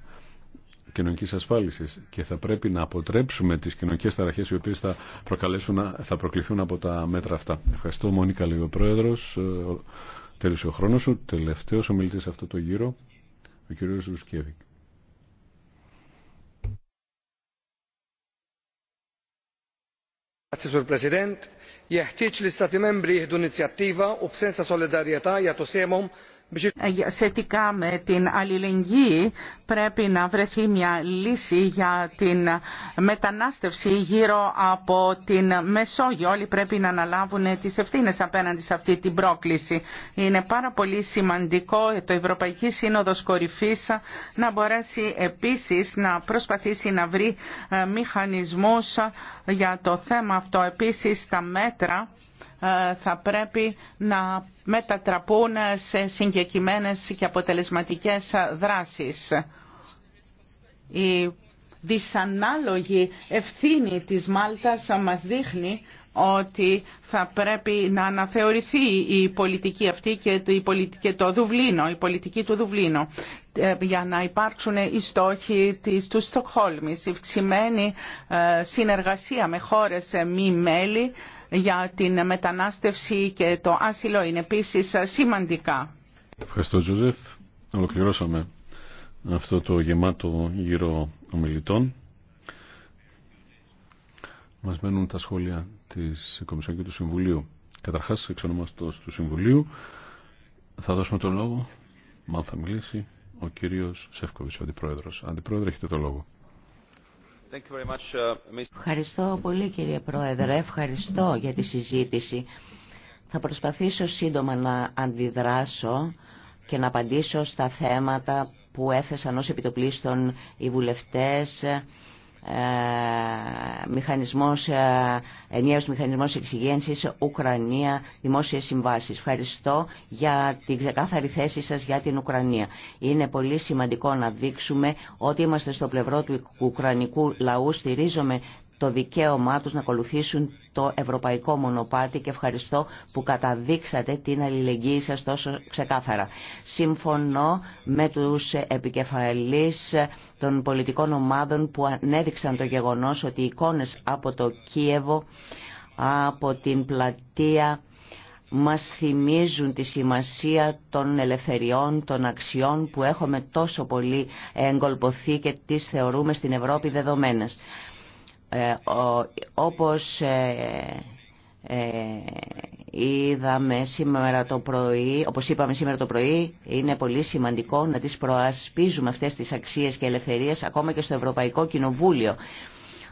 κοινωνικής ασφάλισης και θα πρέπει να αποτρέψουμε τις κοινωνικές ταραχές οι οποίες θα, προκαλέσουν, θα προκληθούν από τα μέτρα αυτά. Ευχαριστώ Μονίκα Λίγο Πρόεδρος. Ε, τέλειωσε ο χρόνος σου. Τελευταίος ομιλητής σε αυτό το γύρο, ο κ. Ρουσκέβικ. President, jeħtieġ li l istati membri jieħdu inizjattiva u b'sens ta' solidarjetà jagħtu sehemhom ε, σετικά με την αλληλεγγύη πρέπει να βρεθεί μια λύση για την μετανάστευση γύρω από την Μεσόγειο. Όλοι πρέπει να αναλάβουν τις ευθύνες απέναντι σε αυτή την πρόκληση. Είναι πάρα πολύ σημαντικό το Ευρωπαϊκή Σύνοδος Κορυφής να μπορέσει επίσης να προσπαθήσει να βρει ε, μηχανισμούς για το θέμα αυτό. Επίσης τα μέτρα ε, θα πρέπει να μετατραπούν σε συγκεκριμένες και αποτελεσματικές δράσεις. Η δυσανάλογη ευθύνη της Μάλτας μας δείχνει ότι θα πρέπει να αναθεωρηθεί η πολιτική αυτή και το Δουβλίνο, η πολιτική του Δουβλίνου ε, για να υπάρξουν οι στόχοι της, του Στοκχόλμης, η ε, συνεργασία με χώρες μη μέλη για την μετανάστευση και το άσυλο είναι επίση σημαντικά. Ευχαριστώ Τζοζεφ. Ολοκληρώσαμε αυτό το γεμάτο γύρο ομιλητών. Μας μένουν τα σχόλια της Κομισιόν και του Συμβουλίου. Καταρχάς, εξ ονομαστός του Συμβουλίου, θα δώσουμε τον λόγο, μάλλον θα μιλήσει, ο κύριος Σεύκοβης, ο Αντιπρόεδρο Αντιπρόεδρε, έχετε το λόγο. Uh, ευχαριστώ πολύ κύριε Πρόεδρε, ευχαριστώ για τη συζήτηση. Θα προσπαθήσω σύντομα να αντιδράσω και να απαντήσω στα θέματα που έθεσαν ως επιτοπλίστων οι βουλευτές, ε, μηχανισμός, ε, ενιαίος μηχανισμός εξυγένσης Ουκρανία δημόσιες συμβάσεις. Ευχαριστώ για την ξεκάθαρη θέση σας για την Ουκρανία. Είναι πολύ σημαντικό να δείξουμε ότι είμαστε στο πλευρό του Ουκρανικού λαού, στηρίζουμε το δικαίωμά τους να ακολουθήσουν το ευρωπαϊκό μονοπάτι και ευχαριστώ που καταδείξατε την αλληλεγγύη σας τόσο ξεκάθαρα. Συμφωνώ με τους επικεφαλής των πολιτικών ομάδων που ανέδειξαν το γεγονός ότι οι εικόνες από το Κίεβο, από την πλατεία μας θυμίζουν τη σημασία των ελευθεριών, των αξιών που έχουμε τόσο πολύ εγκολποθεί και τις θεωρούμε στην Ευρώπη δεδομένες. Ε, όπως ε, ε, είδαμε σήμερα το πρωί, όπως είπαμε σήμερα το πρωί, είναι πολύ σημαντικό να τις προασπίζουμε αυτές τις αξίες και ελευθερίες ακόμα και στο Ευρωπαϊκό Κοινοβούλιο.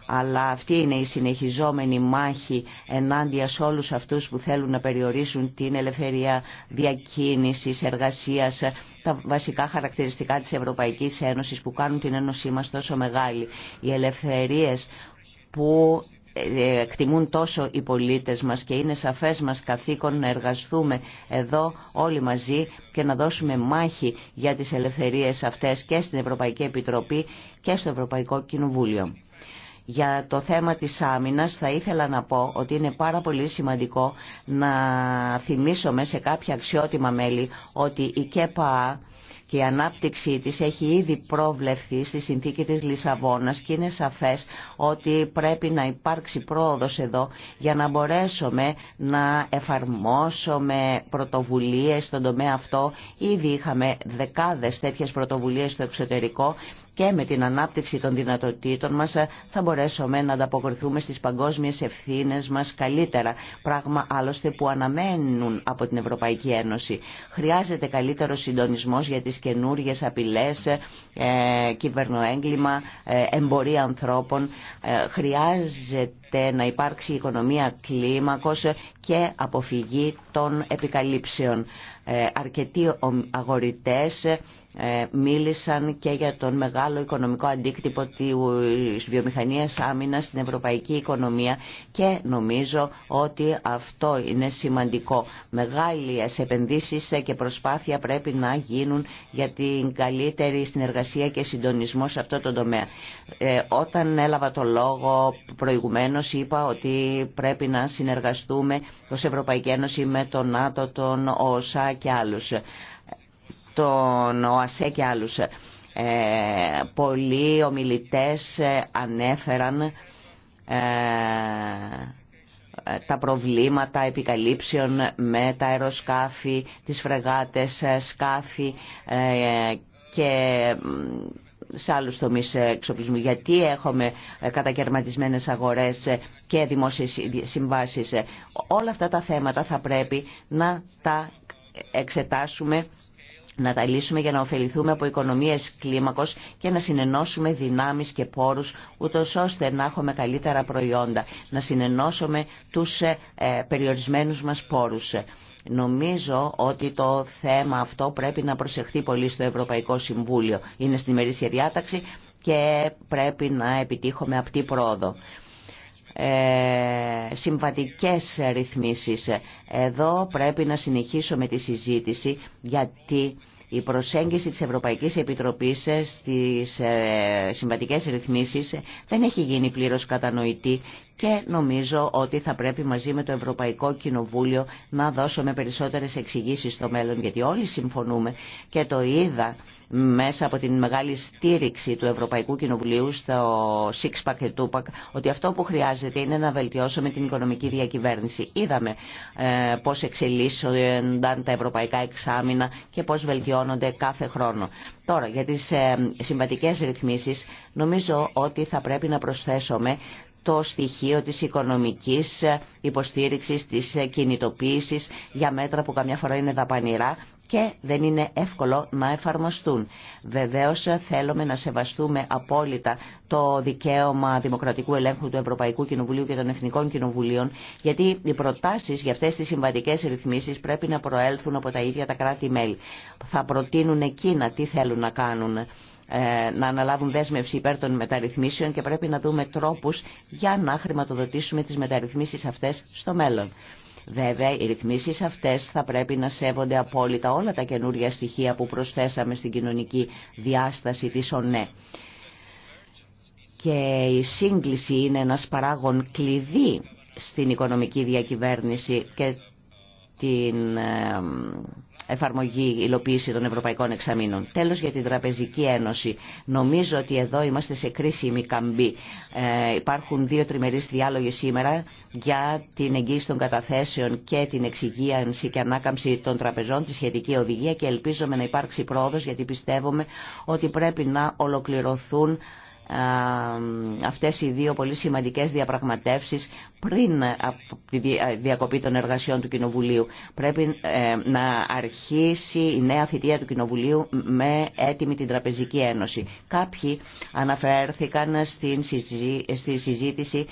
Αλλά αυτή είναι η συνεχιζόμενη μάχη ενάντια σε όλους αυτούς που θέλουν να περιορίσουν την ελευθερία διακίνησης, εργασίας, τα βασικά χαρακτηριστικά της Ευρωπαϊκής Ένωσης που κάνουν την Ένωσή μας τόσο μεγάλη. Οι ελευθερίες που ε, εκτιμούν τόσο οι πολίτες μας και είναι σαφές μας καθήκον να εργαστούμε εδώ όλοι μαζί και να δώσουμε μάχη για τις ελευθερίες αυτές και στην Ευρωπαϊκή Επιτροπή και στο Ευρωπαϊκό Κοινοβούλιο. Για το θέμα της άμυνας θα ήθελα να πω ότι είναι πάρα πολύ σημαντικό να θυμίσουμε σε κάποια αξιότιμα μέλη ότι η ΚΕΠΑ και η ανάπτυξή της έχει ήδη προβλεφθεί στη συνθήκη της Λισαβόνας και είναι σαφές ότι πρέπει να υπάρξει πρόοδος εδώ για να μπορέσουμε να εφαρμόσουμε πρωτοβουλίες στον τομέα αυτό. Ήδη είχαμε δεκάδες τέτοιες πρωτοβουλίες στο εξωτερικό και με την ανάπτυξη των δυνατοτήτων μας ε, θα μπορέσουμε να ανταποκριθούμε στις παγκόσμιες ευθύνες μας καλύτερα, πράγμα άλλωστε που αναμένουν από την Ευρωπαϊκή Ένωση. Χρειάζεται καλύτερο συντονισμός για τις καινούργιες απειλές, ε, ε κυβερνοέγκλημα, ε, εμπορία ανθρώπων. Ε, χρειάζεται να υπάρξει οικονομία κλίμακος και αποφυγή των επικαλύψεων. αρκετοί αγορητές ε, μίλησαν και για τον μεγάλο οικονομικό αντίκτυπο της βιομηχανίας άμυνας στην ευρωπαϊκή οικονομία και νομίζω ότι αυτό είναι σημαντικό. Μεγάλες επενδύσεις και προσπάθεια πρέπει να γίνουν για την καλύτερη συνεργασία και συντονισμό σε αυτό το τομέα. Ε, όταν έλαβα το λόγο προηγουμένως είπα ότι πρέπει να συνεργαστούμε ως Ευρωπαϊκή Ένωση με τον ΝΑΤΟ, τον ΟΣΑ και άλλους τον ΟΑΣΕ και άλλους. Ε, πολλοί ομιλητές ε, ανέφεραν ε, τα προβλήματα επικαλύψεων με τα αεροσκάφη, τις φρεγάτες σκάφη και σε άλλους τομείς εξοπλισμού. Γιατί έχουμε κατακαιρματισμένες αγορές και δημόσιες συμβάσεις. Όλα αυτά τα θέματα θα πρέπει να τα εξετάσουμε να τα λύσουμε για να ωφεληθούμε από οικονομίες κλίμακος και να συνενώσουμε δυνάμεις και πόρους ούτως ώστε να έχουμε καλύτερα προϊόντα, να συνενώσουμε τους ε, ε, περιορισμένους μας πόρους. Νομίζω ότι το θέμα αυτό πρέπει να προσεχθεί πολύ στο Ευρωπαϊκό Συμβούλιο. Είναι στην ημερήσια διάταξη και πρέπει να επιτύχουμε απτή πρόοδο. Ε, συμβατικές ρυθμίσεις. Εδώ πρέπει να συνεχίσω με τη συζήτηση γιατί η προσέγγιση της Ευρωπαϊκής Επιτροπής στις ε, συμβατικές ρυθμίσεις δεν έχει γίνει πλήρως κατανοητή και νομίζω ότι θα πρέπει μαζί με το Ευρωπαϊκό Κοινοβούλιο να δώσουμε περισσότερες εξηγήσεις στο μέλλον γιατί όλοι συμφωνούμε και το είδα μέσα από την μεγάλη στήριξη του Ευρωπαϊκού Κοινοβουλίου στο six και ΤΟΥΠΑΚ ότι αυτό που χρειάζεται είναι να βελτιώσουμε την οικονομική διακυβέρνηση. Είδαμε ε, πώς εξελίσσονταν τα ευρωπαϊκά εξάμεινα και πώς βελτιώνονται κάθε χρόνο. Τώρα, για τις ε, συμβατικές ρυθμίσεις νομίζω ότι θα πρέπει να προσθέσουμε το στοιχείο της οικονομικής υποστήριξης, της κινητοποίησης για μέτρα που καμιά φορά είναι δαπανηρά και δεν είναι εύκολο να εφαρμοστούν. Βεβαίως θέλουμε να σεβαστούμε απόλυτα το δικαίωμα δημοκρατικού ελέγχου του Ευρωπαϊκού Κοινοβουλίου και των Εθνικών Κοινοβουλίων, γιατί οι προτάσεις για αυτές τις συμβατικές ρυθμίσεις πρέπει να προέλθουν από τα ίδια τα κράτη-μέλη. Θα προτείνουν εκείνα τι θέλουν να κάνουν. Ε, να αναλάβουν δέσμευση υπέρ των μεταρρυθμίσεων και πρέπει να δούμε τρόπους για να χρηματοδοτήσουμε τις μεταρρυθμίσεις αυτές στο μέλλον. Βέβαια, οι ρυθμίσεις αυτές θα πρέπει να σέβονται απόλυτα όλα τα καινούργια στοιχεία που προσθέσαμε στην κοινωνική διάσταση της ΟΝΕ. Και η σύγκληση είναι ένας παράγον κλειδί στην οικονομική διακυβέρνηση και την ε, εφαρμογή, υλοποίηση των Ευρωπαϊκών Εξαμήνων. Τέλος για την Τραπεζική Ένωση. Νομίζω ότι εδώ είμαστε σε κρίσιμη καμπή. Ε, υπάρχουν δύο τριμερείς διάλογοι σήμερα για την εγγύηση των καταθέσεων και την εξυγίανση και ανάκαμψη των τραπεζών, τη σχετική οδηγία και ελπίζομαι να υπάρξει πρόοδος γιατί πιστεύουμε ότι πρέπει να ολοκληρωθούν ε, αυτές οι δύο πολύ σημαντικές διαπραγματεύσεις πριν από τη ε, διακοπή των εργασιών του Κοινοβουλίου. Πρέπει ε, να αρχίσει η νέα θητεία του Κοινοβουλίου με έτοιμη την Τραπεζική Ένωση. Κάποιοι αναφέρθηκαν στη συζήτηση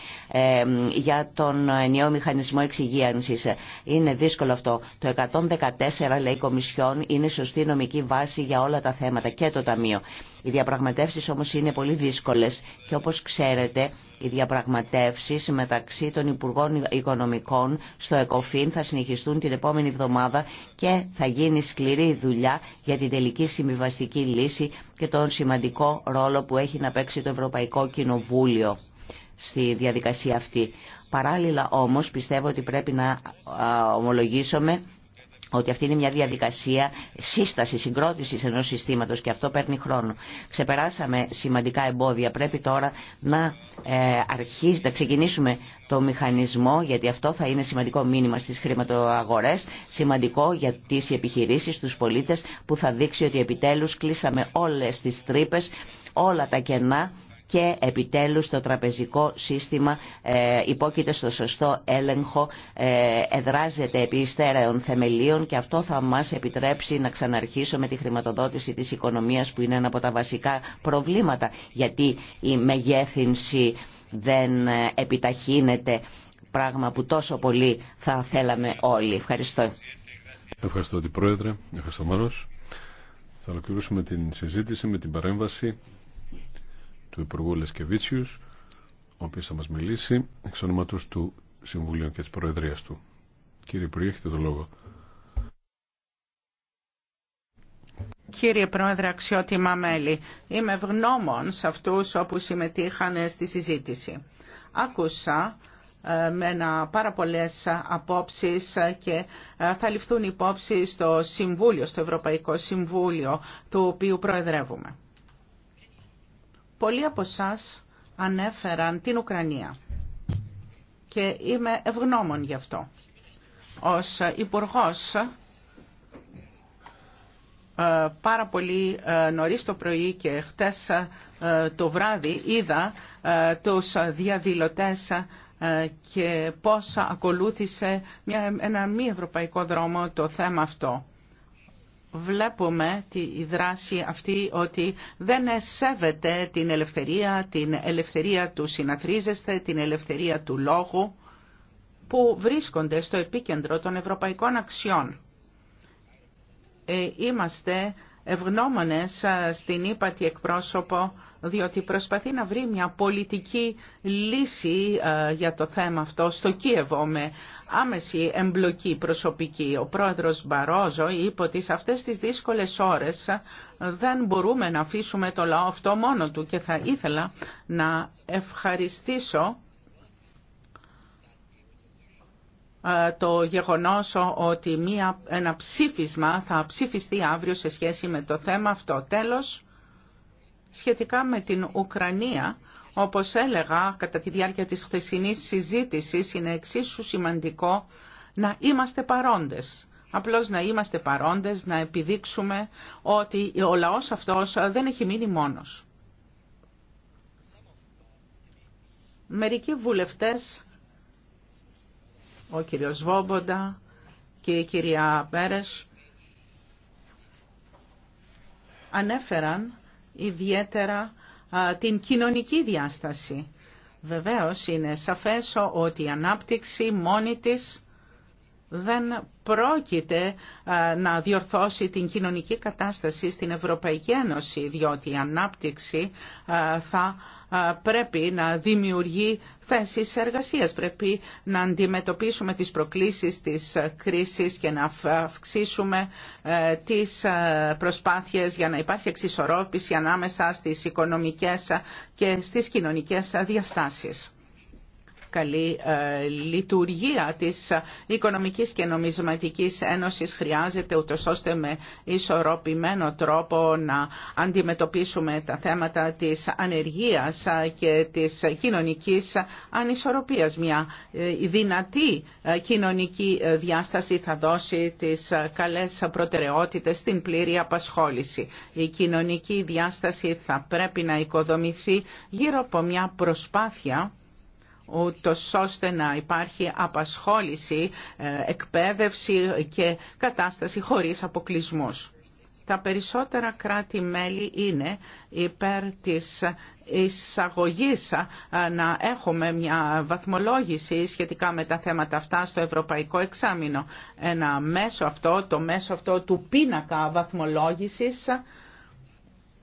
για τον νέο μηχανισμό εξυγίανσης. Είναι δύσκολο αυτό. Το 114 λέει Κομισιόν είναι σωστή νομική βάση για όλα τα θέματα και το Ταμείο. Οι διαπραγματεύσεις όμως είναι πολύ δύσκολες και όπως ξέρετε οι διαπραγματεύσεις μεταξύ των Υπουργών Οικονομικών στο ΕΚΟΦΗΝ θα συνεχιστούν την επόμενη εβδομάδα και θα γίνει σκληρή δουλειά για την τελική συμβιβαστική λύση και τον σημαντικό ρόλο που έχει να παίξει το Ευρωπαϊκό Κοινοβούλιο στη διαδικασία αυτή. Παράλληλα όμως πιστεύω ότι πρέπει να ομολογήσουμε ότι αυτή είναι μια διαδικασία σύσταση, συγκρότηση ενό συστήματο και αυτό παίρνει χρόνο. Ξεπεράσαμε σημαντικά εμπόδια. Πρέπει τώρα να, ε, αρχίσει, να ξεκινήσουμε το μηχανισμό, γιατί αυτό θα είναι σημαντικό μήνυμα στι χρηματοαγορέ, σημαντικό για τι επιχειρήσει, του πολίτε, που θα δείξει ότι επιτέλου κλείσαμε όλε τι τρύπε, όλα τα κενά και επιτέλους το τραπεζικό σύστημα ε, υπόκειται στο σωστό έλεγχο, ε, εδράζεται επί στέρεων θεμελίων και αυτό θα μας επιτρέψει να ξαναρχίσουμε τη χρηματοδότηση της οικονομίας που είναι ένα από τα βασικά προβλήματα γιατί η μεγέθυνση δεν ε, επιταχύνεται πράγμα που τόσο πολύ θα θέλαμε όλοι. Ευχαριστώ. Ευχαριστώ την Πρόεδρε. Ευχαριστώ Μάρος. Θα ολοκληρώσουμε την συζήτηση με την παρέμβαση του Υπουργού Λεσκεβίτσιου, ο οποίο θα μας μιλήσει εξ του Συμβουλίου και της Προεδρίας του. Κύριε Υπουργέ, έχετε το λόγο. Κύριε Πρόεδρε, αξιότιμα μέλη, είμαι ευγνώμων σε αυτούς όπου συμμετείχαν στη συζήτηση. Άκουσα ε, με πάρα πολλές απόψεις και ε, θα ληφθούν υπόψη στο Συμβούλιο, στο Ευρωπαϊκό Συμβούλιο, του οποίου προεδρεύουμε. Πολλοί από εσά ανέφεραν την Ουκρανία και είμαι ευγνώμων γι' αυτό. Ως ε, υπουργό ε, πάρα πολύ ε, νωρίς το πρωί και χτες το βράδυ είδα τους διαδηλωτές και πώς ακολούθησε ένα μη ευρωπαϊκό δρόμο το θέμα αυτό βλέπουμε τη δράση αυτή ότι δεν σέβεται την ελευθερία, την ελευθερία του συναθρίζεσθε, την ελευθερία του λόγου που βρίσκονται στο επίκεντρο των ευρωπαϊκών αξιών. Ε, είμαστε ευγνώμονες στην ύπατη εκπρόσωπο διότι προσπαθεί να βρει μια πολιτική λύση για το θέμα αυτό στο Κίεβο με άμεση εμπλοκή προσωπική. Ο πρόεδρος Μπαρόζο είπε ότι σε αυτές τις δύσκολες ώρες δεν μπορούμε να αφήσουμε το λαό αυτό μόνο του και θα ήθελα να ευχαριστήσω το γεγονός ότι μία, ένα ψήφισμα θα ψηφιστεί αύριο σε σχέση με το θέμα αυτό. Τέλος, σχετικά με την Ουκρανία, όπως έλεγα κατά τη διάρκεια της χθεσινής συζήτησης, είναι εξίσου σημαντικό να είμαστε παρόντες. Απλώς να είμαστε παρόντες, να επιδείξουμε ότι ο λαός αυτός δεν έχει μείνει μόνος. Μερικοί βουλευτές ο κύριος Βόμποντα και η κυρία Πέρες ανέφεραν ιδιαίτερα την κοινωνική διάσταση. Βεβαίως είναι σαφές ότι η ανάπτυξη μόνη της δεν πρόκειται να διορθώσει την κοινωνική κατάσταση στην Ευρωπαϊκή Ένωση, διότι η ανάπτυξη θα πρέπει να δημιουργεί θέσεις εργασίας. Πρέπει να αντιμετωπίσουμε τις προκλήσεις της κρίσης και να αυξήσουμε ε, τις ε, προσπάθειες για να υπάρχει εξισορρόπηση ανάμεσα στις οικονομικές και στις κοινωνικές διαστάσεις καλή ε, λειτουργία της Οικονομικής και Νομισματικής Ένωσης χρειάζεται ούτω ώστε με ισορροπημένο τρόπο να αντιμετωπίσουμε τα θέματα της ανεργίας και της κοινωνικής ανισορροπίας. Μια ε, δυνατή ε, κοινωνική διάσταση θα δώσει τις καλές προτεραιότητες στην πλήρη απασχόληση. Η κοινωνική διάσταση θα πρέπει να οικοδομηθεί γύρω από μια προσπάθεια ούτω ώστε να υπάρχει απασχόληση, ε, εκπαίδευση και κατάσταση χωρίς αποκλεισμούς. Τα περισσότερα κράτη-μέλη είναι υπέρ της εισαγωγής ε, να έχουμε μια βαθμολόγηση σχετικά με τα θέματα αυτά στο Ευρωπαϊκό Εξάμεινο. Ένα μέσο αυτό, το μέσο αυτό του πίνακα βαθμολόγησης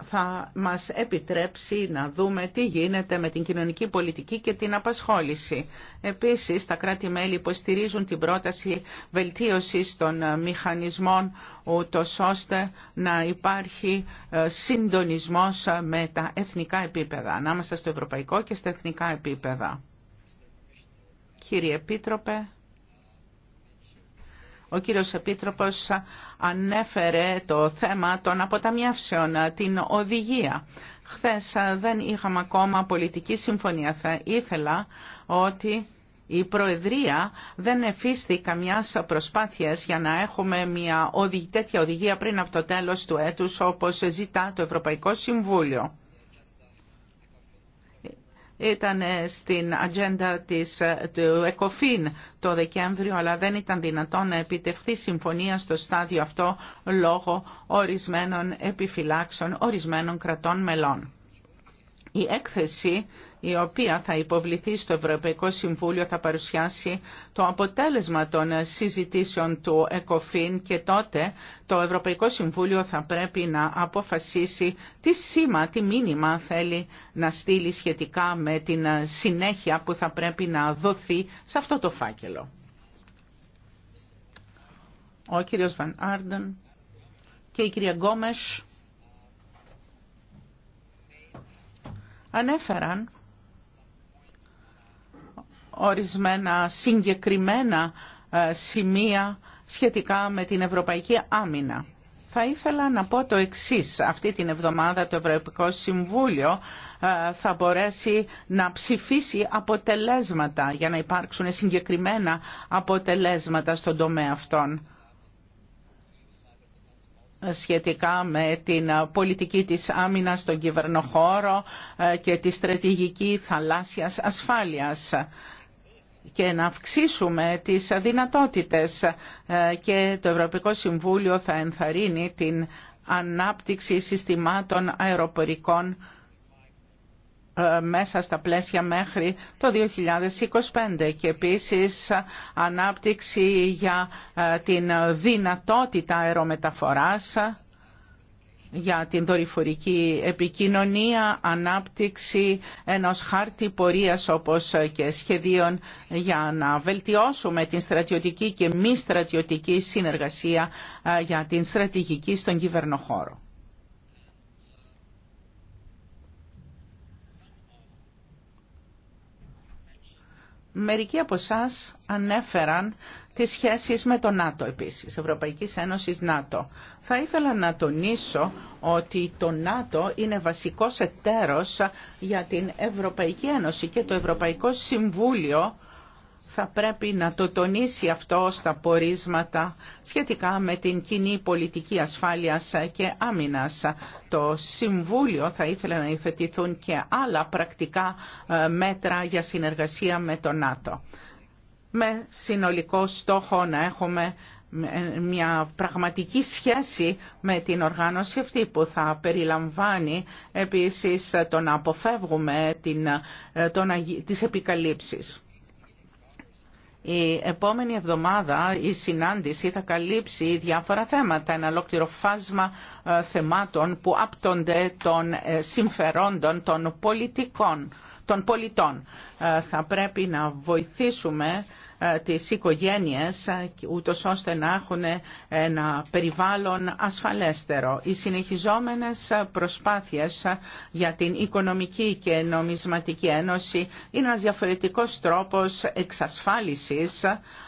θα μας επιτρέψει να δούμε τι γίνεται με την κοινωνική πολιτική και την απασχόληση. Επίσης, τα κράτη-μέλη υποστηρίζουν την πρόταση βελτίωσης των μηχανισμών, ούτω ώστε να υπάρχει ε, συντονισμός με τα εθνικά επίπεδα, ανάμεσα στο ευρωπαϊκό και στα εθνικά επίπεδα. Κύριε Επίτροπε, ο κύριος Επίτροπος ανέφερε το θέμα των αποταμιεύσεων, την οδηγία. Χθες δεν είχαμε ακόμα πολιτική συμφωνία. Θα ήθελα ότι η Προεδρία δεν εφίστη καμιά προσπάθεια για να έχουμε μια τέτοια οδηγία πριν από το τέλος του έτους όπως ζητά το Ευρωπαϊκό Συμβούλιο ήταν ε, στην ατζέντα της, ε, του ΕΚΟΦΗΝ το Δεκέμβριο, αλλά δεν ήταν δυνατόν να επιτευχθεί συμφωνία στο στάδιο αυτό λόγω ορισμένων επιφυλάξεων ορισμένων κρατών μελών. Η έκθεση η οποία θα υποβληθεί στο Ευρωπαϊκό Συμβούλιο θα παρουσιάσει το αποτέλεσμα των συζητήσεων του ΕΚΟΦΗΝ και τότε το Ευρωπαϊκό Συμβούλιο θα πρέπει να αποφασίσει τι σήμα, τι μήνυμα θέλει να στείλει σχετικά με την συνέχεια που θα πρέπει να δοθεί σε αυτό το φάκελο. Ο κύριος Βαν Άρντεν και η κυρία Γκόμες ανέφεραν ορισμένα συγκεκριμένα ε, σημεία σχετικά με την Ευρωπαϊκή Άμυνα. Θα ήθελα να πω το εξής. Αυτή την εβδομάδα το Ευρωπαϊκό Συμβούλιο ε, θα μπορέσει να ψηφίσει αποτελέσματα για να υπάρξουν συγκεκριμένα αποτελέσματα στον τομέα αυτών σχετικά με την πολιτική της άμυνας στον κυβερνοχώρο ε, και τη στρατηγική θαλάσσιας ασφάλειας και να αυξήσουμε τις αδυνατότητες ε, και το Ευρωπαϊκό Συμβούλιο θα ενθαρρύνει την ανάπτυξη συστημάτων αεροπορικών ε, μέσα στα πλαίσια μέχρι το 2025 και επίσης ανάπτυξη για ε, την δυνατότητα αερομεταφοράς για την δορυφορική επικοινωνία, ανάπτυξη ενός χάρτη πορείας όπως και σχεδίων για να βελτιώσουμε την στρατιωτική και μη στρατιωτική συνεργασία ε, για την στρατηγική στον κυβερνοχώρο. Μερικοί από εσά ανέφεραν τις σχέσεις με το ΝΑΤΟ επίσης, Ευρωπαϊκή Ένωσης ΝΑΤΟ. Θα ήθελα να τονίσω ότι το ΝΑΤΟ είναι βασικός εταίρος για την Ευρωπαϊκή Ένωση και το Ευρωπαϊκό Συμβούλιο θα πρέπει να το τονίσει αυτό στα πορίσματα σχετικά με την κοινή πολιτική ασφάλειας και άμυνας. Το Συμβούλιο θα ήθελε να υφετηθούν και άλλα πρακτικά ε, μέτρα για συνεργασία με το ΝΑΤΟ με συνολικό στόχο να έχουμε μια πραγματική σχέση με την οργάνωση αυτή που θα περιλαμβάνει επίσης το να αποφεύγουμε την, ε, το τις επικαλύψεις. Η επόμενη εβδομάδα η συνάντηση θα καλύψει διάφορα θέματα, ένα ολόκληρο φάσμα ε, θεμάτων που άπτονται των ε, συμφερόντων των πολιτικών των πολιτών. Ε, θα πρέπει να βοηθήσουμε ε, τη οικογένειες ε, ούτως ώστε να έχουν ένα περιβάλλον ασφαλέστερο. Οι συνεχιζόμενες προσπάθειες για την Οικονομική και Νομισματική Ένωση είναι ένας διαφορετικός τρόπος εξασφάλισης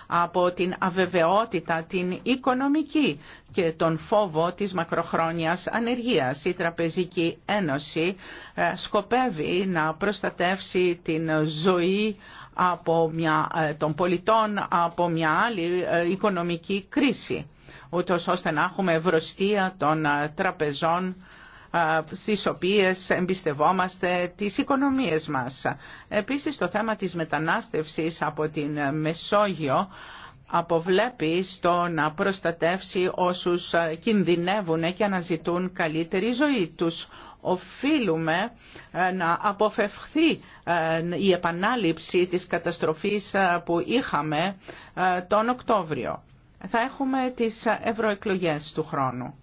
από την αβεβαιότητα την οικονομική και τον φόβο της μακροχρόνιας ανεργίας. Η Τραπεζική Ένωση ε, σκοπεύει να προστατεύσει την ζωή από μια, ε, των πολιτών από μια άλλη ε, οικονομική κρίση, ούτως ώστε να έχουμε ευρωστία των ε, τραπεζών στις οποίες εμπιστευόμαστε τις οικονομίες μας. Επίσης το θέμα της μετανάστευσης από την Μεσόγειο αποβλέπει στο να προστατεύσει όσους κινδυνεύουν και αναζητούν καλύτερη ζωή τους οφείλουμε ε, να αποφευχθεί ε, η επανάληψη της καταστροφής ε, που είχαμε τον Οκτώβριο. Θα έχουμε τις ευρωεκλογές του χρόνου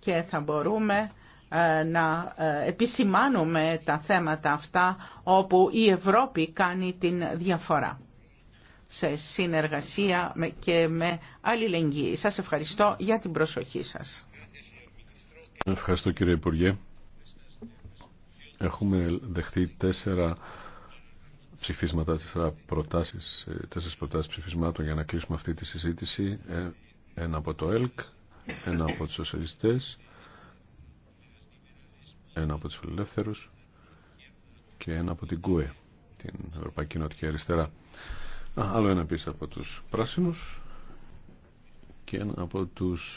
και θα μπορούμε να επισημάνουμε τα θέματα αυτά όπου η Ευρώπη κάνει την διαφορά σε συνεργασία και με αλληλεγγύη. Σας ευχαριστώ για την προσοχή σας. Ευχαριστώ κύριε Υπουργέ. Έχουμε δεχτεί τέσσερα ψηφίσματα, τέσσερα προτάσεις, ε, τέσσερις προτάσεις ψηφισμάτων για να κλείσουμε αυτή τη συζήτηση. Ε, ένα από το ΕΛΚ, ένα από τους σοσιαλιστές, ένα από τους φιλελεύθερους και ένα από την ΚΟΕ, την Ευρωπαϊκή Νοτική Αριστερά. άλλο ένα πίσω από τους πράσινους και ένα από τους